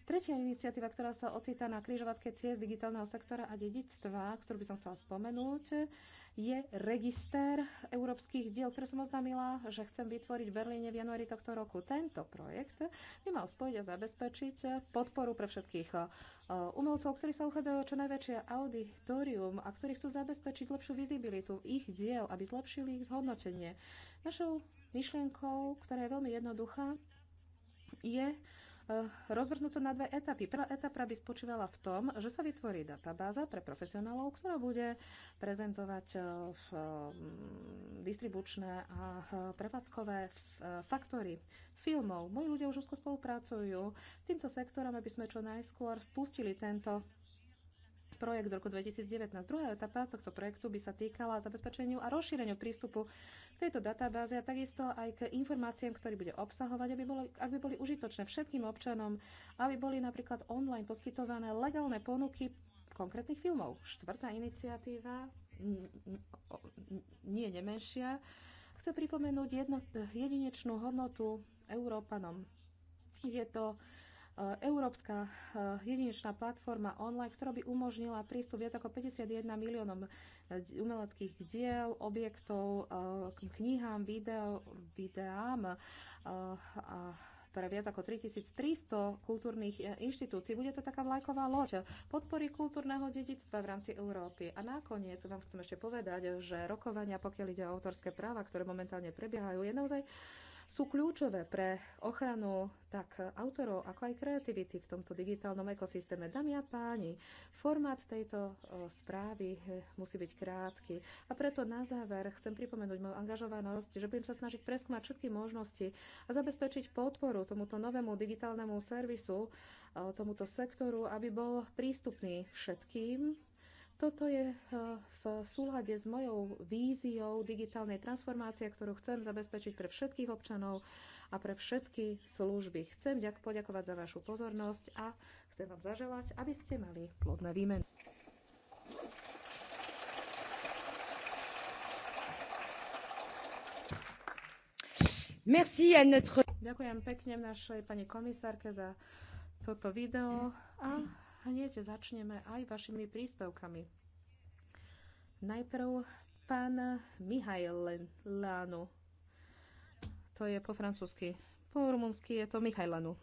Tretia iniciatíva, ktorá sa ocitá na križovatke ciest digitálneho sektora a dedictva, ktorú by som chcela spomenúť, je register európskych diel, ktoré som oznámila, že chcem vytvoriť v Berlíne v januári tohto roku. Tento projekt by mal spojiť a zabezpečiť podporu pre všetkých eh, umelcov, ktorí sa uchádzajú o čo najväčšie auditorium a ktorí chcú zabezpečiť lepšiu vizibilitu ich diel, aby zlepšili ich zhodnotenie. Našou myšlienkou, ktorá je veľmi jednoduchá, je Eh, rozvrhnúto na dve etapy. Prvá etapa by spočívala v tom, že sa vytvorí databáza pre profesionálov, ktorá bude prezentovať eh, mm, distribučné a eh, prevádzkové faktory filmov. Moji ľudia už úzko spolupracujú s týmto sektorom, aby sme čo najskôr spustili tento projekt v roku 2019. Druhá etapa tohto projektu by sa týkala zabezpečeniu a rozšíreniu prístupu k tejto databáze a takisto aj k informáciám, ktoré bude obsahovať, aby, bolo, aby boli užitočné všetkým občanom, aby boli napríklad online poskytované legálne ponuky konkrétnych filmov. Štvrtá iniciatíva, nie nemenšia, chce pripomenúť jedno, jedinečnú hodnotu Európanom. Je to E, európska e, jedinečná platforma online, ktorá by umožnila prístup viac ako 51 miliónom e, umeleckých diel, objektov, knihám, video, videám a pre viac ako 3300 kultúrnych inštitúcií. Bude to taká vlajková loď podpory kultúrneho dedictva v rámci Európy. A nakoniec vám chcem ešte povedať, že rokovania, pokiaľ ide o autorské práva, ktoré momentálne prebiehajú, je naozaj sú kľúčové pre ochranu tak autorov, ako aj kreativity v tomto digitálnom ekosystéme. Dámy a páni, formát tejto správy musí byť krátky a preto na záver chcem pripomenúť moju angažovanosť, že budem sa snažiť preskúmať všetky možnosti a zabezpečiť podporu tomuto novému digitálnemu servisu, tomuto sektoru, aby bol prístupný všetkým toto je eh, v súlade s mojou víziou digitálnej transformácie, ktorú chcem zabezpečiť pre všetkých občanov a pre všetky služby. Chcem ďak poďakovať za vašu pozornosť a chcem vám zaželať, aby ste mali plodné výmeny. Merci à notre... Ďakujem pekne našej pani komisárke za toto video a hneď začneme aj vašimi príspevkami. Najprv pán Mihail Lano. To je po francúzsky. Po rumunsky je to Mihajlanu.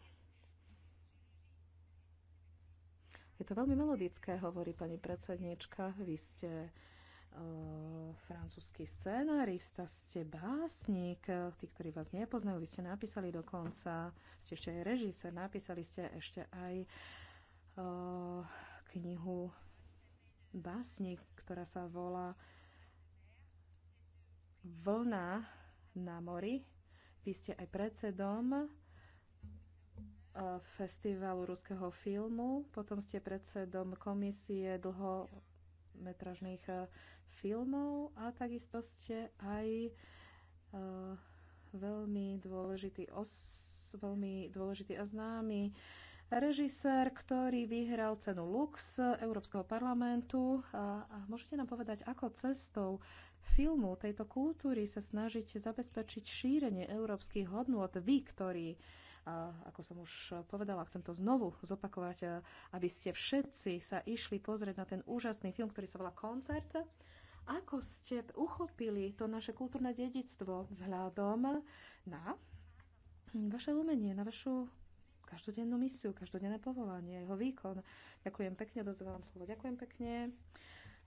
Je to veľmi melodické, hovorí pani predsednička. Vy ste e, francúzsky scenárista, ste básnik, tí, ktorí vás nepoznajú, vy ste napísali dokonca, ste ešte aj režisér, napísali ste ešte aj Eh, knihu básne, ktorá sa volá Vlna na mori. Vy ste aj predsedom eh, festivalu ruského filmu, potom ste predsedom komisie dlhometražných eh, filmov a takisto ste aj veľmi dôležitý, os, veľmi dôležitý a známy režisér, ktorý vyhral cenu Lux Európskeho parlamentu. A, a môžete nám povedať, ako cestou filmu tejto kultúry sa snažíte zabezpečiť šírenie európskych hodnôt, vy, ktorí a ako som už povedala, chcem to znovu zopakovať, aby ste všetci sa išli pozrieť na ten úžasný film, ktorý sa volá Koncert. Ako ste uchopili to naše kultúrne dedictvo vzhľadom na vaše umenie, na vašu každodennú misiu, každodenné povolanie, jeho výkon. Ďakujem pekne, dozvedám slovo. Ďakujem pekne.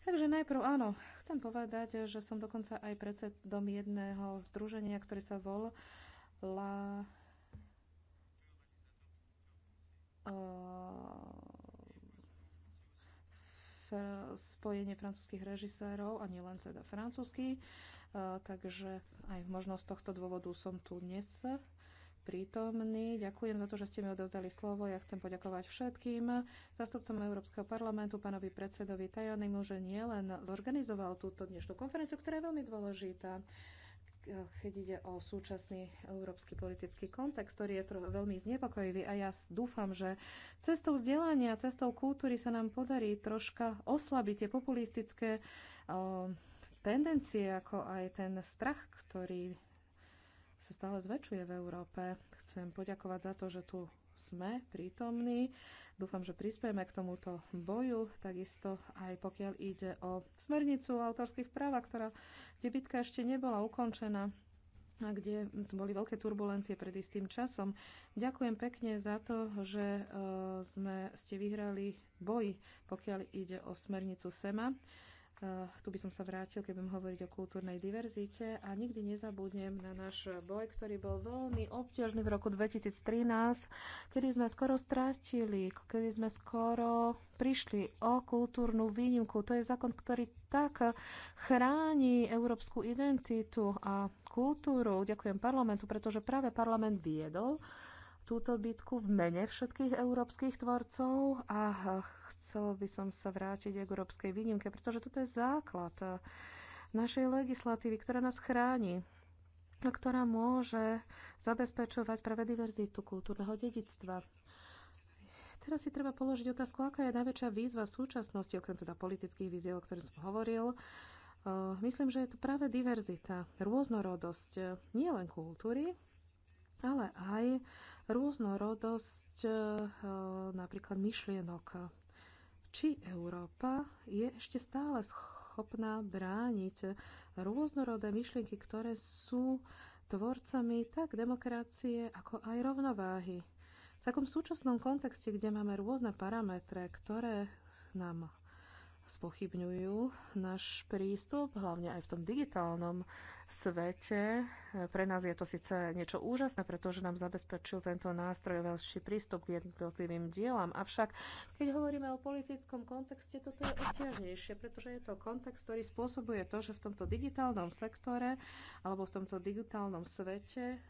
Takže najprv áno, chcem povedať, že som dokonca aj predsedom jedného združenia, ktoré sa volá e, spojenie francúzských režisérov a nielen teda francúzsky. E, takže aj možno z tohto dôvodu som tu dnes prítomní. Ďakujem za to, že ste mi odovzdali slovo. Ja chcem poďakovať všetkým zastupcom Európskeho parlamentu, pánovi predsedovi Tajanimu, že nielen zorganizoval túto dnešnú konferenciu, ktorá je veľmi dôležitá, keď ide o súčasný európsky politický kontext, ktorý je veľmi znepokojivý a ja dúfam, že cestou vzdelania, cestou kultúry sa nám podarí troška oslabiť tie populistické o, eh, tendencie, ako aj ten strach, ktorý sa stále zväčšuje v Európe. Chcem poďakovať za to, že tu sme prítomní. Dúfam, že prispieme k tomuto boju, takisto aj pokiaľ ide o smernicu autorských práv, ktorá, kde ešte nebola ukončená a kde boli veľké turbulencie pred istým časom. Ďakujem pekne za to, že e, sme, ste vyhrali boj, pokiaľ ide o smernicu SEMA. Eh, tu by som sa vrátil, keď budem hovoriť o kultúrnej diverzite a nikdy nezabudnem na náš boj, ktorý bol veľmi obťažný v roku 2013, kedy sme skoro strátili, kedy sme skoro prišli o kultúrnu výnimku. To je zákon, ktorý tak chráni európsku identitu a kultúru. Ďakujem parlamentu, pretože práve parlament viedol túto bitku v mene všetkých európskych tvorcov a chcel by som sa vrátiť k európskej výnimke, pretože toto je základ eh, našej legislatívy, ktorá nás chráni a ktorá môže zabezpečovať práve diverzitu kultúrneho dedictva. Teraz si treba položiť otázku, aká je najväčšia výzva v súčasnosti, okrem teda politických víziev, o ktorých som hovoril. Eh, myslím, že je to práve diverzita, rôznorodosť eh, nie len kultúry, ale aj rôznorodosť napríklad myšlienok či Európa je ešte stále schopná brániť rôznorodé myšlienky, ktoré sú tvorcami tak demokracie, ako aj rovnováhy. V takom súčasnom kontexte, kde máme rôzne parametre, ktoré nám spochybňujú náš prístup, hlavne aj v tom digitálnom svete. Pre nás je to síce niečo úžasné, pretože nám zabezpečil tento nástroj veľší prístup k jednotlivým dielam. Avšak, keď hovoríme o politickom kontexte, toto je obťažnejšie, pretože je to kontext, ktorý spôsobuje to, že v tomto digitálnom sektore alebo v tomto digitálnom svete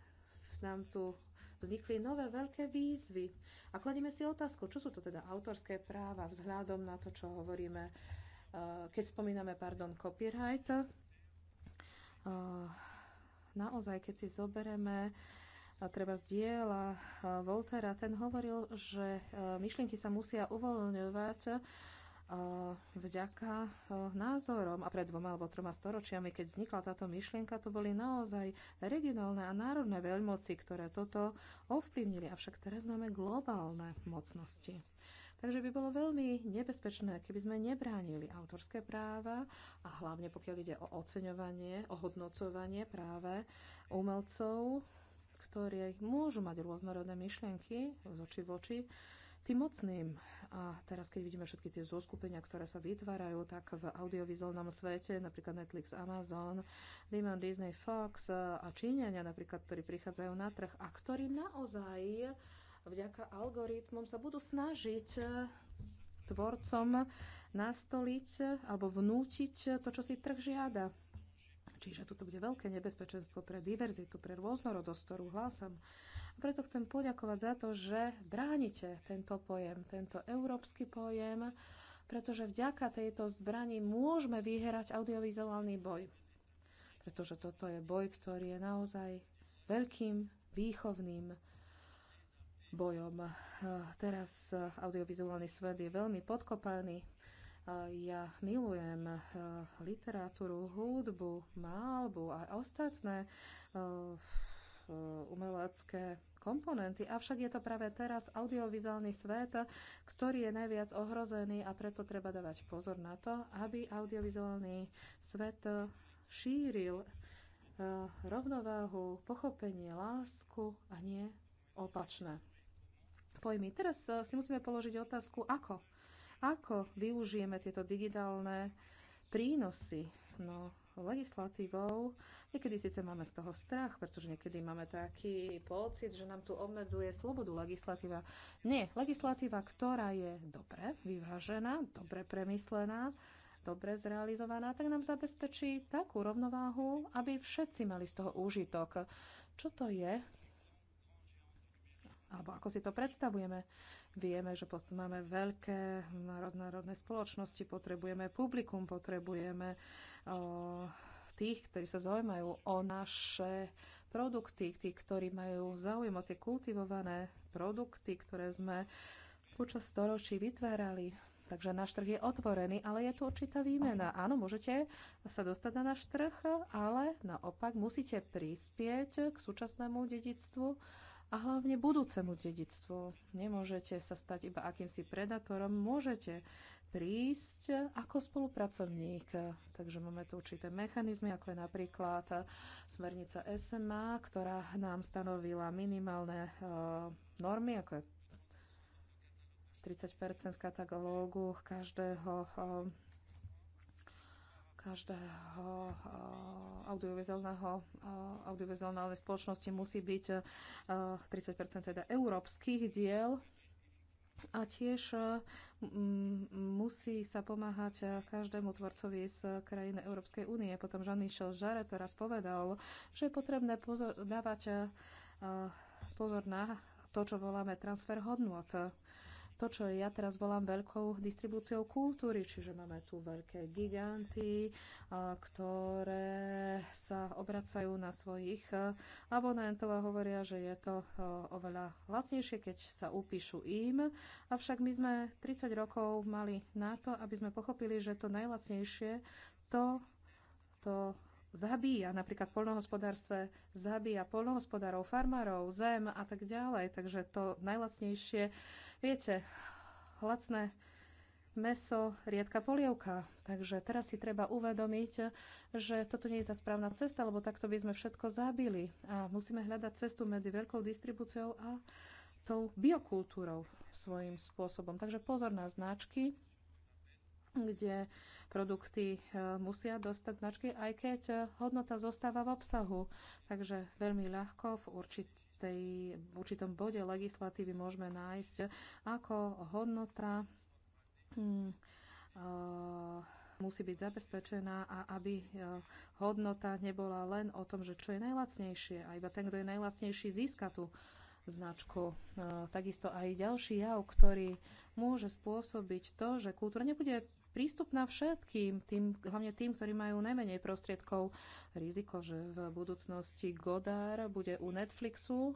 nám tu vznikli nové veľké výzvy. A kladieme si otázku, čo sú to teda autorské práva vzhľadom na to, čo hovoríme, eh, keď spomíname, pardon, copyright. Eh, naozaj, keď si zobereme a treba diela eh, Voltera, ten hovoril, že myšlienky sa musia uvoľňovať vďaka e, názorom a pred dvoma alebo troma storočiami, keď vznikla táto myšlienka, to boli naozaj regionálne a národné veľmoci, ktoré toto ovplyvnili. Avšak teraz máme globálne mocnosti. Takže by bolo veľmi nebezpečné, keby sme nebránili autorské práva a hlavne pokiaľ ide o oceňovanie, o hodnocovanie práve umelcov, ktorí môžu mať rôznorodné myšlienky z oči v oči, tým mocným a teraz, keď vidíme všetky tie zoskupenia, ktoré sa vytvárajú, tak v audiovizuálnom svete, napríklad Netflix, Amazon, Lehman, Disney, Fox e, a Číňania napríklad, ktorí prichádzajú na trh a ktorí naozaj vďaka algoritmom sa budú snažiť e, tvorcom nastoliť alebo vnútiť to, čo si trh žiada. Čiže toto bude veľké nebezpečenstvo pre diverzitu, pre rôznorodosť, ktorú hlásam. A preto chcem poďakovať za to, že bránite tento pojem, tento európsky pojem, pretože vďaka tejto zbrani môžeme vyhrať audiovizuálny boj. Pretože toto je boj, ktorý je naozaj veľkým výchovným bojom. Teraz audiovizuálny svet je veľmi podkopaný. Ja milujem literatúru, hudbu, malbu a ostatné Eh, umelecké komponenty, avšak je to práve teraz audiovizuálny svet, ktorý je najviac ohrozený a preto treba dávať pozor na to, aby audiovizuálny svet šíril eh, rovnováhu, pochopenie, lásku a nie opačné pojmy. Teraz eh, si musíme položiť otázku, ako? Ako využijeme tieto digitálne prínosy? No, legislatívou. Niekedy síce máme z toho strach, pretože niekedy máme taký pocit, že nám tu obmedzuje slobodu legislatíva. Nie, legislatíva, ktorá je dobre vyvážená, dobre premyslená, dobre zrealizovaná, tak nám zabezpečí takú rovnováhu, aby všetci mali z toho úžitok. Čo to je? Alebo ako si to predstavujeme? Vieme, že máme veľké národnárodné spoločnosti, potrebujeme publikum, potrebujeme Eh, tých, ktorí sa zaujímajú o naše produkty, tí, ktorí majú záujem o tie kultivované produkty, ktoré sme počas storočí vytvárali. Takže náš trh je otvorený, ale je tu určitá výmena. Áno, môžete sa dostať na náš trh, ale naopak musíte prispieť k súčasnému dedictvu a hlavne budúcemu dedictvu. Nemôžete sa stať iba akýmsi predátorom, môžete prísť ako spolupracovník. Takže máme tu určité mechanizmy, ako je napríklad smernica SMA, ktorá nám stanovila minimálne uh, normy, ako je 30 katalógu každého uh, každého eh, audiovizuálneho, audiovizuálnej spoločnosti musí byť 30 teda európskych diel a tiež e, musí sa pomáhať e, každému tvorcovi z krajiny Európskej únie. Potom Jean-Michel Jarre teraz povedal, že je potrebné pozor, dávať e, pozor na to, čo voláme transfer hodnot to, čo ja teraz volám veľkou distribúciou kultúry, čiže máme tu veľké giganty, ktoré sa obracajú na svojich abonentov a hovoria, že je to oveľa lacnejšie, keď sa upíšu im. Avšak my sme 30 rokov mali na to, aby sme pochopili, že to najlacnejšie to, to zabíja, napríklad v poľnohospodárstve zabíja poľnohospodárov, farmárov, zem a tak ďalej. Takže to najlacnejšie Viete, lacné meso, riedka polievka. Takže teraz si treba uvedomiť, že toto nie je tá správna cesta, lebo takto by sme všetko zabili. A musíme hľadať cestu medzi veľkou distribúciou a tou biokultúrou svojím spôsobom. Takže pozor na značky, kde produkty e, musia dostať značky, aj keď e, hodnota zostáva v obsahu. Takže veľmi ľahko v určitých tej, v určitom bode legislatívy môžeme nájsť ako hodnota hm, uh, musí byť zabezpečená a aby e, hodnota nebola len o tom, že čo je najlacnejšie a iba ten, kto je najlacnejší, získa tú značku. E, takisto aj ďalší jav, ktorý môže spôsobiť to, že kultúra nebude prístupná všetkým, tým, hlavne tým, ktorí majú najmenej prostriedkov. Riziko, že v budúcnosti Godár bude u Netflixu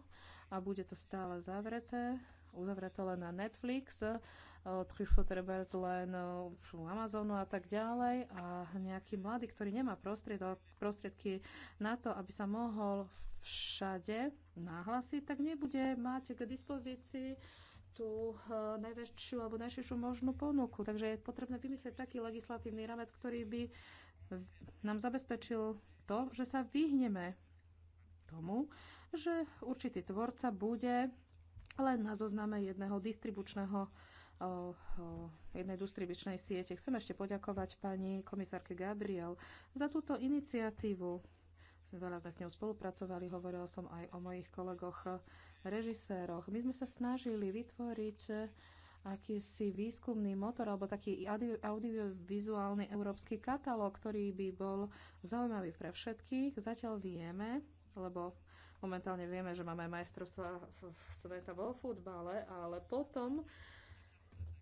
a bude to stále zavreté, uzavreté len na Netflix, eh, Truffaut treba len eh, Amazonu a tak ďalej a nejaký mladý, ktorý nemá prostriedky na to, aby sa mohol všade nahlasiť, tak nebude mať k dispozícii tú eh, najväčšiu alebo najširšiu možnú ponuku. Takže je potrebné vymyslieť taký legislatívny ramec, ktorý by nám zabezpečil to, že sa vyhneme tomu, že určitý tvorca bude len na zozname jedného distribučného o, eh, o eh, jednej distribučnej siete. Chcem ešte poďakovať pani komisárke Gabriel za túto iniciatívu. Veľa sme s ňou spolupracovali, hovorila som aj o mojich kolegoch režiséroch. My sme sa snažili vytvoriť eh, akýsi výskumný motor alebo taký audiovizuálny európsky katalóg, ktorý by bol zaujímavý pre všetkých. Zatiaľ vieme, lebo momentálne vieme, že máme majstrovstva sveta vo futbale, ale potom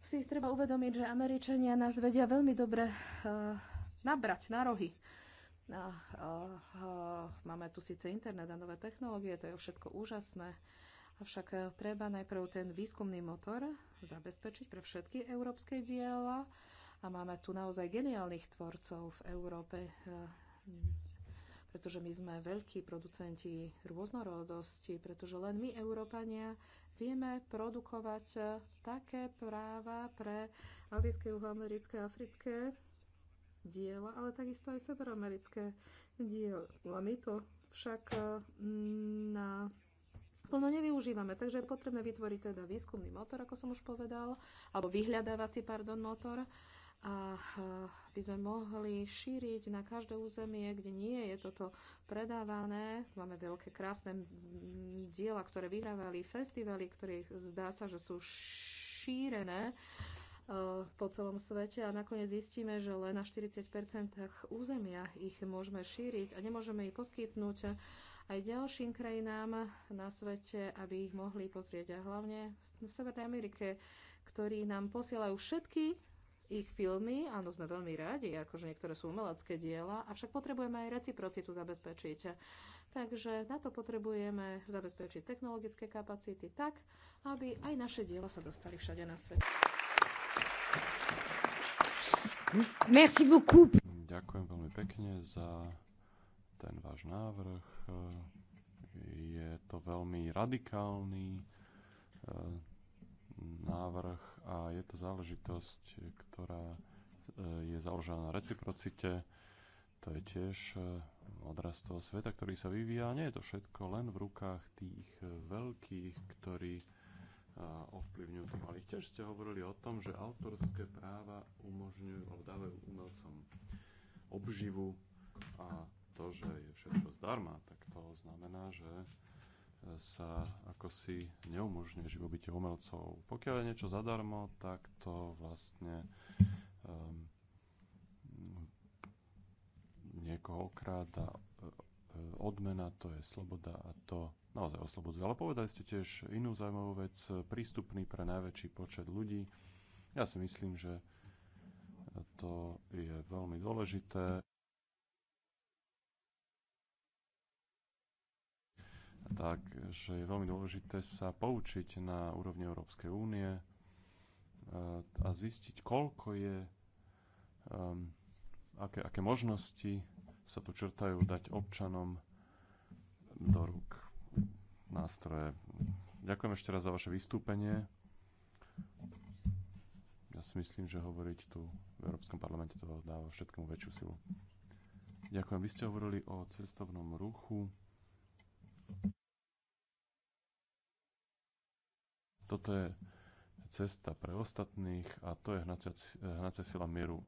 si treba uvedomiť, že Američania nás vedia veľmi dobre uh, nabrať na rohy. Uh, uh, máme tu síce internet a nové technológie, to je všetko úžasné, Avšak eh, treba najprv ten výskumný motor zabezpečiť pre všetky európske diela a máme tu naozaj geniálnych tvorcov v Európe, eh, pretože my sme veľkí producenti rôznorodosti, pretože len my, Európania, vieme produkovať eh, také práva pre azijské, juhoamerické, africké diela, ale takisto aj severoamerické diela. My to však na plno nevyužívame. Takže je potrebné vytvoriť teda výskumný motor, ako som už povedal, alebo vyhľadávací, pardon, motor, a e, by sme mohli šíriť na každé územie, kde nie je toto predávané. Máme veľké krásne diela, ktoré vyhrávali festivaly, ktorých zdá sa, že sú šírené e, po celom svete a nakoniec zistíme, že len na 40% územia ich môžeme šíriť a nemôžeme ich poskytnúť aj ďalším krajinám na svete, aby ich mohli pozrieť a hlavne v Severnej Amerike, ktorí nám posielajú všetky ich filmy, áno, sme veľmi radi, akože niektoré sú umelecké diela, avšak potrebujeme aj reciprocitu zabezpečiť. Takže na to potrebujeme zabezpečiť technologické kapacity tak, aby aj naše diela sa dostali všade na svet. Merci beaucoup. Ďakujem veľmi pekne za ten váš návrh. Eh, je to veľmi radikálny eh, návrh a je to záležitosť, ktorá eh, je založená na reciprocite. To je tiež odraz toho sveta, ktorý sa vyvíja. Nie je to všetko len v rukách tých veľkých, ktorí ovplyvňujú tých malých. Tiež ste hovorili o tom, že autorské práva umožňujú, alebo dávajú umelcom obživu a to, že je všetko zdarma, tak to znamená, že e, sa ako si neumožňuje živobytie umelcov. Pokiaľ je niečo zadarmo, tak to vlastne um, ehm, niekoho okráda. E, odmena to je sloboda a to naozaj oslobodzuje. Ale povedali ste tiež inú zaujímavú vec, prístupný pre najväčší počet ľudí. Ja si myslím, že to je veľmi dôležité. Takže je veľmi dôležité sa poučiť na úrovni Európskej únie e, a zistiť, koľko je, um, aké, aké možnosti sa tu črtajú dať občanom do rúk nástroje. Ďakujem ešte raz za vaše vystúpenie. Ja si myslím, že hovoriť tu v Európskom parlamente to dáva všetkému väčšiu silu. Ďakujem. Vy ste hovorili o cestovnom ruchu. Toto je cesta pre ostatných a to je hnacia, hnacia sila mieru.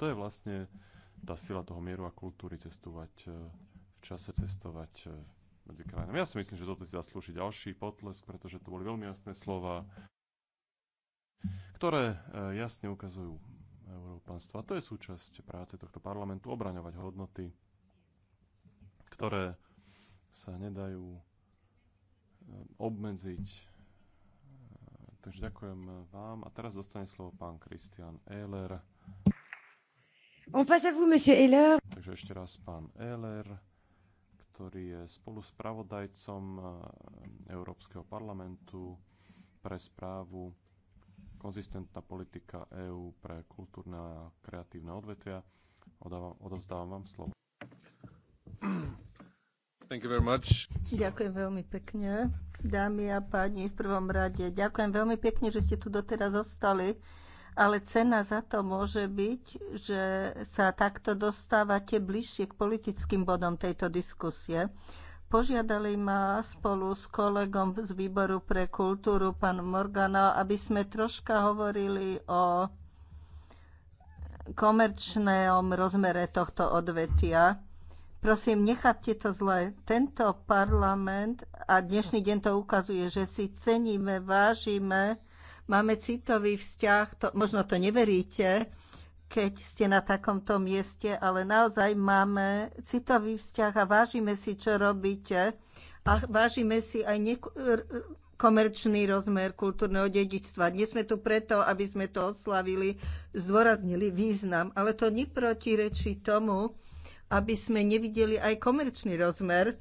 To je vlastne tá sila toho mieru a kultúry cestovať e, v čase, cestovať e, medzi krajinami. Ja si myslím, že toto si zaslúži ďalší potlesk, pretože to boli veľmi jasné slova, ktoré e, jasne ukazujú európanstvo. A to je súčasť práce tohto parlamentu, obraňovať hodnoty, ktoré sa nedajú obmedziť. Takže ďakujem vám. A teraz dostane slovo pán Kristian Ehler. On passe à vous, monsieur Ehler. Takže ešte raz pán Ehler, ktorý je spolu spravodajcom eh, Európskeho parlamentu pre správu konzistentná politika EÚ pre kultúrne a kreatívne odvetvia. Odovzdávam vám slovo. Ďakujem veľmi pekne. Dámy a páni, v prvom rade ďakujem veľmi pekne, že ste tu doteraz zostali, ale cena za to môže byť, že sa takto dostávate bližšie k politickým bodom tejto diskusie. Požiadali ma spolu s kolegom z výboru pre kultúru, pán Morgana, aby sme troška hovorili o komerčnom rozmere tohto odvetia Prosím, nechápte to zle. Tento parlament, a dnešný deň to ukazuje, že si ceníme, vážime, máme citový vzťah, to, možno to neveríte, keď ste na takomto mieste, ale naozaj máme citový vzťah a vážime si, čo robíte a vážime si aj nek- komerčný rozmer kultúrneho dedičstva. Dnes sme tu preto, aby sme to oslavili, zdôraznili význam, ale to neprotirečí tomu, aby sme nevideli aj komerčný rozmer.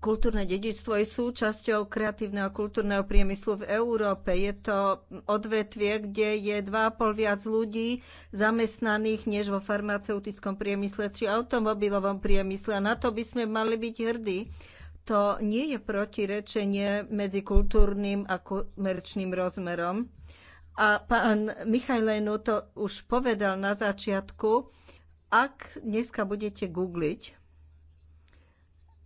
Kultúrne dedičstvo je súčasťou kreatívneho kultúrneho priemyslu v Európe. Je to odvetvie, kde je 2,5 viac ľudí zamestnaných než vo farmaceutickom priemysle či automobilovom priemysle. A na to by sme mali byť hrdí. To nie je protirečenie medzi kultúrnym a komerčným rozmerom. A pán Michajlenu to už povedal na začiatku, ak dneska budete googliť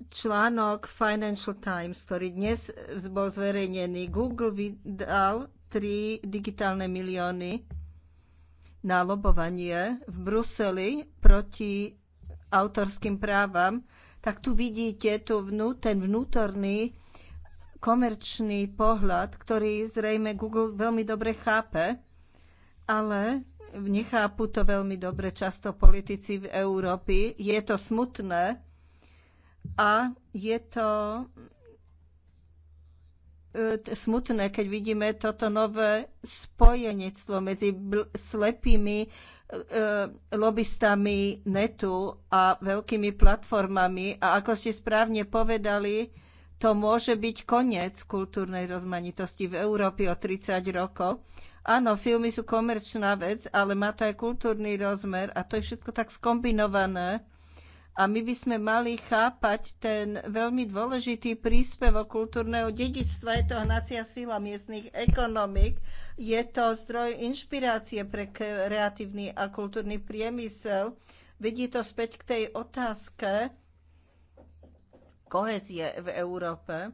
článok Financial Times, ktorý dnes bol zverejnený, Google vydal 3 digitálne milióny na lobovanie v Bruseli proti autorským právam, tak tu vidíte tu vnú, ten vnútorný komerčný pohľad, ktorý zrejme Google veľmi dobre chápe, ale nechápu to veľmi dobre často politici v Európe. Je to smutné a je to e, smutné, keď vidíme toto nové spojenectvo medzi slepými e, e, lobbystami netu a veľkými platformami. A ako ste správne povedali, to môže byť koniec kultúrnej rozmanitosti v Európe o 30 rokov. Áno, filmy sú komerčná vec, ale má to aj kultúrny rozmer a to je všetko tak skombinované. A my by sme mali chápať ten veľmi dôležitý príspevok kultúrneho dedičstva. Je to hnacia sila miestnych ekonomik, je to zdroj inšpirácie pre kreatívny a kultúrny priemysel. Vedie to späť k tej otázke kohezie v Európe.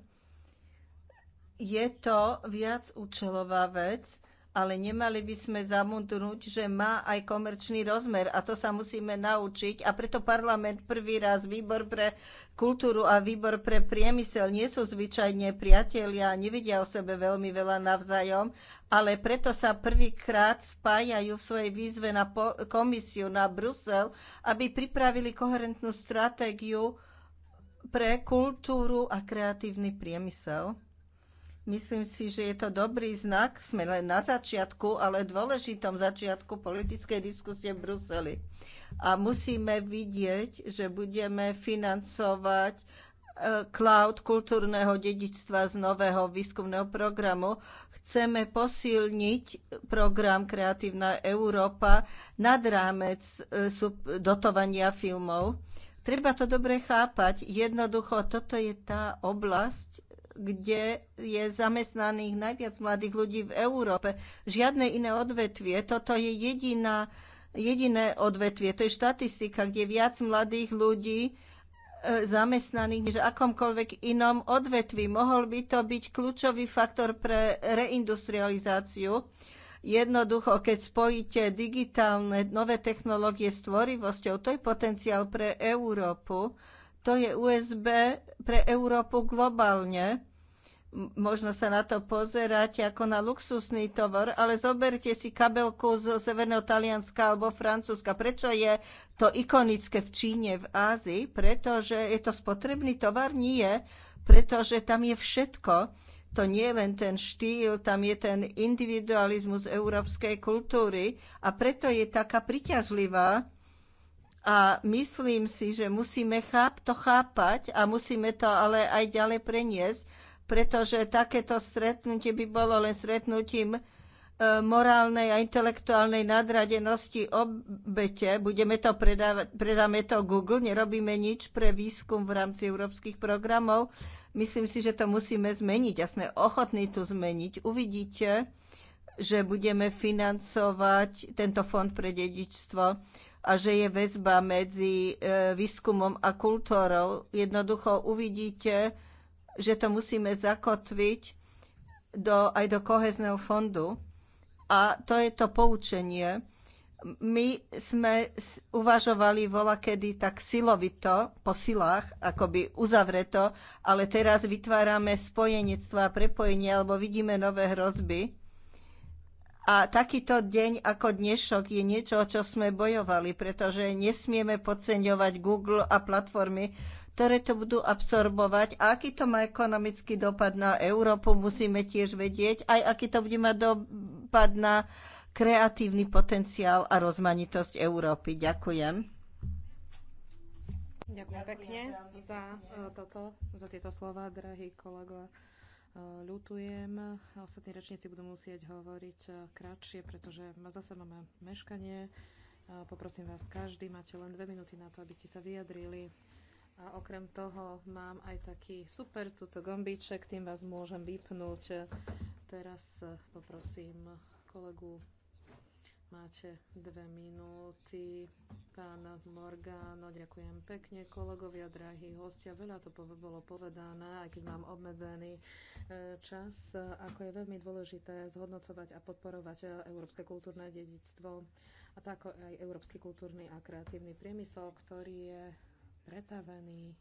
Je to viacúčelová vec, ale nemali by sme zamudnúť, že má aj komerčný rozmer a to sa musíme naučiť a preto parlament prvý raz, výbor pre kultúru a výbor pre priemysel nie sú zvyčajne priatelia, nevidia o sebe veľmi veľa navzájom, ale preto sa prvýkrát spájajú v svojej výzve na komisiu na Brusel, aby pripravili koherentnú stratégiu pre kultúru a kreatívny priemysel. Myslím si, že je to dobrý znak. Sme len na začiatku, ale dôležitom začiatku politickej diskusie v Bruseli. A musíme vidieť, že budeme financovať eh, cloud kultúrneho dedičstva z nového výskumného programu. Chceme posilniť program Kreatívna Európa nad rámec eh, dotovania filmov. Treba to dobre chápať. Jednoducho, toto je tá oblasť, kde je zamestnaných najviac mladých ľudí v Európe. Žiadne iné odvetvie. Toto je jediná, jediné odvetvie. To je štatistika, kde je viac mladých ľudí e, zamestnaných než akomkoľvek inom odvetvi. Mohol by to byť kľúčový faktor pre reindustrializáciu. Jednoducho, keď spojíte digitálne nové technológie s tvorivosťou, to je potenciál pre Európu, to je USB pre Európu globálne možno sa na to pozerať ako na luxusný tovor, ale zoberte si kabelku zo Severného Talianska alebo Francúzska. Prečo je to ikonické v Číne, v Ázii? Pretože je to spotrebný tovar? Nie, pretože tam je všetko. To nie je len ten štýl, tam je ten individualizmus európskej kultúry a preto je taká priťažlivá. A myslím si, že musíme cháp- to chápať a musíme to ale aj ďalej preniesť pretože takéto stretnutie by bolo len stretnutím e, morálnej a intelektuálnej nadradenosti obete. Budeme to predávať, predáme to Google, nerobíme nič pre výskum v rámci európskych programov. Myslím si, že to musíme zmeniť a sme ochotní tu zmeniť. Uvidíte, že budeme financovať tento fond pre dedičstvo a že je väzba medzi e, výskumom a kultúrou. Jednoducho uvidíte, že to musíme zakotviť do, aj do kohezného fondu. A to je to poučenie. My sme uvažovali vola kedy tak silovito, po silách, akoby uzavreto, ale teraz vytvárame spojenectvo a prepojenie, alebo vidíme nové hrozby. A takýto deň ako dnešok je niečo, o čo sme bojovali, pretože nesmieme podceňovať Google a platformy, ktoré to budú absorbovať a aký to má ekonomický dopad na Európu, musíme tiež vedieť, aj aký to bude mať dopad na kreatívny potenciál a rozmanitosť Európy. Ďakujem. Ďakujem pekne za e, toto, za tieto slova, drahý kolegovia. E, ľutujem, ostatní rečníci budú musieť hovoriť e, kratšie, pretože zase máme meškanie. Poprosím vás, každý máte len dve minúty na to, aby ste sa vyjadrili. A okrem toho mám aj taký super tuto gombíček, tým vás môžem vypnúť. Teraz e, poprosím kolegu, máte dve minúty. Pán Morgano, ďakujem pekne kolegovia, drahí hostia. Veľa to bolo povedané, aj keď mám obmedzený e, čas, ako je veľmi dôležité zhodnocovať a podporovať e, európske kultúrne dedictvo a tak aj európsky kultúrny a kreatívny priemysel, ktorý je pretavený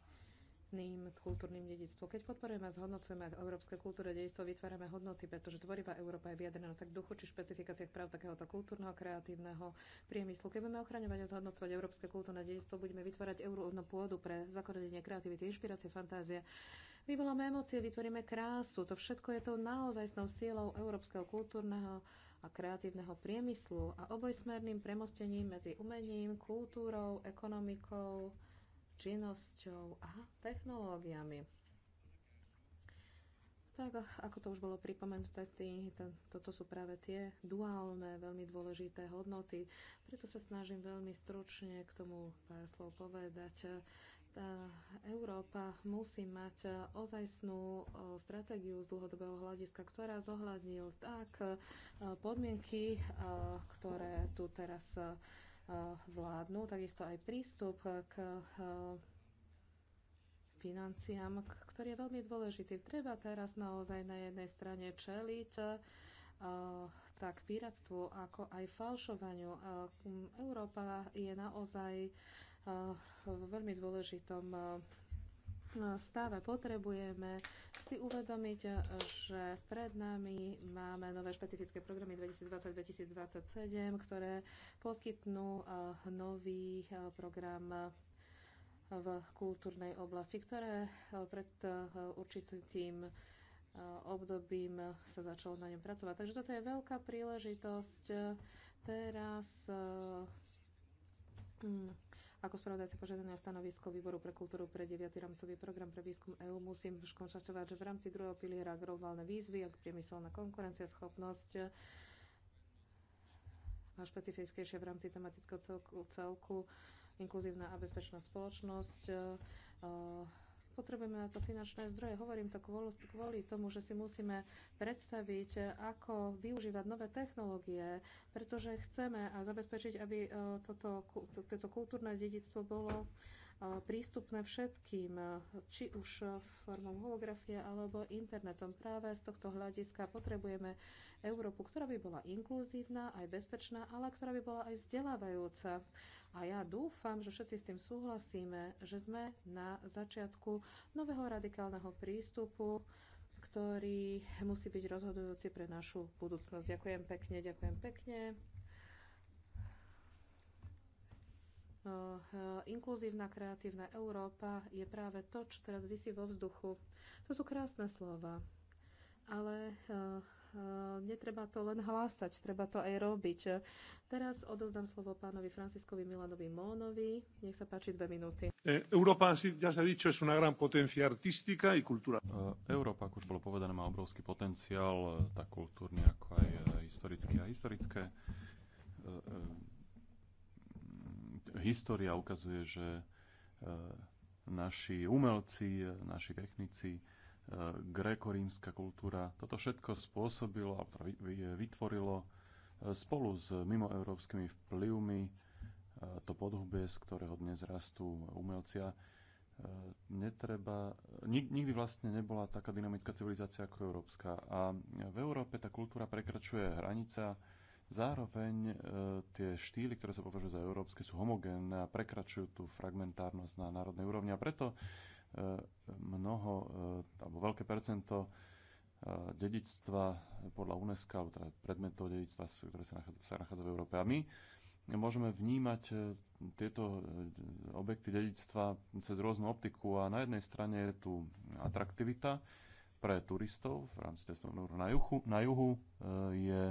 kultúrnym dedictvom. Keď podporujeme a zhodnocujeme európske kultúrne dedictvo, vytvárame hodnoty, pretože tvorivá Európa je vyjadrená tak duchu či špecifikáciách práv takéhoto kultúrneho, kreatívneho priemyslu. Keď budeme ochraňovať a zhodnocovať európske kultúrne dedictvo, budeme vytvárať európnu pôdu pre zakorenenie kreativity, inšpirácie, fantázie. Vyvoláme emócie, vytvoríme krásu. To všetko je tou naozajstnou sílou európskeho kultúrneho a kreatívneho priemyslu a obojsmerným premostením medzi umením, kultúrou, ekonomikou, činnosťou a technológiami. Tak, ako to už bolo pripomenuté, tý, to, toto sú práve tie duálne, veľmi dôležité hodnoty. Preto sa snažím veľmi stručne k tomu pár slov povedať. Tá Európa musí mať ozajstnú stratégiu z dlhodobého hľadiska, ktorá zohľadnil tak podmienky, ktoré tu teraz vládnu, takisto aj prístup k eh, financiám, ktorý je veľmi dôležitý. Treba teraz naozaj na jednej strane čeliť eh, tak piratstvu, ako aj falšovaniu. Eh, Európa je naozaj v veľmi dôležitom stave potrebujeme si uvedomiť, že pred nami máme nové špecifické programy 2020-2027, ktoré poskytnú eh, nový eh, program eh, v kultúrnej oblasti, ktoré pred určitým obdobím sa začalo na ňom pracovať. Takže toto je veľká príležitosť teraz hmm, ako spravodajca požiadaného stanovisko Výboru pre kultúru pre 9. rámcový program pre výskum EÚ musím konštatovať, že v rámci druhého piliera globálne výzvy, ako priemyselná schopnosť a špecifickejšie v rámci tematického celku, celku inkluzívna a bezpečná spoločnosť, Potrebujeme na to finančné zdroje. Hovorím to kvôli tomu, že si musíme predstaviť, ako využívať nové technológie, pretože chceme a zabezpečiť, aby e, toto, toto kultúrne dedictvo bolo e, prístupné všetkým, e, či už formou holografie alebo internetom. Práve z tohto hľadiska potrebujeme Európu, ktorá by bola inkluzívna, aj bezpečná, ale ktorá by bola aj vzdelávajúca. A ja dúfam, že všetci s tým súhlasíme, že sme na začiatku nového radikálneho prístupu, ktorý musí byť rozhodujúci pre našu budúcnosť. Ďakujem pekne, ďakujem pekne. E, inkluzívna kreatívna Európa je práve to, čo teraz vysí vo vzduchu. To sú krásne slova, ale e, Eh, netreba to len hlásať, treba to aj robiť. Teraz odozdám slovo pánovi Franciskovi Milanovi Mónovi. Nech sa páči dve minúty. Eh, Európa, ja sa dicho, es na gran potencia artistika i e kultúra. Eh, Európa, ako už bolo povedané, má obrovský potenciál, tak kultúrny, ako aj historický a historické. História ukazuje, že naši umelci, naši technici, grékorímska kultúra. Toto všetko spôsobilo a vytvorilo e, spolu s mimoeurópskymi vplyvmi e, to podhubie, z ktorého dnes rastú umelcia. E, netreba, nikdy vlastne nebola taká dynamická civilizácia ako európska. A v Európe tá kultúra prekračuje hranica, zároveň tie štýly, ktoré sa považujú za európske, sú homogénne a prekračujú tú fragmentárnosť na národnej úrovni. A preto E, mnoho, e, alebo veľké percento e, dedictva podľa UNESCO, alebo teda predmetov dedictva, ktoré sa nachádzajú sa nachádza v Európe. A my môžeme vnímať tieto objekty dedictva cez rôznu optiku a na jednej strane je tu atraktivita pre turistov v rámci cestovného ruchu. Na juhu, na juhu je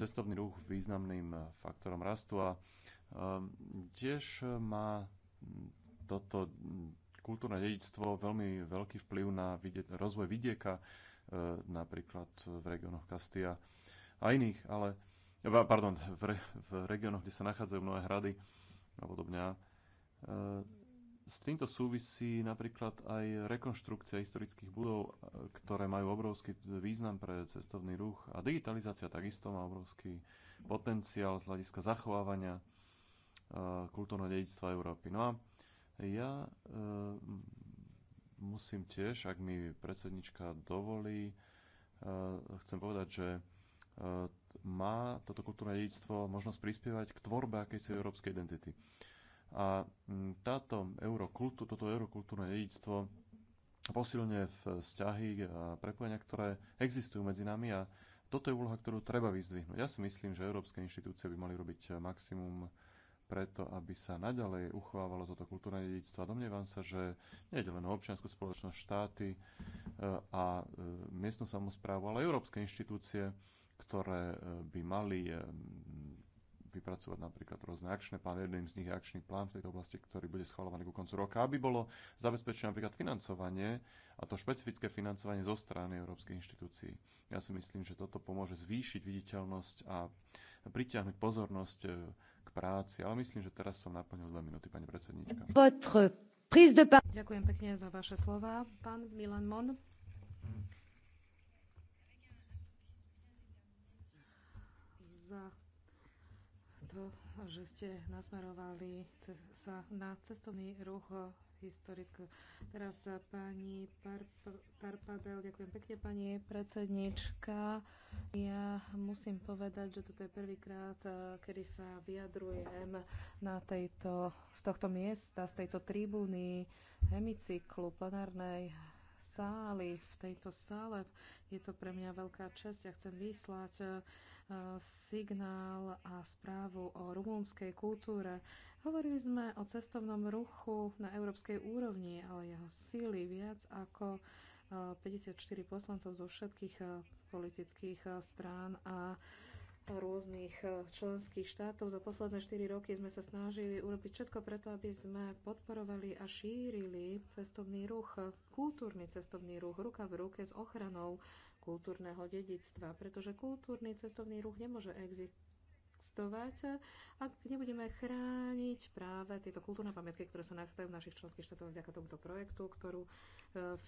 cestovný ruch významným faktorom rastu a tiež má toto kultúrne dedictvo veľmi veľký vplyv na rozvoj vidieka, e, napríklad v regiónoch Kastia a iných, ale pardon, v, re, v regiónoch, kde sa nachádzajú mnohé hrady a podobne. E, s týmto súvisí napríklad aj rekonštrukcia historických budov, e, ktoré majú obrovský význam pre cestovný ruch a digitalizácia takisto má obrovský potenciál z hľadiska zachovávania kultúrneho dedictva Európy. No a ja e, musím tiež, ak mi predsednička dovolí, e, chcem povedať, že e, má toto kultúrne dedictvo možnosť prispievať k tvorbe akejsi európskej identity. A táto eurokultú, toto eurokultúrne dedictvo posilňuje vzťahy a prepojenia, ktoré existujú medzi nami a toto je úloha, ktorú treba vyzdvihnúť. Ja si myslím, že európske inštitúcie by mali robiť e, maximum preto, aby sa naďalej uchovávalo toto kultúrne dedictvo. A domnievam sa, že nie je len o občianskú spoločnosť štáty e, a e, miestnu samozprávu, ale aj európske inštitúcie, ktoré e, by mali vypracovať napríklad rôzne akčné plány. Jedným z nich je akčný plán v tejto oblasti, ktorý bude schvalovaný ku koncu roka, aby bolo zabezpečené napríklad financovanie, a to špecifické financovanie zo strany európskych inštitúcií. Ja si myslím, že toto pomôže zvýšiť viditeľnosť a pritiahnuť pozornosť práci. Ale myslím, že teraz som naplnil dve minúty, pani predsednička. Ďakujem pekne za vaše slova, pán Milan Mon. Za to, že ste nasmerovali sa na cestovný ruch historickú. Teraz eh, pani Parpadel, ďakujem pekne pani predsednička. Ja musím povedať, že toto je prvýkrát, eh, kedy sa vyjadrujem na tejto, z tohto miesta, z tejto tribúny hemicyklu plenárnej sály, v tejto sále. Je to pre mňa veľká čest. Ja chcem vyslať eh, signál a správu o rumúnskej kultúre Hovorili sme o cestovnom ruchu na európskej úrovni, ale jeho síly viac ako 54 e, poslancov zo všetkých e, politických e, strán a rôznych členských štátov. Za posledné 4 roky sme sa snažili urobiť všetko preto, aby sme podporovali a šírili cestovný ruch, kultúrny cestovný ruch, ruka v ruke s ochranou kultúrneho dedictva, pretože kultúrny cestovný ruch nemôže existovať investovať, ak nebudeme chrániť práve tieto kultúrne pamiatky, ktoré sa nachádzajú v našich členských štátoch vďaka tomuto projektu, ktorú e,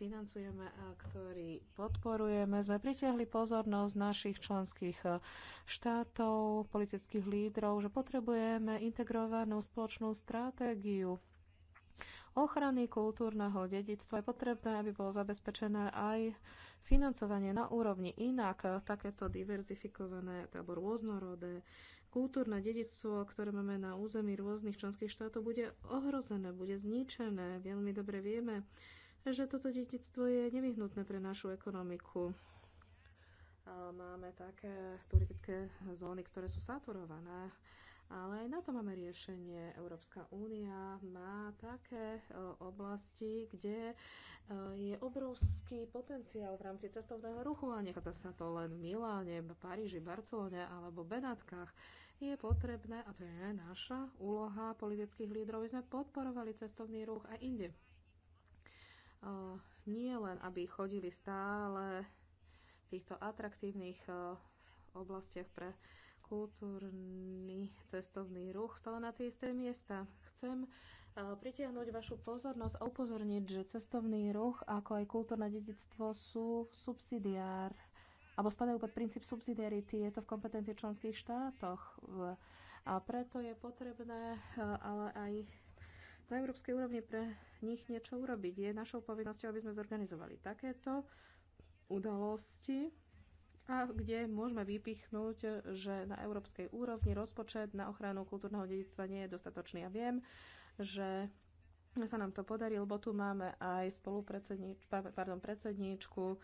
financujeme a ktorý podporujeme. Sme pritiahli pozornosť našich členských e, štátov, politických lídrov, že potrebujeme integrovanú spoločnú stratégiu ochrany kultúrneho dedičstva je potrebné, aby bolo zabezpečené aj financovanie na úrovni inak takéto diverzifikované alebo rôznorodé kultúrne dedictvo, ktoré máme na území rôznych členských štátov, bude ohrozené, bude zničené. Veľmi dobre vieme, že toto dedictvo je nevyhnutné pre našu ekonomiku. Máme také turistické zóny, ktoré sú saturované ale na to máme riešenie. Európska únia má také e, oblasti, kde e, je obrovský potenciál v rámci cestovného ruchu a nechádza sa to len v Miláne, Paríži, Barcelone alebo Benátkach je potrebné, a to je naša úloha politických lídrov, aby sme podporovali cestovný ruch aj inde. E, nie len, aby chodili stále v týchto atraktívnych oblastiach pre kultúrny cestovný ruch stále na tie isté miesta. Chcem e, pritiahnuť vašu pozornosť a upozorniť, že cestovný ruch ako aj kultúrne dedictvo sú subsidiár alebo spadajú pod princíp subsidiarity, je to v kompetencii členských štátoch. A preto je potrebné e, ale aj na európskej úrovni pre nich niečo urobiť. Je našou povinnosťou, aby sme zorganizovali takéto udalosti, a kde môžeme vypichnúť, že na európskej úrovni rozpočet na ochranu kultúrneho dedictva nie je dostatočný. Ja viem, že sa nám to podarilo, bo tu máme aj spolupredsednič, pardon, predsedníčku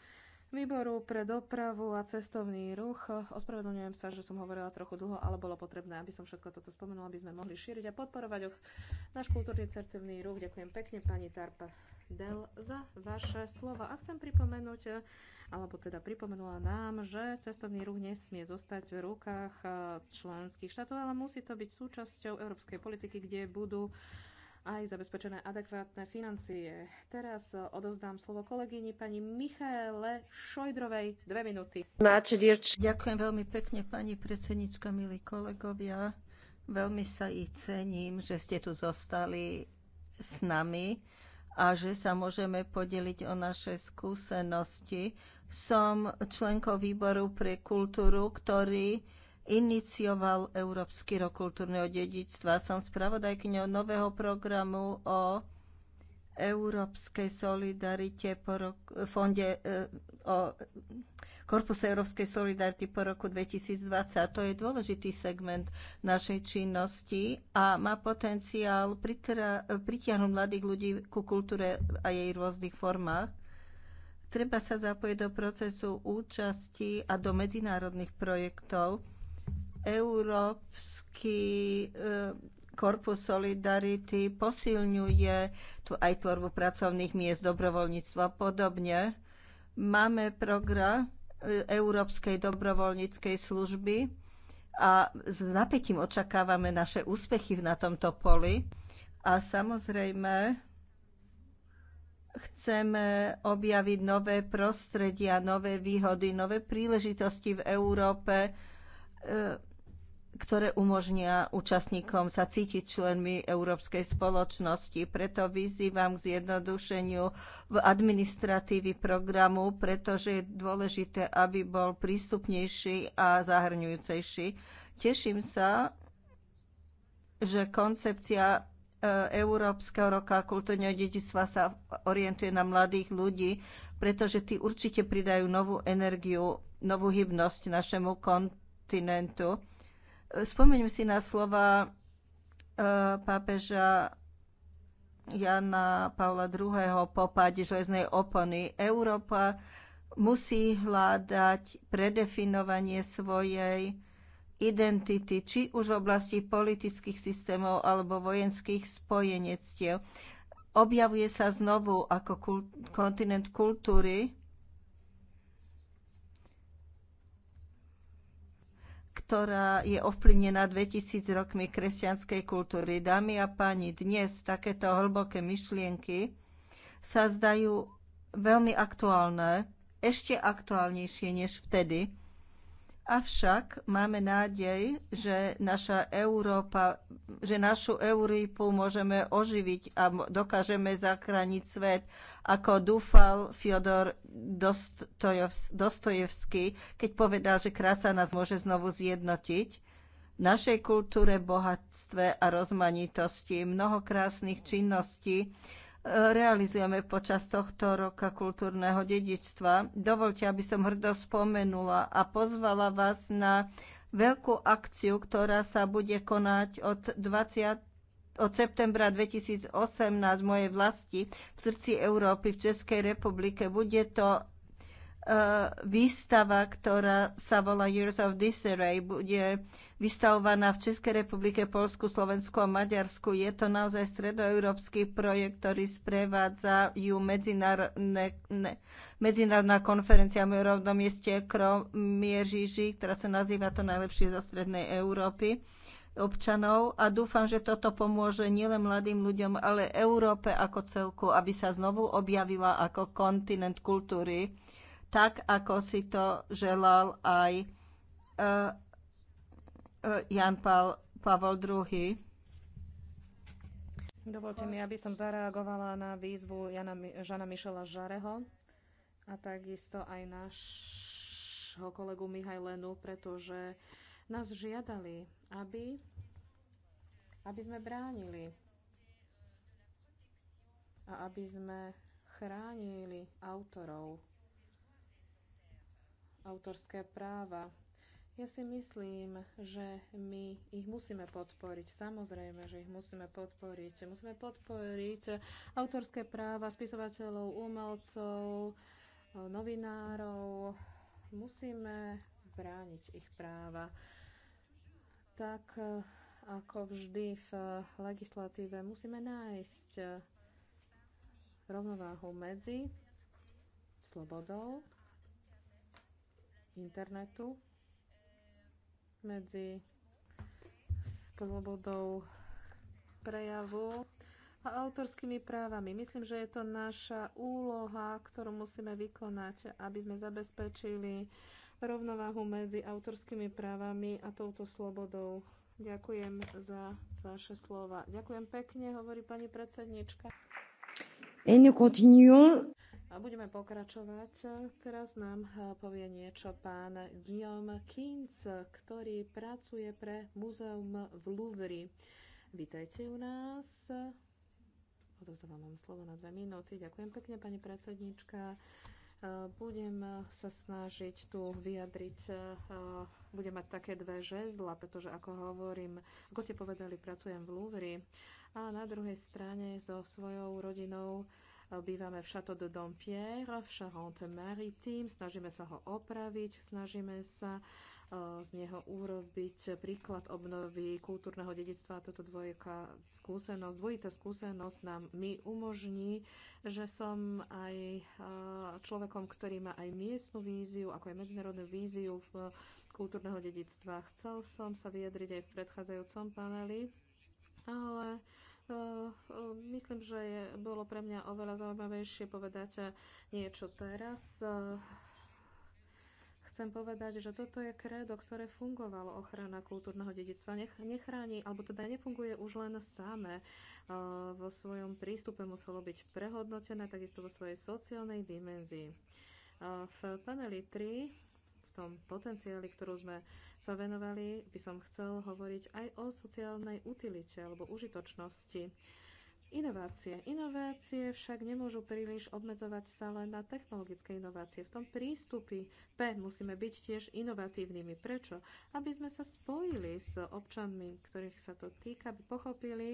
výboru pre dopravu a cestovný ruch. Ospravedlňujem sa, že som hovorila trochu dlho, ale bolo potrebné, aby som všetko toto spomenula, aby sme mohli šíriť a podporovať náš kultúrny cestovný ruch. Ďakujem pekne, pani Tarpa Del za vaše slova. A chcem pripomenúť, e, alebo teda pripomenula nám, že cestovný ruch nesmie zostať v rukách e, členských štátov, ale musí to byť súčasťou európskej politiky, kde budú aj zabezpečené adekvátne financie. Teraz e, odovzdám slovo kolegyni pani Michaele Šojdrovej. Dve minúty. Ďakujem veľmi pekne, pani predsednička, milí kolegovia. Veľmi sa i cením, že ste tu zostali s nami a že sa môžeme podeliť o naše skúsenosti. Som členkou výboru pre kultúru, ktorý inicioval Európsky rok kultúrneho dedictva. Som spravodajkňou nového programu o Európskej solidarite po roku, fonde, e, o Korpus Európskej solidarity po roku 2020. To je dôležitý segment našej činnosti a má potenciál pritiahnuť mladých ľudí ku kultúre a jej rôznych formách. Treba sa zapojiť do procesu účasti a do medzinárodných projektov. Európsky e, korpus Solidarity posilňuje tu aj tvorbu pracovných miest, dobrovoľníctva a podobne. Máme program Európskej dobrovoľníckej služby a s napätím očakávame naše úspechy na tomto poli. A samozrejme, chceme objaviť nové prostredia, nové výhody, nové príležitosti v Európe e, ktoré umožnia účastníkom sa cítiť členmi európskej spoločnosti. Preto vyzývam k zjednodušeniu v administratívy programu, pretože je dôležité, aby bol prístupnejší a zahrňujúcejší. Teším sa, že koncepcia e, Európskeho roka kultúrneho dedičstva sa orientuje na mladých ľudí, pretože tí určite pridajú novú energiu, novú hybnosť našemu kontinentu Spomeňme si na slova e, pápeža Jana Pavla II. po páde železnej opony. Európa musí hľadať predefinovanie svojej identity, či už v oblasti politických systémov alebo vojenských spojenectiev. Objavuje sa znovu ako kult, kontinent kultúry, ktorá je ovplyvnená 2000 rokmi kresťanskej kultúry. Dámy a páni, dnes takéto hlboké myšlienky sa zdajú veľmi aktuálne, ešte aktuálnejšie než vtedy, Avšak máme nádej, že, naša Európa, že našu Európu môžeme oživiť a dokážeme zachrániť svet, ako dúfal Fyodor Dostojevský, keď povedal, že krása nás môže znovu zjednotiť. V našej kultúre, bohatstve a rozmanitosti mnoho krásnych činností realizujeme počas tohto roka kultúrneho dedičstva. Dovolte, aby som hrdo spomenula a pozvala vás na veľkú akciu, ktorá sa bude konať od 20 od septembra 2018 mojej vlasti v srdci Európy v Českej republike. Bude to Eh, výstava, ktorá sa volá Years of Disarray, bude vystavovaná v Českej republike, Polsku, Slovensku a Maďarsku. Je to naozaj stredoeurópsky projekt, ktorý sprevádza ju medzinárodná konferencia v rovnom mieste Kromiežiži, ktorá sa nazýva to najlepšie zo strednej Európy občanov a dúfam, že toto pomôže nielen mladým ľuďom, ale Európe ako celku, aby sa znovu objavila ako kontinent kultúry tak ako si to želal aj e, e, Jan Pavel II. Dovolte mi, aby som zareagovala na výzvu Jana, Žana Mišela Žareho a takisto aj nášho kolegu Mihajlenu, pretože nás žiadali, aby, aby sme bránili a aby sme chránili autorov autorské práva. Ja si myslím, že my ich musíme podporiť. Samozrejme, že ich musíme podporiť. Musíme podporiť autorské práva spisovateľov, umelcov, novinárov. Musíme brániť ich práva. Tak eh, ako vždy v legislatíve musíme nájsť rovnováhu medzi slobodou internetu medzi slobodou prejavu a autorskými právami. Myslím, že je to naša úloha, ktorú musíme vykonať, aby sme zabezpečili rovnováhu medzi autorskými právami a touto slobodou. Ďakujem za vaše slova. Ďakujem pekne, hovorí pani predsednička. Et nous continuons. A budeme pokračovať. Teraz nám eh, povie niečo pán Guillaume Kinz, ktorý pracuje pre Múzeum v Louvre. Vítajte u nás. Odovzdávam vám slovo na dve minúty. Ďakujem pekne, pani predsednička. Eh, budem eh, sa snažiť tu vyjadriť, budem mať také dve žezla, pretože ako hovorím, ako ste povedali, pracujem v Louvre a na druhej strane so svojou rodinou Bývame v Chateau de Dompierre v Charente-Maritime, snažíme sa ho opraviť, snažíme sa e, z neho urobiť príklad obnovy kultúrneho dedictva. Toto dvojka skúsenosť, dvojitá skúsenosť nám mi umožní, že som aj e, človekom, ktorý má aj miestnu víziu, ako aj medzinárodnú víziu v kultúrneho dedictva. Chcel som sa vyjadriť aj v predchádzajúcom paneli, ale Eh, myslím, že je, bolo pre mňa oveľa zaujímavejšie povedať eh, niečo teraz. Eh, chcem povedať, že toto je kredo, ktoré fungovalo ochrana kultúrneho dedictva. Nech, nechráni, alebo teda nefunguje už len samé. Vo svojom prístupe muselo byť prehodnotené, takisto vo svojej sociálnej dimenzii. V paneli 3 tom potenciáli, ktorú sme sa venovali, by som chcel hovoriť aj o sociálnej utilite alebo užitočnosti. Inovácie. Inovácie však nemôžu príliš obmedzovať sa len na technologické inovácie. V tom prístupi P musíme byť tiež inovatívnymi. Prečo? Aby sme sa spojili s občanmi, ktorých sa to týka, aby pochopili,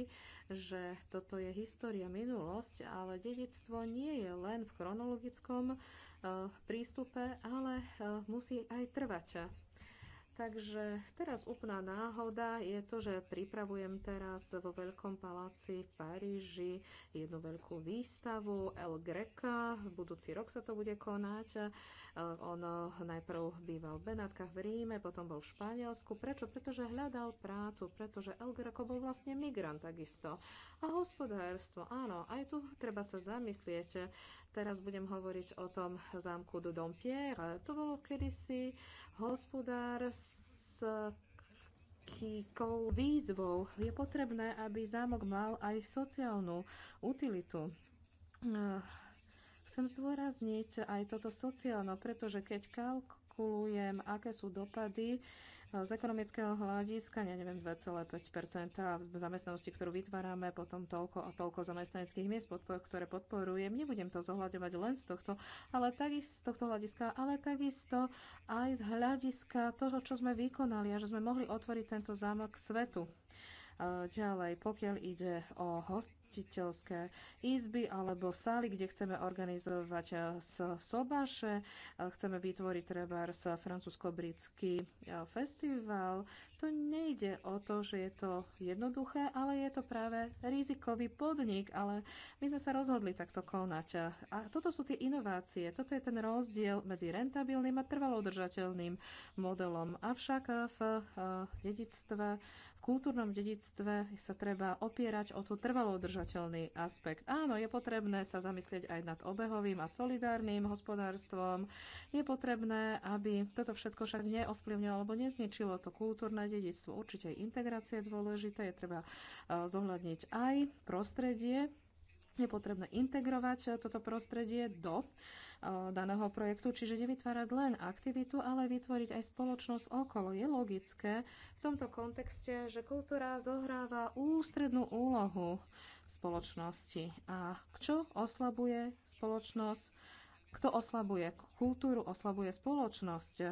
že toto je história, minulosť, ale dedictvo nie je len v chronologickom prístupe, ale e, musí aj trvať. Takže teraz úplná náhoda je to, že pripravujem teraz vo Veľkom paláci v Paríži jednu veľkú výstavu El Greca. Budúci rok sa to bude konať. E, on najprv býval v Benátkach v Ríme, potom bol v Španielsku. Prečo? Pretože hľadal prácu, pretože El Greco bol vlastne migrant takisto. A hospodárstvo, áno, aj tu treba sa zamyslieť Teraz budem hovoriť o tom zámku do Dompierre. To bolo kedysi hospodár kýkou výzvou. Je potrebné, aby zámok mal aj sociálnu utilitu. Eh, chcem zdôrazniť aj toto sociálno, pretože keď kalkulujem, aké sú dopady, z ekonomického hľadiska, ja neviem, 2,5 zamestnanosti, ktorú vytvárame, potom toľko a toľko zamestnaneckých miest, podpor, ktoré podporujem. Nebudem to zohľadňovať len z tohto, ale takisto, z tohto hľadiska, ale takisto aj z hľadiska toho, čo sme vykonali a že sme mohli otvoriť tento zámok svetu. Ďalej, pokiaľ ide o host, hostiteľské izby alebo sály, kde chceme organizovať eh, sobaše, eh, chceme vytvoriť treba francúzsko-britský eh, festival. To nejde o to, že je to jednoduché, ale je to práve rizikový podnik, ale my sme sa rozhodli takto konať. A toto sú tie inovácie, toto je ten rozdiel medzi rentabilným a trvalo udržateľným modelom. Avšak v dedictve kultúrnom dedictve sa treba opierať o tú trvalo udržateľný aspekt. Áno, je potrebné sa zamyslieť aj nad obehovým a solidárnym hospodárstvom. Je potrebné, aby toto všetko však neovplyvňovalo alebo nezničilo to kultúrne dedictvo. Určite aj integrácia je dôležité, je treba e, zohľadniť aj prostredie. Je potrebné integrovať e, toto prostredie do Eh, daného projektu, čiže nevytvárať len aktivitu, ale vytvoriť aj spoločnosť okolo. Je logické v tomto kontexte, že kultúra zohráva ústrednú úlohu spoločnosti. A čo oslabuje spoločnosť? Kto oslabuje kultúru oslabuje spoločnosť. E,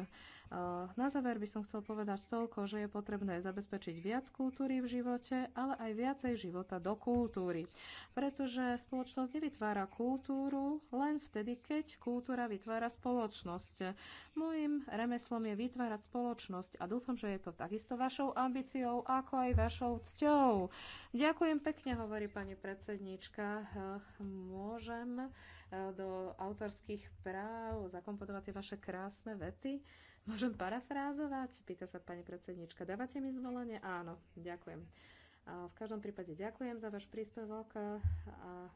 na záver by som chcel povedať toľko, že je potrebné zabezpečiť viac kultúry v živote, ale aj viacej života do kultúry. Pretože spoločnosť nevytvára kultúru len vtedy, keď kultúra vytvára spoločnosť. Mojím remeslom je vytvárať spoločnosť a dúfam, že je to takisto vašou ambíciou, ako aj vašou cťou. Ďakujem pekne, hovorí pani predsednička. E, môžem e, do autorských práv za zakomponovať tie vaše krásne vety? Môžem parafrázovať? Pýta sa pani predsednička. Dávate mi zvolenie? Áno, ďakujem. A v každom prípade ďakujem za váš príspevok a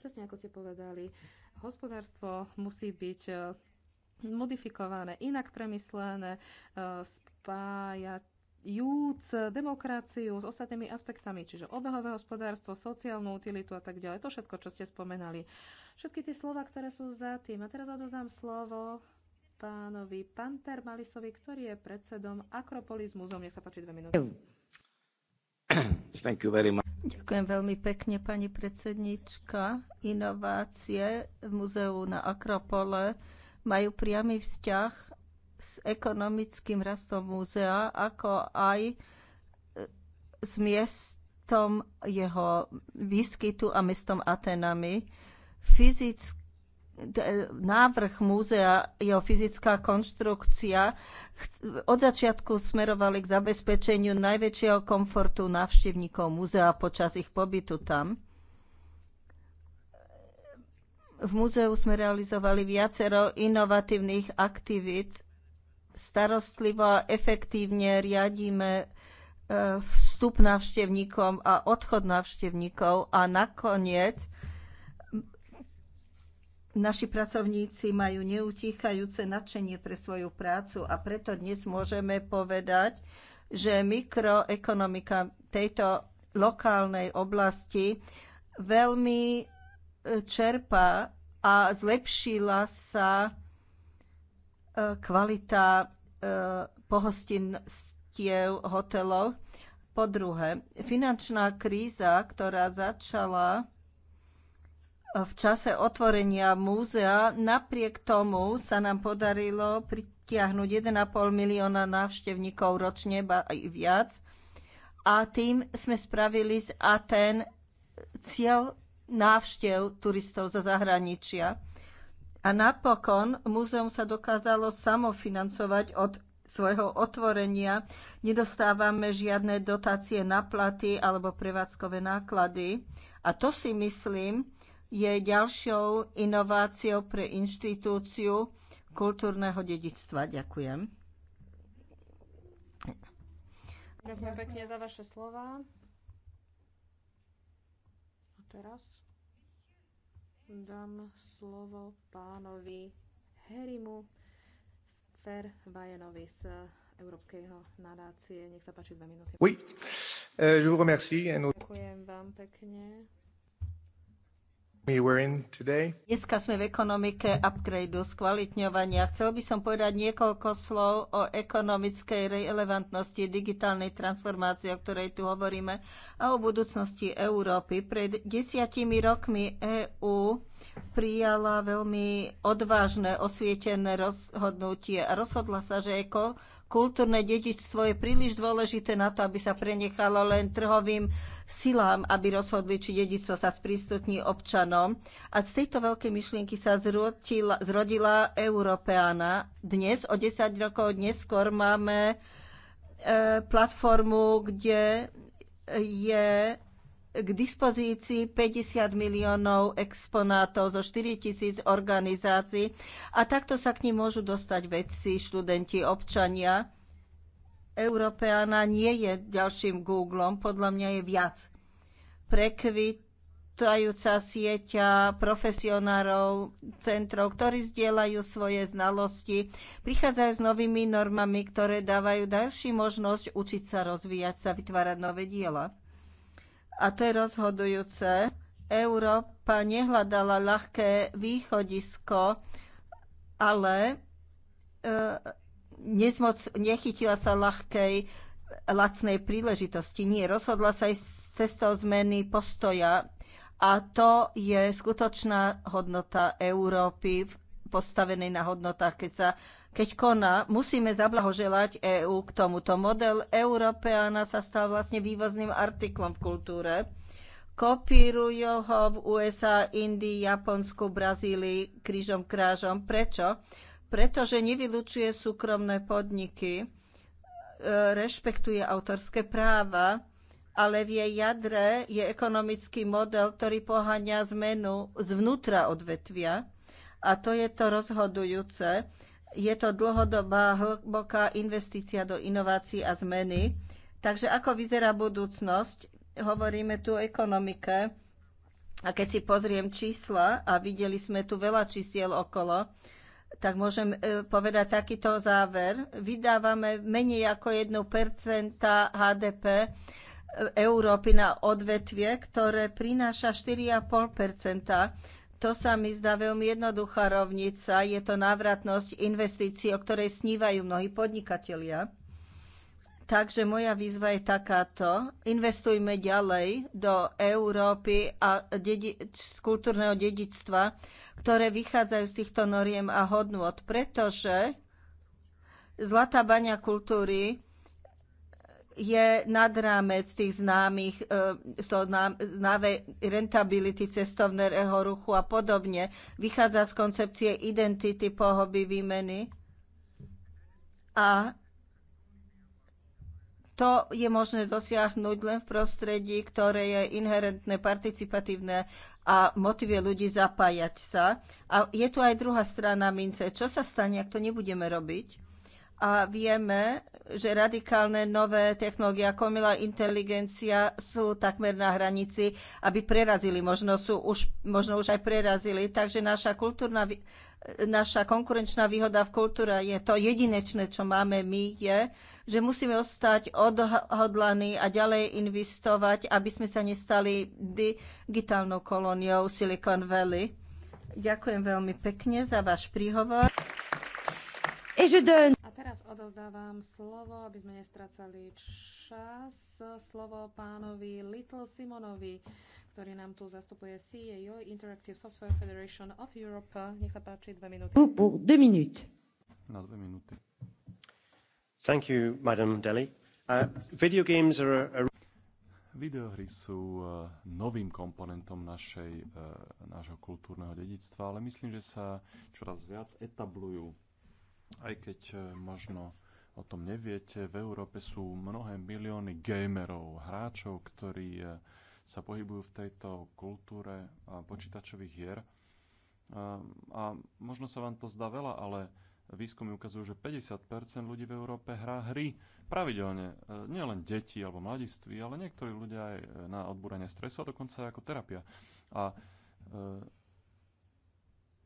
presne ako ste povedali, hospodárstvo musí byť e, modifikované, inak premyslené, e, spájať júc demokraciu s ostatnými aspektami, čiže obehové hospodárstvo, sociálnu utilitu a tak ďalej. To všetko, čo ste spomenali. Všetky tie slova, ktoré sú za tým. A teraz odozám slovo pánovi Panter Malisovi, ktorý je predsedom Akropolis Múzeum. Nech sa páči dve minúty. Thank you very much. Ďakujem veľmi pekne, pani predsednička. Inovácie v Múzeu na Akropole majú priamy vzťah s ekonomickým rastom múzea, ako aj e, s miestom jeho výskytu a mestom Atenami. Fyzicky e, návrh múzea, jeho fyzická konštrukcia od začiatku smerovali k zabezpečeniu najväčšieho komfortu návštevníkov múzea počas ich pobytu tam. V múzeu sme realizovali viacero inovatívnych aktivít starostlivo a efektívne riadíme e, vstup návštevníkom a odchod návštevníkov a nakoniec naši pracovníci majú neutíchajúce nadšenie pre svoju prácu a preto dnes môžeme povedať, že mikroekonomika tejto lokálnej oblasti veľmi e, čerpa a zlepšila sa E, kvalita e, pohostinstiev hotelov. Po druhé, finančná kríza, ktorá začala e, v čase otvorenia múzea, napriek tomu sa nám podarilo pritiahnuť 1,5 milióna návštevníkov ročne, ba aj viac. A tým sme spravili z Aten cieľ návštev turistov zo zahraničia. A napokon múzeum sa dokázalo samofinancovať od svojho otvorenia. Nedostávame žiadne dotácie na platy alebo prevádzkové náklady. A to si myslím, je ďalšou inováciou pre inštitúciu kultúrneho dedičstva. Ďakujem. Ďakujem pekne za vaše slova. A teraz dám slovo pánovi Herimu Fervajenovi z Európskeho nadácie. Nech sa páči dve minúty. Oui. Euh, je vous remercie. Ďakujem vám pekne. Dneska sme v ekonomike upgradeu, skvalitňovania. Chcel by som povedať niekoľko slov o ekonomickej relevantnosti digitálnej transformácie, o ktorej tu hovoríme, a o budúcnosti Európy. Pred desiatimi rokmi EÚ prijala veľmi odvážne osvietené rozhodnutie a rozhodla sa, že eko Kultúrne dedičstvo je príliš dôležité na to, aby sa prenechalo len trhovým silám, aby rozhodli, či dedičstvo sa sprístupní občanom. A z tejto veľkej myšlienky sa zrodila, zrodila Európeána. Dnes, o 10 rokov neskôr, máme e, platformu, kde je k dispozícii 50 miliónov exponátov zo 4 tisíc organizácií a takto sa k ním môžu dostať vedci, študenti, občania. Európeana nie je ďalším Googlom, podľa mňa je viac. Prekvitajúca sieťa profesionárov, centrov, ktorí zdieľajú svoje znalosti, prichádzajú s novými normami, ktoré dávajú ďalší možnosť učiť sa, rozvíjať sa, vytvárať nové diela. A to je rozhodujúce. Európa nehľadala ľahké východisko, ale e, nezmoc, nechytila sa ľahkej lacnej príležitosti. Nie, rozhodla sa aj cestou zmeny postoja a to je skutočná hodnota Európy postavenej na hodnotách, keď sa keď koná, musíme zablahoželať EÚ k tomuto. Model Európeána sa stal vlastne vývozným artiklom v kultúre. Kopírujú ho v USA, Indii, Japonsku, Brazílii, krížom krážom. Prečo? Pretože nevylučuje súkromné podniky, e, rešpektuje autorské práva, ale v jej jadre je ekonomický model, ktorý poháňa zmenu zvnútra odvetvia. A to je to rozhodujúce je to dlhodobá, hlboká investícia do inovácií a zmeny. Takže ako vyzerá budúcnosť? Hovoríme tu o ekonomike. A keď si pozriem čísla, a videli sme tu veľa čísiel okolo, tak môžem e, povedať takýto záver. Vydávame menej ako 1% HDP e, Európy na odvetvie, ktoré prináša 4,5%. To sa mi zdá veľmi jednoduchá rovnica. Je to návratnosť investícií, o ktorej snívajú mnohí podnikatelia. Takže moja výzva je takáto. Investujme ďalej do Európy a dedi- z kultúrneho dedičstva, ktoré vychádzajú z týchto noriem a hodnôt, pretože Zlatá baňa kultúry je nad rámec tých známych e, známe rentability cestovného ruchu a podobne. Vychádza z koncepcie identity pohoby výmeny a to je možné dosiahnuť len v prostredí, ktoré je inherentné, participatívne a motivuje ľudí zapájať sa. A je tu aj druhá strana mince. Čo sa stane, ak to nebudeme robiť? a vieme, že radikálne nové technológie ako milá inteligencia sú takmer na hranici, aby prerazili, možno, sú už, možno už aj prerazili. Takže naša, kultúrna, naša konkurenčná výhoda v kultúre je to jedinečné, čo máme my, je, že musíme ostať odhodlaní a ďalej investovať, aby sme sa nestali digitálnou kolóniou Silicon Valley. Ďakujem veľmi pekne za váš príhovor. Et je donne teraz odozdávam slovo, aby sme nestracali čas. Slovo pánovi Little Simonovi, ktorý nám tu zastupuje CEO Interactive Software Federation of Europe. Nech sa páči, dve minúty. Pour dve minúty. Na dve minúty. Thank you, Madam Deli. Uh, video games are a... Videohry sú uh, novým komponentom našej, uh, nášho kultúrneho dedictva, ale myslím, že sa čoraz viac etablujú aj keď e, možno o tom neviete, v Európe sú mnohé milióny gamerov, hráčov, ktorí e, sa pohybujú v tejto kultúre e, počítačových hier. A možno sa vám to zdá veľa, ale výskumy ukazujú, že 50% ľudí v Európe hrá hry pravidelne. Nielen deti alebo mladiství, ale niektorí ľudia aj na odbúranie stresu a dokonca aj ako terapia. A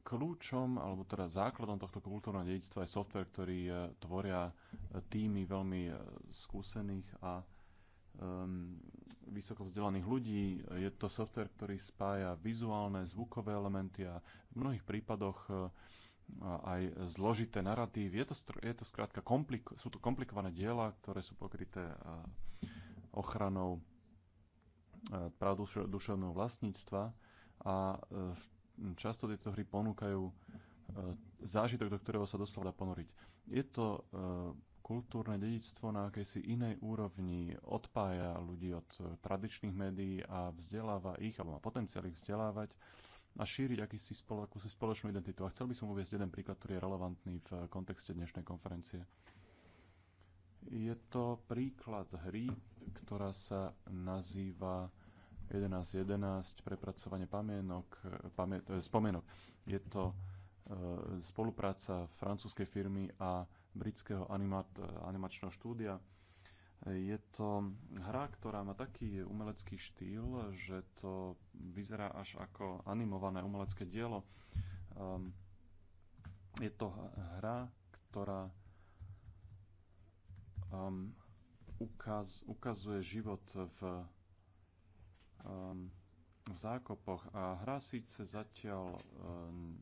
kľúčom, alebo teda základom tohto kultúrneho dedictva je software, ktorý eh, tvoria eh, týmy veľmi eh, skúsených a um, vysoko vzdelaných ľudí. Je to software, ktorý spája vizuálne, zvukové elementy a v mnohých prípadoch aj zložité narratív. Je to, je to skrátka komplik- sú to komplikované diela, ktoré sú pokryté ochranou uh, práv duševného vlastníctva a v často tieto hry ponúkajú e, zážitok, do ktorého sa doslova dá ponoriť. Je to e, kultúrne dedičstvo na akejsi inej úrovni, odpája ľudí od e, tradičných médií a vzdeláva ich, alebo má potenciál ich vzdelávať a šíriť akýsi spolo, akúsi spoločnú identitu. A chcel by som uviezť jeden príklad, ktorý je relevantný v kontexte dnešnej konferencie. Je to príklad hry, ktorá sa nazýva 11.11 prepracovanie pamienok, pamien, spomienok. Je to e, spolupráca francúzskej firmy a britského animat, animačného štúdia. Je to hra, ktorá má taký umelecký štýl, že to vyzerá až ako animované umelecké dielo. Um, je to hra, ktorá um, ukaz, ukazuje život v Ehm, v zákopoch a hra síce zatiaľ ehm,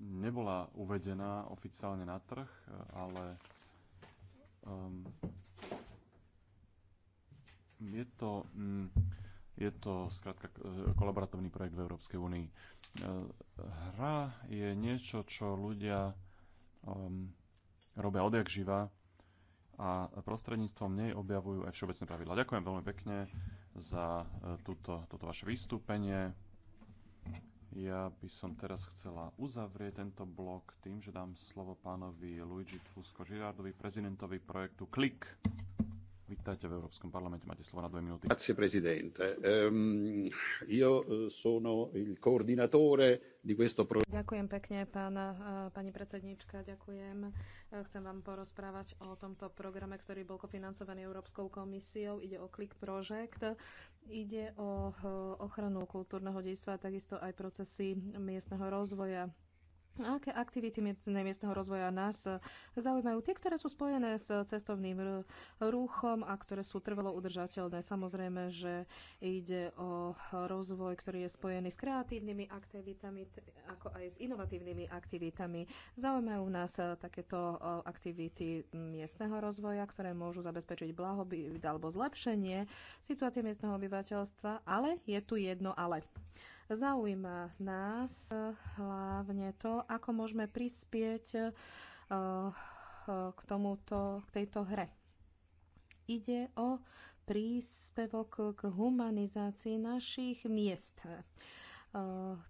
nebola uvedená oficiálne na trh, ale ehm, je to, mm, je to skrátka e, kolaboratívny projekt v Európskej únii. E, hra je niečo, čo ľudia um, robia odjak živa a prostredníctvom nej objavujú aj všeobecné pravidla. Ďakujem veľmi pekne za e, túto, toto vaše vystúpenie. Ja by som teraz chcela uzavrieť tento blok tým, že dám slovo pánovi Luigi Fusco Girardovi, prezidentovi projektu KLIK. Vítajte v Európskom parlamente, máte slovo na dve minúty. Grazie, prezidente. Um, ehm, io eh, sono il coordinatore di questo progetto. Ďakujem pekne, pán, eh, pani predsedníčka. ďakujem. Eh, chcem vám porozprávať o tomto programe, ktorý bol kofinancovaný Európskou komisiou. Ide o Click Project. Ide o ochranu kultúrneho dejstva a takisto aj procesy miestneho rozvoja Aké aktivity miestneho rozvoja nás zaujímajú? Tie, ktoré sú spojené s cestovným ruchom a ktoré sú trvalo udržateľné. Samozrejme, že ide o rozvoj, ktorý je spojený s kreatívnymi aktivitami, ako aj s inovatívnymi aktivitami. Zaujímajú nás takéto aktivity miestneho rozvoja, ktoré môžu zabezpečiť blahobyt alebo zlepšenie situácie miestneho obyvateľstva, ale je tu jedno ale. Zaujíma nás eh, hlavne to, ako môžeme prispieť eh, eh, k, tomuto, k tejto hre. Ide o príspevok k humanizácii našich miest.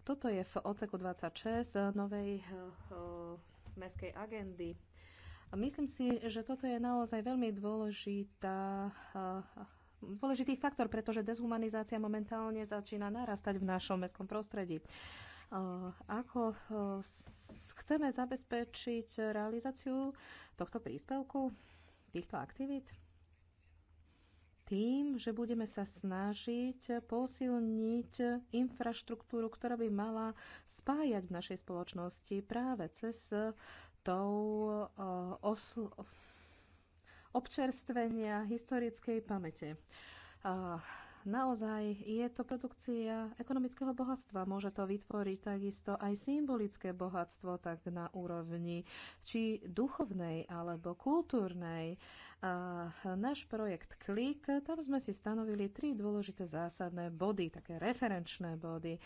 Toto je v oceku 26 novej mestskej agendy. Myslím si, že toto je naozaj veľmi dôležitá dôležitý faktor, pretože dezhumanizácia momentálne začína narastať v našom mestskom prostredí. Eh, ako eh, chceme zabezpečiť realizáciu tohto príspevku, týchto aktivít? tým, že budeme sa snažiť posilniť infraštruktúru, ktorá by mala spájať v našej spoločnosti práve cez tou eh, osl- občerstvenia historickej pamäte. A naozaj je to produkcia ekonomického bohatstva. Môže to vytvoriť takisto aj symbolické bohatstvo, tak na úrovni či duchovnej alebo kultúrnej. A náš projekt Klik, tam sme si stanovili tri dôležité zásadné body, také referenčné body.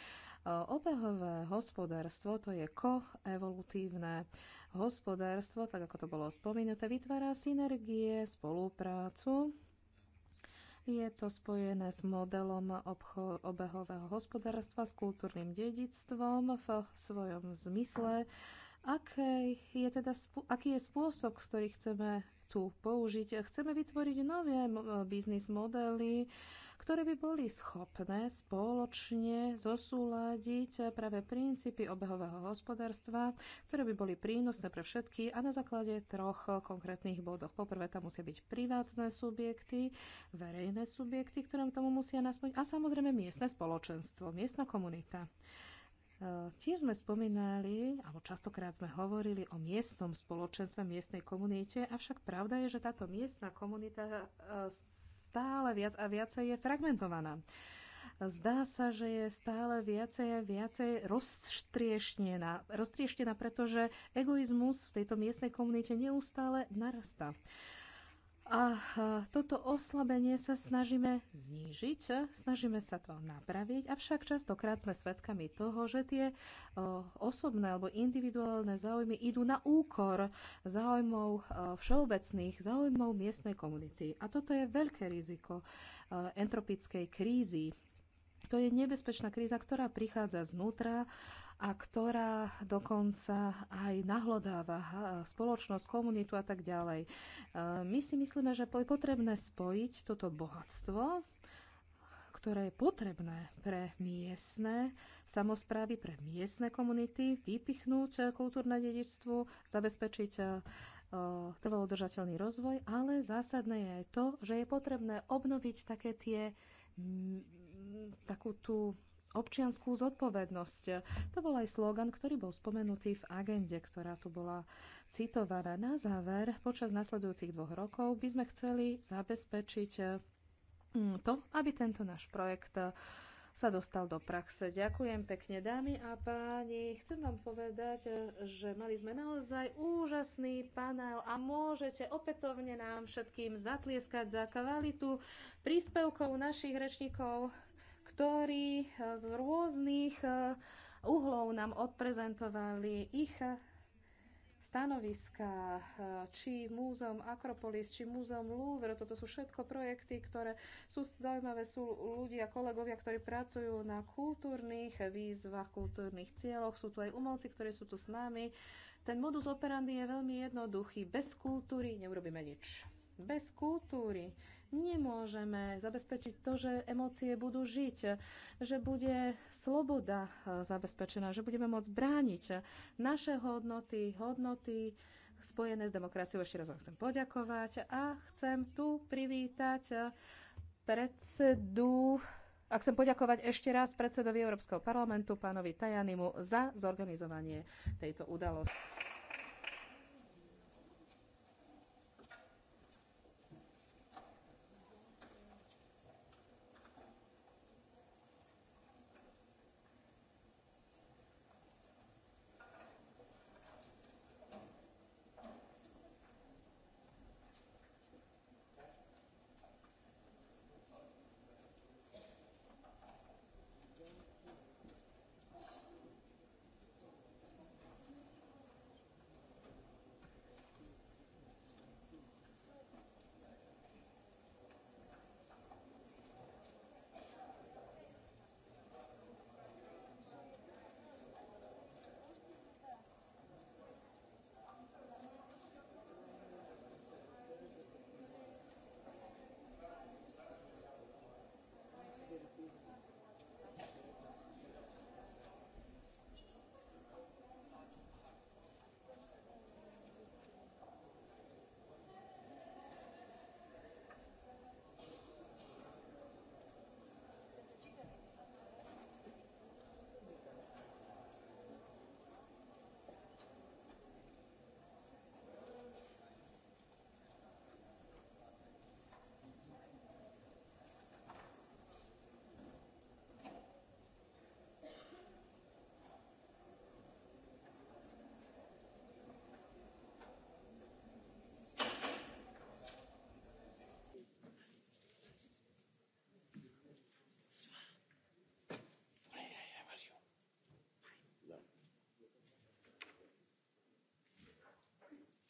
Obehové hospodárstvo, to je koevolutívne hospodárstvo, tak ako to bolo spomenuté, vytvára synergie, spoluprácu je to spojené s modelom obehového hospodárstva, s kultúrnym dedictvom v svojom zmysle. Aký je, teda, aký je spôsob, ktorý chceme tu použiť? Chceme vytvoriť nové biznis modely, ktoré by boli schopné spoločne zosúľadiť práve princípy obehového hospodárstva, ktoré by boli prínosné pre všetky a na základe troch konkrétnych bodoch. Poprvé tam musia byť privátne subjekty, verejné subjekty, ktorým tomu musia naspoň a samozrejme miestne spoločenstvo, miestna komunita. E, tiež sme spomínali, alebo častokrát sme hovorili o miestnom spoločenstve, miestnej komunite, avšak pravda je, že táto miestna komunita e, stále viac a viacej je fragmentovaná. Zdá sa, že je stále viacej a viacej roztriešnená, roztriešnená, pretože egoizmus v tejto miestnej komunite neustále narastá. A e, toto oslabenie sa snažíme znížiť, snažíme sa to napraviť, avšak častokrát sme svedkami toho, že tie e, osobné alebo individuálne záujmy idú na úkor záujmov e, všeobecných, záujmov miestnej komunity. A toto je veľké riziko entropickej krízy. To je nebezpečná kríza, ktorá prichádza znútra a ktorá dokonca aj nahlodáva spoločnosť, komunitu a tak ďalej. E, my si myslíme, že je potrebné spojiť toto bohatstvo, ktoré je potrebné pre miestne samozprávy, pre miestne komunity, vypichnúť e, kultúrne dedičstvo, zabezpečiť e, trvalodržateľný rozvoj, ale zásadné je aj to, že je potrebné obnoviť také tie, takú tú občianskú zodpovednosť. To bol aj slogan, ktorý bol spomenutý v agende, ktorá tu bola citovaná. Na záver, počas nasledujúcich dvoch rokov by sme chceli zabezpečiť mm, to, aby tento náš projekt sa dostal do praxe. Ďakujem pekne, dámy a páni. Chcem vám povedať, že mali sme naozaj úžasný panel a môžete opätovne nám všetkým zatlieskať za kvalitu príspevkov našich rečníkov ktorí eh, z rôznych eh, uhlov nám odprezentovali ich eh, stanoviska, či múzeum Akropolis, či múzeum Louvre, toto sú všetko projekty, ktoré sú zaujímavé, sú ľudia, kolegovia, ktorí pracujú na kultúrnych výzvach, kultúrnych cieľoch, sú tu aj umelci, ktorí sú tu s nami. Ten modus operandi je veľmi jednoduchý. Bez kultúry neurobíme nič. Bez kultúry nemôžeme zabezpečiť to, že emócie budú žiť, že bude sloboda eh, zabezpečená, že budeme môcť brániť naše hodnoty, hodnoty spojené s demokraciou. Ešte raz vám chcem poďakovať a chcem tu privítať eh, predsedu a chcem poďakovať ešte raz predsedovi Európskeho parlamentu, pánovi Tajanimu, za zorganizovanie tejto udalosti.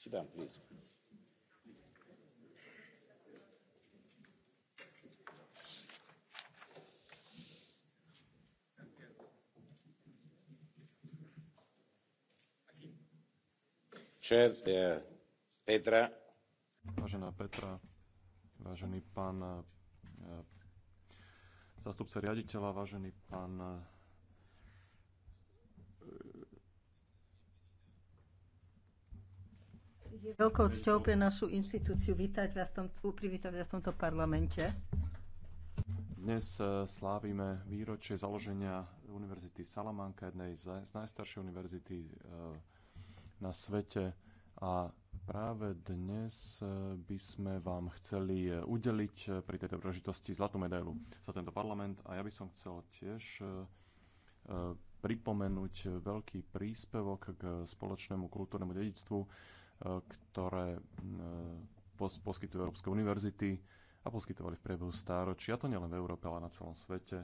sit down please. Chair, uh, Petra. Vážená Petra, vážený pán uh, zástupca riaditeľa, vážený pán uh, veľkou cťou pre našu inštitúciu vítať vás tom, privítať vás v tomto parlamente. Dnes eh, slávime výročie založenia Univerzity Salamanca, jednej z najstaršej univerzity eh, na svete. A práve dnes eh, by sme vám chceli udeliť pri tejto príležitosti zlatú medailu za tento parlament. A ja by som chcel tiež pripomenúť veľký príspevok k spoločnému kultúrnemu dedictvu, Eh, ktoré eh, poskytujú Európske univerzity a poskytovali v priebehu stáročia, to nielen v Európe, ale na celom svete.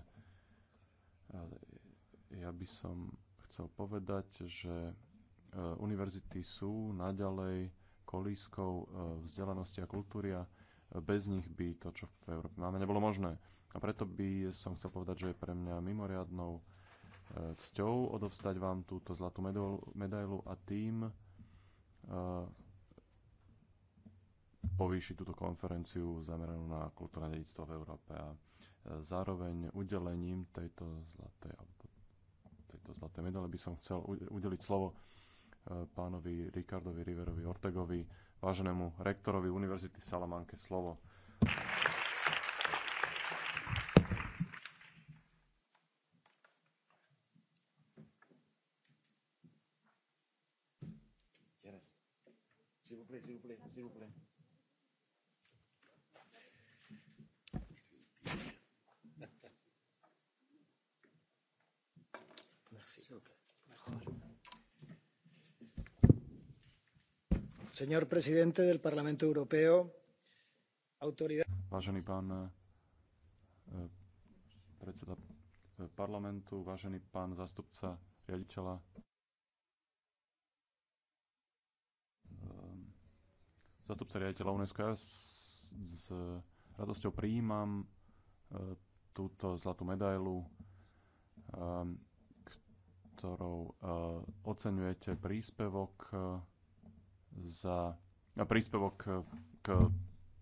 Eh, ja by som chcel povedať, že univerzity sú naďalej kolískou vzdelanosti a kultúry a bez nich by to, čo v Európe máme, nebolo možné. A preto by som chcel povedať, že je pre mňa mimoriadnou cťou odovstať vám túto zlatú medailu a tým Eh, povýšiť túto konferenciu zameranú na kultúrne dedictvo v Európe a eh, zároveň udelením tejto zlatej, tejto zlatej medaile by som chcel udeliť slovo eh, pánovi Ricardovi Riverovi Ortegovi, váženému rektorovi Univerzity Salamanke slovo. s'il vous Señor presidente del Parlamento Europeo, autoridad. Vážený pán eh, predseda eh, parlamentu, vážený pán zástupca riaditeľa zastupca riaditeľa UNESCO, s, s radosťou prijímam e, túto zlatú medailu, e, ktorou e, oceňujete príspevok za príspevok k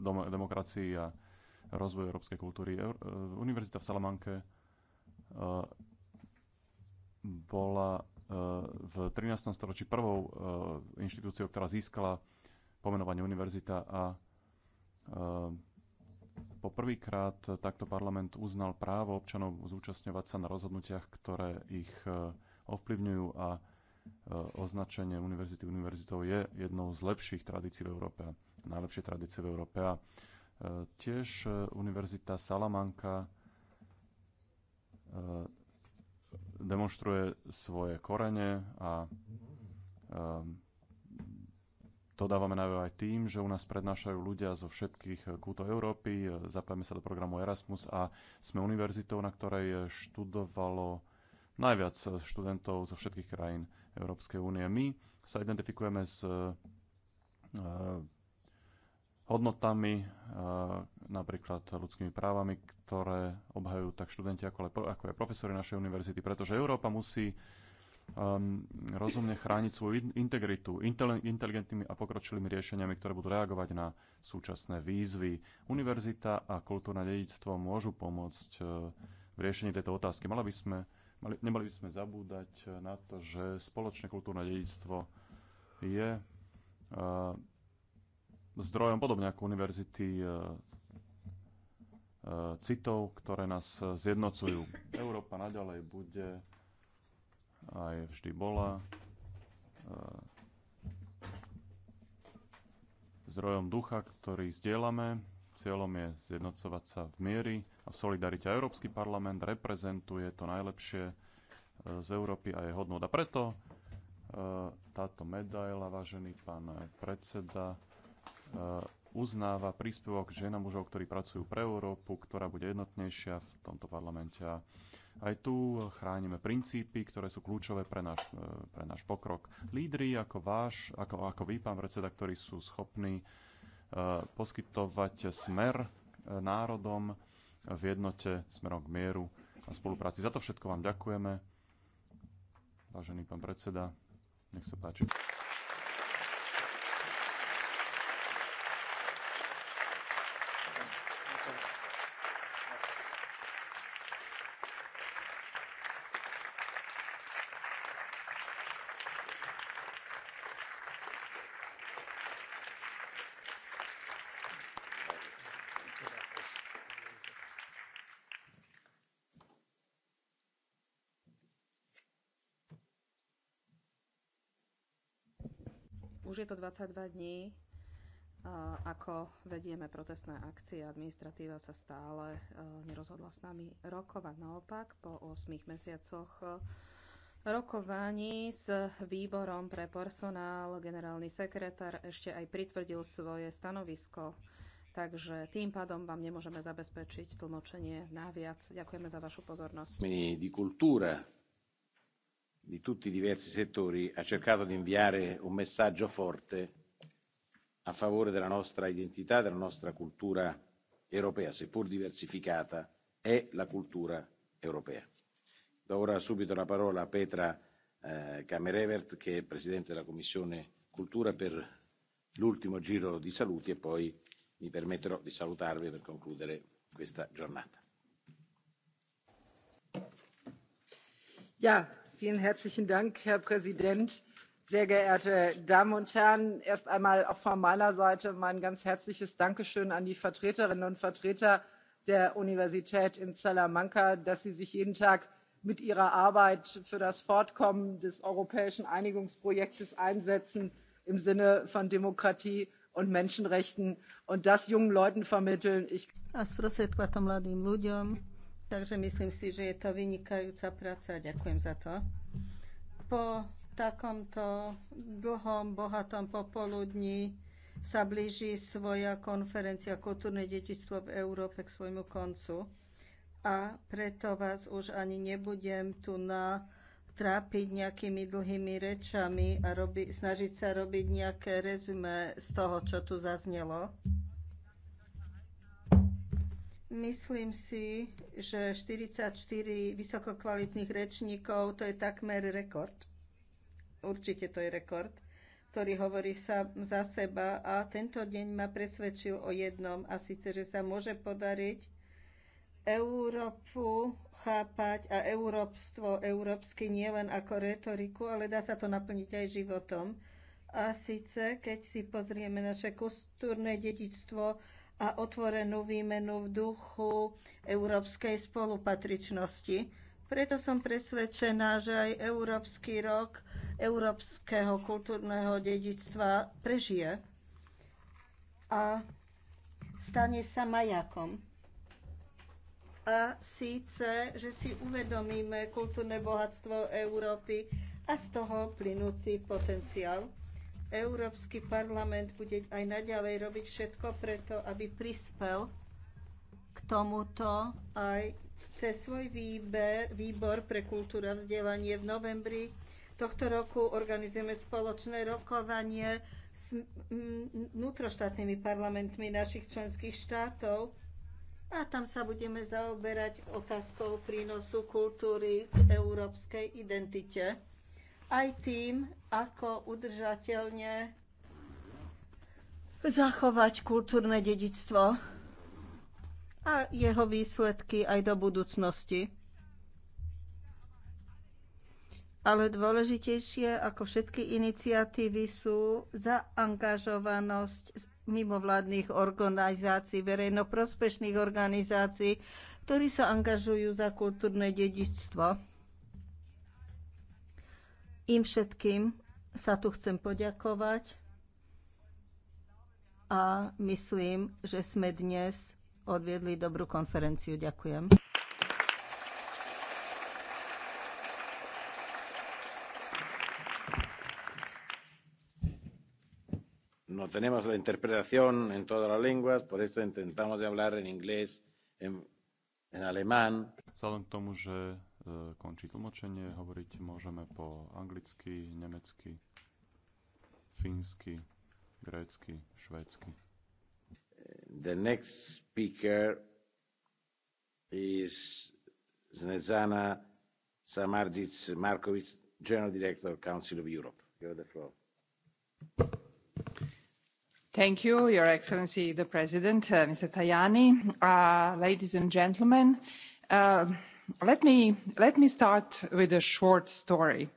demokracii a rozvoju európskej kultúry. Univerzita v Salamanke bola v 13. storočí prvou inštitúciou, ktorá získala pomenovanie univerzita a e, poprvýkrát takto parlament uznal právo občanov zúčastňovať sa na rozhodnutiach, ktoré ich e, ovplyvňujú a e, označenie univerzity univerzitou je jednou z lepších tradícií v Európe, najlepšie tradície v Európe. A tiež Univerzita Salamanka demonstruje svoje korene a to dávame najavo aj tým, že u nás prednášajú ľudia zo všetkých kútov Európy, zapájame sa do programu Erasmus a sme univerzitou, na ktorej študovalo najviac študentov zo všetkých krajín Európskej únie. My sa identifikujeme s eh, hodnotami, eh, napríklad ľudskými právami, ktoré obhajujú tak študenti ako aj profesori našej univerzity, pretože Európa musí um, rozumne chrániť svoju integritu inteligentnými a pokročilými riešeniami, ktoré budú reagovať na súčasné výzvy. Univerzita a kultúrne dedičstvo môžu pomôcť uh, v riešení tejto otázky. Mali by sme, mali, nemali by sme zabúdať uh, na to, že spoločné kultúrne dedictvo je uh, zdrojom podobne ako univerzity uh, uh citov, ktoré nás zjednocujú. Európa naďalej bude aj vždy bola e, zdrojom ducha, ktorý zdieľame. Cieľom je zjednocovať sa v miery a v solidarite. A Európsky parlament reprezentuje to najlepšie e, z Európy a je hodnot. A preto e, táto medaila, vážený pán predseda, uznáva príspevok žena mužov, ktorí pracujú pre Európu, ktorá bude jednotnejšia v tomto parlamente. A aj tu eh, chránime princípy, ktoré sú kľúčové pre náš, eh, pre náš pokrok. Lídry ako váš, ako, ako vy, pán predseda, ktorí sú schopní eh, poskytovať smer národom v jednote smerom k mieru a spolupráci. Za to všetko vám ďakujeme. Vážený pán predseda, nech sa páči. Už je to 22 dní, ako vedieme protestné akcie. Administratíva sa stále e, nerozhodla s nami rokovať. Naopak, po 8 mesiacoch e, rokovaní s výborom pre personál generálny sekretár ešte aj pritvrdil svoje stanovisko. Takže tým pádom vám nemôžeme zabezpečiť tlmočenie naviac. Ďakujeme za vašu pozornosť di tutti i diversi settori ha cercato di inviare un messaggio forte a favore della nostra identità, della nostra cultura europea, seppur diversificata, è la cultura europea. Do ora subito la parola a Petra Camerevert, eh, che è Presidente della Commissione Cultura, per l'ultimo giro di saluti e poi mi permetterò di salutarvi per concludere questa giornata. Vielen herzlichen Dank, Herr Präsident. Sehr geehrte Damen und Herren, erst einmal auch von meiner Seite mein ganz herzliches Dankeschön an die Vertreterinnen und Vertreter der Universität in Salamanca, dass sie sich jeden Tag mit ihrer Arbeit für das Fortkommen des europäischen Einigungsprojektes einsetzen im Sinne von Demokratie und Menschenrechten und das jungen Leuten vermitteln. Ich Takže myslím si, že je to vynikajúca práca. Ďakujem za to. Po takomto dlhom, bohatom popoludní sa blíži svoja konferencia Kultúrne detičstvo v Európe k svojmu koncu. A preto vás už ani nebudem tu na trápiť nejakými dlhými rečami a robi, snažiť sa robiť nejaké rezume z toho, čo tu zaznelo. Myslím si, že 44 vysokokvalitných rečníkov to je takmer rekord. Určite to je rekord, ktorý hovorí sa za seba a tento deň ma presvedčil o jednom a síce, že sa môže podariť Európu chápať a európstvo európsky len ako retoriku, ale dá sa to naplniť aj životom. A síce, keď si pozrieme naše kultúrne dedičstvo, a otvorenú výmenu v duchu európskej spolupatričnosti. Preto som presvedčená, že aj Európsky rok európskeho kultúrneho dedičstva prežije a stane sa majakom. A síce, že si uvedomíme kultúrne bohatstvo Európy a z toho plynúci potenciál. Európsky parlament bude aj naďalej robiť všetko preto, aby prispel k tomuto aj cez svoj výber, výbor pre kultúru a vzdelanie v novembri tohto roku organizujeme spoločné rokovanie s mm, vnútroštátnymi parlamentmi našich členských štátov a tam sa budeme zaoberať otázkou prínosu kultúry k európskej identite aj tým, ako udržateľne zachovať kultúrne dedičstvo a jeho výsledky aj do budúcnosti. Ale dôležitejšie ako všetky iniciatívy sú zaangažovanosť mimovládnych organizácií, verejnoprospešných organizácií, ktorí sa angažujú za kultúrne dedičstvo. Im všetkým sa tu chcem poďakovať a myslím, že sme dnes odviedli dobrú konferenciu. Ďakujem. No tenemos la interpretación en todas las lenguas, por eso intentamos de hablar en inglés, en, en alemán. Vzhľadom k tomu, že E, končí tlmočenie. Hovoriť môžeme po anglicky, nemecky, fínsky, grécky, švédsky. The next speaker is Znezana Samardzic Markovic, General Director, of Council of Europe. You have the floor. Thank you, Your Excellency the President, uh, Mr. Tajani, uh, ladies and gentlemen. Uh, let me, let me start with a short story.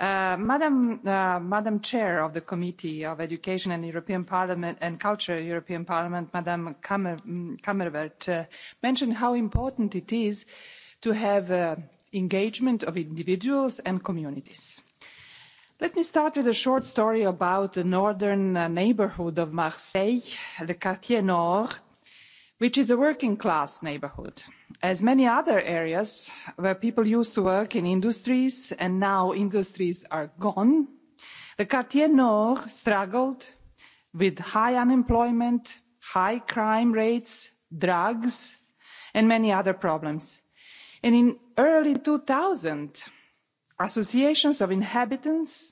Uh, Madam, uh, Madam Chair of the Committee of Education and European Parliament and Culture, European Parliament, Madam Kammer, mm, uh, mentioned how important it is to have uh, engagement of individuals and communities. Let me start with a short story about the northern uh, neighbourhood of Marseille, the Quartier Nord, which is a working class neighbourhood as many other areas where people used to work in industries and now industries are gone the quartier nord struggled with high unemployment high crime rates drugs and many other problems and in early two thousand associations of inhabitants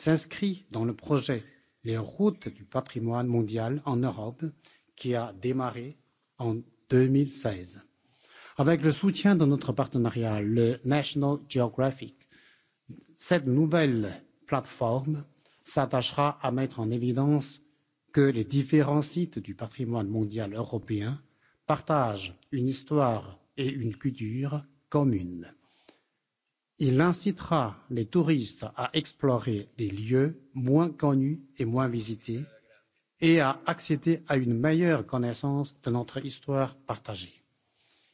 s'inscrit dans le projet Les routes du patrimoine mondial en Europe qui a démarré en deux mille seize. Avec le soutien de notre partenariat, le National Geographic, cette nouvelle plateforme s'attachera à mettre en évidence que les différents sites du patrimoine mondial européen partagent une histoire et une culture communes il incitera les touristes à explorer des lieux moins connus et moins visités et à accéder à une meilleure connaissance de notre histoire partagée.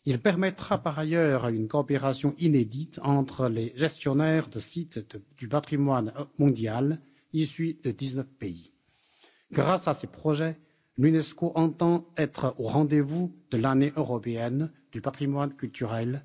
Il permettra par ailleurs une coopération inédite entre les gestionnaires de sites de, du patrimoine mondial issus de dix neuf pays. Grâce à ces projets, l'UNESCO entend être au rendez-vous de l'année européenne du patrimoine culturel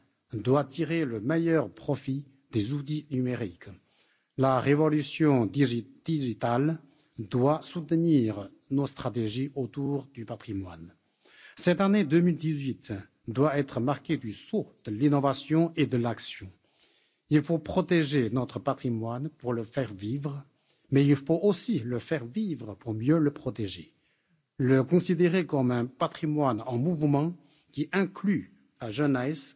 doit tirer le meilleur profit des outils numériques. La révolution digi digitale doit soutenir nos stratégies autour du patrimoine. Cette année deux mille dix huit doit être marquée du saut de l'innovation et de l'action. Il faut protéger notre patrimoine pour le faire vivre, mais il faut aussi le faire vivre pour mieux le protéger. Le considérer comme un patrimoine en mouvement qui inclut la jeunesse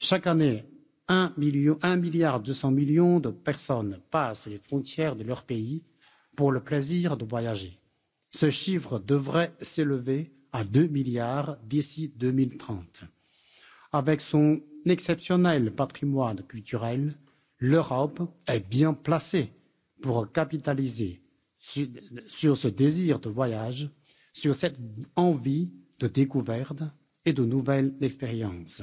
chaque année un milliard deux cents millions de personnes passent les frontières de leur pays pour le plaisir de voyager. ce chiffre devrait s'élever à deux milliards d'ici deux mille trente avec son exceptionnel patrimoine culturel l'europe est bien placée pour capitaliser sur ce désir de voyage sur cette envie de découverte et de nouvelles expériences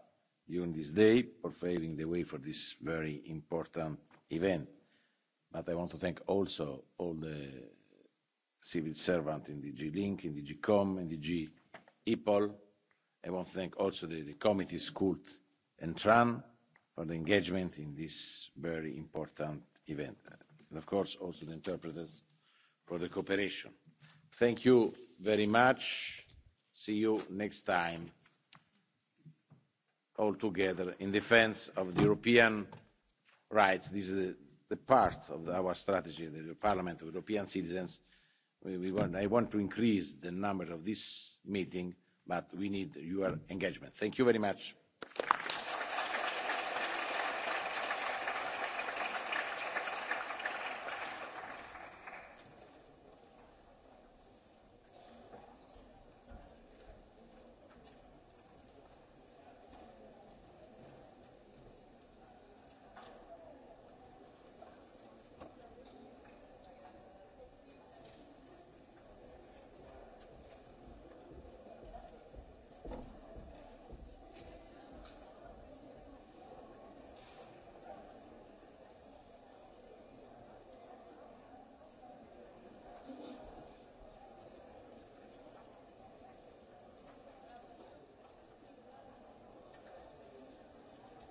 during this day for paving the way for this very important event. But I want to thank also all the civil servants in the G-Link, in the G-Com, in the G-EPOL. I want to thank also the, the committees Cult and Tran for the engagement in this very important event. And of course, also the interpreters for the cooperation. Thank you very much. See you next time all together in defence of the European rights. This is the, the part of our strategy, the Parliament of European citizens. we want, I want to increase the number of this meeting, but we need your engagement. Thank you very much.